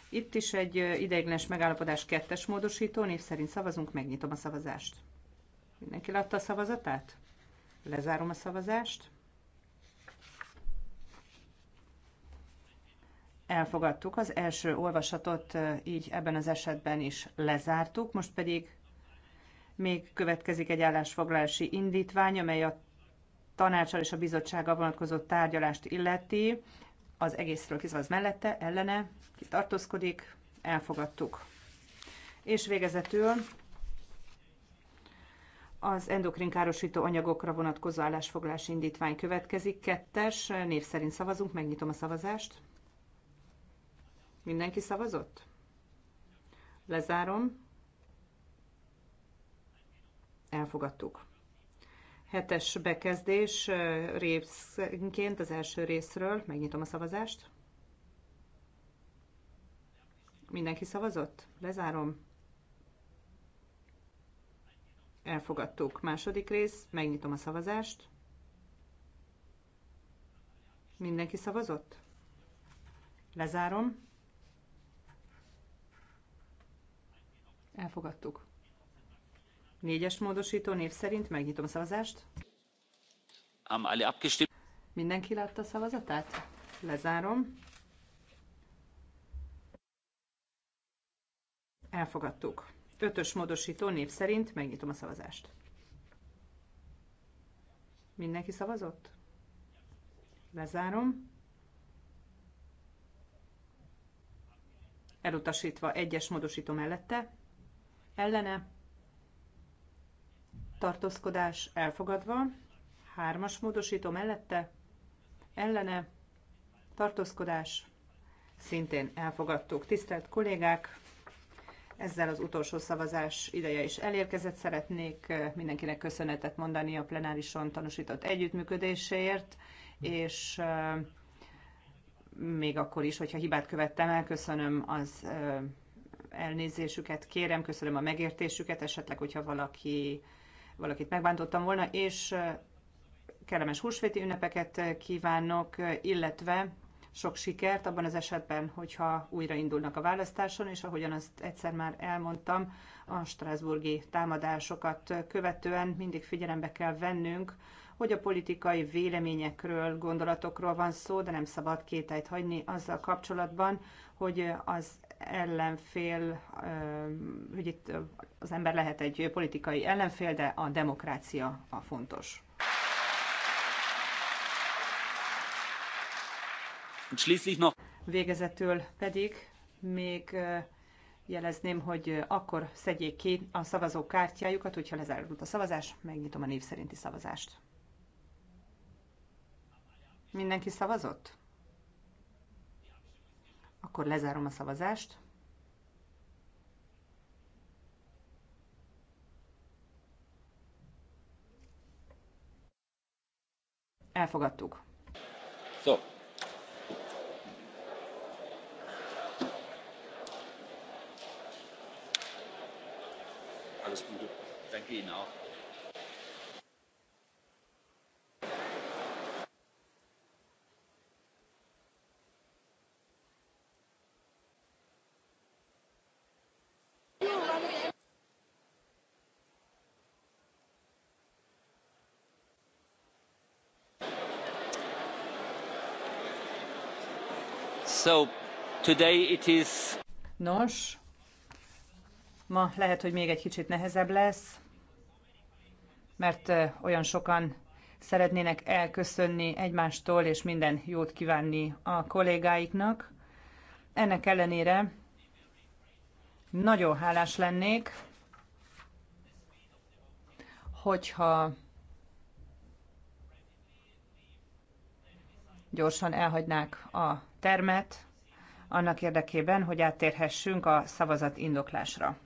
Itt is egy ideiglenes megállapodás kettes módosító, név szerint szavazunk, megnyitom a szavazást. Mindenki látta a szavazatát? Lezárom a szavazást. Elfogadtuk az első olvasatot, így ebben az esetben is lezártuk, most pedig még következik egy állásfoglalási indítvány, amely a tanácsal és a bizottsággal vonatkozó tárgyalást illeti. Az egészről kizvaz mellette, ellene, ki tartózkodik, elfogadtuk. És végezetül az endokrin károsító anyagokra vonatkozó állásfoglalási indítvány következik. Kettes, név szerint szavazunk, megnyitom a szavazást. Mindenki szavazott? Lezárom elfogadtuk. Hetes bekezdés részként az első részről. Megnyitom a szavazást. Mindenki szavazott? Lezárom. Elfogadtuk. Második rész. Megnyitom a szavazást. Mindenki szavazott? Lezárom. Elfogadtuk. Négyes módosító név szerint megnyitom a szavazást. Mindenki látta a szavazatát? Lezárom. Elfogadtuk. Ötös módosító név szerint megnyitom a szavazást. Mindenki szavazott? Lezárom. Elutasítva egyes módosító mellette. Ellene tartózkodás elfogadva, hármas módosító mellette, ellene, tartózkodás szintén elfogadtuk. Tisztelt kollégák, ezzel az utolsó szavazás ideje is elérkezett. Szeretnék eh, mindenkinek köszönetet mondani a plenárison tanúsított együttműködéséért, és eh, még akkor is, hogyha hibát követtem el, köszönöm az eh, elnézésüket, kérem, köszönöm a megértésüket, esetleg, hogyha valaki valakit megbántottam volna, és kellemes húsvéti ünnepeket kívánok, illetve sok sikert abban az esetben, hogyha újraindulnak a választáson, és ahogyan azt egyszer már elmondtam, a Strasburgi támadásokat követően mindig figyelembe kell vennünk, hogy a politikai véleményekről, gondolatokról van szó, de nem szabad kételyt hagyni azzal kapcsolatban, hogy az ellenfél, hogy itt az ember lehet egy politikai ellenfél, de a demokrácia a fontos. Végezetül pedig még jelezném, hogy akkor szedjék ki a kártyájukat, hogyha lezárult a szavazás, megnyitom a név szerinti szavazást. Mindenki szavazott? Akkor lezárom a szavazást. Elfogadtuk. So. Alles Gute. Danke Ihnen auch. Nos, ma lehet, hogy még egy kicsit nehezebb lesz, mert olyan sokan szeretnének elköszönni egymástól, és minden jót kívánni a kollégáiknak. Ennek ellenére nagyon hálás lennék, hogyha gyorsan elhagynák a termet annak érdekében, hogy áttérhessünk a szavazat indoklásra.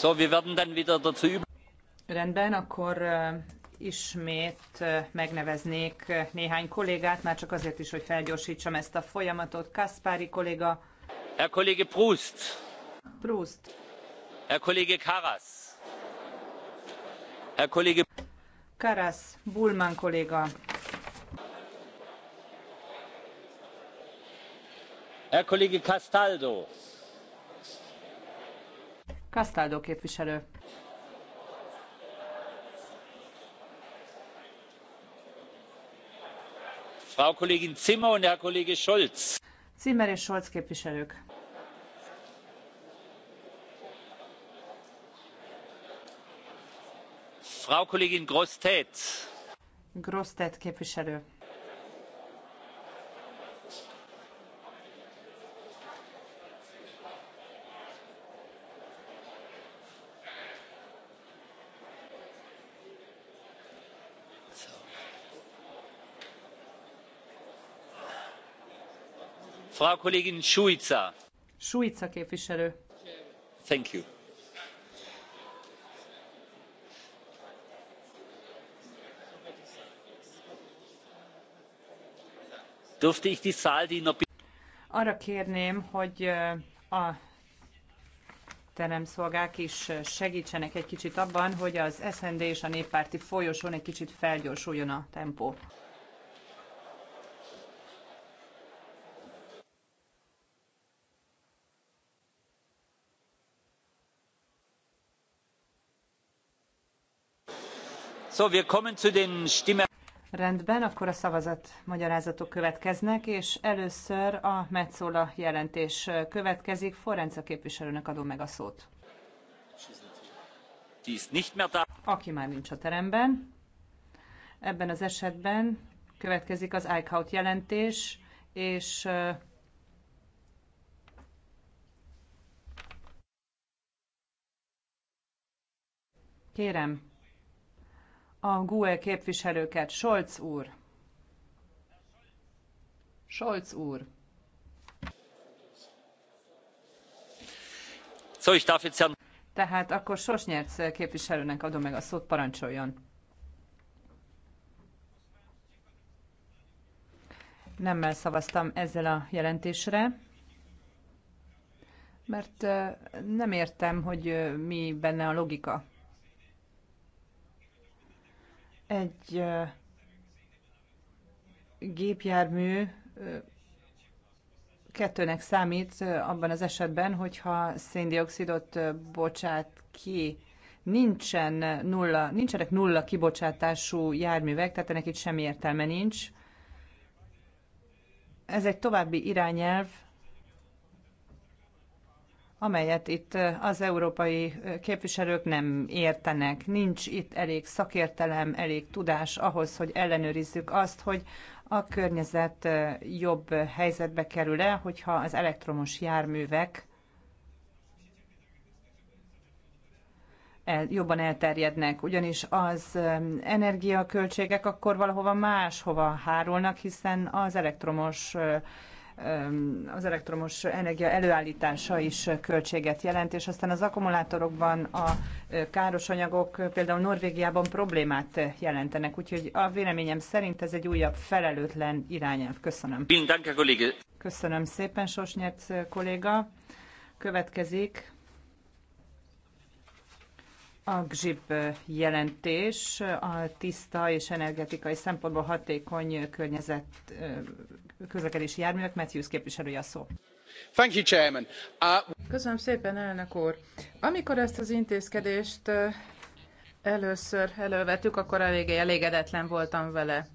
So, wir werden dann wieder dazu Rendben, akkor ismét megneveznék néhány kollégát, már csak azért is, hogy felgyorsítsam ezt a folyamatot. Kaspári kolléga. Herr Kollege Proust. Proust. Herr Kollege Karas. Herr Kollege Karas, Bulman kolléga. Herr Kollege Castaldo. Castaldo képviselő. Frau Kollegin Zimmer und Herr Kollege Scholz. Zimmer és Scholz képviselők. Frau Kollegin Grosztet. Grosztet képviselő. Frau Kollegin képviselő. Thank you. Arra kérném, hogy a teremszolgák is segítsenek egy kicsit abban, hogy az SND és a néppárti folyosón egy kicsit felgyorsuljon a tempó. Rendben, akkor a szavazat következnek, és először a metsola jelentés következik. Forenza képviselőnek adom meg a szót. Aki már nincs a teremben. Ebben az esetben következik az eichhout jelentés, és kérem, a GUE képviselőket. Scholz úr! Scholz úr! So, ich darf jetzt Tehát akkor Sosnyerc képviselőnek adom meg a szót, parancsoljon. Nemmel szavaztam ezzel a jelentésre, mert nem értem, hogy mi benne a logika. Egy gépjármű kettőnek számít abban az esetben, hogyha széndiokszidot bocsát ki. Nincsen nulla, nincsenek nulla kibocsátású járművek, tehát ennek itt semmi értelme nincs. Ez egy további irányelv, amelyet itt az európai képviselők nem értenek. Nincs itt elég szakértelem, elég tudás ahhoz, hogy ellenőrizzük azt, hogy a környezet jobb helyzetbe kerül-e, hogyha az elektromos járművek el, jobban elterjednek, ugyanis az energiaköltségek akkor valahova máshova hárulnak, hiszen az elektromos az elektromos energia előállítása is költséget jelent, és aztán az akkumulátorokban a káros anyagok például Norvégiában problémát jelentenek, úgyhogy a véleményem szerint ez egy újabb felelőtlen irányelv. Köszönöm. Köszönöm szépen, Sosnyert kolléga. Következik a GZSIP jelentés a tiszta és energetikai szempontból hatékony környezet közlekedési járművek. Matthews képviselője a szó. Thank you, Chairman. Uh... Köszönöm szépen, elnök úr. Amikor ezt az intézkedést először elővettük, akkor eléggé elégedetlen voltam vele.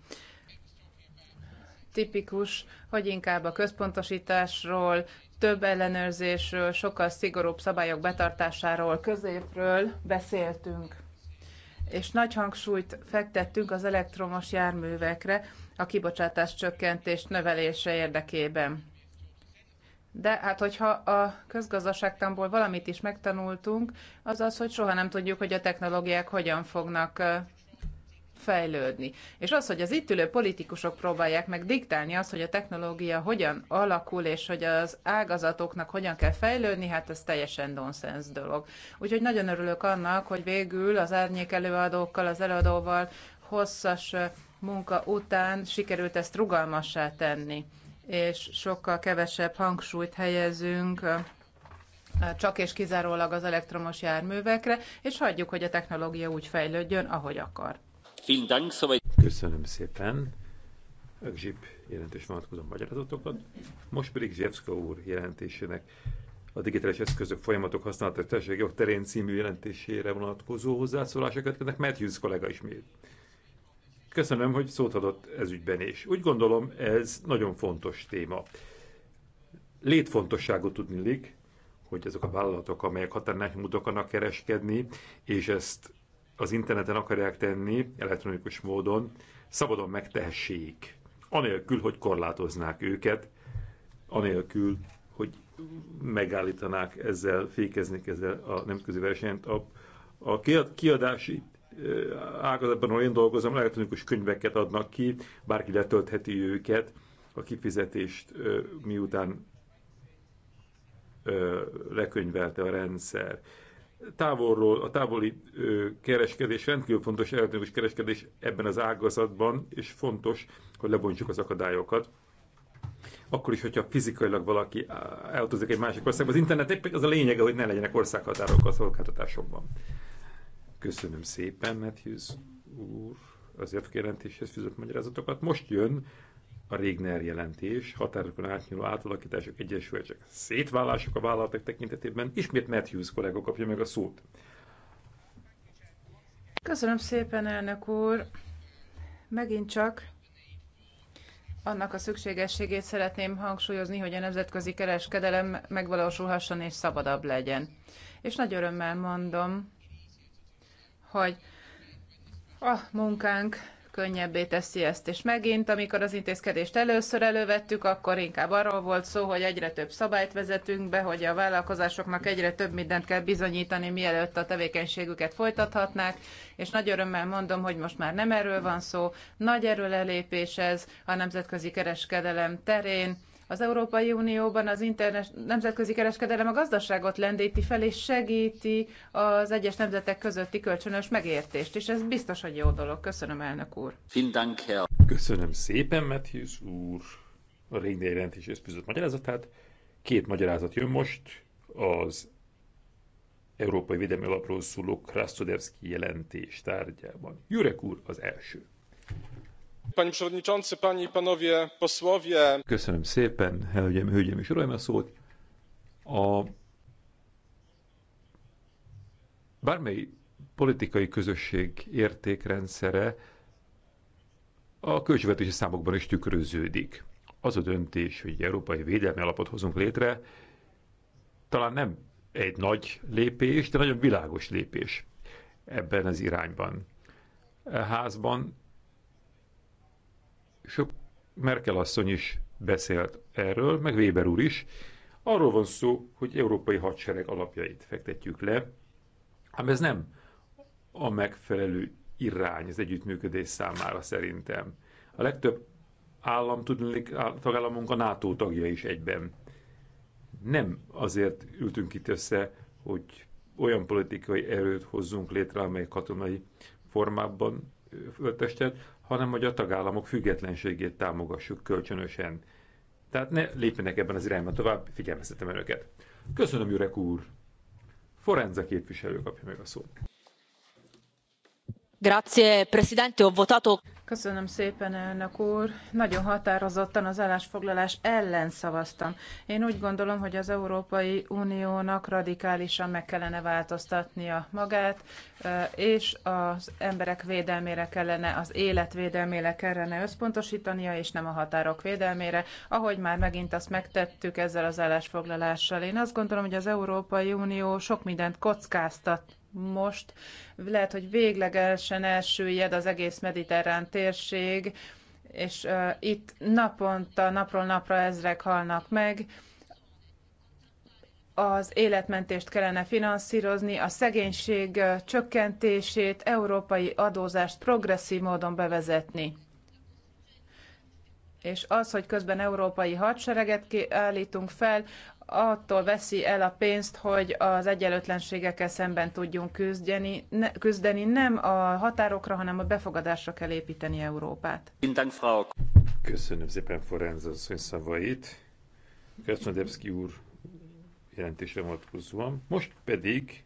Tipikus, hogy inkább a központosításról, több ellenőrzésről, sokkal szigorúbb szabályok betartásáról, középről beszéltünk. És nagy hangsúlyt fektettünk az elektromos járművekre a kibocsátás csökkentés növelése érdekében. De hát, hogyha a közgazdaságtamból valamit is megtanultunk, az az, hogy soha nem tudjuk, hogy a technológiák hogyan fognak fejlődni. És az, hogy az itt ülő politikusok próbálják meg diktálni azt, hogy a technológia hogyan alakul, és hogy az ágazatoknak hogyan kell fejlődni, hát ez teljesen nonsens dolog. Úgyhogy nagyon örülök annak, hogy végül az árnyék előadókkal, az előadóval hosszas munka után sikerült ezt rugalmassá tenni, és sokkal kevesebb hangsúlyt helyezünk csak és kizárólag az elektromos járművekre, és hagyjuk, hogy a technológia úgy fejlődjön, ahogy akar. Köszönöm szépen. Zsip jelentős vonatkozó magyarázatokat. Most pedig Zsevszka úr jelentésének a digitális eszközök folyamatok használata társaságok terén című jelentésére vonatkozó hozzászólásokat, ennek Matthews kollega ismét. Köszönöm, hogy szót adott ez ügyben is. Úgy gondolom, ez nagyon fontos téma. Létfontosságú lik, hogy azok a vállalatok, amelyek határnál mutatnak kereskedni, és ezt az interneten akarják tenni, elektronikus módon, szabadon megtehessék, anélkül, hogy korlátoznák őket, anélkül, hogy megállítanák ezzel, fékeznék ezzel a nemzetközi versenyt. A, a kiadási ágazatban, ahol én dolgozom, elektronikus könyveket adnak ki, bárki letöltheti őket, a kifizetést miután lekönyvelte a rendszer távolról, a távoli kereskedés rendkívül fontos elektronikus kereskedés ebben az ágazatban, és fontos, hogy lebontsuk az akadályokat. Akkor is, hogyha fizikailag valaki elutazik egy másik országba, az internet épp az a lényege, hogy ne legyenek országhatárok a szolgáltatásokban. Köszönöm szépen, Matthews úr, az jelentéshez fizet magyarázatokat. Most jön a Régner jelentés, határokon átnyúló átalakítások, egyesülések, szétválások a vállalatok tekintetében, ismét Matthews kollega kapja meg a szót. Köszönöm szépen, elnök úr! Megint csak annak a szükségességét szeretném hangsúlyozni, hogy a nemzetközi kereskedelem megvalósulhasson és szabadabb legyen. És nagy örömmel mondom, hogy a munkánk könnyebbé teszi ezt. És megint, amikor az intézkedést először elővettük, akkor inkább arról volt szó, hogy egyre több szabályt vezetünk be, hogy a vállalkozásoknak egyre több mindent kell bizonyítani, mielőtt a tevékenységüket folytathatnák, és nagy örömmel mondom, hogy most már nem erről van szó, nagy erőlelépés ez a nemzetközi kereskedelem terén, az Európai Unióban az internet, nemzetközi kereskedelem a gazdaságot lendíti fel, és segíti az egyes nemzetek közötti kölcsönös megértést, és ez biztos, hogy jó dolog. Köszönöm, elnök úr. Köszönöm szépen, Matthews úr, a régi jelentés összbizott magyarázatát. Két magyarázat jön most, az Európai Védelmi Alapról szóló Krasztodevszki jelentés tárgyában. Jurek úr az első przewodniczący, i panowie posłowie. Köszönöm szépen, hölgyem, hölgyem és uraim a szót. A bármely politikai közösség értékrendszere a költségvetési számokban is tükröződik. Az a döntés, hogy európai védelmi alapot hozunk létre, talán nem egy nagy lépés, de nagyon világos lépés ebben az irányban. A házban sok Merkel asszony is beszélt erről, meg Weber úr is. Arról van szó, hogy európai hadsereg alapjait fektetjük le, ám ez nem a megfelelő irány az együttműködés számára szerintem. A legtöbb állam, tudnék, tagállamunk a NATO tagja is egyben. Nem azért ültünk itt össze, hogy olyan politikai erőt hozzunk létre, amely katonai formában öltestet, hanem hogy a tagállamok függetlenségét támogassuk kölcsönösen. Tehát ne lépjenek ebben az irányban tovább, figyelmeztetem önöket. Köszönöm, Jurek úr! Forenza képviselő kapja meg a szót. Grazie, Presidente, ho votato... Köszönöm szépen, elnök úr. Nagyon határozottan az állásfoglalás ellen szavaztam. Én úgy gondolom, hogy az Európai Uniónak radikálisan meg kellene változtatnia magát, és az emberek védelmére kellene, az életvédelmére kellene összpontosítania, és nem a határok védelmére, ahogy már megint azt megtettük ezzel az állásfoglalással. Én azt gondolom, hogy az Európai Unió sok mindent kockáztat most lehet, hogy véglegesen elsüllyed az egész mediterrán térség, és uh, itt naponta, napról napra ezrek halnak meg. Az életmentést kellene finanszírozni, a szegénység csökkentését, európai adózást progresszív módon bevezetni és az, hogy közben európai hadsereget állítunk fel, attól veszi el a pénzt, hogy az egyenlőtlenségekkel szemben tudjunk küzdeni, ne, küzdeni. Nem a határokra, hanem a befogadásra kell építeni Európát. Köszönöm szépen Forenz ön szavait. Krasnodebszki úr jelentésre vonatkozóan. Most pedig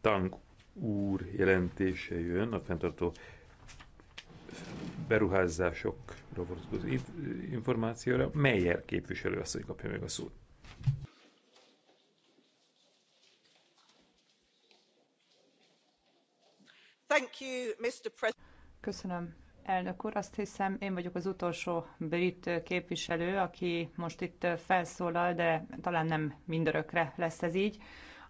Tang úr jelentése jön a fenntartó beruházások vonatkozó információra. Meyer képviselő asszony kapja meg a szót. Köszönöm, elnök úr. Azt hiszem, én vagyok az utolsó brit képviselő, aki most itt felszólal, de talán nem mindörökre lesz ez így.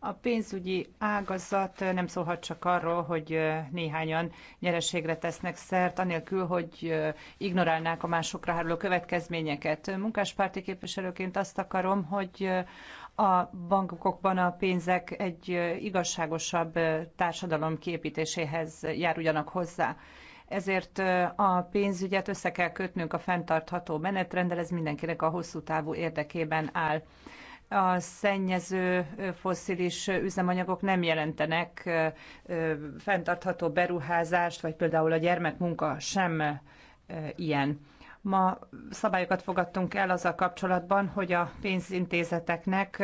A pénzügyi ágazat nem szólhat csak arról, hogy néhányan nyereségre tesznek szert, anélkül, hogy ignorálnák a másokra háruló következményeket. Munkáspárti képviselőként azt akarom, hogy a bankokban a pénzek egy igazságosabb társadalom képítéséhez járuljanak hozzá. Ezért a pénzügyet össze kell kötnünk a fenntartható menetrendel, ez mindenkinek a hosszú távú érdekében áll a szennyező fosszilis üzemanyagok nem jelentenek fenntartható beruházást, vagy például a gyermekmunka sem ilyen. Ma szabályokat fogadtunk el az a kapcsolatban, hogy a pénzintézeteknek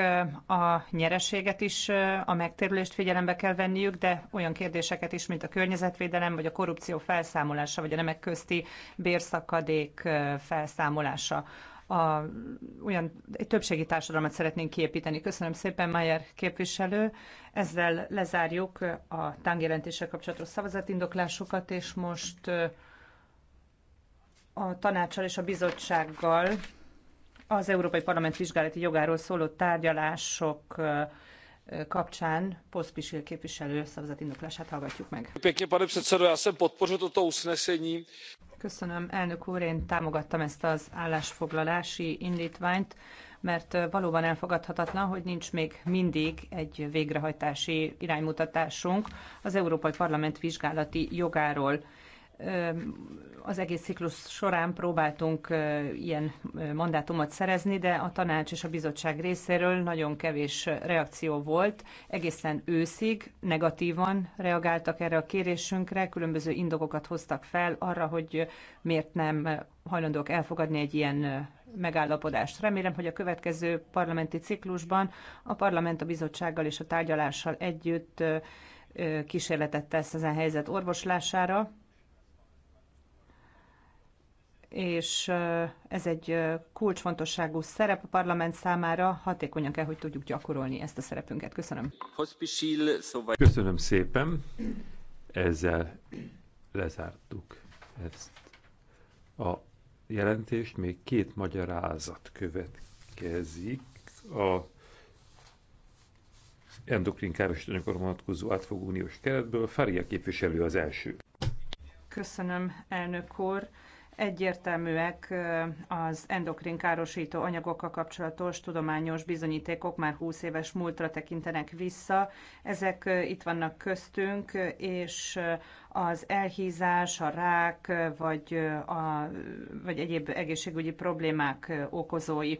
a nyereséget is, a megtérülést figyelembe kell venniük, de olyan kérdéseket is, mint a környezetvédelem, vagy a korrupció felszámolása, vagy a nemek közti bérszakadék felszámolása a, olyan egy többségi társadalmat szeretnénk kiépíteni. Köszönöm szépen, Mayer képviselő. Ezzel lezárjuk a tángjelentéssel kapcsolatos szavazatindoklásokat, és most a tanácsal és a bizottsággal az Európai Parlament vizsgálati jogáról szóló tárgyalások kapcsán Poszpisil képviselő szavazatindoklását hallgatjuk meg. Pěkně, pane předsedo, já jsem podpořil toto usnesení. Köszönöm, elnök úr, én támogattam ezt az állásfoglalási indítványt, mert valóban elfogadhatatlan, hogy nincs még mindig egy végrehajtási iránymutatásunk az Európai Parlament vizsgálati jogáról az egész ciklus során próbáltunk ilyen mandátumot szerezni, de a tanács és a bizottság részéről nagyon kevés reakció volt. Egészen őszig negatívan reagáltak erre a kérésünkre, különböző indokokat hoztak fel arra, hogy miért nem hajlandók elfogadni egy ilyen megállapodást. Remélem, hogy a következő parlamenti ciklusban a parlament a bizottsággal és a tárgyalással együtt kísérletet tesz ezen helyzet orvoslására és ez egy kulcsfontosságú szerep a parlament számára. Hatékonyan kell, hogy tudjuk gyakorolni ezt a szerepünket. Köszönöm. Szóval- Köszönöm szépen. Ezzel lezártuk ezt a jelentést. Még két magyarázat következik. A endokrin károsítóanyagokra vonatkozó átfogó uniós keretből. Fária képviselő az első. Köszönöm, elnök úr. Egyértelműek az endokrin károsító anyagokkal kapcsolatos tudományos bizonyítékok már 20 éves múltra tekintenek vissza. Ezek itt vannak köztünk, és az elhízás, a rák vagy, a, vagy egyéb egészségügyi problémák okozói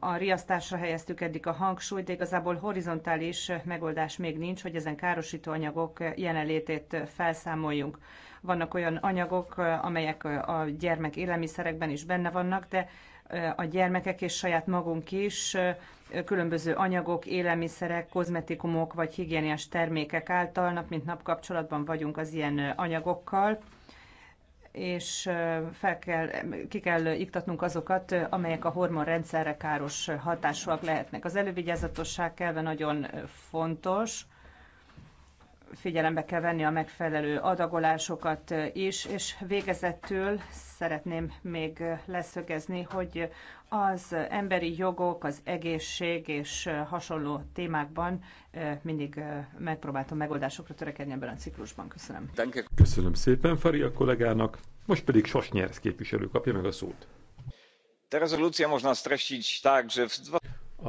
a riasztásra helyeztük eddig a hangsúlyt, de igazából horizontális megoldás még nincs, hogy ezen károsító anyagok jelenlétét felszámoljunk. Vannak olyan anyagok, amelyek a gyermek élelmiszerekben is benne vannak, de a gyermekek és saját magunk is különböző anyagok, élelmiszerek, kozmetikumok vagy higiéniás termékek által nap mint nap kapcsolatban vagyunk az ilyen anyagokkal és fel kell, ki kell iktatnunk azokat, amelyek a hormonrendszerre káros hatásúak lehetnek. Az elővigyázatosság kellve nagyon fontos, figyelembe kell venni a megfelelő adagolásokat is, és végezettől szeretném még leszögezni, hogy az emberi jogok, az egészség és hasonló témákban mindig megpróbáltam megoldásokra törekedni ebben a ciklusban. Köszönöm. Köszönöm szépen Fari a kollégának, most pedig Sosnyersz képviselő kapja meg a szót.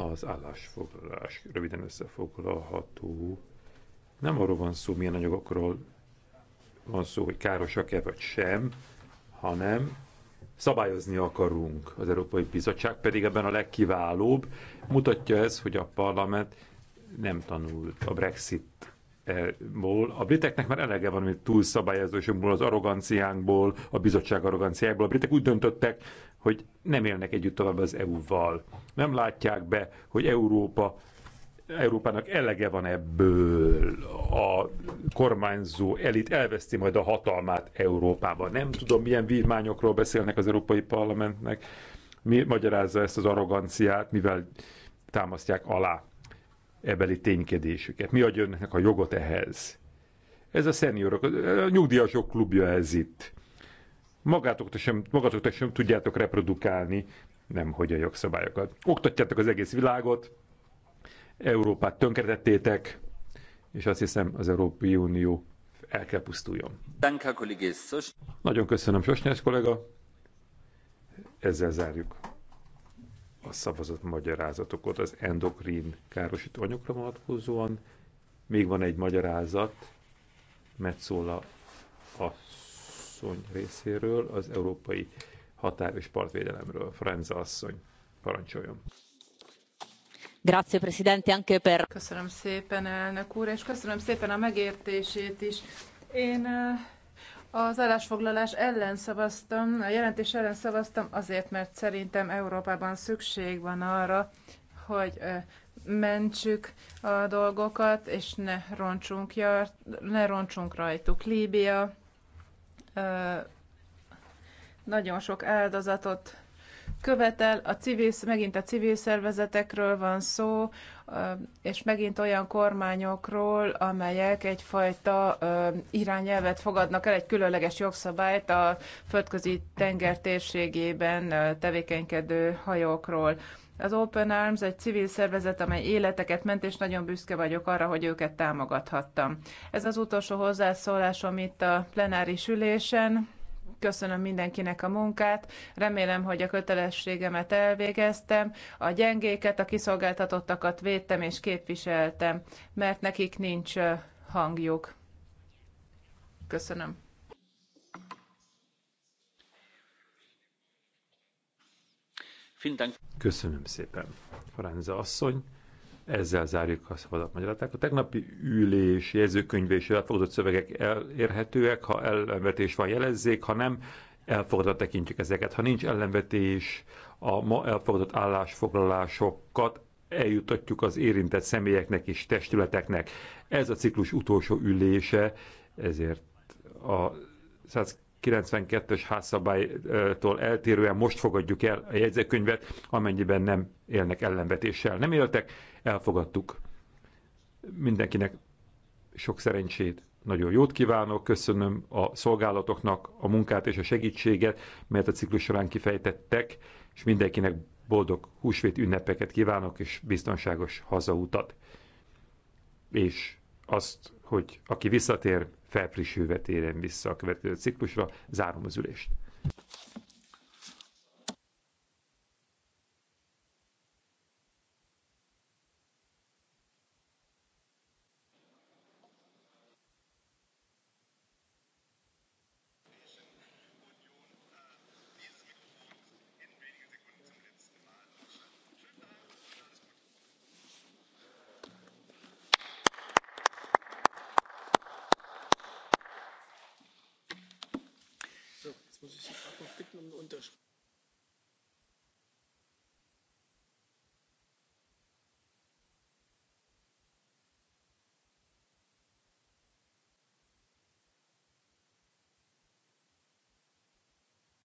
Az állásfoglalás röviden összefoglalható nem arról van szó, milyen anyagokról van szó, hogy károsak-e vagy sem, hanem szabályozni akarunk. Az Európai Bizottság pedig ebben a legkiválóbb. Mutatja ez, hogy a parlament nem tanult a Brexit ból. A briteknek már elege van, hogy túlszabályozásunkból, az arroganciánkból, a bizottság arroganciájából. A britek úgy döntöttek, hogy nem élnek együtt tovább az EU-val. Nem látják be, hogy Európa Európának elege van ebből. A kormányzó elit elveszti majd a hatalmát Európában. Nem tudom, milyen vívmányokról beszélnek az Európai Parlamentnek. Mi magyarázza ezt az arroganciát, mivel támasztják alá ebeli ténykedésüket. Mi adja önnek a jogot ehhez? Ez a szeniorok, a nyugdíjasok klubja ez itt. Magátoktól sem, magátoktól sem tudjátok reprodukálni, nem hogy a jogszabályokat. Oktatjátok az egész világot, Európát tönkretettétek, és azt hiszem az Európai Unió el kell pusztuljon. Nagyon köszönöm, Sosnyás kollega. Ezzel zárjuk a szavazat magyarázatokat az endokrin károsító anyagra vonatkozóan. Még van egy magyarázat, Metzola asszony részéről, az európai határ és partvédelemről. Franza asszony, parancsoljon! Grazie, Presidente, anche per... Köszönöm szépen, elnök úr, és köszönöm szépen a megértését is. Én eh, az állásfoglalás ellen szavaztam, a jelentés ellen szavaztam azért, mert szerintem Európában szükség van arra, hogy eh, mentsük a dolgokat, és ne roncsunk, jart, ne roncsunk rajtuk. Líbia eh, nagyon sok áldozatot követel, a civil, megint a civil szervezetekről van szó, és megint olyan kormányokról, amelyek egyfajta irányelvet fogadnak el, egy különleges jogszabályt a földközi tenger térségében tevékenykedő hajókról. Az Open Arms egy civil szervezet, amely életeket ment, és nagyon büszke vagyok arra, hogy őket támogathattam. Ez az utolsó hozzászólásom itt a plenáris ülésen Köszönöm mindenkinek a munkát, remélem, hogy a kötelességemet elvégeztem, a gyengéket, a kiszolgáltatottakat védtem és képviseltem, mert nekik nincs hangjuk. Köszönöm. Köszönöm szépen, Foránza asszony. Ezzel zárjuk a szabadat magyarázatot. A tegnapi ülés, jegyzőkönyve és elfogadott szövegek elérhetőek, ha ellenvetés van jelezzék, ha nem, elfogadva tekintjük ezeket. Ha nincs ellenvetés, a ma elfogadott állásfoglalásokat eljutatjuk az érintett személyeknek és testületeknek. Ez a ciklus utolsó ülése, ezért a 92-es házszabálytól eltérően most fogadjuk el a jegyzőkönyvet, amennyiben nem élnek ellenvetéssel. Nem éltek, elfogadtuk. Mindenkinek sok szerencsét, nagyon jót kívánok, köszönöm a szolgálatoknak a munkát és a segítséget, mert a ciklus során kifejtettek, és mindenkinek boldog húsvét ünnepeket kívánok, és biztonságos hazautat. És azt, hogy aki visszatér, felfrissülve térjen vissza a következő ciklusra. Zárom az ülést.